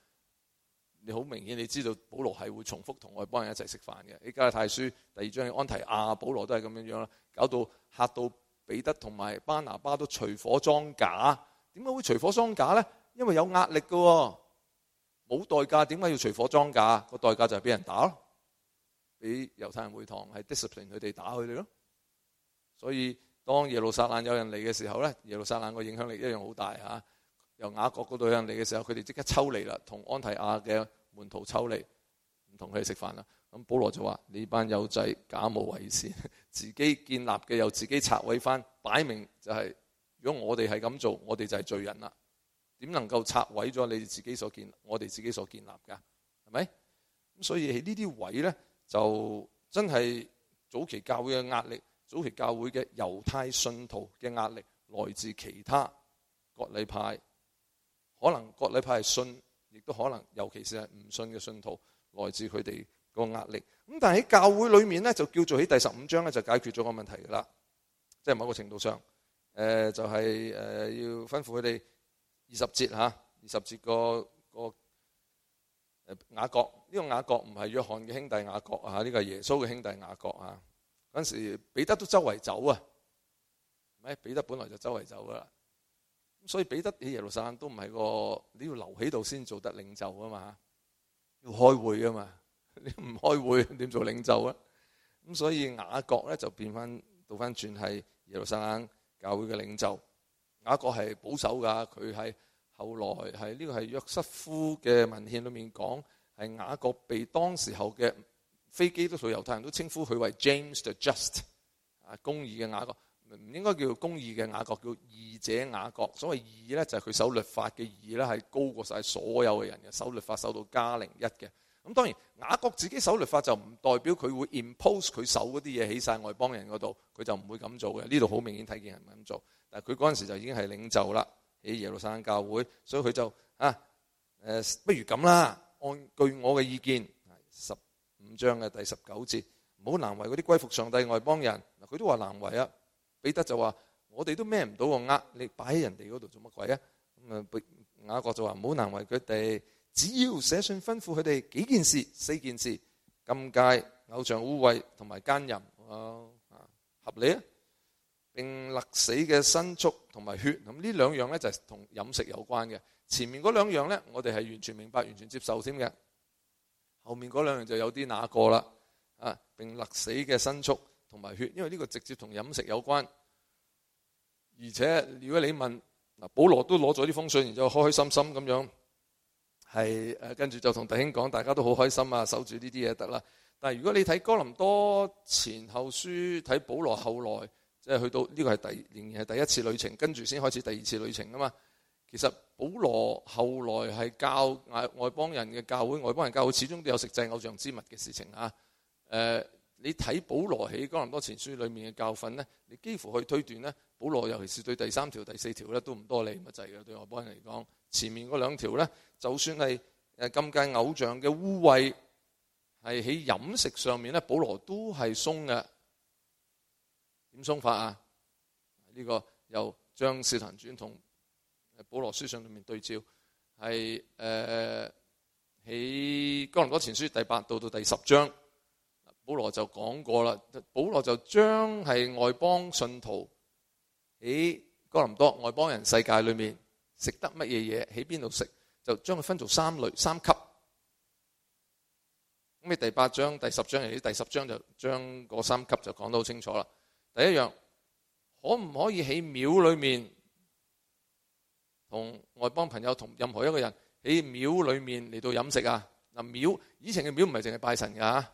你好明顯你知道保羅係會重複同我哋幫人一齊食飯嘅。你家加拉太書第二章嘅安提阿保羅都係咁樣樣啦，搞到嚇到彼得同埋巴拿巴都隨夥裝假。點解會除火裝假咧？因為有壓力噶、哦，冇代價，點解要除火裝假？個代價就係俾人打咯，俾猶太人會堂係 discipline 佢哋，打佢哋咯。所以當耶路撒冷有人嚟嘅時候咧，耶路撒冷個影響力一樣好大吓、啊。由雅各嗰度有人嚟嘅時候，佢哋即刻抽離啦，同安提亞嘅門徒抽離，唔同佢哋食飯啦。咁保羅就話：呢班友仔假冒為善，自己建立嘅又自己拆毀翻，擺明就係、是。如果我哋係咁做，我哋就係罪人啦。點能夠拆毀咗你自己所建，我哋自己所建立噶？係咪？咁所以喺呢啲位咧，就真係早期教會嘅壓力，早期教會嘅猶太信徒嘅壓力，來自其他割禮派，可能割禮派係信，亦都可能，尤其是係唔信嘅信徒，來自佢哋個壓力。咁但係喺教會裏面咧，就叫做喺第十五章咧，就解決咗個問題噶啦，即係某個程度上。誒、呃，就係、是、誒、呃，要吩咐佢哋二十節吓，二、啊、十節的個個雅各，呢個雅各唔係約翰嘅兄弟雅各啊，呢、這個係耶穌嘅兄弟雅各啊。嗰時彼得都周圍走啊，咪彼得本來就周圍走噶啦，咁所以彼得喺耶路撒冷都唔係個，你要留喺度先做得領袖啊嘛，要開會啊嘛，你唔開會點做領袖啊？咁所以雅各咧就變翻倒翻轉係耶路撒冷。教會嘅領袖，雅各係保守噶，佢係後來係呢、這個係約瑟夫嘅文獻裏面講，係雅各被當時候嘅非基督徒猶太人都稱呼佢為 James the Just，啊公義嘅雅各，唔應該叫公義嘅雅各，叫義者雅各。所謂義呢，就係佢守律法嘅義呢，係高過晒所有嘅人嘅，守律法守到加零一嘅。咁當然，雅各自己守律法就唔代表佢會 impose 佢守嗰啲嘢起曬外邦人嗰度，佢就唔會咁做嘅。呢度好明顯睇見係唔咁做，但佢嗰陣時就已經係領袖啦，喺耶路撒冷教會，所以佢就啊、呃，不如咁啦，按據我嘅意見，十五章嘅第十九節，唔好難為嗰啲歸服上帝外邦人。佢都話難為啊，彼得就話我哋都孭唔到喎，呃你擺喺人哋嗰度做乜鬼啊？咁啊，雅各就話唔好難為佢哋。只要寫信吩咐佢哋幾件事，四件事：禁戒、偶像污穢同埋奸淫，啊，合理啊，並勒死嘅牲畜同埋血。咁呢兩樣呢，就係同飲食有關嘅。前面嗰兩樣呢，我哋係完全明白、完全接受添嘅。後面嗰兩樣就有啲那個啦。啊，並勒死嘅牲畜同埋血，因為呢個直接同飲食有關，而且如果你問嗱，保羅都攞咗啲封信，然之後開開心心咁樣。係誒，跟住就同弟兄講，大家都好開心啊！守住呢啲嘢得啦。但係如果你睇哥林多前後書，睇保羅後來，即係去到呢個係第，仍然係第一次旅程，跟住先開始第二次旅程啊嘛。其實保羅後來係教外外邦人嘅教會，外邦人教會始終都有食祭偶像之物嘅事情啊。呃，你睇保羅喺哥林多前書裏面嘅教訓呢，你幾乎可以推斷呢，保羅尤其是對第三條、第四條呢都唔多理乜滯嘅，對外邦人嚟講。前面嗰兩條咧，就算係誒禁戒偶像嘅污穢，係喺飲食上面咧，保羅都係鬆嘅。點鬆法啊？呢、這個又將《使徒行傳》同保羅書信裏面對照，係誒，喺、呃《哥林多前書》第八到到第十章，保羅就講過啦。保羅就將係外邦信徒喺哥林多外邦人世界裏面。食得乜嘢嘢，喺邊度食，就將佢分做三類、三級。咁你第八章、第十章，甚至第十章就將嗰三級就講得好清楚啦。第一樣，可唔可以喺廟裏面同外邦朋友同任何一個人喺廟裏面嚟到飲食啊？嗱，廟以前嘅廟唔係淨係拜神噶，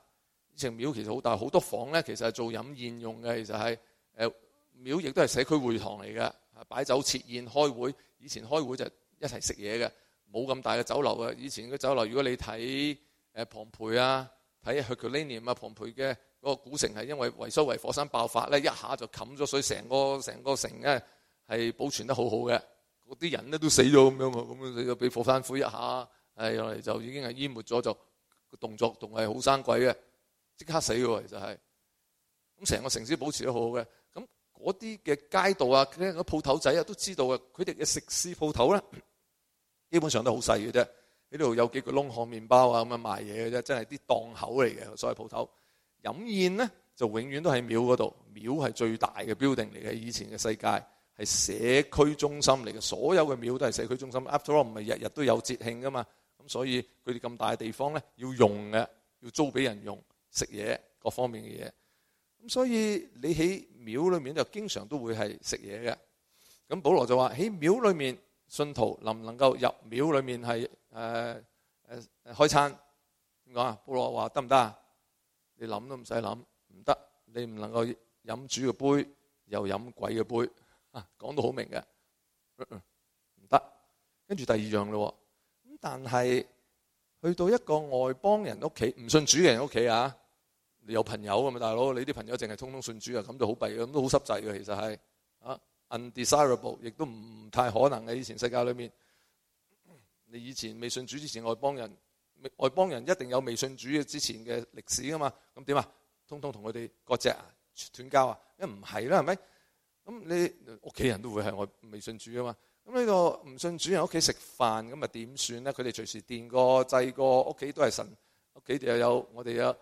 以前，廟，以前廟其實好大，好多房咧，其實係做飲宴用嘅，其實係誒、呃、廟亦都係社區會堂嚟嘅。擺酒設宴、開會，以前開會就一齊食嘢嘅，冇咁大嘅酒樓嘅。以前嘅酒樓，如果你睇誒龐培啊，睇 Herculaneum 啊，龐培嘅個古城係因為維修維火山爆發咧，一下就冚咗，所以成個成個城咧係保存得好好嘅。嗰啲人咧都死咗咁樣啊，咁你就俾火山灰一下，係、哎、嚟就已經係淹沒咗，就個動作仲係好生鬼嘅，即刻死嘅喎，其實係咁成個城市保持得好好嘅。嗰啲嘅街道啊，佢啲個鋪頭仔啊，都知道啊，佢哋嘅食肆鋪頭咧，基本上都好細嘅啫。呢度有幾個窿巷麵包啊咁樣賣嘢嘅啫，真係啲檔口嚟嘅，所謂鋪頭。飲宴咧就永遠都喺廟嗰度，廟係最大嘅 building 嚟嘅。以前嘅世界係社區中心嚟嘅，所有嘅廟都係社區中心。After all 唔係日日都有節慶噶嘛，咁所以佢哋咁大嘅地方咧要用嘅，要租俾人用食嘢各方面嘅嘢。咁所以你喺廟裏面就經常都會係食嘢嘅，咁保羅就話喺廟裏面，信徒能唔能夠入廟裏面係誒誒開餐？點講啊？保羅話得唔得啊？你諗都唔使諗，唔得，你唔能夠飲主嘅杯，又飲鬼嘅杯，啊，講到好明嘅，嗯、唔得。跟住第二樣咯，咁但係去到一個外邦人屋企，唔信主嘅人屋企啊。你有朋友啊嘛，大佬，你啲朋友淨係通通信主啊，咁就好弊嘅，咁都好濕滯嘅，其實係啊，undesirable，亦都唔太可能喺以前世界裏面，你以前未信主之前，外邦人外邦人一定有未信主嘅之前嘅歷史噶嘛。咁點啊？通通同佢哋割席啊，斷交啊，因為唔係啦，係咪？咁你屋企人都會係外未信主啊嘛。咁呢個唔信主人屋企食飯，咁咪點算咧？佢哋隨時電過、祭過屋企都係神，屋企又有我哋有，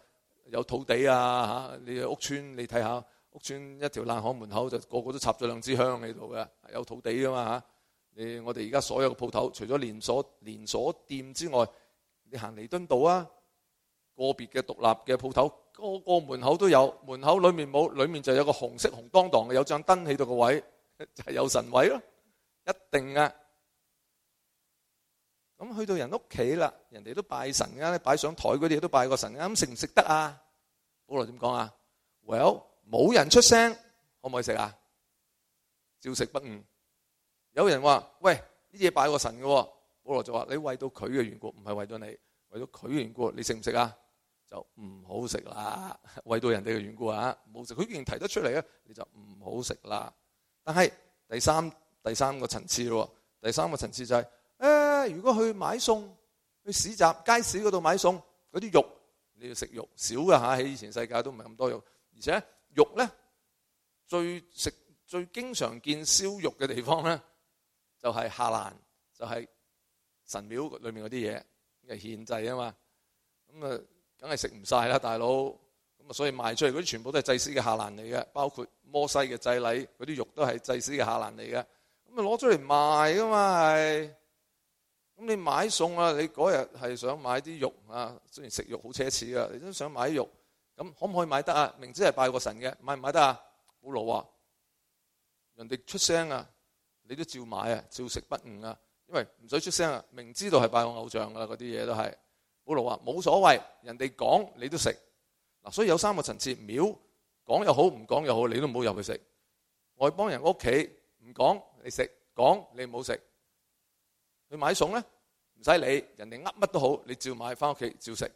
有土地啊，你屋村你睇下，屋村一條爛巷門口就個個都插咗兩支香喺度嘅。有土地噶嘛，你我哋而家所有嘅鋪頭，除咗連鎖連鎖店之外，你行彌敦道啊，個別嘅獨立嘅鋪頭，個個門口都有，門口裏面冇，裡面就有個紅色紅當當嘅，有張燈喺度個位，就係、是、有神位咯，一定啊！咁去到人屋企啦，人哋都拜神㗎，擺上台嗰啲都拜過神㗎，咁食唔食得啊？保羅點講啊？Well，冇人出聲，可唔可以食啊？照食不誤。有人話：「喂，呢嘢拜過神喎！」保羅就話：你為到佢嘅緣故，唔係為咗你，為咗佢緣故，你食唔食啊？就唔好食啦，為 到人哋嘅緣故啊，冇食。佢既然提得出嚟呀，你就唔好食啦。但係第三第三個層次咯，第三個層次就係。如果去買餸，去市集、街市嗰度買餸，嗰啲肉你要食肉少噶吓，喺以前世界都唔係咁多肉，而且肉咧最食最經常見燒肉嘅地方咧，就係、是、下欄，就係、是、神廟裏面嗰啲嘢，係獻祭啊嘛，咁啊，梗係食唔晒啦，大佬，咁啊，所以賣出嚟嗰啲全部都係祭司嘅下欄嚟嘅，包括摩西嘅祭禮，嗰啲肉都係祭司嘅下欄嚟嘅，咁啊，攞出嚟賣噶嘛係。咁你買餸啊？你嗰日係想買啲肉啊？雖然食肉好奢侈啊，你都想買肉咁，可唔可以買得啊？明知係拜個神嘅，買唔買得啊？保羅話啊人哋出聲啊，你都照買啊，照食不誤啊。因為唔使出聲啊，明知道係拜我偶像噶啦，嗰啲嘢都係。保羅話、啊、冇所謂，人哋講你都食嗱，所以有三個層次，廟講又好，唔講又好，你都唔好入去食。我去幫人屋企唔講你食，講你唔好食。你買餸咧，唔使理人哋噏乜都好，你照買翻屋企照食。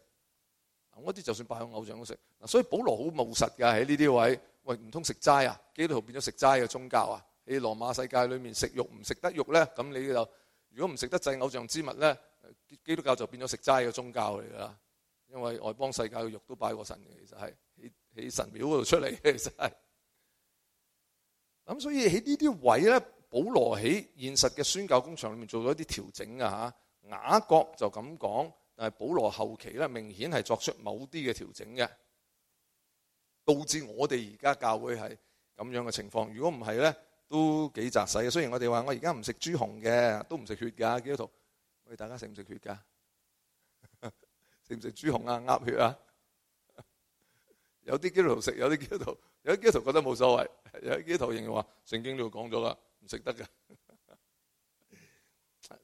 嗱，嗰啲就算拜向偶像都食。嗱，所以保羅好務實㗎，喺呢啲位。喂，唔通食齋啊？基督徒變咗食齋嘅宗教啊？喺羅馬世界裏面食肉唔食得肉咧，咁你就如果唔食得祭偶像之物咧，基督教就變咗食齋嘅宗教嚟㗎啦。因為外邦世界嘅肉都拜過神嘅，其實係喺神廟嗰度出嚟嘅，其實係。咁所以喺呢啲位咧。保羅喺現實嘅宣教工場裏面做咗一啲調整啊。吓，雅各就咁講，但係保羅後期咧明顯係作出某啲嘅調整嘅，導致我哋而家教會係咁樣嘅情況。如果唔係咧，都幾窄細嘅。雖然我哋話我而家唔食豬紅嘅，都唔食血噶、 啊啊、 基督徒。喂，大家食唔食血噶？食唔食豬紅啊？鴨血啊？有啲基督徒食，有啲基督徒，有啲基督徒覺得冇所謂，有啲基督徒認為話聖經度講咗噶。唔識得噶，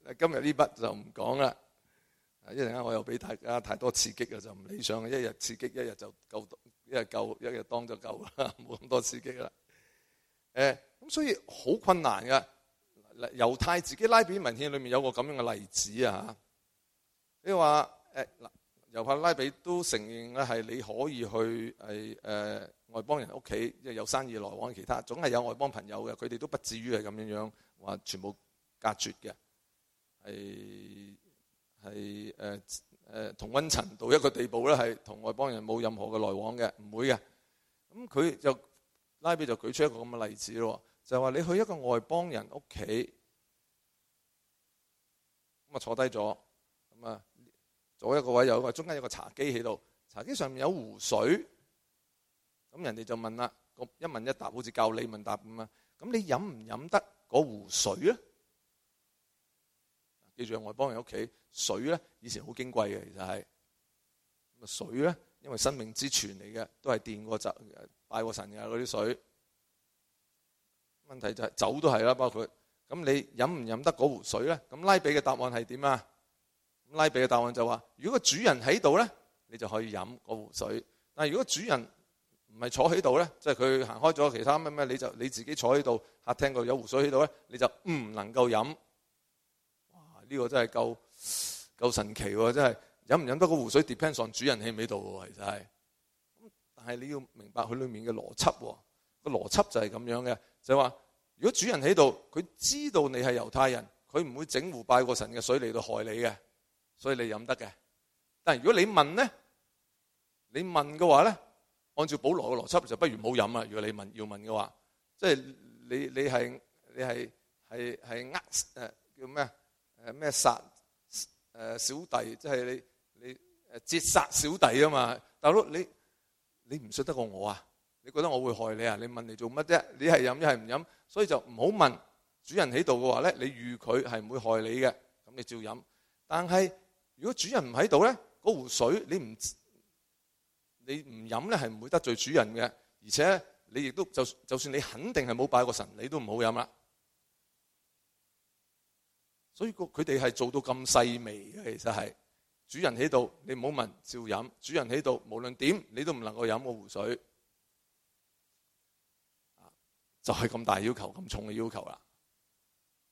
的今日呢筆就唔講啦。一陣間我又俾大家太多刺激啊，就唔理想。一日刺激一日就夠，一日夠一日當就夠啦，冇咁多刺激啦。誒，咁所以好困難噶。猶太自己拉比文獻裏面有個咁樣嘅例子啊，你話誒，猶太拉比都承認咧係你可以去誒誒。外邦人屋企即係有生意來往，其他總係有外邦朋友嘅，佢哋都不至於係咁樣樣話全部隔絕嘅，係係誒誒同溫層到一個地步咧，係同外邦人冇任何嘅來往嘅，唔會嘅。咁佢就拉比就舉出一個咁嘅例子咯，就係話你去一個外邦人屋企咁啊坐低咗咁啊左一個位，有一個，中間有個茶几喺度，茶幾上面有湖水。咁人哋就問啦，一問一答，好似教你問答咁啊。咁你飲唔飲得嗰壺水咧？記住，外邦人屋企水咧，以前好矜貴嘅，其實係。咁水咧，因為生命之泉嚟嘅，都係電過酒拜過神嘅嗰啲水。問題就係酒都係啦，包括。咁你飲唔飲得嗰壺水咧？咁拉比嘅答案係點啊？拉比嘅答案就話、是：如果個主人喺度咧，你就可以飲嗰壺水。但係如果主人，唔係坐喺度咧，即係佢行開咗其他咩咩，你就你自己坐喺度客廳度有湖水喺度咧，你就唔能夠飲。哇！呢個真係夠夠神奇喎，真係飲唔飲得個湖水 depends on 主人喺唔喺度喎，其實係。但係你要明白佢裏面嘅邏輯喎，個邏輯就係咁樣嘅，就係話：如果主人喺度，佢知道你係猶太人，佢唔會整湖拜過神嘅水嚟到害你嘅，所以你飲得嘅。但係如果你問呢？你問嘅話咧。按照保羅嘅邏輯，就不如唔好飲啊！如果你問要問嘅話，即係你你係你係係係呃叫咩啊？誒咩殺誒小弟，即係你你誒截殺小弟啊嘛！大佬，你你唔信得過我啊？你覺得我會害你啊？你問你做乜啫？你係飲一係唔飲，所以就唔好問，主人喺度嘅話咧，你預佢係唔會害你嘅，咁你照飲。但係如果主人唔喺度咧，嗰壺水你唔？你唔飲咧，係唔會得罪主人嘅。而且你亦都就就算你肯定係冇拜過神，你都唔好飲啦。所以個佢哋係做到咁細微嘅，其實係主人喺度，你唔好問照飲。主人喺度，無論點你都唔能夠飲我湖水。就係、是、咁大要求，咁重嘅要求啦。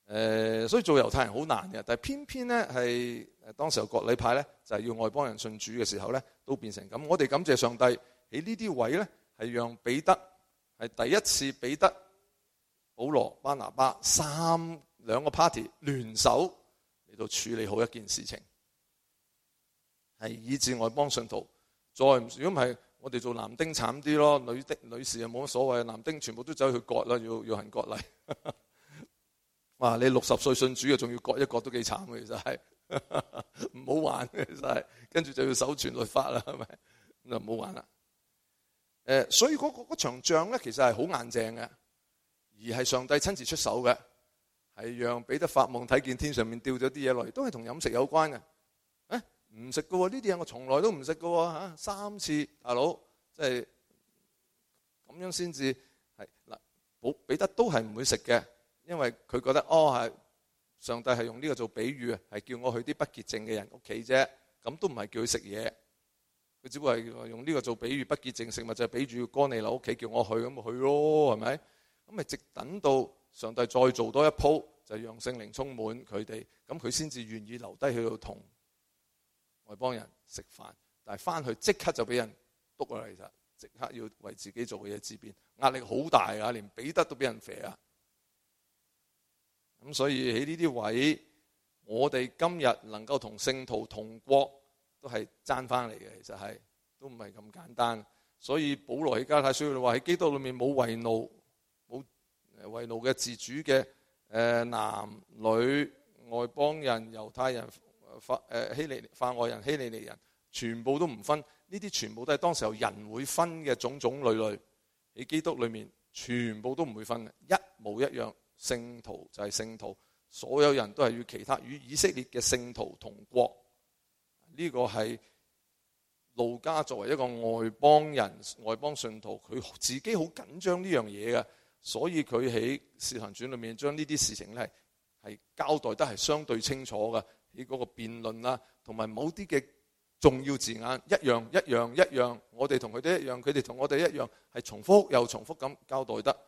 誒、呃，所以做猶太人好難嘅，但係偏偏咧係當時又割禮派咧，就係、是、要外邦人信主嘅時候咧，都變成咁。我哋感謝上帝喺呢啲位咧，係讓彼得係第一次彼得、保羅、巴拿巴三兩個 party 聯手嚟到處理好一件事情，係以致外邦信徒。再唔，如果唔係，我哋做男丁慘啲咯，女的女士又冇乜所謂啊。男丁全部都走去割啦，要要行割禮。哈哈哇！你六十歲信主啊，仲要割一割都幾慘嘅，其實係唔好玩嘅，其實係跟住就要守全律法啦，係咪？咁就唔好玩啦。誒，所以嗰、嗰、嗰、嗰場仗咧，其實係好硬淨嘅，而係上帝親自出手嘅，係讓彼得發夢睇見天上面掉咗啲嘢落嚟，都係同飲食有關嘅。誒、啊，唔食㗎呢啲嘢，我從來都唔食㗎吓。三次大佬，即係咁樣先至係嗱，保彼得都係唔會食嘅。因為佢覺得，哦，係上帝係用呢個做比喻，係叫我去啲不潔淨嘅人屋企啫，咁都唔係叫佢食嘢，佢只不過係用呢個做比喻，不潔淨食物就係比住哥尼流屋企叫我去，咁咪去咯，係咪？咁咪直等到上帝再做多一鋪，就讓聖靈充滿佢哋，咁佢先至願意留低去度同外邦人食飯，但係翻去即刻就俾人督落嚟，就即刻要為自己做嘅嘢自辯，壓力好大噶，連彼得都俾人肥啊。咁所以喺呢啲位置，我哋今日能夠同聖徒同國，都係爭翻嚟嘅。其實係都唔係咁簡單。所以保羅喺加太書裏話：喺基督裏面冇為奴，冇為奴嘅自主嘅誒男女、外邦人、猶太人、法誒、呃、希利利、法外人、希利尼人，全部都唔分。呢啲全部都係當時候人會分嘅種種類類。喺基督裏面，全部都唔會分嘅，一模一樣。聖徒就係聖徒，所有人都係與其他與以色列嘅聖徒同國，呢個係路加作為一個外邦人、外邦信徒，佢自己好緊張呢樣嘢嘅，所以佢喺使徒行傳裏面將呢啲事情係係交代得係相對清楚嘅、啊，喺嗰個辯論啦，同埋某啲嘅重要字眼，一樣一樣一樣，我哋同佢哋一樣，佢哋同我哋一樣，係重複又重複咁交代得。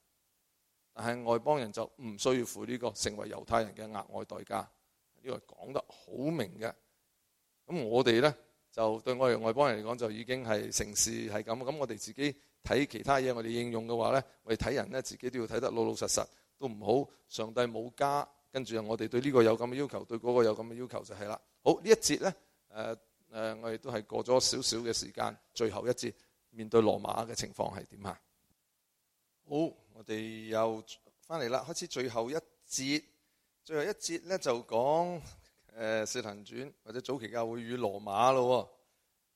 但係外邦人就唔需要付呢個成為猶太人嘅額外代價，呢個講得好明嘅。咁我哋呢，就對我哋外邦人嚟講就已經係成事係咁。咁我哋自己睇其他嘢，我哋應用嘅話呢，我哋睇人呢，自己都要睇得老老實實，都唔好上帝冇加，跟住我哋對呢個有咁嘅要求，對嗰個有咁嘅要求就係啦。好，呢一節呢，誒、呃、誒、呃，我哋都係過咗少少嘅時間，最後一節面對羅馬嘅情況係點啊？好。我哋又翻嚟啦，開始最後一節。最後一節咧就講誒《使徒傳》或者早期教會與羅馬咯、哦。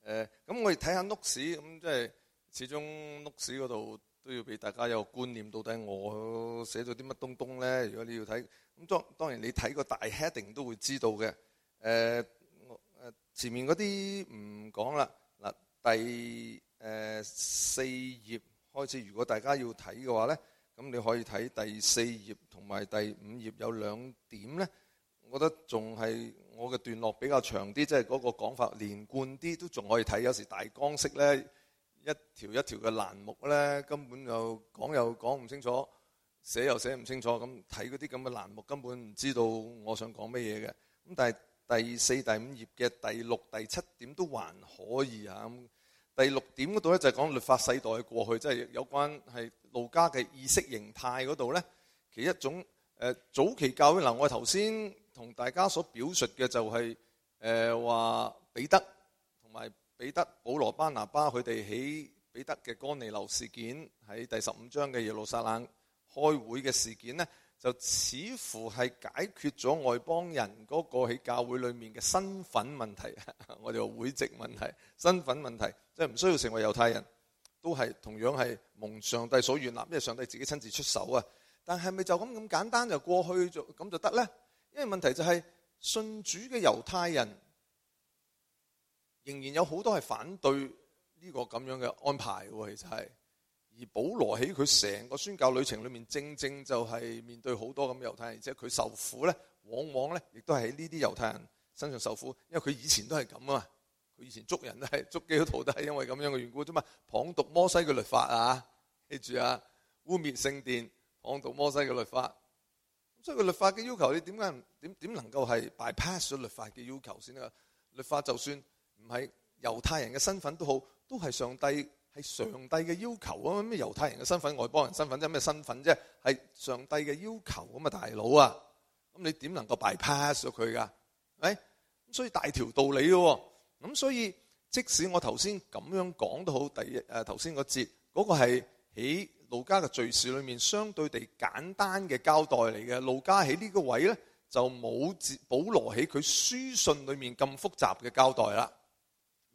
誒、呃，咁我哋睇下 notes 咁、嗯，即係始終 notes 嗰度都要俾大家有觀念，到底我寫咗啲乜東東咧。如果你要睇咁，當當然你睇個大 heading 都會知道嘅。誒、呃，我誒前面嗰啲唔講啦。嗱，第誒、呃、四頁。開始，如果大家要睇嘅話呢，咁你可以睇第四頁同埋第五頁有兩點呢，我覺得仲係我嘅段落比較長啲，即係嗰個講法連貫啲，都仲可以睇。有時大綱式呢，一條一條嘅欄目呢，根本又講又講唔清楚，寫又寫唔清楚，咁睇嗰啲咁嘅欄目根本唔知道我想講乜嘢嘅。咁但係第四、第五頁嘅第六、第七點都還可以呀。第六點嗰度咧就係講律法世代過去，即、就、係、是、有關係路加嘅意識形態嗰度呢，其一種誒、呃、早期教會嗱、呃，我頭先同大家所表述嘅就係誒，話彼得同埋彼得、保羅、巴拿巴佢哋喺彼得嘅哥尼流事件喺第十五章嘅耶路撒冷開會嘅事件咧。就似乎係解決咗外邦人嗰個喺教會裏面嘅身份問題，我哋話會籍問題、身份問題，即係唔需要成為猶太人都係同樣係蒙上帝所悦納，因為上帝自己親自出手啊！但係咪就咁咁簡單就過去就咁就得呢？因為問題就係信主嘅猶太人仍然有好多係反對呢個咁樣嘅安排，其實係。而保羅喺佢成個宣教旅程裏面，正正就係面對好多咁嘅猶太人，而且佢受苦咧，往往咧亦都係喺呢啲猶太人身上受苦，因為佢以前都係咁啊嘛。佢以前捉人都係捉基督徒，都係因為咁樣嘅緣故啫嘛。謗讟摩西嘅律法啊，記住啊，污蔑聖殿，謗讟摩西嘅律法。所以個律法嘅要求你，你點解點點能夠係 bypass 咗律法嘅要求先啊？律法就算唔係猶太人嘅身份都好，都係上帝。係上帝嘅要求啊！咩猶太人嘅身份、外邦人身份，即係咩身份啫？係上帝嘅要求咁啊，大佬啊！咁你點能夠 bypass 咗佢㗎？係咪？咁所以大條道理咯。咁所以，即使我頭先咁樣講都好，第誒頭先個節嗰個係喺路加嘅敘事裏面相對地簡單嘅交代嚟嘅。路加喺呢個位咧就冇保羅喺佢書信裏面咁複雜嘅交代啦。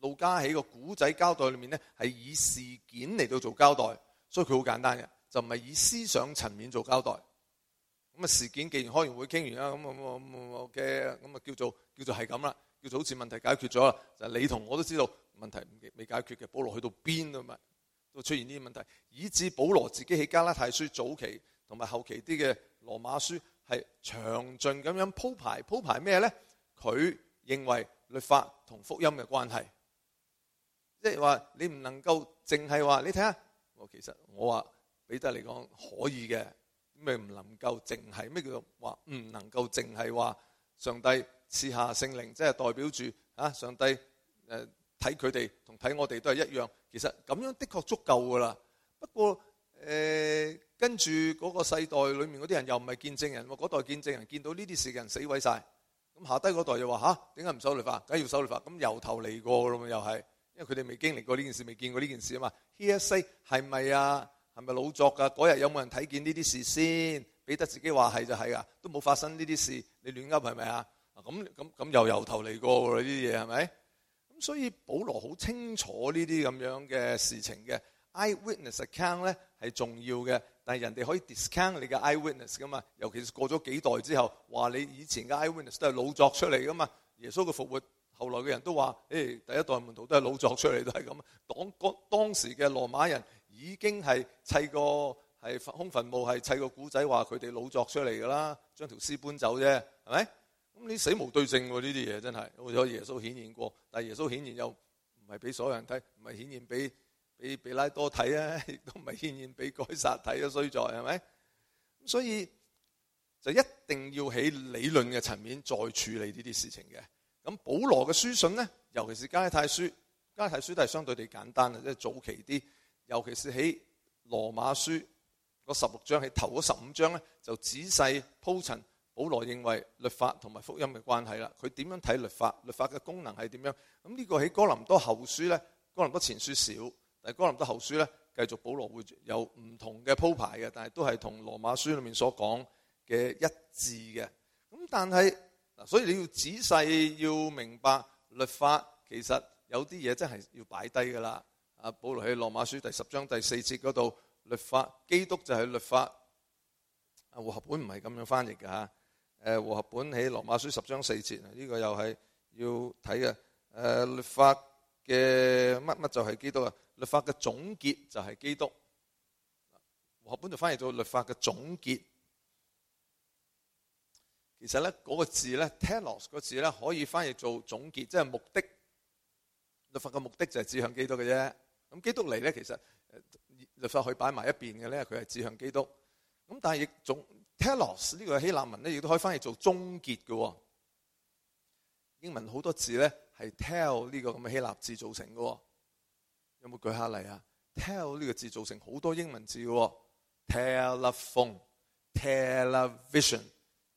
路加喺個古仔交代裏面咧，係以事件嚟到做交代，所以佢好簡單嘅，就唔係以思想層面做交代。咁啊事件，既然開完會傾完啦，咁咁我嘅咁啊叫做叫做係咁啦，叫做好似問題解決咗啦，就係你同我都知道問題未解決嘅。保羅去到邊啊？嘛，都出現呢啲問題，以致保羅自己喺加拉太書早期同埋後期啲嘅羅馬書係詳盡咁樣鋪排鋪排咩咧？佢認為律法同福音嘅關係。即係話你唔能夠淨係話你睇下，我其實我話彼得嚟講可以嘅，咁唔能夠淨係咩叫做話唔能夠淨係話上帝賜下聖靈，即係代表住啊上帝誒睇佢哋同睇我哋都係一樣。其實咁樣的確足夠㗎啦。不過誒、呃、跟住嗰個世代裏面嗰啲人又唔係見證人喎，嗰代見證人見到呢啲事嘅人死鬼晒。咁下低嗰代又話吓，點解唔守律法？梗係要守律法，咁由頭嚟過㗎咯，又係。因為佢哋未經歷過呢件事，未見過呢件事啊嘛，hearsay 係咪啊，係咪老作噶、啊？嗰日有冇人睇見呢啲事先？彼得自己話係就係啊，都冇發生呢啲事，你亂噏係咪啊？咁咁咁又由頭嚟過噶呢啲嘢係咪？咁所以保羅好清楚呢啲咁樣嘅事情嘅，eye witness account 咧係重要嘅，但係人哋可以 discount 你嘅 eye witness 噶嘛？尤其是過咗幾代之後，話你以前嘅 eye witness 都係老作出嚟噶嘛？耶穌嘅復活。後來嘅人都話：，誒，第一代門徒都係老作出嚟，都係咁。當當當時嘅羅馬人已經係砌個係空墳墓，係砌個古仔話佢哋老作出嚟㗎啦，將條屍搬走啫，係咪？咁你死無對證喎，呢啲嘢真係。好咗耶穌顯現過，但係耶穌顯現又唔係俾所有人睇，唔係顯現俾俾彼拉多睇啊，亦都唔係顯現俾該撒睇啊，衰在係咪？咁所以就一定要喺理論嘅層面再處理呢啲事情嘅。咁保羅嘅書信呢，尤其是加拉太書，加拉太書都係相對地簡單嘅，即係早期啲。尤其是喺羅馬書嗰十六章，喺頭嗰十五章呢，就仔細鋪陳保羅認為律法同埋福音嘅關係啦。佢點樣睇律法？律法嘅功能係點樣？咁呢個喺哥林多後書呢，哥林多前書少，但係哥林多後書呢，繼續保羅會有唔同嘅鋪排嘅，但係都係同羅馬書裏面所講嘅一致嘅。咁但係。所以你要仔細要明白律法，其實有啲嘢真係要擺低噶啦。啊，保羅喺羅馬書第十章第四節嗰度，律法基督就係律法。啊，和合本唔係咁樣翻譯嘅嚇。誒，和合本喺羅馬書十章四節，呢個又係要睇嘅。誒，律法嘅乜乜就係基督啊！律法嘅總結就係基督。和合本就翻譯做律法嘅總結。其實咧嗰、那個字咧，telos 個字咧可以翻譯做總結，即係目的。律法嘅目的就係指向基督嘅啫。咁基督嚟咧其實，律法可以擺埋一邊嘅咧，佢係指向基督。咁但係亦總 telos 呢個希臘文咧，亦都可以翻譯做終結嘅、哦。英文好多字咧係 tell 呢個咁嘅希臘字造成嘅、哦。有冇舉下例啊？tell 呢個字造成好多英文字，telephone、哦、telephone, television。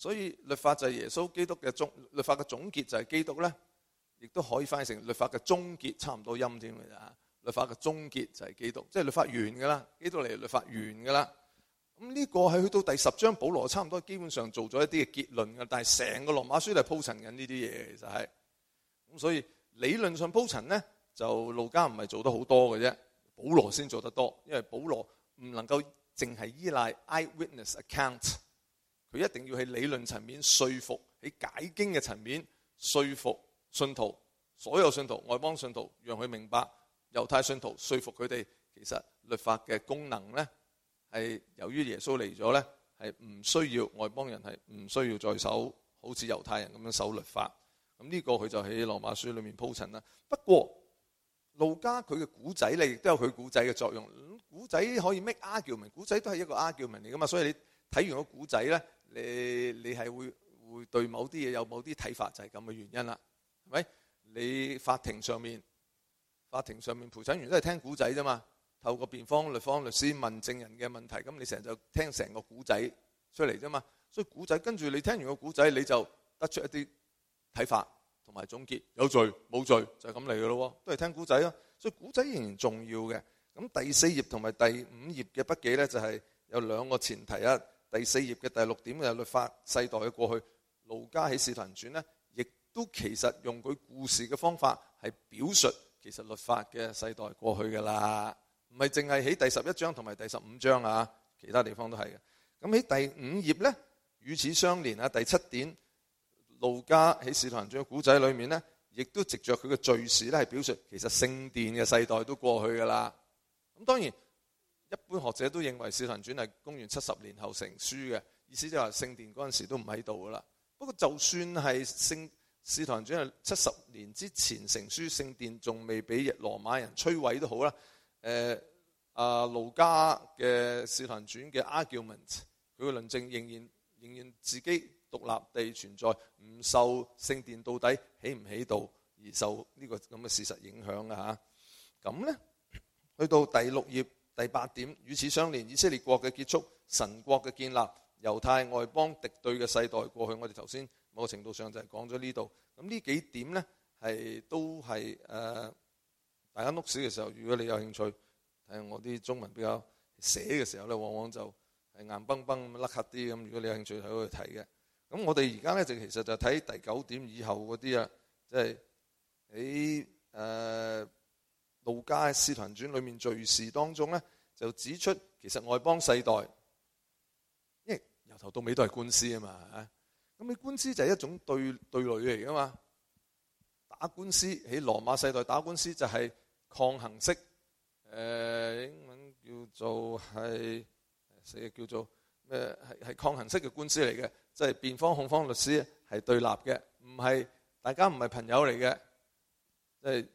所以律法就係耶穌基督嘅總律法嘅總結就係基督咧，亦都可以翻譯成律法嘅終結，差唔多音添嘅咋。律法嘅終結就係基督，即係律法完㗎啦。基督嚟律法完㗎啦。咁、這、呢個係去到第十章，保羅差唔多基本上做咗一啲嘅結論㗎。但係成個羅馬書係鋪陳緊呢啲嘢，其實係咁。所以理論上鋪陳咧，就路加唔係做得好多嘅啫，保羅先做得多，因為保羅唔能夠淨係依賴 eyewitness account。佢一定要喺理論層面說服，喺解經嘅層面說服信徒，所有信徒、外邦信徒，讓佢明白猶太信徒，説服佢哋，其實律法嘅功能咧，係由於耶穌嚟咗咧，係唔需要外邦人係唔需要再守，好似猶太人咁樣守律法。咁、這、呢個佢就喺羅馬書裏面鋪陳啦。不過路加佢嘅古仔，你亦都有佢古仔嘅作用。古仔可以 make argument，古仔都係一個 argument 嚟噶嘛，所以你。睇完個古仔呢，你你係會會對某啲嘢有某啲睇法，就係咁嘅原因啦，係咪？你法庭上面，法庭上面陪審員都係聽古仔啫嘛，透過辯方律方律師問證人嘅問題，咁你成日就聽成個古仔出嚟啫嘛，所以古仔，跟住你聽完個古仔，你就得出一啲睇法同埋總結，有罪冇罪就係咁嚟噶咯，都係聽古仔咯，所以古仔仍然重要嘅。咁第四頁同埋第五頁嘅筆記呢，就係有兩個前提一。第四頁嘅第六點嘅律法世代嘅過去，路加喺《使徒行傳》呢，亦都其實用佢故事嘅方法係表述其實律法嘅世代過去噶啦，唔係淨係喺第十一章同埋第十五章啊，其他地方都係嘅。咁喺第五頁呢，與此相連啊，第七點，路加喺《使徒行傳》嘅古仔裏面呢，亦都藉着佢嘅敘事，咧係表述其實聖殿嘅世代都過去噶啦。咁當然。一般學者都認為《使徒行傳》係公元七十年後成書嘅，意思就話聖殿嗰陣時都唔喺度噶啦。不過就算係聖《使徒行傳》係七十年之前成書，聖殿仲未俾羅馬人摧毀都好啦。誒、呃、啊，路加嘅《使徒行傳》嘅 argument，佢嘅論證仍然仍然自己獨立地存在，唔受聖殿到底起唔起到，而受呢、這個咁嘅事實影響嘅吓，咁、啊、呢？去到第六頁。第八點與此相連，以色列國嘅結束、神國嘅建立、猶太外邦敵對嘅世代過去，我哋頭先某程度上就係講咗呢度。咁呢幾點呢，係都係誒、呃，大家 l o 嘅時候，如果你有興趣睇我啲中文比較寫嘅時候呢，往往就係硬崩崩、甩黑啲咁。如果你有興趣喺度睇嘅，咁我哋而家呢，就其實就睇第九點以後嗰啲啊，即係喺誒。《路加使徒傳》裏面敘事當中咧，就指出其實外邦世代，因為由頭到尾都係官司啊嘛，咁你官司就係一種對對壘嚟噶嘛，打官司喺羅馬世代打官司就係抗衡式，誒、呃、英文叫做係，四嘢叫做咩係係抗衡式嘅官司嚟嘅，即係辯方控方律師係對立嘅，唔係大家唔係朋友嚟嘅，即係。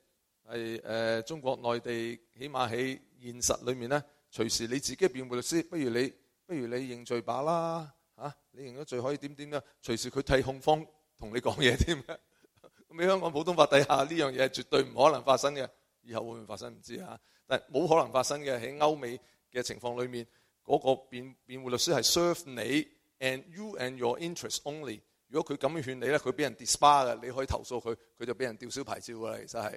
係、呃、中國內地起碼喺現實裏面咧，隨時你自己辯護律師，不如你不如你認罪吧啦、吓、你認咗罪可以點點咧？隨時佢替控方同你講嘢添。咁喺香港普通法底下，呢樣嘢係絕對唔可能發生嘅。以後會唔會發生唔知道啊？但係冇可能發生嘅喺歐美嘅情況裏面，嗰個辯、辯護律師係 serve 你 and you and your interest only。如果佢咁樣勸你咧，佢俾人 disbar 嘅，你可以投訴佢，佢就俾人吊銷牌照啦。其實係。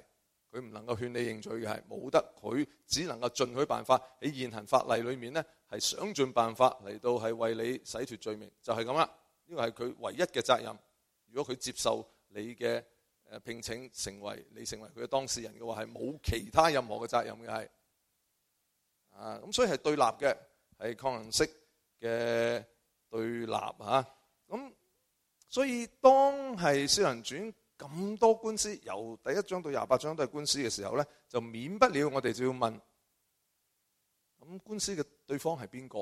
佢唔能夠勸你認罪嘅，係冇得，佢只能夠盡佢辦法喺現行法例裏面呢，係想盡辦法嚟到係為你洗脫罪名，就係咁啦。呢個係佢唯一嘅責任。如果佢接受你嘅誒聘請成為你成為佢嘅當事人嘅話，係冇其他任何嘅責任嘅係啊。咁所以係對立嘅，係抗衡式嘅對立嚇。咁所以當係私人轉。咁多官司，由第一章到廿八章都係官司嘅時候咧，就免不了我哋就要問：咁官司嘅對方係邊個？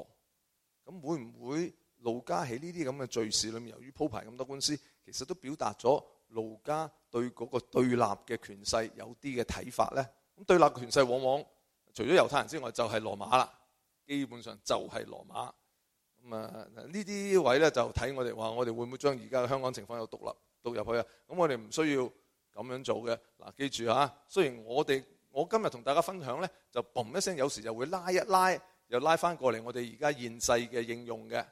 咁會唔會路加喺呢啲咁嘅敘事裏面，由於鋪排咁多官司，其實都表達咗路加對嗰個對立嘅權勢有啲嘅睇法咧？咁對立嘅權勢往往除咗猶太人之外，就係羅馬啦，基本上就係羅馬。咁啊，呢啲位咧就睇我哋話，我哋會唔會將而家嘅香港情況有獨立？入去啊！咁我哋唔需要咁樣做嘅。嗱，記住啊，雖然我哋我今日同大家分享咧，就嘣一聲，有時就會拉一拉，又拉翻過嚟。我哋而家現世嘅應用嘅，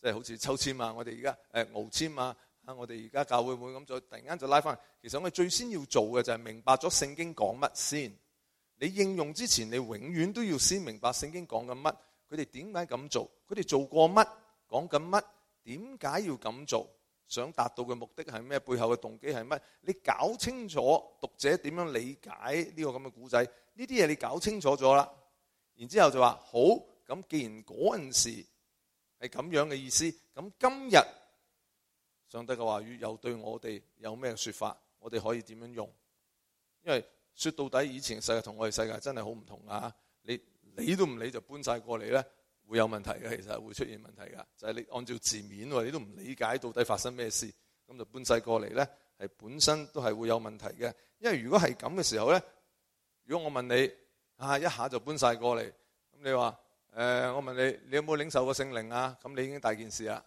即係好似抽簽啊，我哋而家誒敖簽啊，啊，我哋而家教會會咁做，突然間就拉翻。其實我哋最先要做嘅就係明白咗聖經講乜先。你應用之前，你永遠都要先明白聖經講緊乜，佢哋點解咁做，佢哋做過乜，講緊乜，點解要咁做。想達到嘅目的係咩？背後嘅動機係咩？你搞清楚讀者點樣理解呢個咁嘅古仔？呢啲嘢你搞清楚咗啦，然之後就話好。咁既然嗰陣時係咁樣嘅意思，咁今日上帝嘅話語又對我哋有咩說法？我哋可以點樣用？因為說到底，以前嘅世界同我哋世界真係好唔同啊！你理都唔理就搬晒過嚟咧。會有問題嘅，其實會出現問題噶，就係、是、你按照字面，你都唔理解到底發生咩事，咁就搬晒過嚟咧，係本身都係會有問題嘅。因為如果係咁嘅時候咧，如果我問你啊一下就搬晒過嚟，咁你話誒、呃、我問你你有冇領受過聖靈啊？咁你已經大件事啦。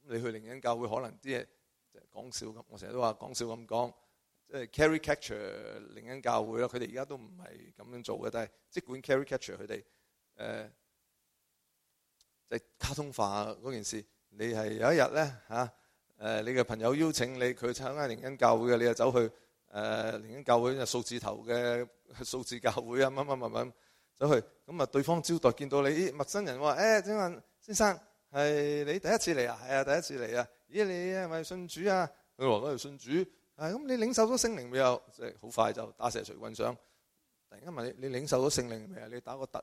你去靈恩教會可能啲嘢講笑咁，我成日都話講笑咁講、就是 er,，即係 caricature 靈恩教會啦，佢哋而家都唔係咁樣做嘅，但係即管 caricature 佢哋誒。即係卡通化嗰件事，你係有一日咧嚇，誒、啊、你嘅朋友邀請你，佢參加靈恩教會嘅，你又走去誒靈恩教會，數字頭嘅數字教會啊，乜乜乜乜走去，咁啊對方招待，見到你、哎，陌生人話誒，請、哎、問先生係你第一次嚟啊？係啊，第一次嚟啊？咦、哎，你係咪信主啊？佢、哎、話：我係信主，係、哎、咁你領受咗聖靈未啊？即係好快就打蛇隨棍上，突然間問你：你領受咗聖靈未啊？你打個突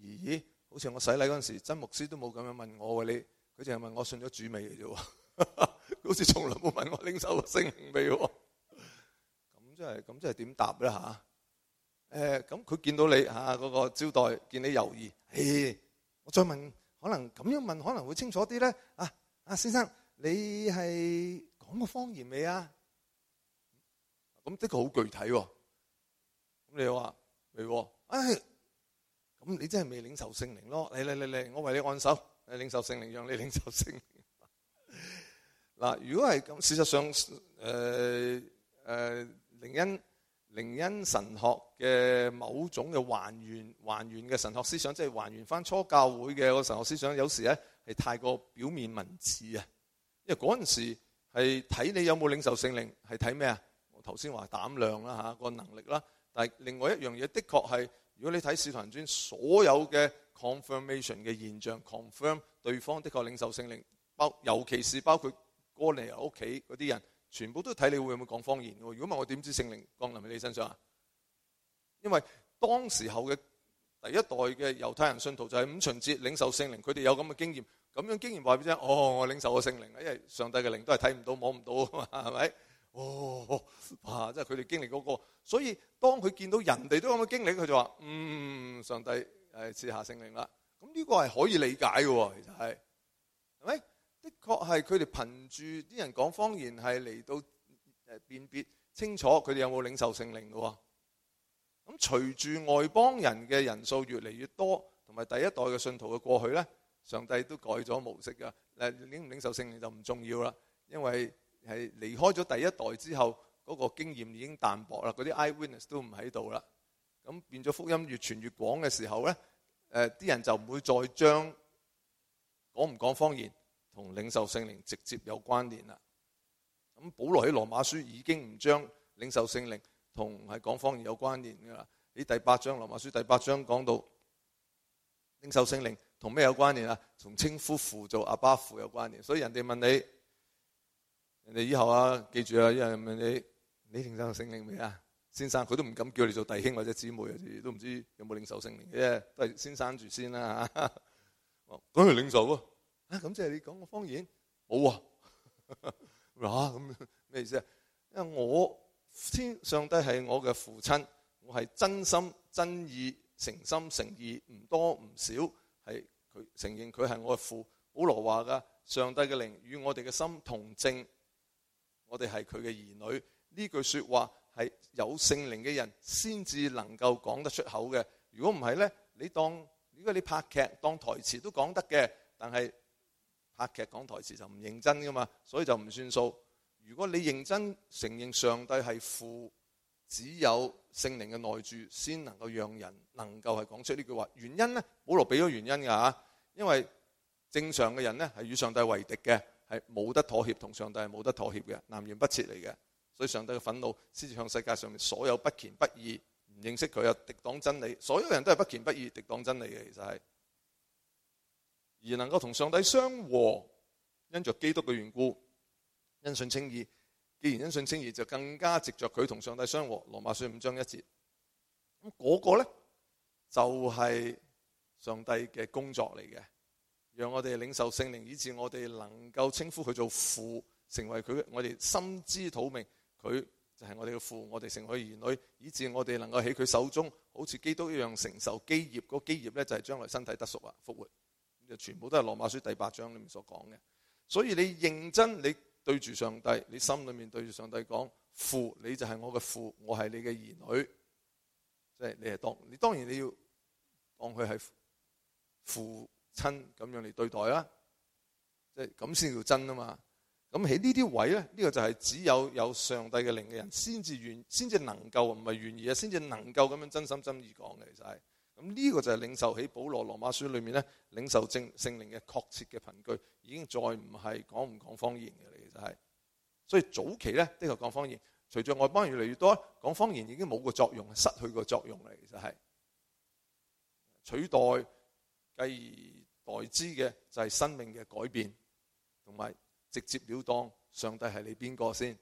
咦？好似我洗禮嗰陣時，真牧師都冇咁樣問我喎，你佢淨係問我信咗主未啫？ 好似從來冇問我領受個聖靈未？咁即係咁即係點答咧吓？誒、啊，咁佢見到你吓嗰、啊那個招待，見你猶豫、哎，我再問，可能咁樣問可能會清楚啲咧。啊，啊先生，你係講個方言未、嗯、啊？咁的確好具體。咁你又話未？喎、哎。」.咁你真係未領受聖靈咯？你嚟嚟嚟，我為你按手，嚟領受聖靈，讓你領受聖靈。嗱，如果係咁，事實上，誒、呃、誒，靈、呃、恩靈恩神學嘅某種嘅還原還原嘅神學思想，即係還原翻初教會嘅個神學思想，有時咧係太過表面文字啊。因為嗰陣時係睇你有冇領受聖靈係睇咩啊？我頭先話膽量啦嚇，個能力啦，但係另外一樣嘢，的確係。如果你睇使徒行傳所有嘅 confirmation 嘅現象 confirm 對方的確領受聖靈，包尤其是包括哥尼流屋企嗰啲人，全部都睇你會唔會講方言㗎？如果唔係，我點知聖靈降臨喺你身上啊？因為當時候嘅第一代嘅猶太人信徒就係五旬節領受聖靈，佢哋有咁嘅經驗，咁樣經驗話俾你聽，哦，我領受個聖靈，因為上帝嘅靈都係睇唔到、摸唔到啊嘛，係咪？哦，哇！即係佢哋經歷嗰個，所以當佢見到人哋都咁樣經歷，佢就話：嗯，上帝係賜下聖靈啦。咁呢個係可以理解嘅，其實係，係咪？的確係佢哋憑住啲人講方言係嚟到誒辨別清楚佢哋有冇領受聖靈嘅。咁隨住外邦人嘅人數越嚟越多，同埋第一代嘅信徒嘅過去咧，上帝都改咗模式噶。誒，領唔領受聖靈就唔重要啦，因為。係離開咗第一代之後，嗰個經驗已經淡薄啦，嗰啲 eyewitness 都唔喺度啦，咁變咗福音越傳越廣嘅時候咧，誒啲人就唔會再將講唔講方言同領受聖靈直接有關聯啦。咁保羅喺羅馬書已經唔將領受聖靈同係講方言有關聯噶啦。喺第八章羅馬書第八章講到領受聖靈同咩有關聯啊？同稱呼父做阿爸父有關聯。所以人哋問你。人哋以後啊，記住啊，因為問你你領受聖靈未啊？先生佢都唔敢叫你做弟兄或者姊妹，都唔知有冇領受聖靈。因都係先生住先啦、啊。咁 係、嗯嗯、領受咯、啊？啊，咁即係你講個方言，冇啊？咁 咩、啊、意思、啊？因為我先上帝係我嘅父親，我係真心真意誠心誠意，唔多唔少，係佢承認佢係我嘅父。保羅話㗎，上帝嘅靈與我哋嘅心同證。我哋係佢嘅兒女，呢句說話係有聖靈嘅人先至能夠講得出口嘅。如果唔係呢，你當如果你拍劇當台詞都講得嘅，但係拍劇講台詞就唔認真噶嘛，所以就唔算數。如果你認真承認上帝係父，只有聖靈嘅內住先能夠讓人能夠係講出呢句話。原因呢？保羅俾咗原因噶，因為正常嘅人呢係與上帝為敵嘅。係冇得妥協，同上帝係冇得妥協嘅，南轅北轍嚟嘅。所以上帝嘅憤怒先至向世界上面所有不虔不義、唔認識佢啊、敵擋真理，所有人都係不虔不義、敵擋真理嘅，其實係。而能夠同上帝相和，因着基督嘅緣故，因信稱義。既然因信稱義，就更加藉着佢同上帝相和。羅馬書五章一節，咁、那、嗰個咧就係、是、上帝嘅工作嚟嘅。讓我哋領受聖靈，以致我哋能夠稱呼佢做父，成為佢。我哋心知肚明，佢就係我哋嘅父，我哋成為佢嘅兒女，以致我哋能夠喺佢手中，好似基督一樣承受基業。個基業呢，就係將來身體得贖啊，復活。就全部都係羅馬書第八章裏面所講嘅。所以你認真，你對住上帝，你心裏面對住上帝講父，你就係我嘅父，我係你嘅兒女。即係你係當，你當然你要當佢係父。父親咁樣嚟對待啦，即係咁先叫真啊嘛。咁喺呢啲位咧，呢個就係只有有上帝嘅靈嘅人先至願，先至能夠唔係願意啊，先至能夠咁樣真心真意講嘅，其實係咁，呢個就係領受喺保羅羅馬書裏面咧領受聖靈嘅確切嘅憑據，已經再唔係講唔講方言嘅嚟，其實係。所以早期咧呢個講方言，隨著外邦人越嚟越多，講方言已經冇個作用，失去個作用嚟，其實係取代繼而。代之嘅就係生命嘅改變，同埋直接了當，上帝係你邊個先？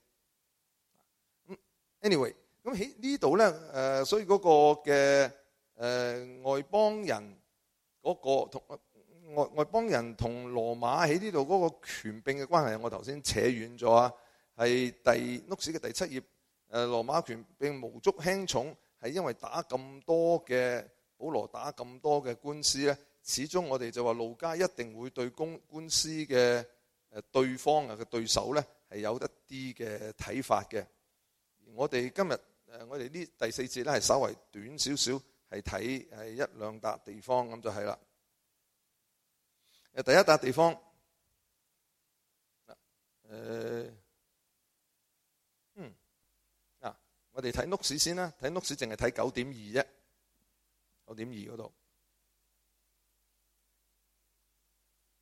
咁 anyway，咁喺呢度咧，誒、呃，所以嗰個嘅誒、呃、外邦人嗰個同外外邦人同羅馬喺呢度嗰個權柄嘅關係，我頭先扯遠咗啊，係第《諾士》嘅第七頁，誒、呃，羅馬權柄無足輕重，係因為打咁多嘅保羅打咁多嘅官司咧。始終我哋就話路加一定會對公官司嘅，誒、對方啊嘅對手呢係有一啲嘅睇法嘅。我哋今日誒，我哋呢第四節呢係稍為短少少，係睇係一兩笪地方咁就係啦。第一笪地方，誒、呃，嗯，啊，我哋睇 u n 先啦，睇 unks 淨係睇九點二啫，九點二嗰度。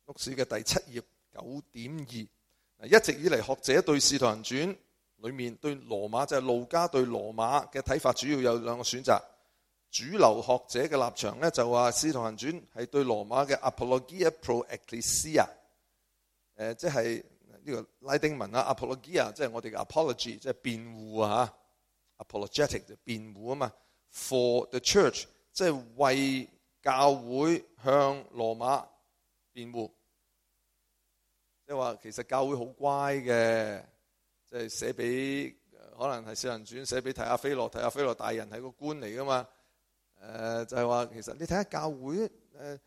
歷史嘅第七頁九點二，一直以嚟學者對《使徒行傳》裏面對羅馬就係、是、路加對羅馬嘅睇法，主要有兩個選擇。主流學者嘅立場咧，就話《使徒行傳》係對羅馬嘅 apologia pro ecclesia，即、呃、係呢、就是這個拉丁文啊 apologia，即係我哋嘅 apology，即係辯護啊，apologetic 就辯護啊嘛，for the church，即係為教會向羅馬辯護。即係話，其實教會好乖嘅，即係寫俾可能係四人傳，寫俾提阿菲洛，提阿菲洛大人係個官嚟噶嘛。誒、呃、就係、是、話，其實你睇下教會，誒、呃、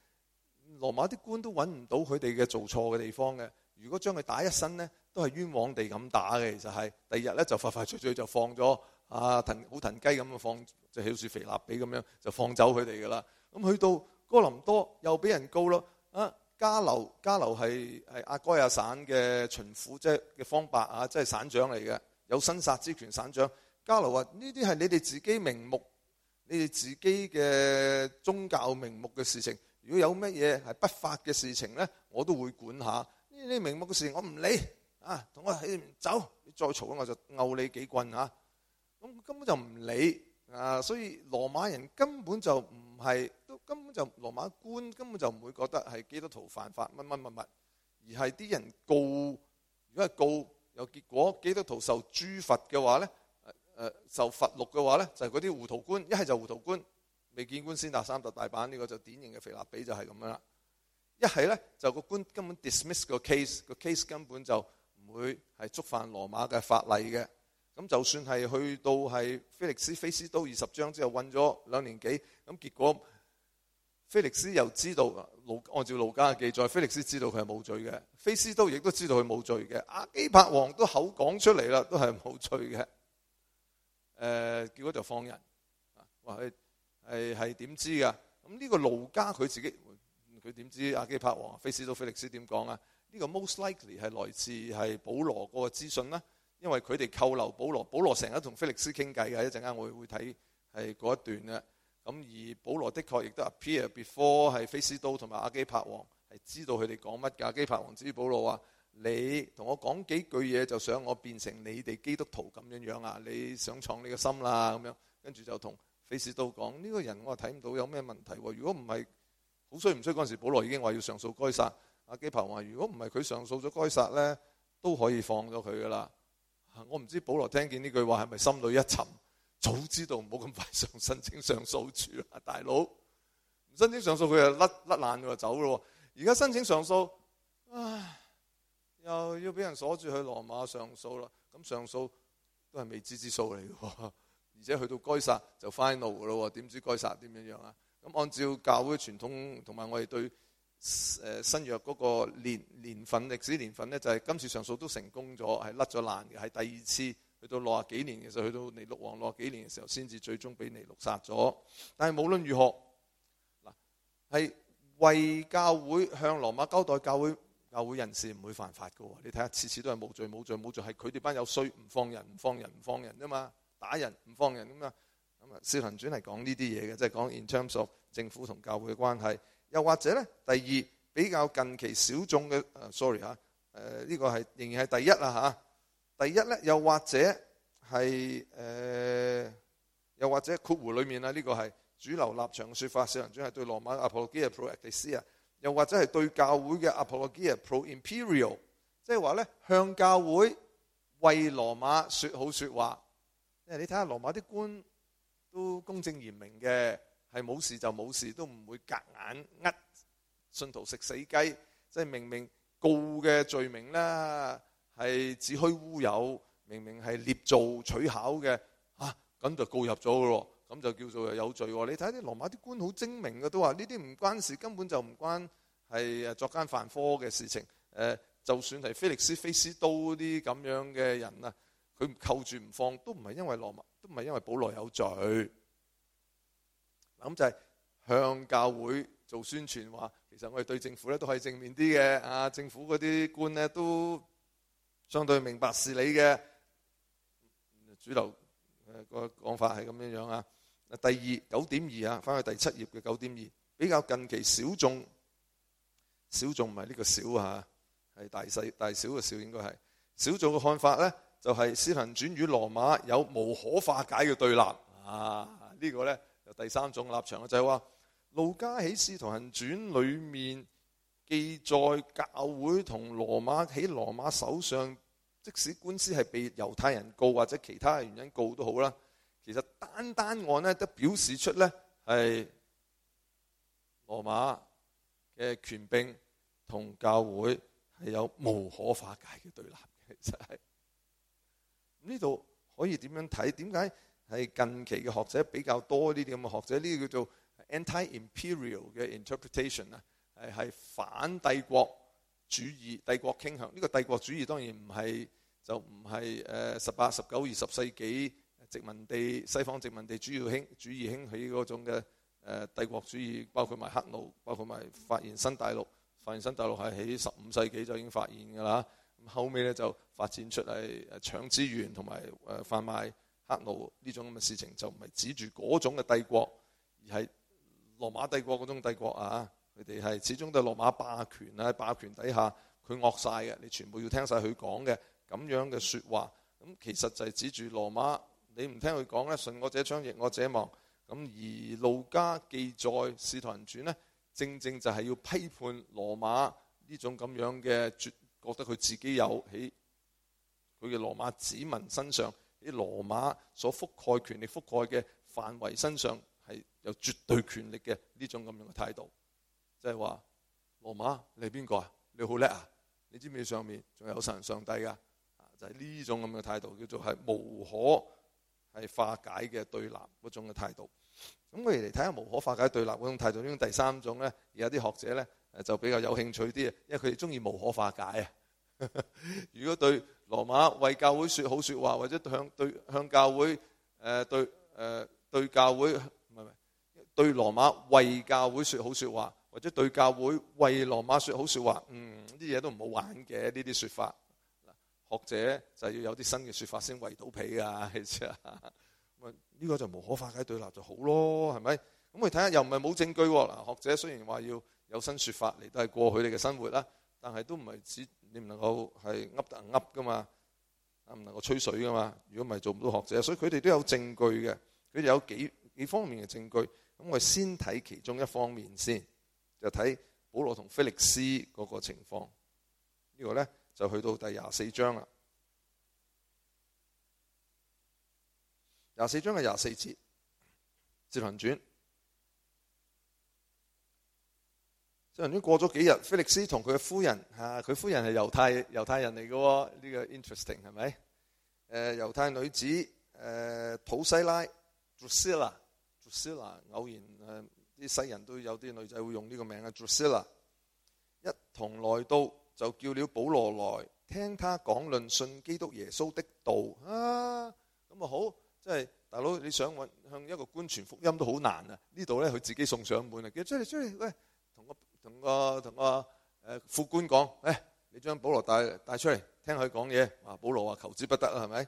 羅馬啲官都揾唔到佢哋嘅做錯嘅地方嘅。如果將佢打一身呢，都係冤枉地咁打嘅，其實係。第二日咧就快快脆脆就放咗阿騰好騰雞咁放，就好似腓立比咁樣就放走佢哋噶啦。咁去到哥林多又俾人告咯啊！加流，加流係係阿哥阿省嘅巡撫，即係嘅方伯啊，即係省長嚟嘅，有生殺之權。省長加流話：呢啲係你哋自己名目，你哋自己嘅宗教名目嘅事情。如果有乜嘢係不法嘅事情呢，我都會管下。呢啲名目嘅事情我唔理啊，同我走，你再嘈我就拗你幾棍嚇。咁、啊、根本就唔理啊，所以羅馬人根本就唔係。根本就羅馬官根本就唔會覺得係基督徒犯法乜乜乜乜，而係啲人告，如果係告有結果，基督徒受諸罰嘅話咧，誒、呃、受罰錄嘅話咧，就係嗰啲糊塗官，一係就糊塗官未見官先打三十大板，呢、呢個就典型嘅腓立比就係咁樣啦。一係咧就個官根本 dismiss 個 case，個 case 根本就唔會係觸犯羅馬嘅法例嘅。咁就算係去到係腓力斯非斯都二十章之後韞咗兩年幾，咁結果。菲力斯又知道，按按照路加嘅記載，菲力斯知道佢係冇罪嘅。菲斯都亦都知道佢冇罪嘅。亞基帕王都口講出嚟啦，都係冇罪嘅。誒、呃，結果就放人。話佢係係點知噶？咁、這、呢個路加，佢自己佢點知道亞基帕王、菲斯都、菲力斯點講啊？呢、這個 most likely 係來自係保羅個資訊啦，因為佢哋扣留保羅，保羅成日同菲力斯傾偈嘅。一陣間我會睇係嗰一段啦。咁而保羅的確亦都 appear before 係菲斯都同埋亞基帕王，係知道佢哋講乜㗎。亞基帕王知保羅話：你同我講幾句嘢就想我變成你哋基督徒咁樣樣啊？你想創你個心啦、啊、咁樣。跟住就同菲斯都講：呢、呢個人我睇唔到有咩問題喎。如果唔係好衰唔衰嗰陣時，保羅已經話要上訴該撒。亞基帕話：如果唔係佢上訴咗該撒呢，都可以放咗佢㗎啦。我唔知保羅聽見呢句話係咪心裏一沉。早知道唔好咁快上申請上訴處啦，大佬，唔申請上訴，佢又甩甩爛，佢就走咯。而家申請上訴，唉，又要俾人鎖住去羅馬上訴啦。咁上訴都係未知之數嚟嘅，而且去到該撒就 final 㗎咯。點知該撒點樣樣啊？咁按照教會傳統同埋我哋對誒新約嗰個年年份歷史年份咧，就係、是、今次上訴都成功咗，係甩咗爛嘅，係第二次。去到六十幾年，嘅時候，去到尼祿王六十幾年嘅時候，先至最終俾尼祿殺咗。但係無論如何，嗱係為教會向羅馬交代，教會教會人士唔會犯法噶。你睇下，次次都係冇罪、冇罪、冇罪，係佢哋班有罪，唔放人、唔放人、唔放人啊嘛，打人唔放人咁嘛。咁啊，《使徒行傳》係講呢啲嘢嘅，即係講 in terms of 政府同教會嘅關係。又或者呢，第二比較近期小眾嘅 sorry 嚇，誒呢、啊這個係仍然係第一啦嚇。啊第一咧，又或者係誒、呃，又或者括弧裏面啦）呢、呢個係主流立場嘅説法。聖人主係對羅馬阿普羅基亞 pro ecclesia 啊，pro a，又或者係對教會嘅阿普羅基亞 proimperial，即係話咧，向教會為羅馬説好説話。哎、你睇下羅馬啲官都公正嚴明嘅，係冇事就冇事，都唔會夾硬呃信徒食死雞，即係明明告嘅罪名啦。係子虛烏有，明明係捏造取巧嘅嚇，咁、啊、就告入咗咯，咁就叫做有罪。你睇啲羅馬啲官好精明嘅，都話呢啲唔關事，根本就唔關係作奸犯科嘅事情。誒，就算係腓力斯非斯都啲咁樣嘅人啊，佢扣住唔放，都唔係因為羅馬，都唔係因為保羅有罪。嗱，咁就係向教會做宣傳話，其實我哋對政府咧都係正面啲嘅啊，政府嗰啲官呢都相對明白事理嘅主流誒個講法係咁樣樣啊。第二九點二啊，翻去第七頁嘅九點二，比較近期小眾，小眾唔係呢個小」，嚇，係大細大小嘅小，的小應該」應該係小眾嘅看法呢，就係《使行傳》與《羅馬》有無可化解嘅對立啊！呢、這個呢，有第三種立場就係、是、話《路加喜事》同《行傳》裏面。記載教會同羅馬喺羅馬手上，即使官司係被猶太人告或者其他嘅原因告都好啦。其實單單案呢都表示出呢係羅馬嘅權柄同教會係有無可化解嘅對立嘅。其實係呢度可以點樣睇？點解係近期嘅學者比較多呢啲咁嘅學者呢啲叫做 anti-imperial 嘅 interpretation 啊？係係反帝國主義、帝國傾向呢個帝國主義，當然唔係就唔係誒十八、十九、二十世紀殖民地西方殖民地主要興主義興起嗰種嘅誒帝國主義，包括埋黑奴，包括埋發現新大陸。發現新大陸係喺十五世紀就已經發現㗎啦。咁後尾咧就發展出嚟搶資源同埋誒販賣黑奴呢種咁嘅事情，就唔係指住嗰種嘅帝國，而係羅馬帝國嗰種帝國啊。佢哋係始終都係羅馬霸權啊！霸權底下佢惡晒嘅，你全部要聽晒佢講嘅咁樣嘅說話。咁其實就係指住羅馬，你唔聽佢講咧，順我者昌，逆我者亡。咁而路加記載《使徒行傳》呢，正正就係要批判羅馬呢種咁樣嘅，覺得佢自己有喺佢嘅羅馬子民身上，喺羅馬所覆蓋權力覆蓋嘅範圍身上係有絕對權力嘅呢種咁樣嘅態度。即係話羅馬你係邊個啊？你好叻啊！你知唔知上面仲有神上帝噶？啊，就係呢種咁嘅態度，叫做係無可係化解嘅對立嗰種嘅態度。咁我哋嚟睇下無可化解對立嗰種態度。呢種第三種咧，有啲學者咧就比較有興趣啲啊，因為佢哋中意無可化解啊。 如果對羅馬為教會説好説話，或者向對向教會誒對，誒對教會唔係，唔係對羅馬為教會説好説話，或者對教會為羅馬説好説話，嗯啲嘢都唔好玩嘅呢啲説法。嗱，學者就要有啲新嘅説法先圍到皮啊，呢個就無可化解對立就好咯，係咪？咁你睇下又唔係冇證據嗱。學者雖然話要有新説法嚟，都係過去你嘅生活啦，但係都唔係指你唔能夠係噏得噏噶嘛，唔能夠吹水噶嘛。如果唔係做唔到學者，所以佢哋都有證據嘅。佢哋有幾幾方面嘅證據，咁我先睇其中一方面先。就睇保羅同腓力斯嗰個情況，呢個咧就去到第廿四章啦。廿四章係廿四節，節文轉。節文轉過咗幾日，腓力斯同佢嘅夫人，吓，佢夫人係猶太猶太人嚟嘅，呢、呢個 interesting 係咪？誒，猶太女子誒，土西拉 Drusilla Drusilla 偶然誒。啲西人都有啲女仔會用呢個名啊，Drusilla 一同來到就叫了保羅來聽他講論信基督耶穌的道啊！咁啊好，即係大佬你想揾向一個官傳福音都好難啊！呢度咧佢自己送上門啊，叫出嚟出嚟喂，同個同個同個誒副官講，誒你將保羅帶帶出嚟聽佢講嘢啊！保羅話求之不得啊，係咪？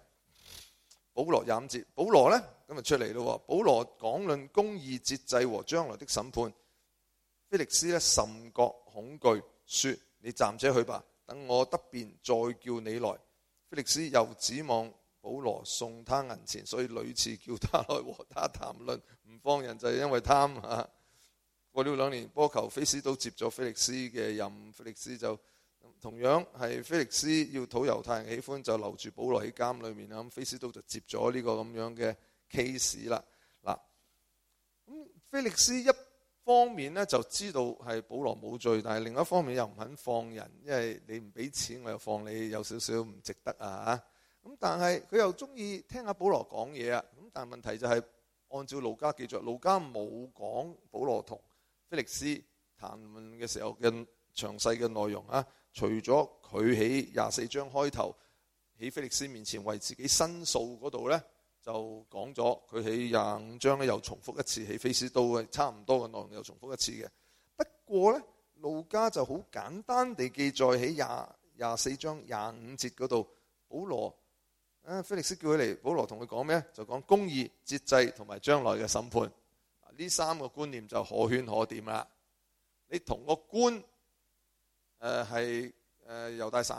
保羅廿五節，保羅呢？咁就出嚟咯。保羅講論公義、節制和將來的審判。菲力斯呢甚覺恐懼，說：你暫且去吧，等我得便再叫你來。菲力斯又指望保羅送他銀錢，所以屢次叫他來和他談論。唔放人就係、是、因為貪啊。過了兩年，波求菲斯都接咗菲力斯嘅任，菲力斯就。同樣係菲力斯要討猶太人喜歡，就留住保羅喺監裏面啊。咁菲斯都就接咗呢個咁樣嘅 case 啦。嗱咁菲力斯一方面咧就知道係保羅冇罪，但係另一方面又唔肯放人，因為你唔俾錢，我又放你有少少唔值得啊。咁但係佢又中意聽阿保羅講嘢啊。咁但係問題就係按照路加記述，路加冇講保羅同菲力斯談論嘅時候嘅詳細嘅內容啊。除咗佢喺廿四章開頭喺腓力斯面前為自己申訴嗰度呢，就講咗。佢喺廿五章咧又重複一次喺非斯都度嘅差唔多嘅內容，又重複一次嘅。不過呢，路加就好簡單地記載喺廿廿四章廿五節嗰度，保羅啊腓力斯叫佢嚟，保羅同佢講咩？就講公義、節制同埋將來嘅審判。呢三個觀念就可圈可點啦。你同個官。誒係，誒猶大省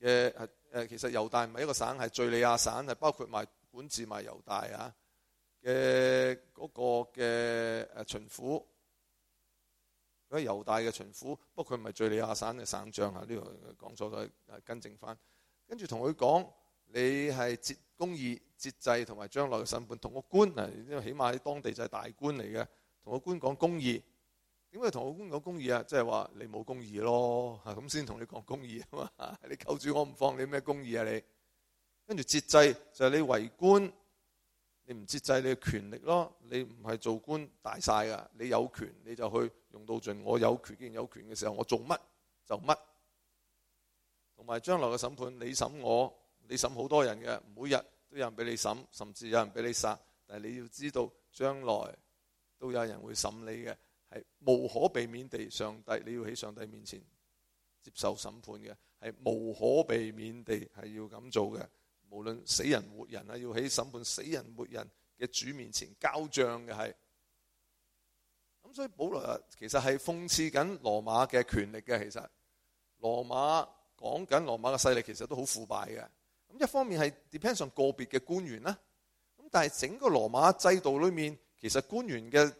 嘅，係誒，其實猶大唔係一個省，係敍利亞省，係包括埋管治埋猶大啊嘅嗰、那個嘅誒、啊、巡撫，嗰個猶大嘅巡撫，不過佢唔係敍利亞省嘅省長啊，呢度講錯咗，誒更正翻。跟住同佢講你係節公義節制同埋將來嘅審判，同個官嗱，因為起碼喺當地就係大官嚟嘅，同個官講公義。點解同我講公義啊？即係話你冇公義咯，咁先同你講公義啊嘛。你扣住我唔放，你咩公義啊你？跟住節制就係你為官，你唔節制你嘅權力咯。你唔係做官大晒噶，你有權你就去用到盡。我有權，既然有權嘅時候，我做乜就乜。同埋將來嘅審判，你審我，你審好多人嘅，每日都有人俾你審，甚至有人俾你殺。但係你要知道，將來都有人會審你嘅。.係無可避免地，上帝你要喺上帝面前接受審判嘅，係無可避免地係要咁做嘅。無論死人活人啊，要喺審判死人活人嘅主面前交帳嘅係。咁所以保羅其實係諷刺緊羅馬嘅權力嘅。其實羅馬講緊羅馬嘅勢力其實都好腐敗嘅。咁一方面係 depend on 個別嘅官員啦，咁但係整個羅馬制度裏面其實官員嘅。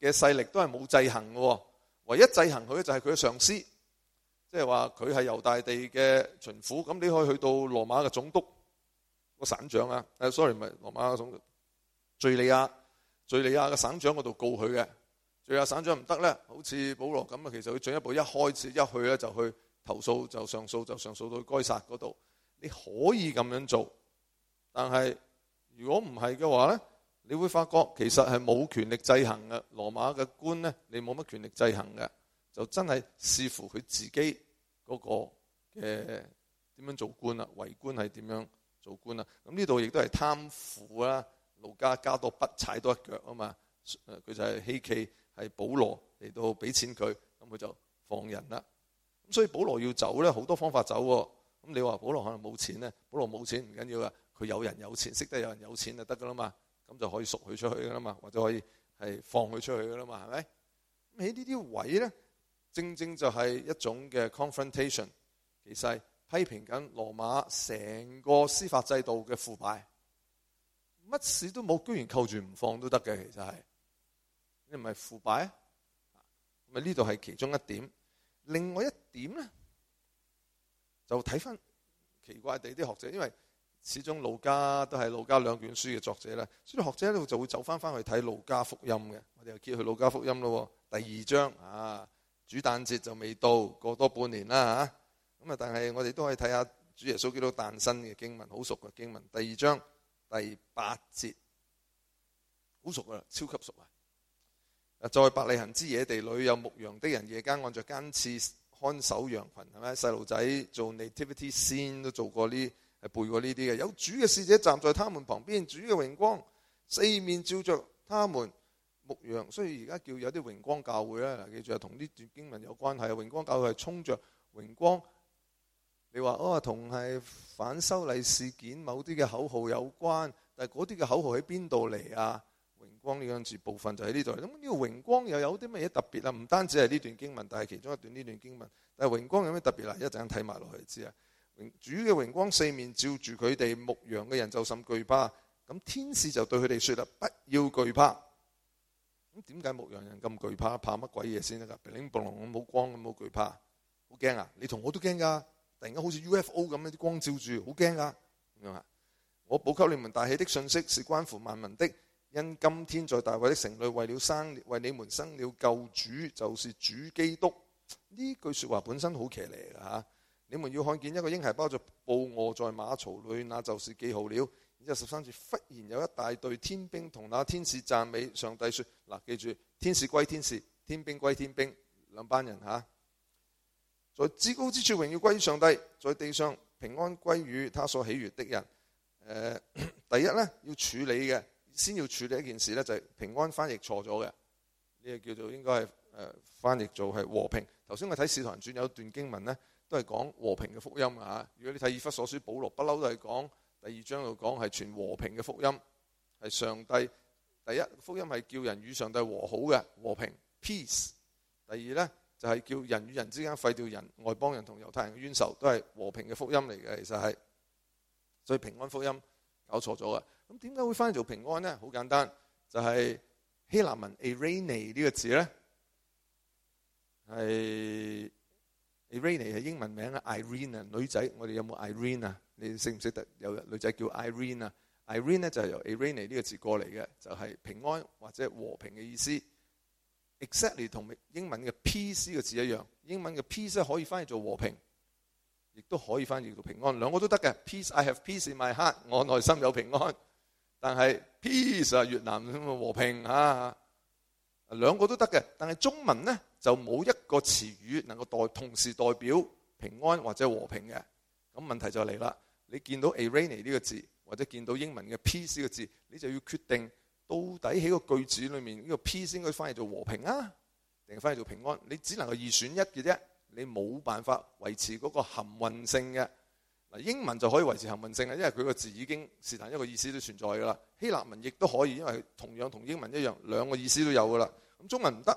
嘅勢力都係冇制衡嘅，唯一制衡佢嘅就係佢嘅上司，即係話佢係猶大地嘅巡撫。咁你可以去到羅馬嘅總督個省長啊，誒，sorry，唔係羅馬總督，敍利亞敍利亞嘅省長嗰度告佢嘅。敍利亞省長唔得咧，好似保羅咁啊，其實佢進一步一開始一去咧就去投訴，就上訴，就上訴，就上訴到該撒嗰度。你可以咁樣做，但係如果唔係嘅話咧？你會發覺其實係冇權力制衡嘅，羅馬嘅官咧，你冇乜權力制衡嘅，就真係視乎佢自己嗰、那個嘅點、呃、樣做官啦，為官係點樣做官啦。咁呢度亦都係貪腐啦，路加加多筆踩多一腳啊嘛，佢就係希奇係保羅嚟到俾錢佢，咁佢就放人啦。咁所以保羅要走咧，好多方法走喎、哦。咁你話保羅可能冇錢咧，保羅冇錢唔緊要噶，佢有人有錢，識得有人有錢就得噶啦嘛。咁就可以贖佢出去噶啦嘛，或者可以係放佢出去噶啦嘛，係咪？喺呢啲位咧，正正就係一種嘅 confrontation，其實係批評緊羅馬成個司法制度嘅腐敗，乜事都冇，居然扣住唔放都得嘅，其實係，你唔係腐敗啊？咁咪呢度係其中一點，另外一點咧，就睇翻奇怪地啲學者，因為。始終路加都係路加兩卷書嘅作者啦，所以學者一路就會走翻翻去睇路加福音嘅。我哋又揭去路加福音咯，第二章啊，主誕節就未到，過多半年啦吓咁啊，但係我哋都可以睇下主耶穌基督誕生嘅經文，好熟嘅經文。第二章第八節，好熟噶啦，超級熟啊！在伯利恆之野地裏，有牧羊的人夜間按着更次看守羊群，係咪？細路仔做 nativity scene 都做過呢？係背過呢啲嘅，有主嘅使者站在他們旁邊，主嘅榮光四面照着他們。牧羊，所以而家叫有啲榮光教會啦。嗱，記住啊，同呢段經文有關係啊。榮光教會係衝着榮光。你話哦，同係反修例事件某啲嘅口號有關，但係嗰啲嘅口號喺邊度嚟啊？榮光呢樣字部分就喺呢度。咁呢個榮光又有啲乜嘢特別啊？唔單止係呢段經文，但係其中一段呢段經文，但係榮光有咩特別啊？一陣睇埋落去就知啊。主嘅榮光四面照住佢哋，牧羊嘅人就甚懼怕。咁天使就對佢哋說啦：，不要懼怕。咁點解牧羊人咁懼怕？怕乜鬼嘢先得噶？bling bling 咁冇光咁冇懼怕，好驚啊！你同我都驚噶。突然間好似 UFO 咁樣啲光照住，好驚噶。咁樣啊！我報給你們大喜的信息是關乎萬民的，因今天在大衛的城裏，為了生為你們生了救主，就是主基督。呢句說話本身好騎呢噶吓。你們要看見一個嬰孩包着布，臥在馬槽裏，那就是記號了。然之後十三節忽然有一大隊天兵同那天使讚美上帝說：嗱、啊，記住，天使歸天使，天兵歸天兵，兩班人吓、啊。在至高之處榮耀歸於上帝，在地上平安歸於他所喜悅的人、呃。第一呢，要處理嘅，先要處理一件事呢就係平安翻譯錯咗嘅，呢、這個叫做應該係、呃、翻譯做係和平。頭先我睇《使徒行傳》有一段經文呢。都係講和平嘅福音啊！如果你睇以弗所書，保羅不嬲都係講第二章就講係全和平嘅福音，係上帝第一福音係叫人與上帝和好嘅和平 peace。第二呢，就係、是、叫人與人之間廢掉人外邦人同猶太人嘅冤仇，都係和平嘅福音嚟嘅。其實係所以平安福音搞錯咗啊。咁點解會翻做平安呢？好簡單，就係、是、希臘文 eirene 呢個字呢。係。Irene 係英文名啊，Irene 啊，女仔，我哋有冇 Irene 啊？你識唔識得有女仔叫 Irene 啊？Irene 呢就係由 Irene 呢個字過嚟嘅，就係平安或者和平嘅意思。Exactly 同英文嘅 peace 個字一樣，英文嘅 peace 可以翻譯做和平，亦都可以翻譯做平安，兩個都得嘅。Peace，I have peace in my heart，我內心有平安。但係 peace 啊，越南咁啊和平啊。兩個都得嘅，但係中文呢，就冇一個詞語能夠代同時代表平安或者和平嘅。咁問題就嚟啦，你見到 eirene 呢個字或者見到英文嘅 peace 呢個字，你就要決定到底喺個句子裏面呢、呢個 p 先該翻嚟做和平啊，定翻嚟做平安？你只能夠二選一嘅啫，你冇辦法維持嗰個含混性嘅。英文就可以維持含混性啊，因為佢個字已經是但一個意思都存在㗎啦。希臘文亦都可以，因為同樣同英文一樣，兩個意思都有㗎啦。咁中文唔得，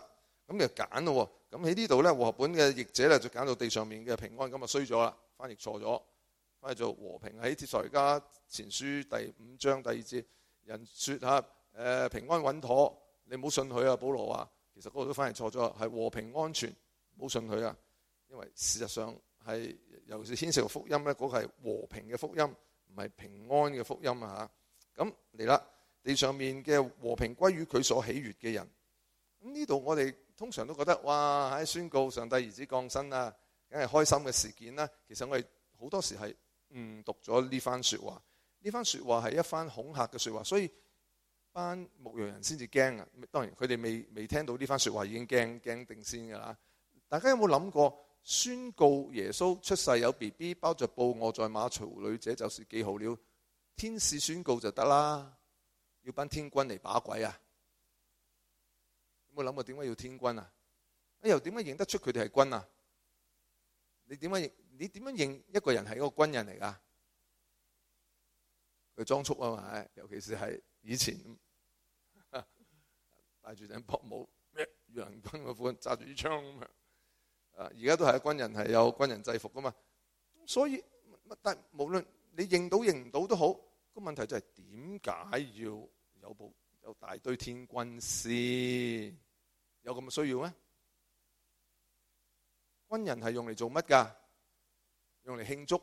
咁你就揀咯喎。咁喺呢度呢，和合本嘅譯者呢，就揀到地上面嘅平安，咁就衰咗啦，翻譯錯咗。翻譯做和平喺帖撒家前書第五章第二節，人説嚇，誒，平安穩妥，你唔好信佢啊！保羅話其實嗰個都翻譯錯咗，係和平安全，唔好信佢啊，因為事實上。係，尤其是牽涉到福音呢，嗰個係和平嘅福音，唔係平安嘅福音啊！吓，咁嚟啦，地上面嘅和平歸於佢所喜悅嘅人。咁呢度我哋通常都覺得哇，喺宣告上帝兒子降生啦，梗係開心嘅事件啦。其實我哋好多時係誤讀咗呢番說話，呢番說話係一番恐嚇嘅說話，所以班牧羊人先至驚啊！當然佢哋未未聽到呢番說話已經驚驚定先噶啦。大家有冇諗過？宣告耶穌出世有 B B 包着布臥在馬槽裏，這就是記號了。天使宣告就得啦，要班天軍嚟把鬼啊？有冇諗過點解要天軍啊？又點樣認得出佢哋係軍啊？你點樣認？你點樣認一個人係一個軍人嚟噶？佢裝束啊嘛，尤其是係以前，戴住頂薄帽，咩洋軍嘅款，揸住支槍咁樣。啊！而家都係軍人係有軍人制服噶嘛，所以但無論你認到認唔到都好，個問題就係點解要有部有大堆天軍師有咁嘅需要咩？軍人係用嚟做乜噶？用嚟慶祝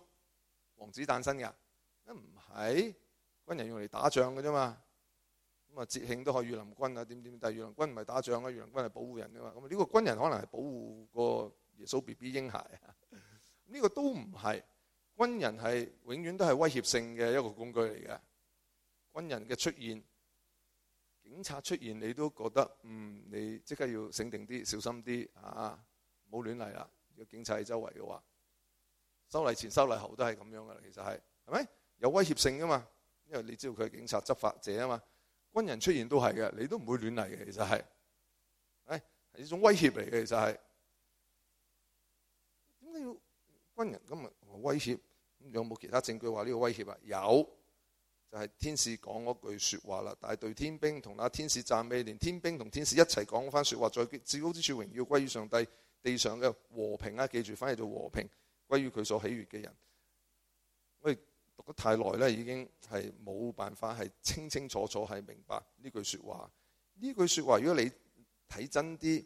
王子誕生噶？唔、啊、係軍人用嚟打仗嘅啫嘛。咁啊，節慶都可以御林軍啊，點點？但係御林軍唔係打仗啊，御林軍係保護人噶嘛。咁、那、呢個軍人可能係保護個。耶穌 B B 嬰孩啊，呢、這個都唔係軍人係永遠都係威脅性嘅一個工具嚟嘅。軍人嘅出現，警察出現，你都覺得嗯，你即刻要醒定啲，小心啲啊，冇亂嚟啦。有警察喺周圍嘅話，收禮前，收禮後都係咁樣噶啦。其實係係咪有威脅性噶嘛？因為你知道佢係警察執法者啊嘛。軍人出現都係嘅，你都唔會亂嚟嘅。其實係，誒係一種威脅嚟嘅，其實係。軍人今日威脅，有冇其他證據話呢個威脅啊？有，就係、是、天使講嗰句說話啦。但係對天兵同阿天使讚美，連天兵同天使一齊講翻說話。在至高之處榮耀歸於上帝，地上嘅和平啊，記住翻譯做和平歸於佢所喜悅嘅人。我哋讀得太耐咧，已經係冇辦法係清清楚楚係明白呢句說話。呢句說話，如果你睇真啲，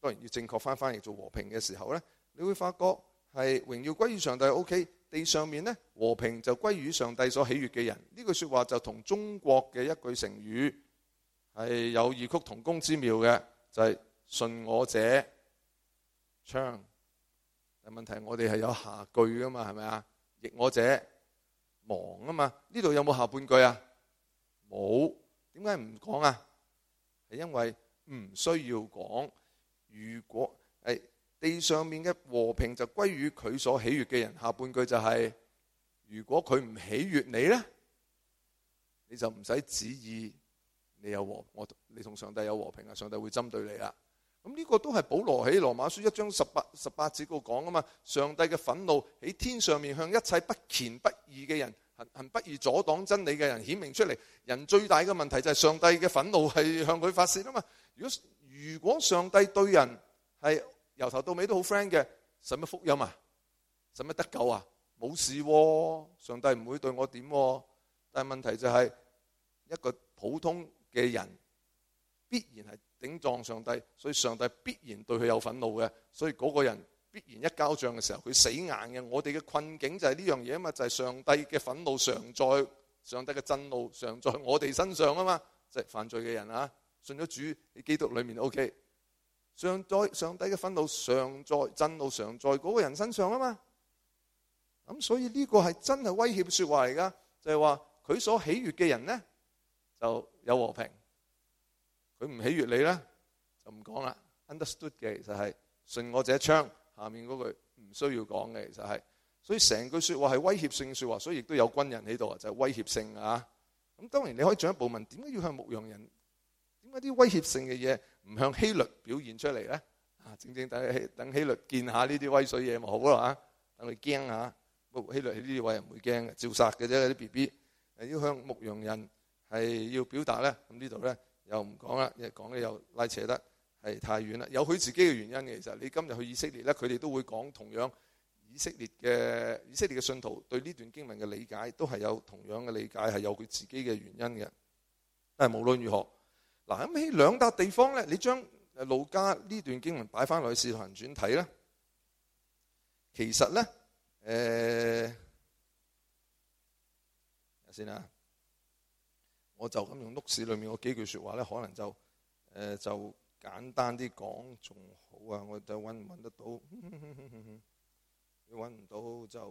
當然要正確翻翻譯做和平嘅時候呢。你會發覺係榮耀歸於上帝 O.K. 地上面呢，和平就歸於上帝所喜悦嘅人，呢句說話就同中國嘅一句成語係有異曲同工之妙嘅，就係、是、信我者昌。但問題我哋係有下句噶嘛，係咪啊？逆我者亡啊嘛。呢度有冇下半句啊？冇。點解唔講啊？係因為唔需要講。如果誒。哎地上面嘅和平就歸於佢所喜悅嘅人，下半句就係、是、如果佢唔喜悅你呢，你就唔使旨意你有和我，你同上帝有和平啊！上帝會針對你啊！咁、這、呢個都係保羅喺羅馬書一章十八十八節嗰度講啊嘛！上帝嘅憤怒喺天上面向一切不虔不義嘅人、行行不義阻擋真理嘅人顯明出嚟。人最大嘅問題就係上帝嘅憤怒係向佢發泄啊嘛！如果如果上帝對人係，由頭到尾都好 friend 嘅，使乜福音啊？使乜得救啊？冇事、啊，上帝唔會對我點、啊。但係問題就係、是、一個普通嘅人，必然係頂撞上帝，所以上帝必然對佢有憤怒嘅。所以嗰個人必然一交賬嘅時候，佢死硬嘅。我哋嘅困境就係呢樣嘢啊嘛，就係、是、上帝嘅憤怒，常在上帝嘅震怒，常在我哋身上啊嘛，即、就、係、是、犯罪嘅人啊，信咗主喺基督裏面 OK。上在上帝嘅憤怒，上在震怒，常在嗰個人身上啊嘛。咁所以呢個係真係威脅說話嚟噶，就係話佢所喜悦嘅人呢就有和平他不起不，佢唔喜悦你咧就唔講啦。Understood 嘅其實係信我者昌，下面嗰句唔需要講嘅其實係，所以成句說話係威脅性說話，所以亦都有軍人喺度啊，就係威脅性啊。咁當然你可以進一步問，點解要向牧羊人？一啲威脅性嘅嘢唔向希律表現出嚟咧，啊，正正等希等希律見下呢啲威水嘢咪好咯啊，等佢驚下。啊，不過希律喺呢啲位唔會驚嘅，照殺嘅啫啲 B B。誒，要向牧羊人係要表達咧，咁呢度咧又唔講啦，又講咧又拉扯得係太遠啦，有佢自己嘅原因嘅。其實你今日去以色列咧，佢哋都會講同樣以色列嘅以色列嘅信徒對呢段經文嘅理解都係有同樣嘅理解，係有佢自己嘅原因嘅。但係無論如何。嗱，咁喺兩笪地方咧，你將誒路加呢段經文擺翻落去使徒行傳睇咧，其實咧誒先啦，我就咁用屋市裏面嗰幾句説話咧，可能就誒就簡單啲講仲好啊，我哋就揾唔揾得到，你揾唔到就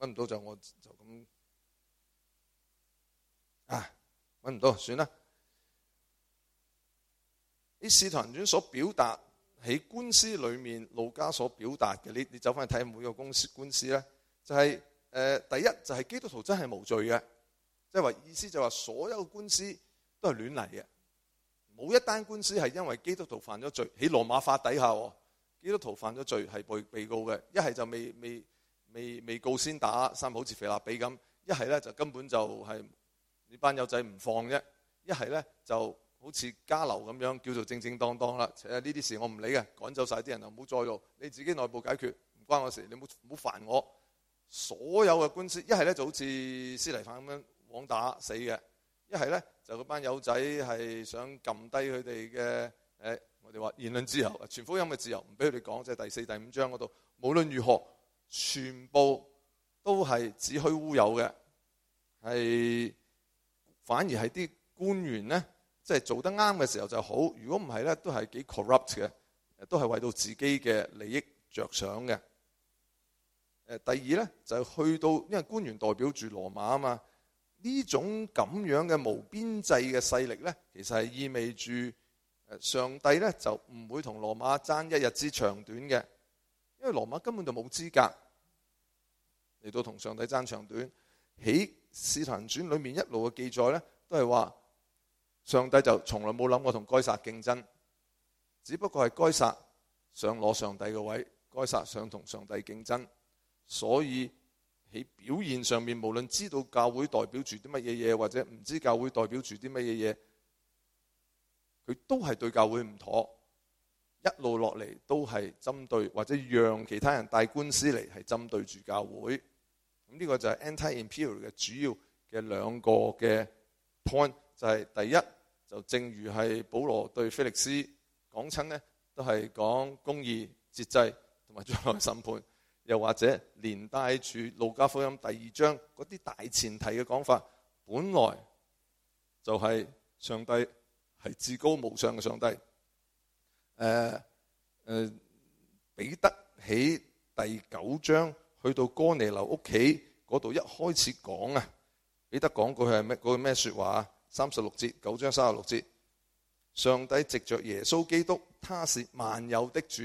揾唔到，就我就咁啊。搵唔到，算啦。啲《使徒行傳》所表達喺官司裏面，路加所表達嘅，你你走翻去睇每個公司官司咧，就是，就係誒，第一就係、是、基督徒真係無罪嘅，即係話意思就係話所有官司都係亂嚟嘅，冇一單官司係因為基督徒犯咗罪喺羅馬法底下，基督徒犯咗罪係被被告嘅，一係就未未未未告先打，三毛好似腓立比咁，一係咧就根本就係、是。你班友仔唔放啫，一係咧就好似迦流咁樣叫做正正當當啦。誒呢啲事我唔理嘅，趕走晒啲人就唔好再用，你自己內部解決唔關我事，你唔好唔好煩我。所有嘅官司一係咧就好似司提反咁樣枉打死嘅，一係咧就嗰班友仔係想撳低佢哋嘅誒，我哋話言論自由、傳福音嘅自由，唔俾佢哋講，即係第四、第五章嗰度。無論如何，全部都係子虛烏有嘅，係。反而係啲官員呢，即係做得啱嘅時候就好；如果唔係呢，都係幾 corrupt 嘅，都係為到自己嘅利益着想嘅。誒第二呢，就係去到，因為官員代表住羅馬啊嘛，呢種咁樣嘅無邊際嘅勢力呢，其實係意味住上帝呢，就唔會同羅馬爭一日之長短嘅，因為羅馬根本就冇資格嚟到同上帝爭長短，起。《使徒傳》裏面一路嘅記載呢，都係話上帝就從來冇諗過同該撒競爭，只不過係該撒想攞上帝嘅位，該撒想同上帝競爭，所以喺表現上面，無論知道教會代表住啲乜嘢嘢，或者唔知教會代表住啲乜嘢嘢，佢都係對教會唔妥，一路落嚟都係針對或者讓其他人帶官司嚟，係針對住教會。呢個就係 anti-imperial 嘅主要嘅兩個嘅 point，就係第一就正如係保羅對腓力斯講親咧，都係講公義，節制同埋將來審判，又或者連帶住路加福音第二章啲大前提嘅講法，本來就係上帝係至高無上嘅上帝。誒誒彼得喺第九章。去到哥尼流屋企嗰度，那一開始講啊，彼得講句係咩？嗰句咩説話啊？三十六節，九章三十六節，上帝藉著耶穌基督，他是萬有的主。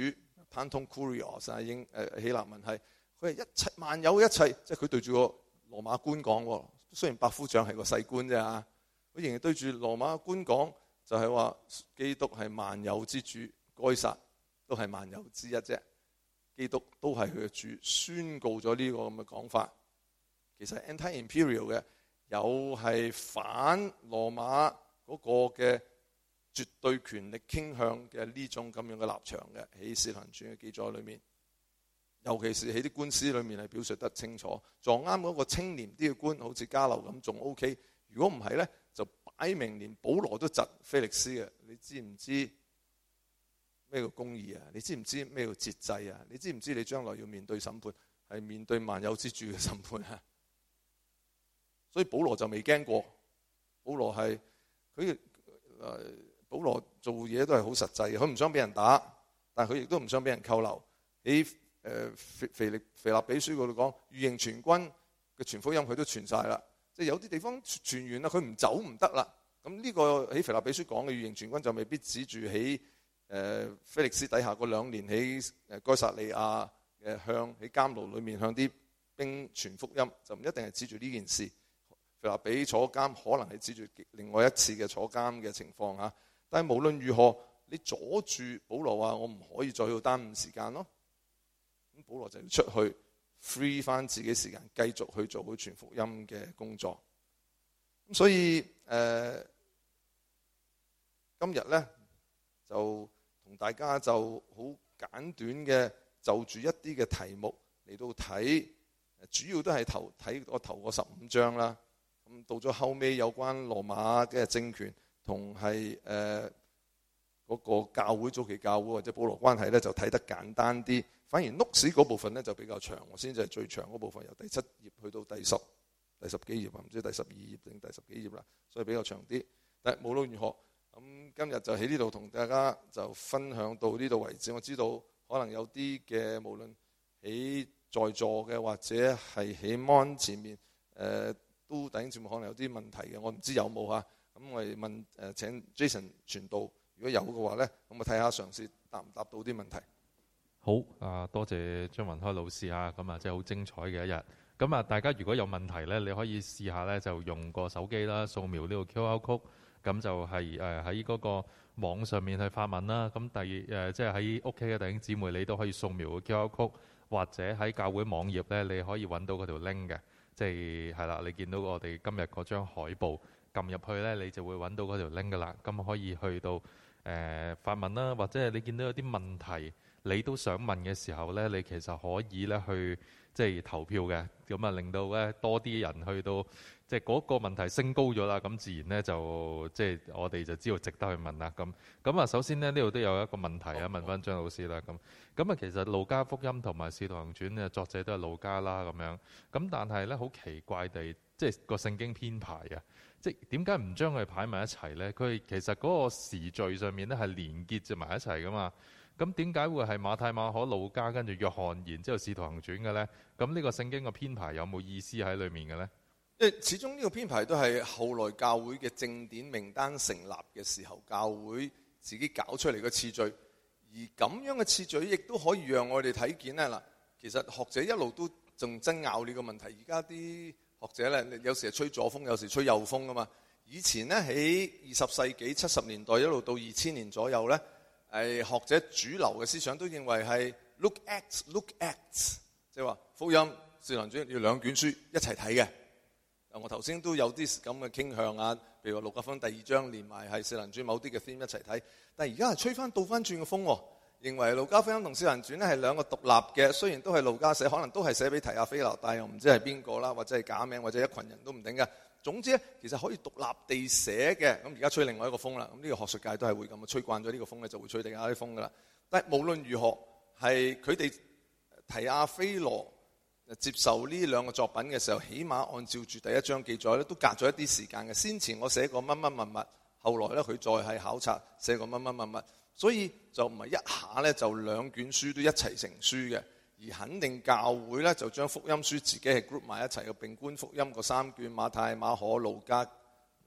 潘通庫裏亞，神英誒希臘文係，佢係一切萬有一切，即係佢對住個羅馬官講喎。雖然百夫長係個細官啫啊，佢仍然對住羅馬官講，就係、是、話基督係萬有之主，該撒都係萬有之一啫。基督都係佢嘅主，宣告咗呢個咁嘅講法。其實 anti-imperial 嘅，又係反羅馬嗰個嘅絕對權力傾向嘅呢種咁樣嘅立場嘅，喺《使行傳》嘅記載裏面，尤其是喺啲官司裏面係表述得清楚。撞啱嗰個清廉啲嘅官，好似迦流咁仲 OK。如果唔係呢，就擺明連保羅都窒腓力斯嘅。你知唔知？咩叫公義啊？你知唔知咩叫節制啊？你知唔知你將來要面對審判，係面對萬有之主嘅審判啊？所以保羅就未驚過，保羅係佢，誒保羅做嘢都係好實際嘅，佢唔想俾人打，但係佢亦都唔想俾人扣留。喺誒腓腓力腓立比書嗰度講御營全軍嘅全福音，佢都傳晒啦，即係有啲地方傳完啦，佢唔走唔得啦。咁呢個喺腓立比書講嘅御營全軍就未必指住喺。誒菲利斯底下嗰兩年喺誒該撒利亞，誒向喺監牢裏面向啲兵傳福音，就唔一定係指住呢件事。譬如話畀坐監，可能係指住另外一次嘅坐監嘅情況嚇。但係無論如何，你阻住保羅話我唔可以再去到耽誤時間咯。咁保羅就要出去 free 翻自己時間，繼續去做佢傳福音嘅工作。咁所以誒、呃，今日咧就。大家就好簡短嘅，就住一啲嘅題目嚟到睇，主要都係睇我頭嗰十五章啦。咁到咗後尾有關羅馬嘅政權同係誒嗰個教會早期教會或者保羅關係咧，就睇得簡單啲。反而碌屎嗰部分咧就比較長，我先至係最長嗰部分，由第七頁去到第十、第十幾頁啊，唔知第十二頁定第十幾頁啦，所以比較長啲。但係無論如何。咁今日就喺呢度同大家就分享到呢度為止。我知道可能有啲嘅無論喺在，在座嘅或者係喺 Mon 前面誒、呃、都頂住，可能有啲問題嘅。我唔知有冇嚇。咁我哋問誒、呃、請 Jason 傳道，如果有嘅話咧，咁啊睇下嘗試答唔答到啲問題。好啊，多謝張雲開老師啊。咁啊，真係好精彩嘅一日。咁啊，大家如果有問題咧，你可以試下咧就用個手機啦，掃描呢個 QR code。咁就係喺嗰個網上面去發問啦。咁第二、呃、即係喺屋企嘅弟兄姊妹，你都可以掃描個 QR code，或者喺教會網頁咧，你可以揾到嗰條 link 嘅。即係係啦，你見到我哋今日嗰張海報撳入去咧，你就會揾到嗰條 link 噶啦。咁可以去到、呃、發問啦，或者你見到有啲問題你都想問嘅時候咧，你其實可以咧去即係投票嘅。咁啊，令到咧多啲人去到。即係嗰個問題升高咗啦，咁自然咧就即係我哋就知道值得去問啦。咁咁啊，首先呢，呢度都有一個問題啊，嗯、問翻張老師啦。咁咁啊，其實《路加福音》同埋《使徒行傳》嘅作者都係路加啦。咁樣咁，但係咧好奇怪地，即係個聖經編排啊，即係點解唔將佢擺埋一齊咧？佢其實嗰個時序上面咧係連結著埋一齊噶嘛。咁點解會係馬太、馬可、路加跟住約翰，然之後《使徒行傳》嘅咧？咁呢個聖經嘅編排有冇意思喺裡面嘅咧？始終呢個編排都係後來教會嘅正典名單成立嘅時候，教會自己搞出嚟嘅次序。而咁樣嘅次序亦都可以讓我哋睇見咧嗱，其實學者一路都仲爭拗呢個問題。而家啲學者呢，有時係吹左風，有時吹右風㗎嘛。以前呢，喺二十世紀七十年代一路到二千年左右呢，係學者主流嘅思想都認為係 Luke-Acts, Luke-Acts，即係話福音使徒主要兩卷書一齊睇嘅。我頭先都有啲咁嘅傾向啊，譬如話《路加福第二章連埋係《使徒傳》某啲嘅 theme 一齊睇，但係而家係吹翻倒翻轉嘅風，認為《路加福》同《使徒傳》咧係兩個獨立嘅，雖然都係路加寫，可能都係寫俾提阿非羅，但係又唔知係邊個啦，或者係假名，或者一群人都唔定嘅。總之其實可以獨立地寫嘅，咁而家吹另外一個風啦。咁、這、呢個學術界都係會咁啊，吹慣咗呢個風咧，就會吹其他啲風㗎啦。但係無論如何，係佢哋提阿非羅接受呢兩個作品嘅時候，起碼按照住第一章記載咧，都隔咗一啲時間嘅。先前我寫過乜乜物物，後來咧佢再係考察寫過乜乜物物，所以就唔係一下咧，就兩卷書都一齊成書嘅。而肯定教會咧，就將福音書自己係 group 埋一齊嘅。並觀福音個三卷馬太、馬可、路加，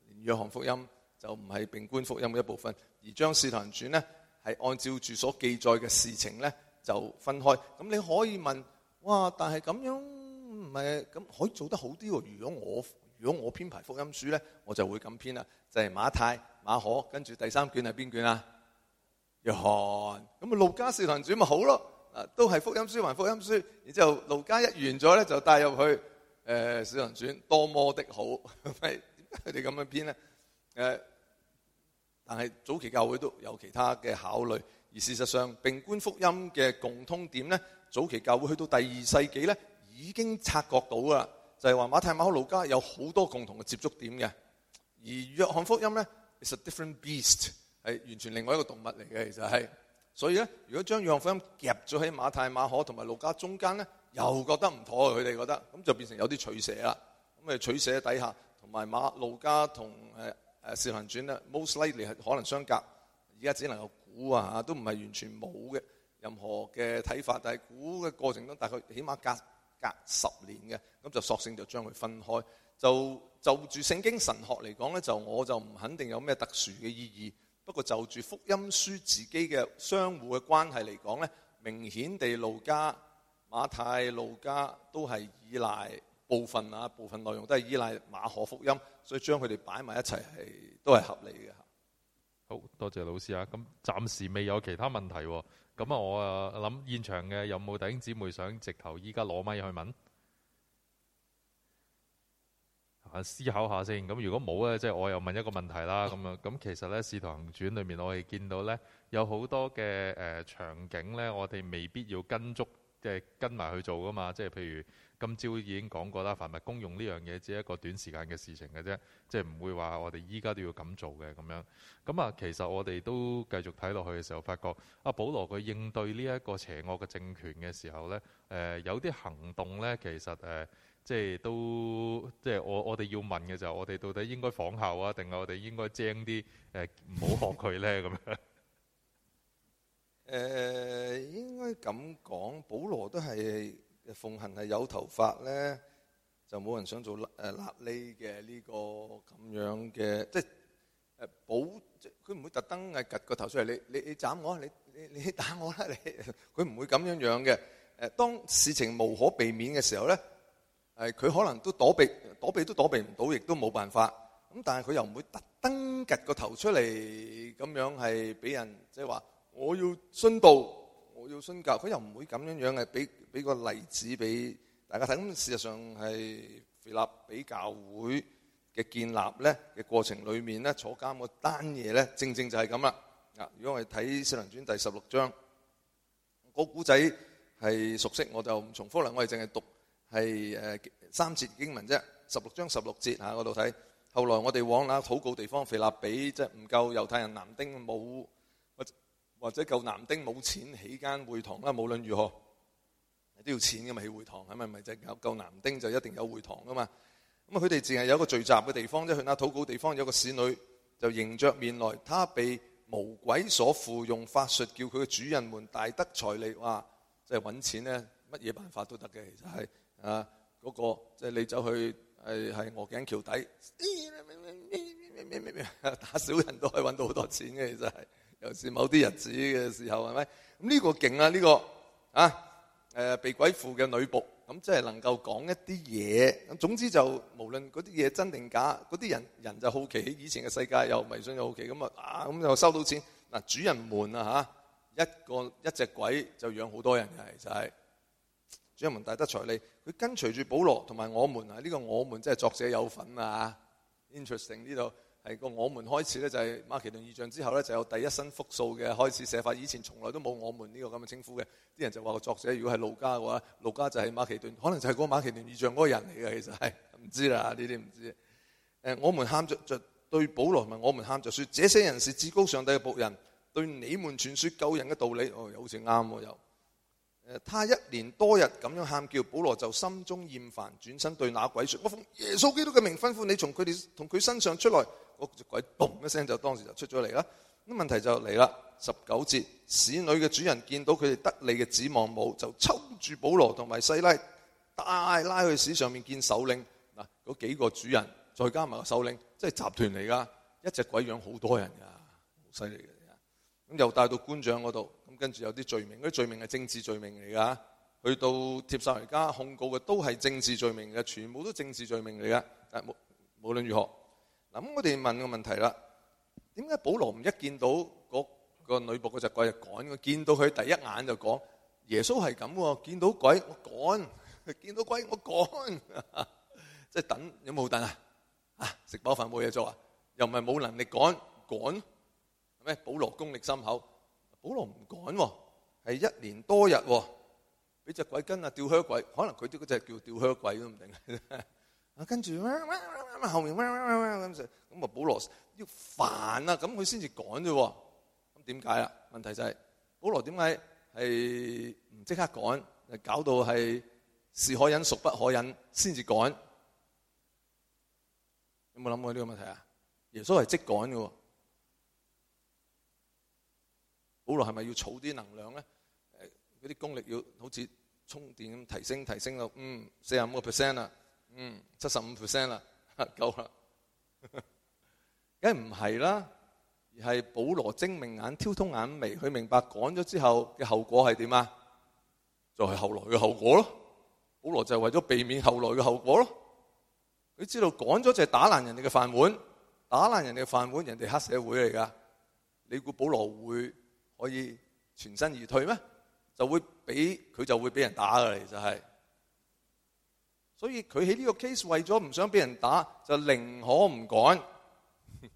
連約翰福音，就唔係並觀福音嘅一部分，而將使徒行傳咧係按照住所記載嘅事情呢，就分開。咁你可以問。哇！但係咁樣唔係咁可以做得好啲喎。如果我如果我編排福音書咧，我就會咁編啦，就係、是、馬太、馬可，跟住第三卷係邊卷啊？約翰咁啊，路加使徒卷咪好咯？啊，都係福音書，還福音書。然之後路加一完咗咧，就帶入去誒使徒卷，多麼的好，點解佢哋咁樣編咧。誒、呃，但係早期教會都有其他嘅考慮，而事實上並觀福音嘅共通點咧。早期教會去到第二世紀咧，已經察覺到啦，就係話馬太、馬可、路加有好多共同嘅接觸點嘅。而約翰福音咧，It's a different beast，係完全另外一個動物嚟嘅，其實係。所以咧，如果將約翰福音夾咗喺馬太、馬可同埋路加中間咧，又覺得唔妥，佢哋覺得。咁就變成有啲取捨啦。咁誒取捨底下，同埋馬路加同誒誒使徒行傳啊，most likely 係可能相隔。而家只能夠估啊，都唔係完全冇嘅。任何嘅睇法，但係估嘅過程中，大概起碼隔隔十年嘅，咁就索性就將佢分開。就就住聖經神學嚟講呢，就我就唔肯定有咩特殊嘅意義。不過就住福音書自己嘅相互嘅關係嚟講呢，明顯地路加、馬太、路加都係依賴部分啊，部分內容都係依賴馬可福音，所以將佢哋擺埋一齊係都係合理嘅。好，多謝老師啊！咁暫時未有其他問題。咁啊，我啊諗現場嘅有冇弟兄姊妹想直頭依家攞咪去問？啊，思考下先。咁如果冇咧，即係我又問一個問題啦。咁樣咁其實咧《使徒行傳》裏面，我哋見到咧有好多嘅誒場景咧，我哋未必要跟足，即係跟埋去做㗎嘛。即係譬如。今朝已經講過啦，凡物公用呢樣嘢只係一個短時間嘅事情嘅啫，即係唔會話我哋依家都要咁做嘅咁樣。咁啊，其實我哋都繼續睇落去嘅時候，發覺阿保羅佢應對呢一個邪惡嘅政權嘅時候呢，有啲行動呢，其實誒、呃、即係都即係我我哋要問嘅就係我哋到底應該仿效啊，定係我哋應該精啲誒唔好學佢呢？呃咁樣，誒應該咁講，保羅都係。奉行係有頭髮咧，就冇人想做誒瘌痢嘅呢個咁樣嘅，即係誒保，佢唔會特登係趌個頭出嚟，你你你斬我，你你你打我啦，你佢唔會咁樣樣嘅。誒，當事情無可避免嘅時候咧，誒，佢可能都躲避，躲避都躲避唔到，亦都冇辦法。咁但係佢又唔會特登趌個頭出嚟咁樣係俾人，即係話我要殉道。我要信教，佢又唔會咁樣樣嘅，俾俾個例子俾大家睇。咁事實上係腓立比教會嘅建立咧嘅過程裏面咧，坐監個單嘢咧，正正就係咁啦。啊，如果我哋睇使徒行傳第十六章，那個古仔係熟悉，我就唔重複啦。我哋淨係讀係誒三節經文啫，十六章十六節嚇，我度睇。後來我哋往那禱告地方，腓立比即係唔夠猶太人男丁冇。或者夠男丁冇錢起間會堂啦，無論如何都要錢噶嘛，起會堂係咪咪就夠夠男丁就一定有會堂噶嘛。咁、嗯、啊，佢哋淨係有一個聚集嘅地方，即係去嗱禱告地方，有個使女就迎着面來，她被巫鬼所附，用法術叫佢嘅主人們大得財利，話即係揾錢咧，乜嘢辦法都得嘅，其實係啊嗰個即係、就是、你走去係係鵝頸橋底打小人都可以揾到好多錢嘅，其實係。有是某啲日子嘅時候，係咪？咁、這、呢個勁、這個、啊，呢個啊，誒，被鬼附嘅女僕，咁即係能夠講一啲嘢。咁總之就無論嗰啲嘢真定假，嗰啲人人就好奇，以前嘅世界又迷信又好奇，咁啊，咁、啊、收到錢。嗱，主人們啊，吓一個一隻鬼就養好多人嘅，就係、是、主人們大得財利，佢跟隨住保羅同埋我們啊，呢、這個我們即係作者有份啊，interesting 呢度。係個我們開始咧，就係馬其頓異象之後咧，就有第一身復數嘅開始寫法。以前從來都冇我們呢個咁嘅稱呼嘅，啲人就話個作者如果係路加嘅話，路加就係馬其頓，可能就係個馬其頓異象嗰個人嚟嘅，其實係唔知啦，呢啲唔知。誒，我們喊着著，著對保羅同埋我們喊着説，這些人是至高上帝嘅僕人，對你們傳説救人嘅道理。哦，又好似啱喎又。誒，他一連多日咁樣喊叫，保羅就心中厭煩，轉身對那鬼説：我奉耶穌基督嘅名吩咐你從他，從佢哋同佢身上出來。嗰隻鬼嘣一聲就當時就出咗嚟啦。咁問題就嚟啦。十九節，使女嘅主人見到佢哋得利嘅指望冇，就抽住保羅同埋西拉，帶拉去市上面見首領。嗱，嗰幾個主人，再加埋個首領，即係集團嚟噶。一隻鬼養好多人噶，好犀利嘅。咁又帶到官長嗰度，咁跟住有啲罪名，嗰啲罪名係政治罪名嚟噶。去到帖撒羅尼迦控告嘅都係政治罪名嘅，全部都政治罪名嚟噶。但係無，無論如何。咁我哋問個問題啦，點解保羅唔一見到個女僕嗰隻鬼就趕？見到佢第一眼就講耶穌係咁喎，見到鬼我趕，見到鬼我趕，即係等有冇好等啊？啊，食飽飯冇嘢做啊，又唔係冇能力趕趕係咩？保羅功力深厚，保羅唔趕，係一連多日俾隻鬼跟啊吊靴鬼，可能佢啲嗰隻叫吊靴鬼都唔定。啊！跟住，後面咁就咁啊。保羅要煩啦，咁佢先至趕啫。咁點解啊？問題就係、是、保羅點解係唔即刻趕，搞到係是，是可忍孰不可忍先至趕？有冇諗過呢個問題啊？耶穌係即趕嘅，保羅係咪要儲啲能量咧？誒，嗰啲功力要好似充電咁提升，提升到嗯四十五個 percent 啊？嗯，七十五 percent 啦，夠啦，梗唔係啦，而係保羅精明眼、挑通眼眉，佢明白趕咗之後嘅後果係點啊？就係、是、後來嘅後果咯。保羅就係為咗避免後來嘅後果咯。佢知道趕咗就係打爛人哋嘅飯碗，打爛人哋嘅飯碗，人哋黑社會嚟噶。你估保羅會可以全身而退咩？就會俾佢就會俾人打噶，其實係。所以佢喺呢個 case 為咗唔想俾人打，就寧可唔趕。咁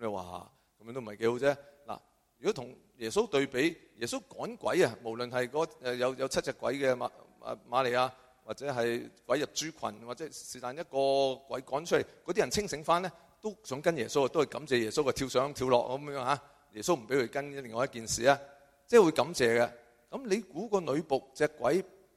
你話，咁樣都唔係幾好啫。嗱，如果同耶穌對比，耶穌趕鬼啊，無論係嗰，誒有有七隻鬼嘅馬啊瑪利亞，或者係鬼入豬群，或者是但一個鬼趕出嚟，嗰啲人清醒翻咧，都想跟耶穌，都係感謝耶穌，跳上跳落咁樣吓。耶穌唔俾佢跟另外一件事啊，即係會感謝嘅。咁你估個女僕隻鬼？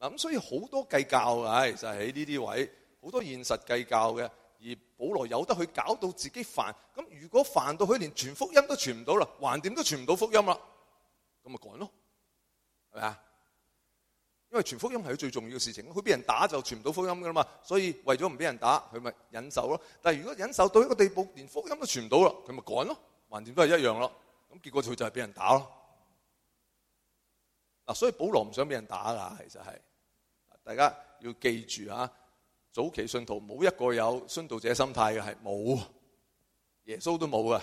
嗱咁，所以好多計較呀，其實係喺呢啲位，好多現實計較嘅。而保羅有得去搞到自己煩，咁如果煩到佢連傳福音都傳唔到啦，橫掂都傳唔到福音啦，咁咪趕咯，係咪啊？因為傳福音係佢最重要嘅事情，佢俾人打就傳唔到福音噶啦嘛，所以為咗唔俾人打，佢咪忍受咯。但係如果忍受到一個地步，連福音都傳唔到啦，佢咪趕咯，橫掂都係一樣咯。咁結果佢就係俾人打咯。嗱，所以保羅唔想俾人打啦，其實係。大家要記住啊！早期信徒冇一個有殉道者的心態嘅，係冇耶穌都冇啊。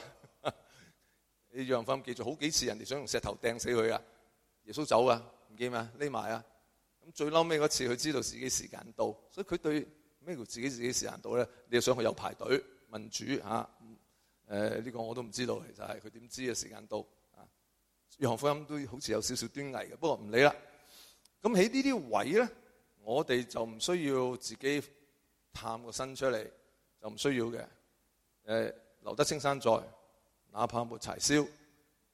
你楊福音記住，好幾次人哋想用石頭掟死佢啊！耶穌走啊，唔見啊，匿埋啊。咁最嬲尾嗰次，佢知道自己時間到，所以佢對咩叫自己自己時間到咧？你又想佢有排隊民主嚇？誒、啊、呢、呃這個我都唔知道，其實係佢點知嘅時間到啊？楊福音都好似有少少端倪嘅，不過唔理啦。咁喺呢啲位咧。我哋就唔需要自己探個身出嚟，就唔需要嘅。誒，留得青山在，哪怕沒柴燒。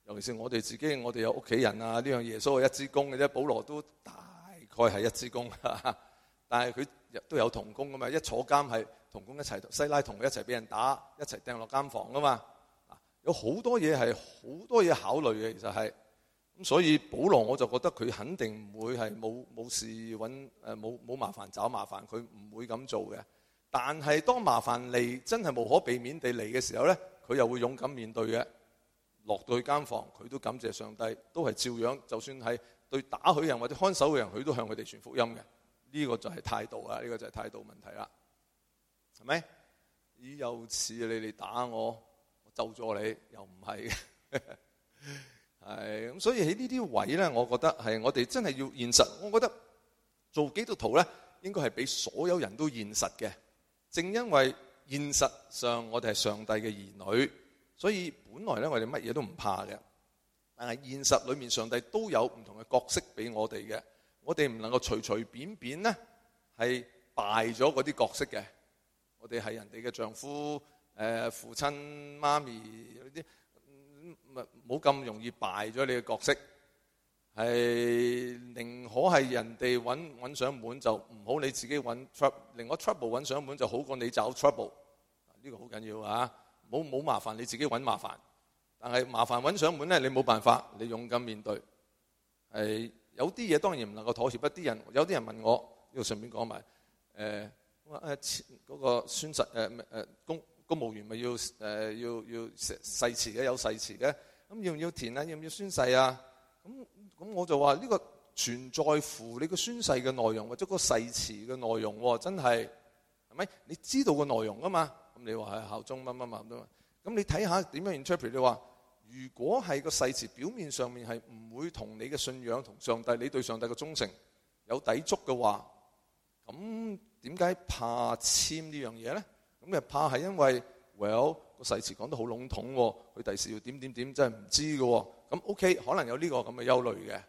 尤其是我哋自己，我哋有屋企人啊，呢樣耶穌係一支公嘅啫。保羅都大概係一支公，但係佢都有同工㗎嘛。一坐監係同工一齊，同西拉同佢一齊俾人打，一齊掟落監房㗎嘛。有好多嘢係好多嘢考慮嘅，其實係。咁所以保羅我就覺得佢肯定唔會係冇冇事揾誒冇冇麻煩找麻煩，佢唔會咁做嘅。但係當麻煩嚟真係無可避免地嚟嘅時候咧，佢又會勇敢面對嘅。落到去間房間，佢都感謝上帝，都係照樣，就算係對打佢人或者看守嘅人，佢都向佢哋傳福音嘅。呢個就係態度啊，呢個就係態度問題啦，係咪？咦，又似你哋打我，我咒咗你，又唔係。係咁，所以喺呢啲位咧，我覺得係我哋真係要現實。我覺得做基督徒咧，應該係比所有人都現實嘅。正因為現實上我哋係上帝嘅兒女，所以本來咧我哋乜嘢都唔怕嘅。但係現實裏面上帝都有唔同嘅角色俾我哋嘅，我哋唔能夠隨隨便便咧係敗咗嗰啲角色嘅。我哋係人哋嘅丈夫、誒父親、媽咪嗰啲。唔咪冇咁容易敗咗你嘅角色，係寧可係人哋揾揾上門，就唔好你自己揾 trouble。寧可 trouble 揾上門，就好過你找 trouble。呢個好緊要啊，冇冇麻煩你自己揾麻煩。但係麻煩揾上門咧，你冇辦法，你勇敢面對。有啲嘢當然唔能夠妥協，不啲人有啲人問我，呢度順便講埋誒誒嗰個宣實誒誒公。公務員咪要誒、呃、要要誓詞嘅有誓詞嘅，咁要唔要填啊？要唔要宣誓啊？咁咁我就話呢、這個全在乎你個宣誓嘅內容或者個誓詞嘅內容喎、哦，真係係咪？你知道個內容啊嘛？咁你話係、啊、效忠乜乜乜咁咁你睇下點樣 interpret？你話如果係個誓詞表面上面係唔會同你嘅信仰同上帝你對上帝嘅忠誠有抵觸嘅話，咁點解怕簽呢樣嘢咧？咁嘅怕係因為，well 個誓詞講得好籠統喎，佢第時要點點點，真係唔知嘅。咁 OK，可能有呢個咁嘅憂慮嘅。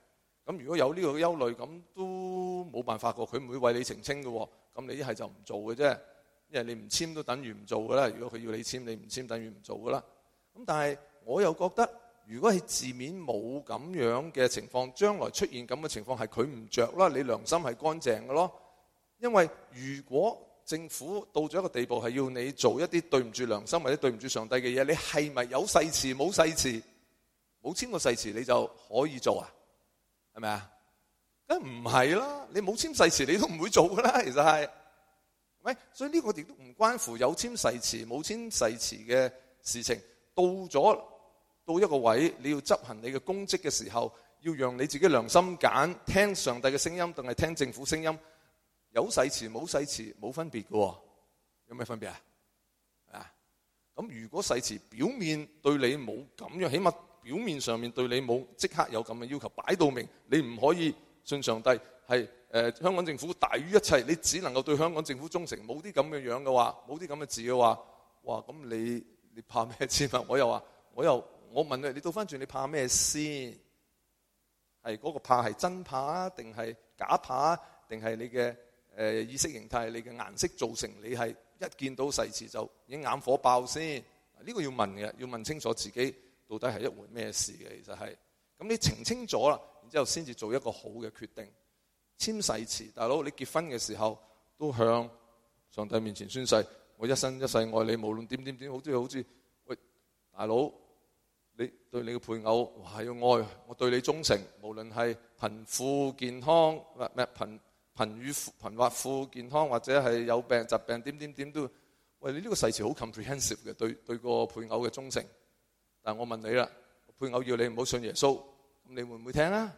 咁如果有呢個憂慮，咁都冇辦法㗎。佢唔會為你澄清嘅。咁你一係就唔做嘅啫，因為你唔簽都等於唔做㗎啦。如果佢要你簽，你唔簽等於唔做㗎啦。咁但係我又覺得，如果係字面冇咁樣嘅情況，將來出現咁嘅情況係佢唔著啦，你良心係乾淨㗎咯。因為如果，政府到咗一個地步，係要你做一啲對唔住良心或者對唔住上帝嘅嘢，你係咪有誓詞冇誓詞，冇簽過誓詞，你就可以做啊？係咪啊？梗唔係啦，你冇簽誓詞，你都唔會做噶啦。其實係，咪所以呢個亦都唔關乎有簽誓詞冇簽誓詞嘅事情。到咗到一個位，你要執行你嘅公職嘅時候，要讓你自己良心揀，聽上帝嘅聲音，定係聽政府聲音？有誓詞冇誓詞冇分別嘅。哦，有咩分別啊？啊，咁如果誓詞表面對你冇咁樣，起碼表面上面對你冇即刻有咁嘅要求擺到明，你唔可以信上帝係誒、呃、香港政府大於一切，你只能夠對香港政府忠誠，冇啲咁嘅樣嘅話，冇啲咁嘅字嘅話，哇咁你你怕咩字？我又話，我又我問你，你倒翻轉你怕咩先？係嗰個怕係真怕定係假怕，定係你嘅？意識形態，你嘅顏色造成你係一見到誓詞就已經眼火爆先，呢、呢個要問嘅，要問清楚自己到底係一回咩事嘅，其實係咁你澄清咗啦，然之後先至做一個好嘅決定簽誓詞。大佬你結婚嘅時候都向上帝面前宣誓，我一生一世愛你，無論點點點，都好似好似喂，大佬你對你嘅配偶係要愛，我對你忠誠，無論係貧富健康，咩咩貧貧與貧富，健康或者係有病疾病，點點點都喂，你呢個誓詞好 comprehensive 嘅，對對個配偶嘅忠誠。但係我問你啦，配偶要你唔好信耶穌，噉你會唔會聽啊？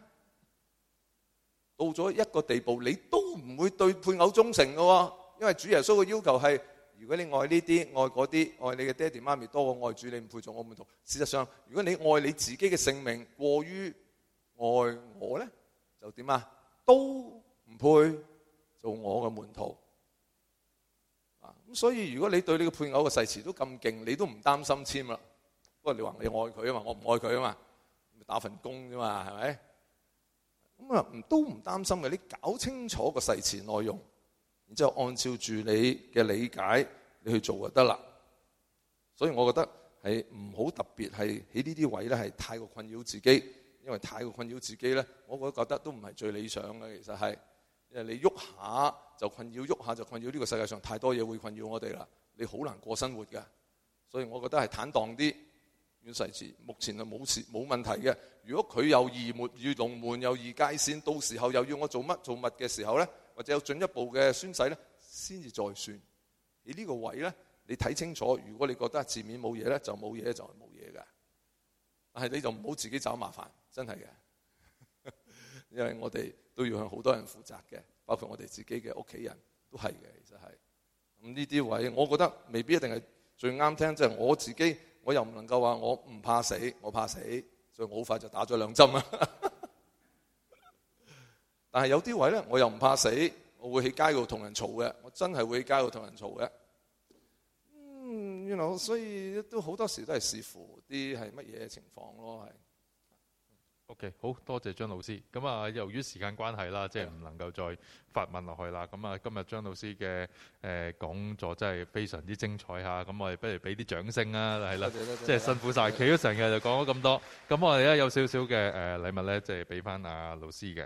到咗一個地步，你都唔會對配偶忠誠噶，因為主耶穌嘅要求係，如果你愛呢啲愛嗰啲，愛你嘅爹哋媽咪多過愛主，你唔配做我門徒。事實上，如果你愛你自己嘅性命過於愛我咧，就點啊都。唔配做我嘅門徒啊！咁所以如果你對呢個配偶嘅誓詞都咁勁，你都唔擔心簽啦。不過你話你愛佢啊嘛，我唔愛佢啊嘛，打份工啫嘛，係咪？咁啊，唔都唔擔心嘅。你搞清楚個誓詞內容，然之後按照住你嘅理解你去做就得啦。所以我覺得係唔好特別係喺呢啲位咧，係太過困擾自己，因為太過困擾自己咧，我覺得都唔係最理想嘅。其實係。誒，你喐下就困擾，喐下就困擾。呢個世界上太多嘢會困擾我哋啦，你好難過生活嘅。所以，我覺得係坦蕩啲。現時目前啊冇事冇問題嘅。如果佢移門與龍門移界線，到時候又要我做乜做乜嘅時候咧，或者有進一步嘅宣誓咧，先至再算。而呢個位咧，你睇清楚。如果你覺得字面冇嘢咧，就冇嘢就係冇嘢噶。但係你就唔好自己找麻煩，真係嘅。因為我哋。都要向好多人負責嘅，包括我哋自己嘅屋企人都係嘅，其實係咁呢啲位，我覺得未必一定係最啱聽，即係我自己，我又唔能夠話我唔怕死，我怕死，所以我好快就打咗兩針啊！ 但係有啲位咧，我又唔怕死，我會喺街度同人嘈嘅，我真係會喺街度同人嘈嘅。嗯，原來所以都好多時都係視乎啲係乜嘢情況咯，係。OK，好多謝張老師。咁啊，由於時間關係啦，的即係唔能夠再發問落去啦。咁、呃、啊，今日張老師嘅誒講座真係非常之精彩吓。咁我哋不如俾啲掌聲啊，係啦，即係辛苦晒，企咗成日就講咗咁多。咁我哋咧有少少嘅誒、呃、禮物咧，即係俾翻阿老師嘅。